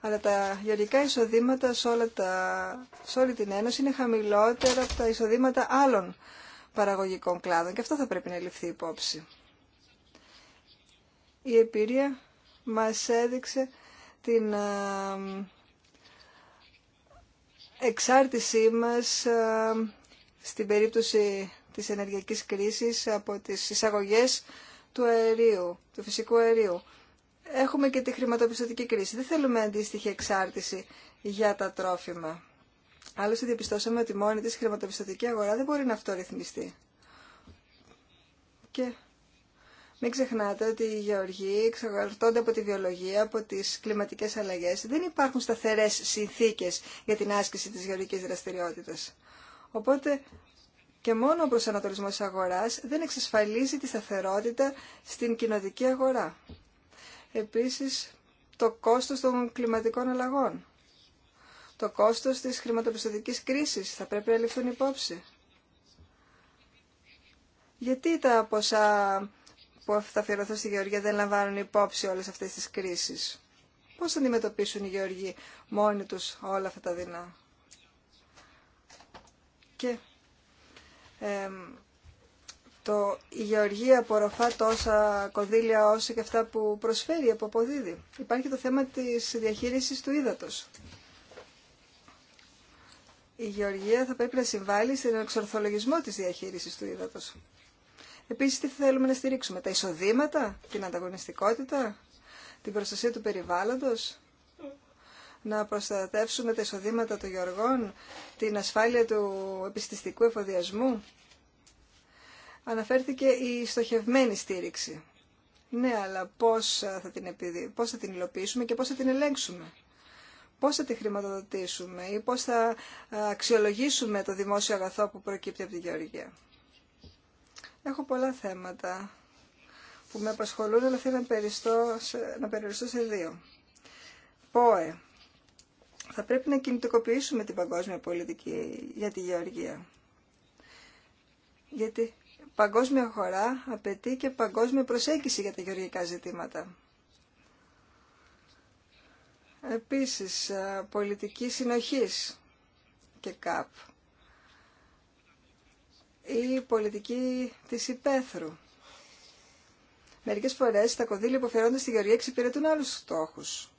Αλλά τα γεωργικά εισοδήματα σε, όλα τα, όλη την Ένωση είναι χαμηλότερα από τα εισοδήματα άλλων παραγωγικών κλάδων και αυτό θα πρέπει να ληφθεί υπόψη. Η εμπειρία μας έδειξε την εξάρτησή μας στην περίπτωση της ενεργειακής κρίσης από τις εισαγωγές του αερίου, του φυσικού αερίου. Έχουμε και τη χρηματοπιστωτική κρίση. Δεν θέλουμε αντίστοιχη εξάρτηση για τα τρόφιμα. Άλλωστε διαπιστώσαμε ότι μόνη της χρηματοπιστωτική αγορά δεν μπορεί να αυτορυθμιστεί. Και μην ξεχνάτε ότι οι γεωργοί εξαγαρτώνται από τη βιολογία, από τις κλιματικές αλλαγές. Δεν υπάρχουν σταθερές συνθήκες για την άσκηση της γεωργικής δραστηριότητας. Οπότε και μόνο ο προσανατολισμός της αγοράς δεν εξασφαλίζει τη σταθερότητα στην κοινοτική αγορά. Επίσης, το κόστος των κλιματικών αλλαγών. Το κόστος της χρηματοπιστωτικής κρίσης θα πρέπει να ληφθούν υπόψη. Γιατί τα ποσά που θα αφιερωθούν στη Γεωργία δεν λαμβάνουν υπόψη όλες αυτές τις κρίσεις. Πώς θα αντιμετωπίσουν οι Γεωργοί μόνοι τους όλα αυτά τα δεινά. Και το, η γεωργία απορροφά τόσα κονδύλια όσο και αυτά που προσφέρει, από αποδίδει. Υπάρχει το θέμα της διαχείρισης του ύδατος. Η γεωργία θα πρέπει να συμβάλλει στην εξορθολογισμό της διαχείρισης του ύδατος. Επίσης, τι θέλουμε να στηρίξουμε, τα εισοδήματα, την ανταγωνιστικότητα, την προστασία του περιβάλλοντος, να προστατεύσουμε τα εισοδήματα των γεωργών, την ασφάλεια του επιστηστικού εφοδιασμού. Αναφέρθηκε η στοχευμένη στήριξη. Ναι, αλλά πώς θα την, επιδι... πώς θα την υλοποιήσουμε και πώς θα την ελέγξουμε. Πώς θα τη χρηματοδοτήσουμε ή πώς θα ε, αξιολογήσουμε το δημόσιο αγαθό που προκύπτει από τη Γεωργία. Έχω πολλά θέματα που με απασχολούν, αλλά θέλω να, να περιοριστώ σε δύο. ΠΟΕ, θα πρέπει να κινητοποιήσουμε την παγκόσμια πολιτική για τη γεωργία. Γιατί παγκόσμια χώρα απαιτεί και παγκόσμια προσέγγιση για τα γεωργικά ζητήματα. Επίσης, πολιτική συνοχής και ΚΑΠ. Η πολιτική της υπαίθρου. Μερικές φορές τα κονδύλια που αφαιρώνται στη γεωργία εξυπηρετούν άλλους στόχους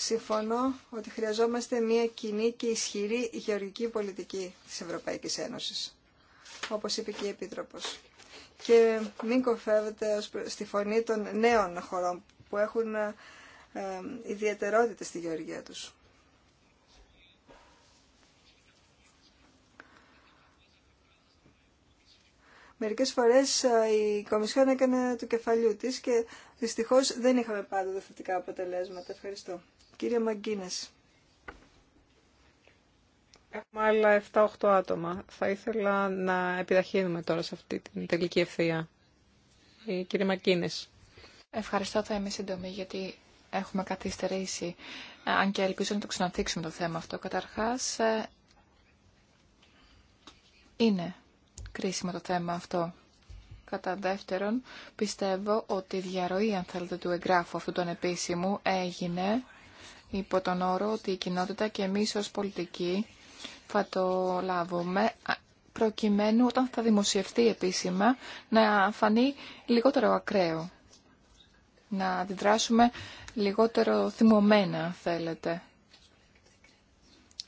συμφωνώ ότι χρειαζόμαστε μια κοινή και ισχυρή γεωργική πολιτική της Ευρωπαϊκής Ένωσης, όπως είπε και η Επίτροπος. Και μην κοφεύετε στη φωνή των νέων χωρών που έχουν ε, ε ιδιαιτερότητες στη γεωργία τους. Μερικές φορές ε, η Κομισιόν έκανε το κεφαλιού της και δυστυχώς δεν είχαμε πάντα θετικά αποτελέσματα. Ευχαριστώ. Κύριε Μαγκίνες. Έχουμε άλλα 7-8 άτομα. Θα ήθελα να επιταχύνουμε τώρα σε αυτή την τελική ευθεία. Η ε, κύριε Μαγκίνες. Ευχαριστώ, θα είμαι σύντομη, γιατί έχουμε καθυστερήσει. Ε, αν και ελπίζω να το ξαναθίξουμε το θέμα αυτό. Καταρχάς, ε, είναι κρίσιμο το θέμα αυτό. Κατά δεύτερον, πιστεύω ότι η διαρροή, αν θέλετε, του εγγράφου αυτού των επίσημου έγινε υπό τον όρο ότι η κοινότητα και εμείς ως πολιτικοί θα το λάβουμε προκειμένου όταν θα δημοσιευτεί επίσημα να φανεί λιγότερο ακραίο. Να αντιδράσουμε λιγότερο θυμωμένα, αν θέλετε.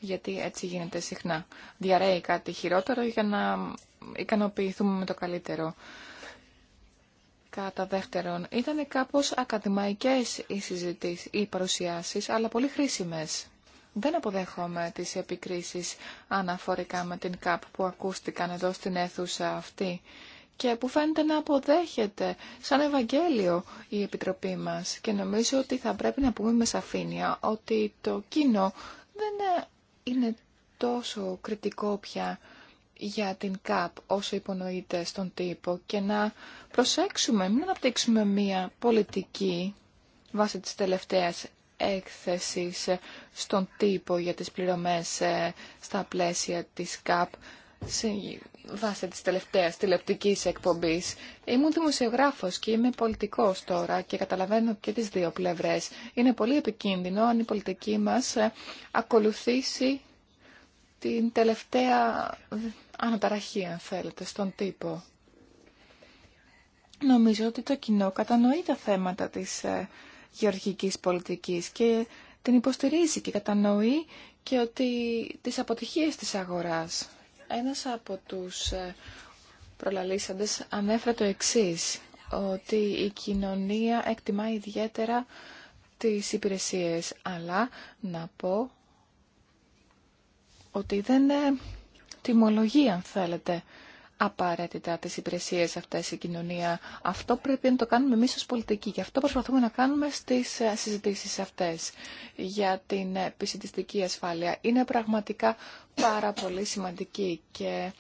Γιατί έτσι γίνεται συχνά. Διαρρέει κάτι χειρότερο για να ικανοποιηθούμε με το καλύτερο. Κατά δεύτερον, ήταν κάπως ακαδημαϊκές οι συζητήσεις, οι παρουσιάσεις, αλλά πολύ χρήσιμες. Δεν αποδέχομαι τις επικρίσεις αναφορικά με την ΚΑΠ που ακούστηκαν εδώ στην αίθουσα αυτή και που φαίνεται να αποδέχεται σαν Ευαγγέλιο η Επιτροπή μας. Και νομίζω ότι θα πρέπει να πούμε με σαφήνεια ότι το κοινό δεν είναι τόσο κριτικό πια για την ΚΑΠ όσο υπονοείται στον τύπο και να προσέξουμε, μην αναπτύξουμε μία πολιτική βάσει της τελευταίας έκθεσης στον τύπο για τις πληρωμές ε, στα πλαίσια της ΚΑΠ βάσει βάση της τελευταίας τηλεοπτικής εκπομπής. Ήμουν δημοσιογράφος και είμαι πολιτικός τώρα και καταλαβαίνω και τις δύο πλευρές. Είναι πολύ επικίνδυνο αν η πολιτική μας ε, ακολουθήσει την τελευταία αναταραχή, αν θέλετε, στον τύπο. Νομίζω ότι το κοινό κατανοεί τα θέματα της ε, γεωργικής πολιτικής και την υποστηρίζει και κατανοεί και ότι τις αποτυχίες της αγοράς. Ένας από τους ε, προλαλήσαντες ανέφερε το εξής, ότι η κοινωνία εκτιμά ιδιαίτερα τις υπηρεσίες, αλλά να πω ότι δεν ε, Τιμολογία, αν θέλετε, απαραίτητα τις υπηρεσίες αυτές η κοινωνία. Αυτό πρέπει να το κάνουμε εμείς ως πολιτικοί και αυτό προσπαθούμε να κάνουμε στις ε, συζητήσεις αυτές για την ε, επισητιστική ασφάλεια. Είναι πραγματικά πάρα πολύ σημαντική και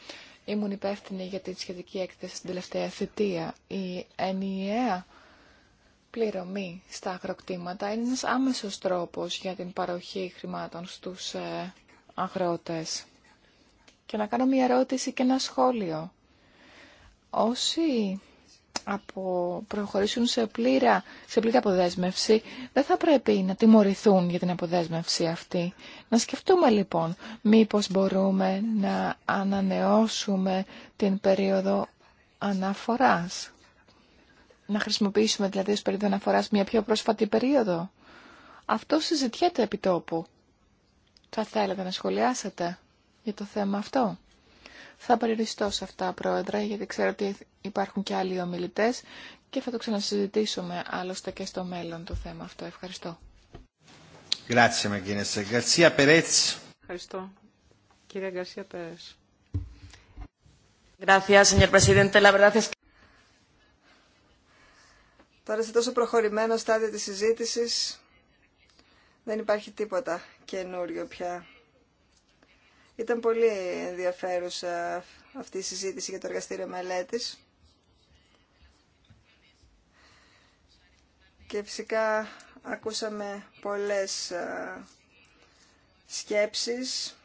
ήμουν υπεύθυνη για την σχετική έκθεση στην τελευταία θητεία. Η ενιαία πληρωμή στα αγροκτήματα είναι ένας άμεσος τρόπος για την παροχή χρημάτων στους ε, αγρότες και να κάνω μια ερώτηση και ένα σχόλιο. Όσοι από προχωρήσουν σε, πλήρα, σε πλήρη αποδέσμευση, δεν θα πρέπει να τιμωρηθούν για την αποδέσμευση αυτή. Να σκεφτούμε λοιπόν μήπως μπορούμε να ανανεώσουμε την περίοδο αναφοράς. Να χρησιμοποιήσουμε δηλαδή ως περίοδο αναφοράς μια πιο πρόσφατη περίοδο. Αυτό συζητιέται επί τόπου. Θα θέλετε να σχολιάσετε για το θέμα αυτό. Θα περιοριστώ σε αυτά, Πρόεδρε, γιατί ξέρω ότι υπάρχουν και άλλοι ομιλητές και θα το ξανασυζητήσουμε άλλωστε και στο μέλλον το θέμα αυτό. Ευχαριστώ. Ευχαριστώ. Κύριε Γκαρσία Τώρα σε τόσο προχωρημένο στάδιο της συζήτησης δεν υπάρχει τίποτα καινούριο πια. Ήταν πολύ ενδιαφέρουσα αυτή η συζήτηση για το εργαστήριο μελέτης. Και φυσικά ακούσαμε πολλές σκέψεις.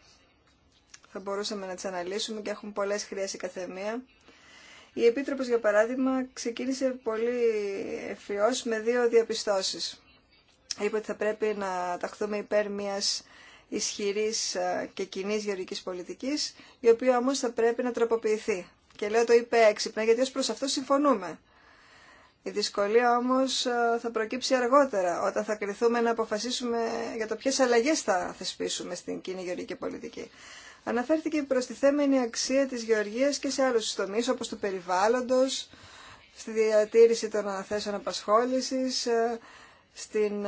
Θα μπορούσαμε να τις αναλύσουμε και έχουν πολλές χρειές καθεμία. Η Επίτροπος, για παράδειγμα, ξεκίνησε πολύ ευφυώς με δύο διαπιστώσεις. Είπε ότι θα πρέπει να ταχθούμε υπέρ μιας ισχυρής ε, και κοινή γεωργικής πολιτικής, η οποία όμως θα πρέπει να τροποποιηθεί. Και λέω το είπε έξυπνα, γιατί ως προς αυτό συμφωνούμε. Η δυσκολία όμως ε, θα προκύψει αργότερα, όταν θα κρυθούμε να αποφασίσουμε για το ποιε αλλαγέ θα θεσπίσουμε στην κοινή γεωργική πολιτική. Αναφέρθηκε η προστιθέμενη αξία της γεωργίας και σε άλλους τομείς, όπως του περιβάλλοντος, στη διατήρηση των θέσεων απασχόλησης, ε, στην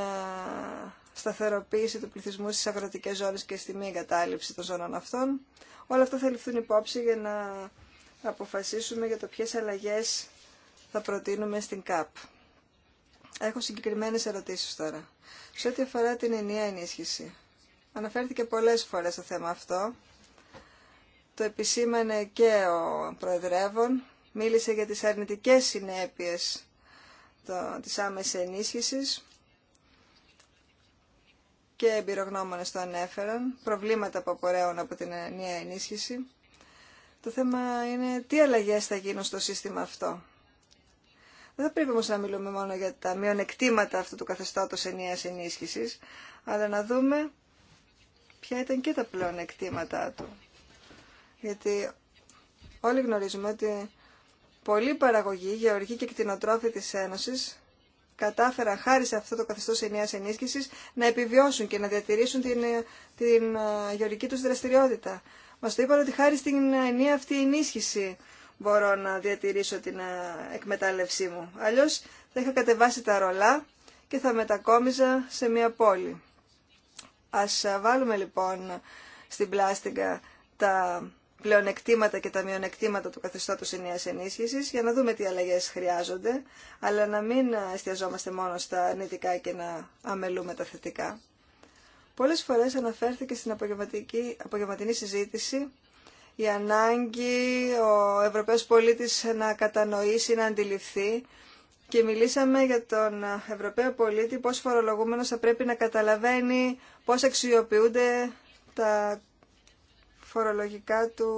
σταθεροποίηση του πληθυσμού στις αγροτικές ζώνες και στη μη εγκατάλειψη των ζώνων αυτών. Όλα αυτά θα ληφθούν υπόψη για να αποφασίσουμε για το ποιες αλλαγές θα προτείνουμε στην ΚΑΠ. Έχω συγκεκριμένες ερωτήσεις τώρα. Σε ό,τι αφορά την ενιαία ενίσχυση. Αναφέρθηκε πολλές φορές το θέμα αυτό. Το επισήμανε και ο Προεδρεύων. Μίλησε για τις αρνητικές συνέπειες της άμεσης ενίσχυσης και εμπειρογνώμονε το ανέφεραν, προβλήματα που απορρέουν από την ενιαία ενίσχυση. Το θέμα είναι τι αλλαγέ θα γίνουν στο σύστημα αυτό. Δεν θα πρέπει όμω να μιλούμε μόνο για τα μειονεκτήματα αυτού του καθεστώτο ενιαία ενίσχυση, αλλά να δούμε ποια ήταν και τα πλεονεκτήματά του. Γιατί όλοι γνωρίζουμε ότι πολλοί παραγωγοί, γεωργοί και κτηνοτρόφοι τη Ένωσης κατάφεραν χάρη σε αυτό το καθεστώ ενιαίας ενίσχυση να επιβιώσουν και να διατηρήσουν την, την ε, γεωρική τους δραστηριότητα. Μα το είπαν ότι χάρη στην ενιαία αυτή ενίσχυση μπορώ να διατηρήσω την ε, εκμετάλλευσή μου. Αλλιώ θα είχα κατεβάσει τα ρολά και θα μετακόμιζα σε μια πόλη. Ας ε, βάλουμε λοιπόν στην πλάστιγκα τα πλεονεκτήματα και τα μειονεκτήματα του καθεστώτος ενιαίας ενίσχυσης για να δούμε τι αλλαγές χρειάζονται, αλλά να μην εστιαζόμαστε μόνο στα αρνητικά και να αμελούμε τα θετικά. Πολλές φορές αναφέρθηκε στην απογευματινή συζήτηση η ανάγκη ο Ευρωπαίος πολίτης να κατανοήσει, να αντιληφθεί και μιλήσαμε για τον Ευρωπαίο πολίτη πώς φορολογούμενος θα πρέπει να καταλαβαίνει πώς αξιοποιούνται τα φορολογικά του,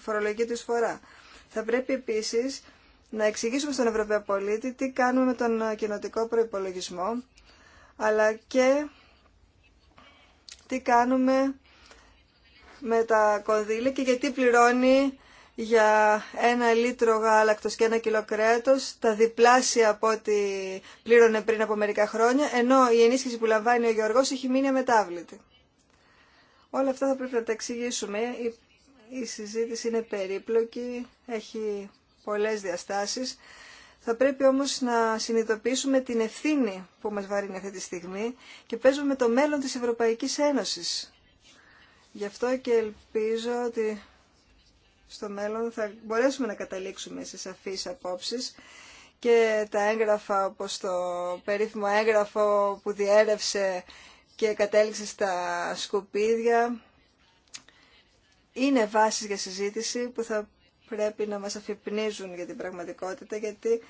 φορολογική του φορά. Θα πρέπει επίσης να εξηγήσουμε στον Ευρωπαίο πολίτη τι κάνουμε με τον κοινοτικό προϋπολογισμό, αλλά και τι κάνουμε με τα κονδύλια και γιατί πληρώνει για ένα λίτρο γάλακτος και ένα κιλό κρέατος τα διπλάσια από ό,τι πλήρωνε πριν από μερικά χρόνια, ενώ η ενίσχυση που λαμβάνει ο Γιώργος έχει μείνει αμετάβλητη. Όλα αυτά θα πρέπει να τα εξηγήσουμε. Η, συζήτηση είναι περίπλοκη, έχει πολλές διαστάσεις. Θα πρέπει όμως να συνειδητοποιήσουμε την ευθύνη που μας βαρύνει αυτή τη στιγμή και παίζουμε το μέλλον της Ευρωπαϊκής Ένωσης. Γι' αυτό και ελπίζω ότι στο μέλλον θα μπορέσουμε να καταλήξουμε σε σαφείς απόψεις και τα έγγραφα όπως το περίφημο έγγραφο που διέρευσε και κατέληξε στα σκουπίδια είναι βάσεις για συζήτηση που θα πρέπει να μας αφυπνίζουν για την πραγματικότητα γιατί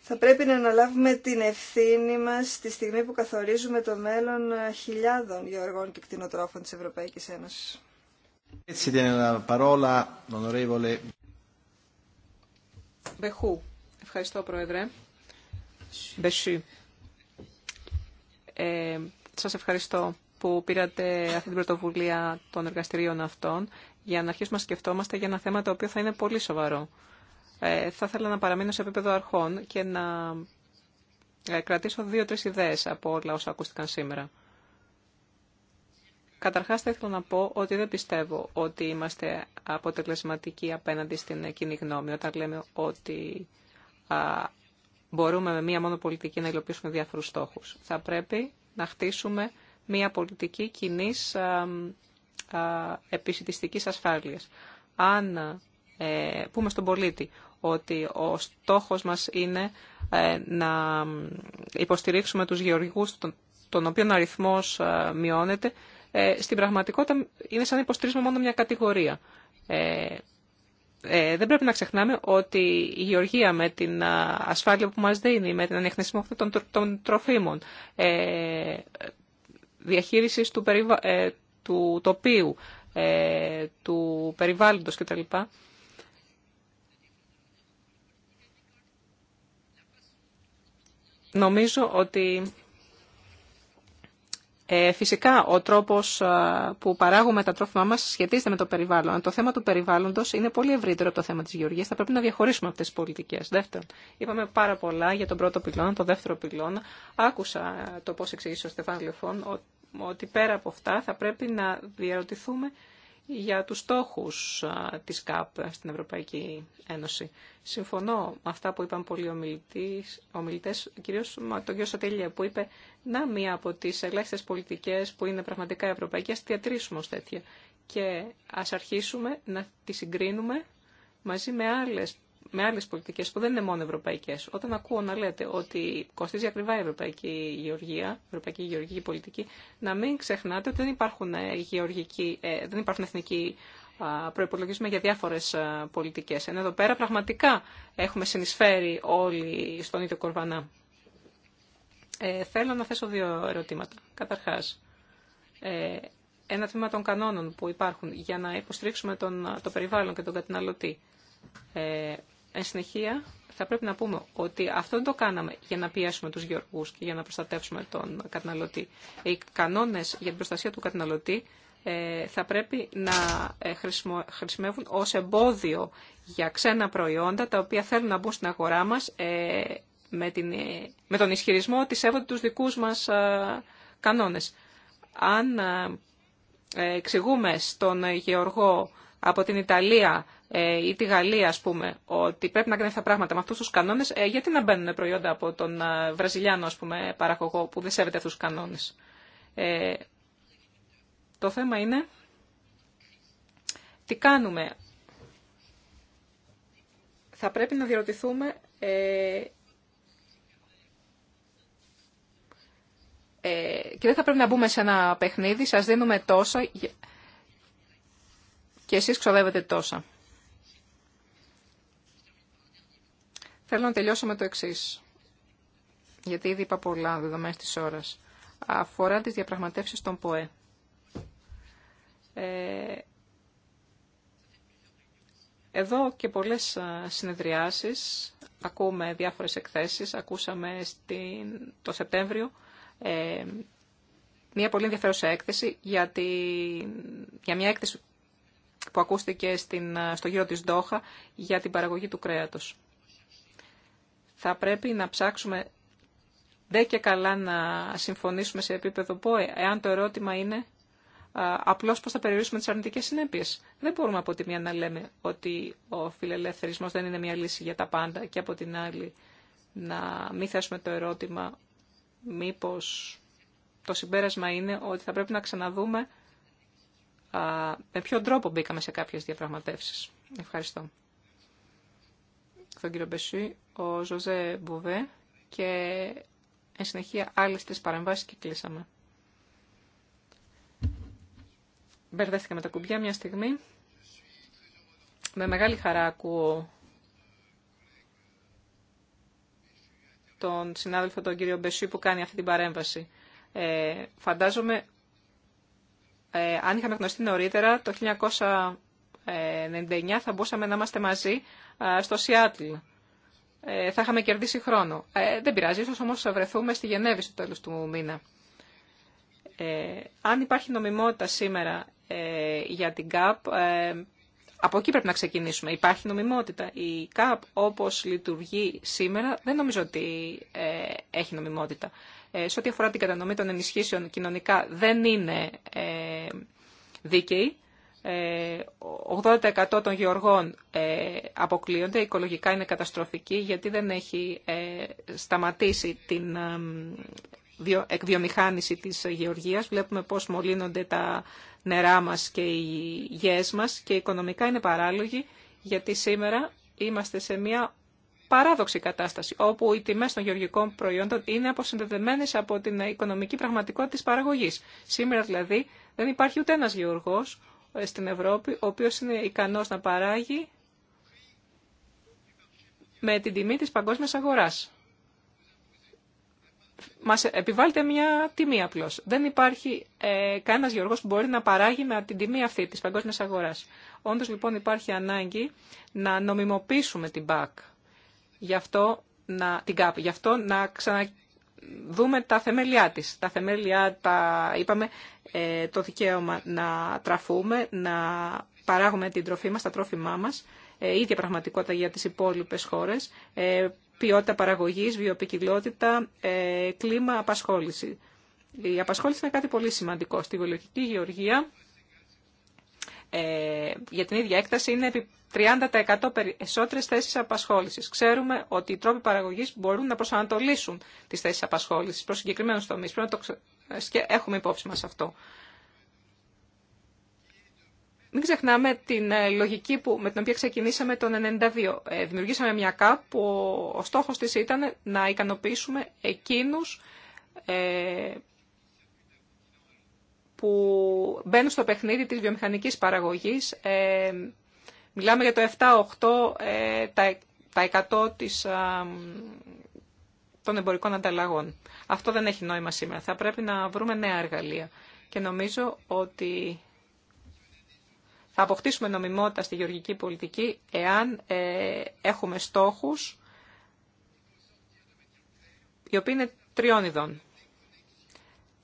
θα πρέπει να αναλάβουμε την ευθύνη μας τη στιγμή που καθορίζουμε το μέλλον χιλιάδων γεωργών και κτηνοτρόφων της Ευρωπαϊκής Ένωσης. Ευχαριστώ, Πρόεδρε. Ε, σας ευχαριστώ που πήρατε αυτή την πρωτοβουλία των εργαστηρίων αυτών για να αρχίσουμε να σκεφτόμαστε για ένα θέμα το οποίο θα είναι πολύ σοβαρό. Ε, θα ήθελα να παραμείνω σε επίπεδο αρχών και να ε, κρατήσω δύο-τρεις ιδέες από όλα όσα ακούστηκαν σήμερα. Καταρχάς θα ήθελα να πω ότι δεν πιστεύω ότι είμαστε αποτελεσματικοί απέναντι στην κοινή γνώμη όταν λέμε ότι α, μπορούμε με μία μόνο πολιτική να υλοποιήσουμε διάφορους στόχους. Θα πρέπει να χτίσουμε μια πολιτική κοινή επισητιστικής ασφάλειας. Αν ε, πούμε στον πολίτη ότι ο στόχος μας είναι ε, να υποστηρίξουμε τους γεωργούς, τον, τον οποίον αριθμός μειώνεται, ε, στην πραγματικότητα είναι σαν να υποστηρίζουμε μόνο μια κατηγορία. Ε, δεν πρέπει να ξεχνάμε ότι η γεωργία με την ασφάλεια που μας δίνει, με την ανεχνησιμότητα των, των τροφίμων, ε, διαχείρισης του, ε, του τοπίου, ε, του περιβάλλοντος κτλ. Νομίζω ότι ε, φυσικά, ο τρόπος που παράγουμε τα τρόφιμά μας σχετίζεται με το περιβάλλον. Το θέμα του περιβάλλοντος είναι πολύ ευρύτερο από το θέμα της γεωργίας. Θα πρέπει να διαχωρίσουμε αυτές τις πολιτικές. Δεύτερον, είπαμε πάρα πολλά για τον πρώτο πυλώνα, τον δεύτερο πυλώνα. Άκουσα το πώς εξηγήσε ο Στεφάν Λεφών, ότι πέρα από αυτά θα πρέπει να διαρωτηθούμε για τους στόχους της ΚΑΠ στην Ευρωπαϊκή Ένωση. Συμφωνώ με αυτά που είπαν πολλοί ομιλητές, ομιλητές κυρίως με τον κ. Σατελία, που είπε να μία από τις ελάχιστες πολιτικές που είναι πραγματικά ευρωπαϊκές, διατρήσουμε ως τέτοια. Και ας αρχίσουμε να τη συγκρίνουμε μαζί με άλλες με άλλε πολιτικέ που δεν είναι μόνο ευρωπαϊκέ. Όταν ακούω να λέτε ότι κοστίζει ακριβά η ευρωπαϊκή γεωργία, η ευρωπαϊκή γεωργική πολιτική, να μην ξεχνάτε ότι δεν υπάρχουν, ε, ε, δεν υπάρχουν εθνικοί προπολογισμοί για διάφορε πολιτικέ. Ενώ εδώ πέρα πραγματικά έχουμε συνεισφέρει όλοι στον ίδιο κορβανά. Ε, θέλω να θέσω δύο ερωτήματα. Καταρχά, ε, ένα τμήμα των κανόνων που υπάρχουν για να υποστρίξουμε τον, το περιβάλλον και τον καταναλωτή. Ε, Εν συνεχεία, θα πρέπει να πούμε ότι αυτό δεν το κάναμε για να πιέσουμε τους γεωργούς και για να προστατεύσουμε τον καταναλωτή. Οι κανόνες για την προστασία του καταναλωτή ε, θα πρέπει να ε, χρησιμεύουν ως εμπόδιο για ξένα προϊόντα τα οποία θέλουν να μπουν στην αγορά μας ε, με, την, με τον ισχυρισμό ότι σέβονται τους δικούς μας κανόνες. Αν εξηγούμε στον γεωργό από την Ιταλία ε, ή τη Γαλλία, ας πούμε, ότι πρέπει να κάνει αυτά τα πράγματα με αυτούς τους κανόνες, ε, γιατί να μπαίνουν προϊόντα από τον ε, Βραζιλιάνο, ας πούμε, παραγωγό που δεν σέβεται αυτού τους κανόνες. Ε, το θέμα είναι τι κάνουμε. Θα πρέπει να διαρωτηθούμε ε, και δεν θα πρέπει να μπούμε σε ένα παιχνίδι, σας δίνουμε τόσα και εσείς ξοδεύετε τόσα. Θέλω να τελειώσω με το εξή. Γιατί ήδη είπα πολλά δεδομένε τη ώρα. Αφορά τι διαπραγματεύσει των ΠΟΕ. Ε, εδώ και πολλές συνεδριάσεις, ακούμε διάφορες εκθέσεις, ακούσαμε στην, το Σεπτέμβριο ε, μια πολύ ενδιαφέρουσα έκθεση για, για μια έκθεση που ακούστηκε στην, στο γύρο της Ντόχα για την παραγωγή του κρέατος θα πρέπει να ψάξουμε δε και καλά να συμφωνήσουμε σε επίπεδο ΠΟΕ, εάν το ερώτημα είναι απλώς πώς θα περιορίσουμε τις αρνητικές συνέπειες. Δεν μπορούμε από τη μία να λέμε ότι ο φιλελεύθερισμός δεν είναι μια λύση για τα πάντα και από την άλλη να μην θέσουμε το ερώτημα μήπως το συμπέρασμα είναι ότι θα πρέπει να ξαναδούμε με ποιον τρόπο μπήκαμε σε κάποιες διαπραγματεύσεις. Ευχαριστώ τον κύριο Μπεσού, ο Ζωζέ Μπουβέ και εν συνεχεία άλλες τρεις παρεμβάσεις και κλείσαμε. Μπερδέστηκα με τα κουμπιά μια στιγμή. Με μεγάλη χαρά ακούω τον συνάδελφο τον κύριο Μπεσού που κάνει αυτή την παρέμβαση. Ε, φαντάζομαι, ε, αν είχαμε γνωστεί νωρίτερα, το 1900 99 ε, θα μπορούσαμε να είμαστε μαζί στο Σιάτλ. Ε, θα είχαμε κερδίσει χρόνο. Ε, δεν πειράζει, ίσως όμως θα βρεθούμε στη Γενέβη στο τέλος του μήνα. Αν υπάρχει νομιμότητα σήμερα για την ΚΑΠ, από εκεί πρέπει να ξεκινήσουμε. Υπάρχει νομιμότητα. Η ΚΑΠ όπως λειτουργεί σήμερα δεν νομίζω ότι έχει νομιμότητα. Σε ό,τι αφορά την κατανομή των ενισχύσεων κοινωνικά δεν είναι δίκαιη. 80% ε, των γεωργών ε, αποκλείονται, οικολογικά είναι καταστροφική γιατί δεν έχει ε, σταματήσει την εκβιομηχάνηση της γεωργίας. Βλέπουμε πώς μολύνονται τα νερά μας και οι γης μας και οικονομικά είναι παράλογοι γιατί σήμερα είμαστε σε μια παράδοξη κατάσταση όπου οι τιμές των γεωργικών προϊόντων είναι αποσυνδεδεμένες από την οικονομική πραγματικότητα της παραγωγής. Σήμερα δηλαδή δεν υπάρχει ούτε ένας γεωργός στην Ευρώπη, ο οποίος είναι ικανός να παράγει με την τιμή της παγκόσμιας αγοράς. Μας επιβάλλεται μια τιμή απλώς. Δεν υπάρχει ε, κανένας γεωργός που μπορεί να παράγει με την τιμή αυτή της παγκόσμιας αγοράς. Όντως λοιπόν υπάρχει ανάγκη να νομιμοποιήσουμε την ΠΑΚ. Γι' αυτό να, την ΚΑΠ. Γι' αυτό να ξανα δούμε τα θεμελιά της. Τα θεμελιά, τα είπαμε, ε, το δικαίωμα να τραφούμε, να παράγουμε την τροφή μας, τα τρόφιμά μας, ε, ίδια πραγματικότητα για τις υπόλοιπες χώρες, ε, ποιότητα παραγωγής, βιοπικιλότητα, κλίμα, απασχόληση. Η απασχόληση είναι κάτι πολύ σημαντικό. Στη βιολογική γεωργία ε, για την ίδια έκταση είναι επί 30% περισσότερε θέσει απασχόληση. Ξέρουμε ότι οι τρόποι παραγωγή μπορούν να προσανατολίσουν τι θέσει απασχόληση προ συγκεκριμένου τομεί. Πρέπει να το ε, έχουμε υπόψη μα αυτό. Μην ξεχνάμε την ε, λογική που, με την οποία ξεκινήσαμε το 1992. δημιουργήσαμε μια ΚΑΠ που ο στόχος της ήταν να ικανοποιήσουμε εκείνους που μπαίνουν στο παιχνίδι της βιομηχανικής παραγωγής. Ε, μιλάμε για το 7-8% ε, τα, τα της, ε, των εμπορικών ανταλλαγών. Αυτό δεν έχει νόημα σήμερα. Θα πρέπει να βρούμε νέα εργαλεία. Και νομίζω ότι θα αποκτήσουμε νομιμότητα στη γεωργική πολιτική εάν ε, έχουμε στόχους οι οποίοι είναι τριών ειδών.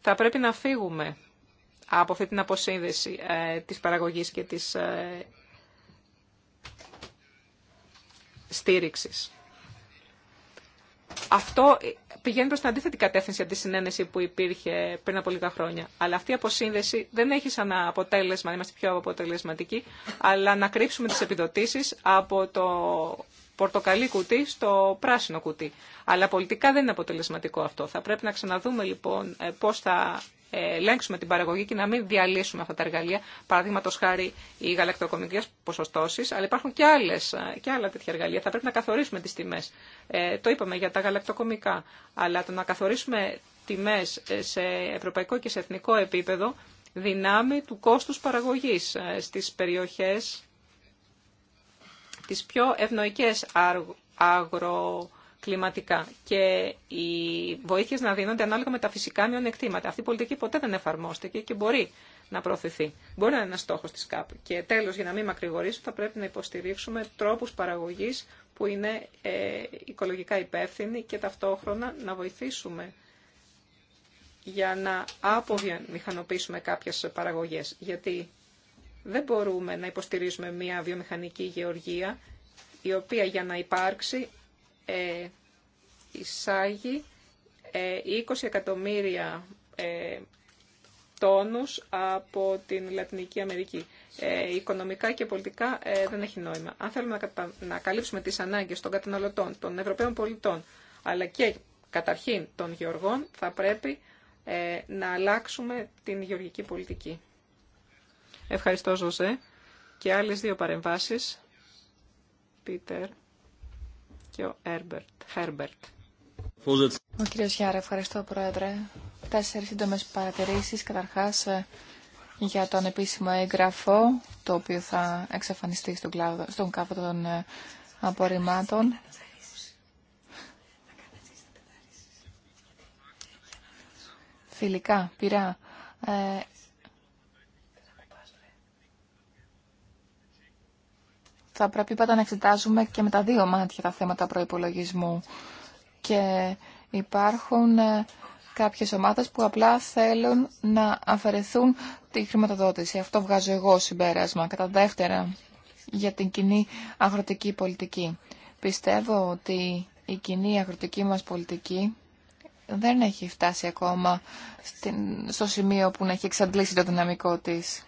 Θα πρέπει να φύγουμε από αυτή την αποσύνδεση ε, της παραγωγής και της ε, στήριξης. Αυτό πηγαίνει προς την αντίθετη κατεύθυνση από τη συνένεση που υπήρχε πριν από λίγα χρόνια. Αλλά αυτή η αποσύνδεση δεν έχει σαν αποτέλεσμα να είμαστε πιο αποτελεσματικοί, αλλά να κρύψουμε τις επιδοτήσεις από το πορτοκαλί κουτί στο πράσινο κουτί. Αλλά πολιτικά δεν είναι αποτελεσματικό αυτό. Θα πρέπει να ξαναδούμε λοιπόν ε, πώς θα ελέγξουμε την παραγωγή και να μην διαλύσουμε αυτά τα εργαλεία. Παραδείγματο χάρη οι γαλακτοκομικέ ποσοστώσει, αλλά υπάρχουν και, άλλες, και άλλα τέτοια εργαλεία. Θα πρέπει να καθορίσουμε τι τιμέ. Ε, το είπαμε για τα γαλακτοκομικά, αλλά το να καθορίσουμε τιμέ ε, σε ευρωπαϊκό και σε εθνικό επίπεδο δυνάμει του κόστου παραγωγή ε, στι περιοχέ, τις πιο ευνοϊκές αγρο κλιματικά και οι βοήθειε να δίνονται ανάλογα με τα φυσικά μειονεκτήματα. Αυτή η πολιτική ποτέ δεν εφαρμόστηκε και μπορεί να προωθηθεί. Μπορεί να είναι ένα στόχο τη ΚΑΠ. Και τέλο, για να μην μακρηγορήσω, θα πρέπει να υποστηρίξουμε τρόπου παραγωγή που είναι ε, οικολογικά υπεύθυνοι και ταυτόχρονα να βοηθήσουμε για να αποβιομηχανοποιήσουμε κάποιες παραγωγές. Γιατί δεν μπορούμε να υποστηρίζουμε μια βιομηχανική γεωργία η οποία για να υπάρξει ε, εισάγει 20 ε, εκατομμύρια ε, τόνους από την Λατινική Αμερική. Ε, οικονομικά και πολιτικά ε, δεν έχει νόημα. Αν θέλουμε να, να καλύψουμε τις ανάγκες των καταναλωτών, των Ευρωπαίων πολιτών, αλλά και καταρχήν των γεωργών, θα πρέπει να αλλάξουμε την γεωργική πολιτική. Ευχαριστώ, Ζωζέ. Και άλλες δύο παρεμβάσεις. Πίτερ και ο Herbert. Ο ευχαριστώ Πρόεδρε. Τέσσερι σύντομε παρατηρήσει καταρχά ε, για τον επίσημο έγγραφο, το οποίο θα εξαφανιστεί στον, κλάδο, στον κάβο των ε, απορριμμάτων. Φιλικά, πειρά. Ε, θα πρέπει πάντα να εξετάζουμε και με τα δύο μάτια τα θέματα προϋπολογισμού. Και υπάρχουν ε, κάποιες ομάδες που απλά θέλουν να αφαιρεθούν τη χρηματοδότηση. Αυτό βγάζω εγώ συμπέρασμα. Κατά δεύτερα, για την κοινή αγροτική πολιτική. Πιστεύω ότι η κοινή αγροτική μας πολιτική δεν έχει φτάσει ακόμα στο σημείο που να έχει εξαντλήσει το δυναμικό της.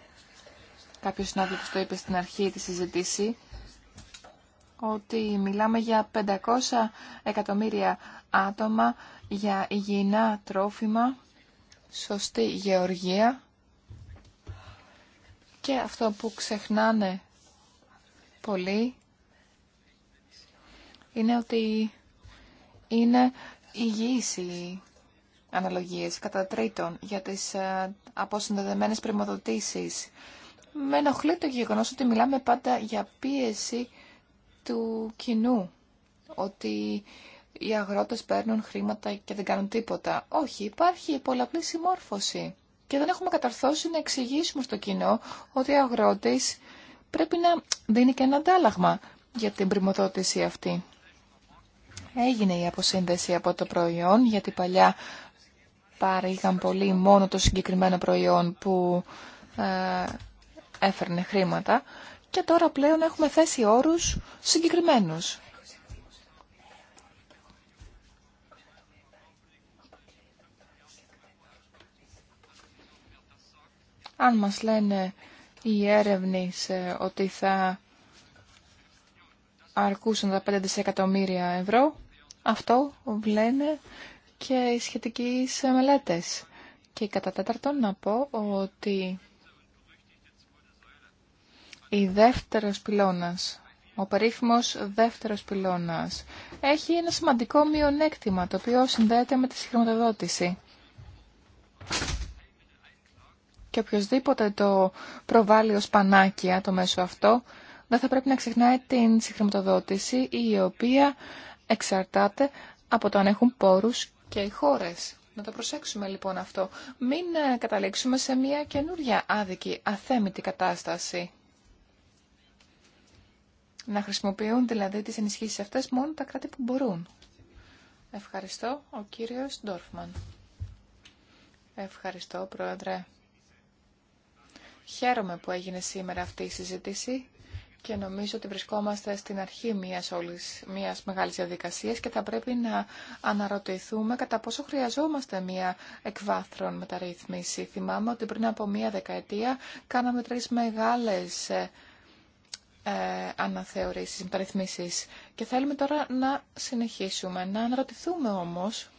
Κάποιος συνάδελφος το είπε στην αρχή της συζήτηση ότι μιλάμε για 500 εκατομμύρια άτομα για υγιεινά τρόφιμα, σωστή γεωργία και αυτό που ξεχνάνε πολύ είναι ότι είναι υγιείς οι αναλογίες κατά τρίτον για τις ε, αποσυνδεδεμένες πρημοδοτήσεις. Με ενοχλεί το γεγονός ότι μιλάμε πάντα για πίεση του κοινού, ότι οι αγρότες παίρνουν χρήματα και δεν κάνουν τίποτα. Όχι, υπάρχει πολλαπλή συμμόρφωση. Και δεν έχουμε καταρθώσει να εξηγήσουμε στο κοινό ότι οι αγρότες πρέπει να δίνει και ένα αντάλλαγμα για την πρημοδότηση αυτή. Έγινε η αποσύνδεση από το προϊόν, γιατί παλιά παρήγαν πολύ μόνο το συγκεκριμένο προϊόν που ε, έφερνε χρήματα και τώρα πλέον έχουμε θέσει όρους συγκεκριμένους. Αν μας λένε οι έρευνες ότι θα αρκούσαν τα 5 δισεκατομμύρια ευρώ, αυτό λένε και οι σχετικοί μελέτες. Και κατά τέταρτον να πω ότι η δεύτερος πυλώνας, ο περίφημος δεύτερος πυλώνας, έχει ένα σημαντικό μειονέκτημα, το οποίο συνδέεται με τη συγχρηματοδότηση. Και οποιοδήποτε το προβάλλει ως πανάκια το μέσο αυτό, δεν θα πρέπει να ξεχνάει την συγχρηματοδότηση, η οποία εξαρτάται από το αν έχουν πόρους και οι χώρες. Να το προσέξουμε λοιπόν αυτό. Μην ε, καταλήξουμε σε μια καινούρια άδικη, αθέμητη κατάσταση. Να χρησιμοποιούν δηλαδή τις ενισχύσεις αυτές μόνο τα κράτη που μπορούν. Ευχαριστώ, ο κύριος Ντόρφμαν. Ευχαριστώ, Πρόεδρε. Χαίρομαι που έγινε σήμερα αυτή η συζήτηση και νομίζω ότι βρισκόμαστε στην αρχή μιας, όλης, μιας μεγάλης διαδικασίας και θα πρέπει να αναρωτηθούμε κατά πόσο χρειαζόμαστε μια εκβάθρον μεταρρύθμιση. Θυμάμαι ότι πριν από μια δεκαετία κάναμε τρεις μεγάλες ε, ε, αναθεωρήσεις, μεταρρυθμίσεις. Και θέλουμε τώρα να συνεχίσουμε. Να αναρωτηθούμε όμως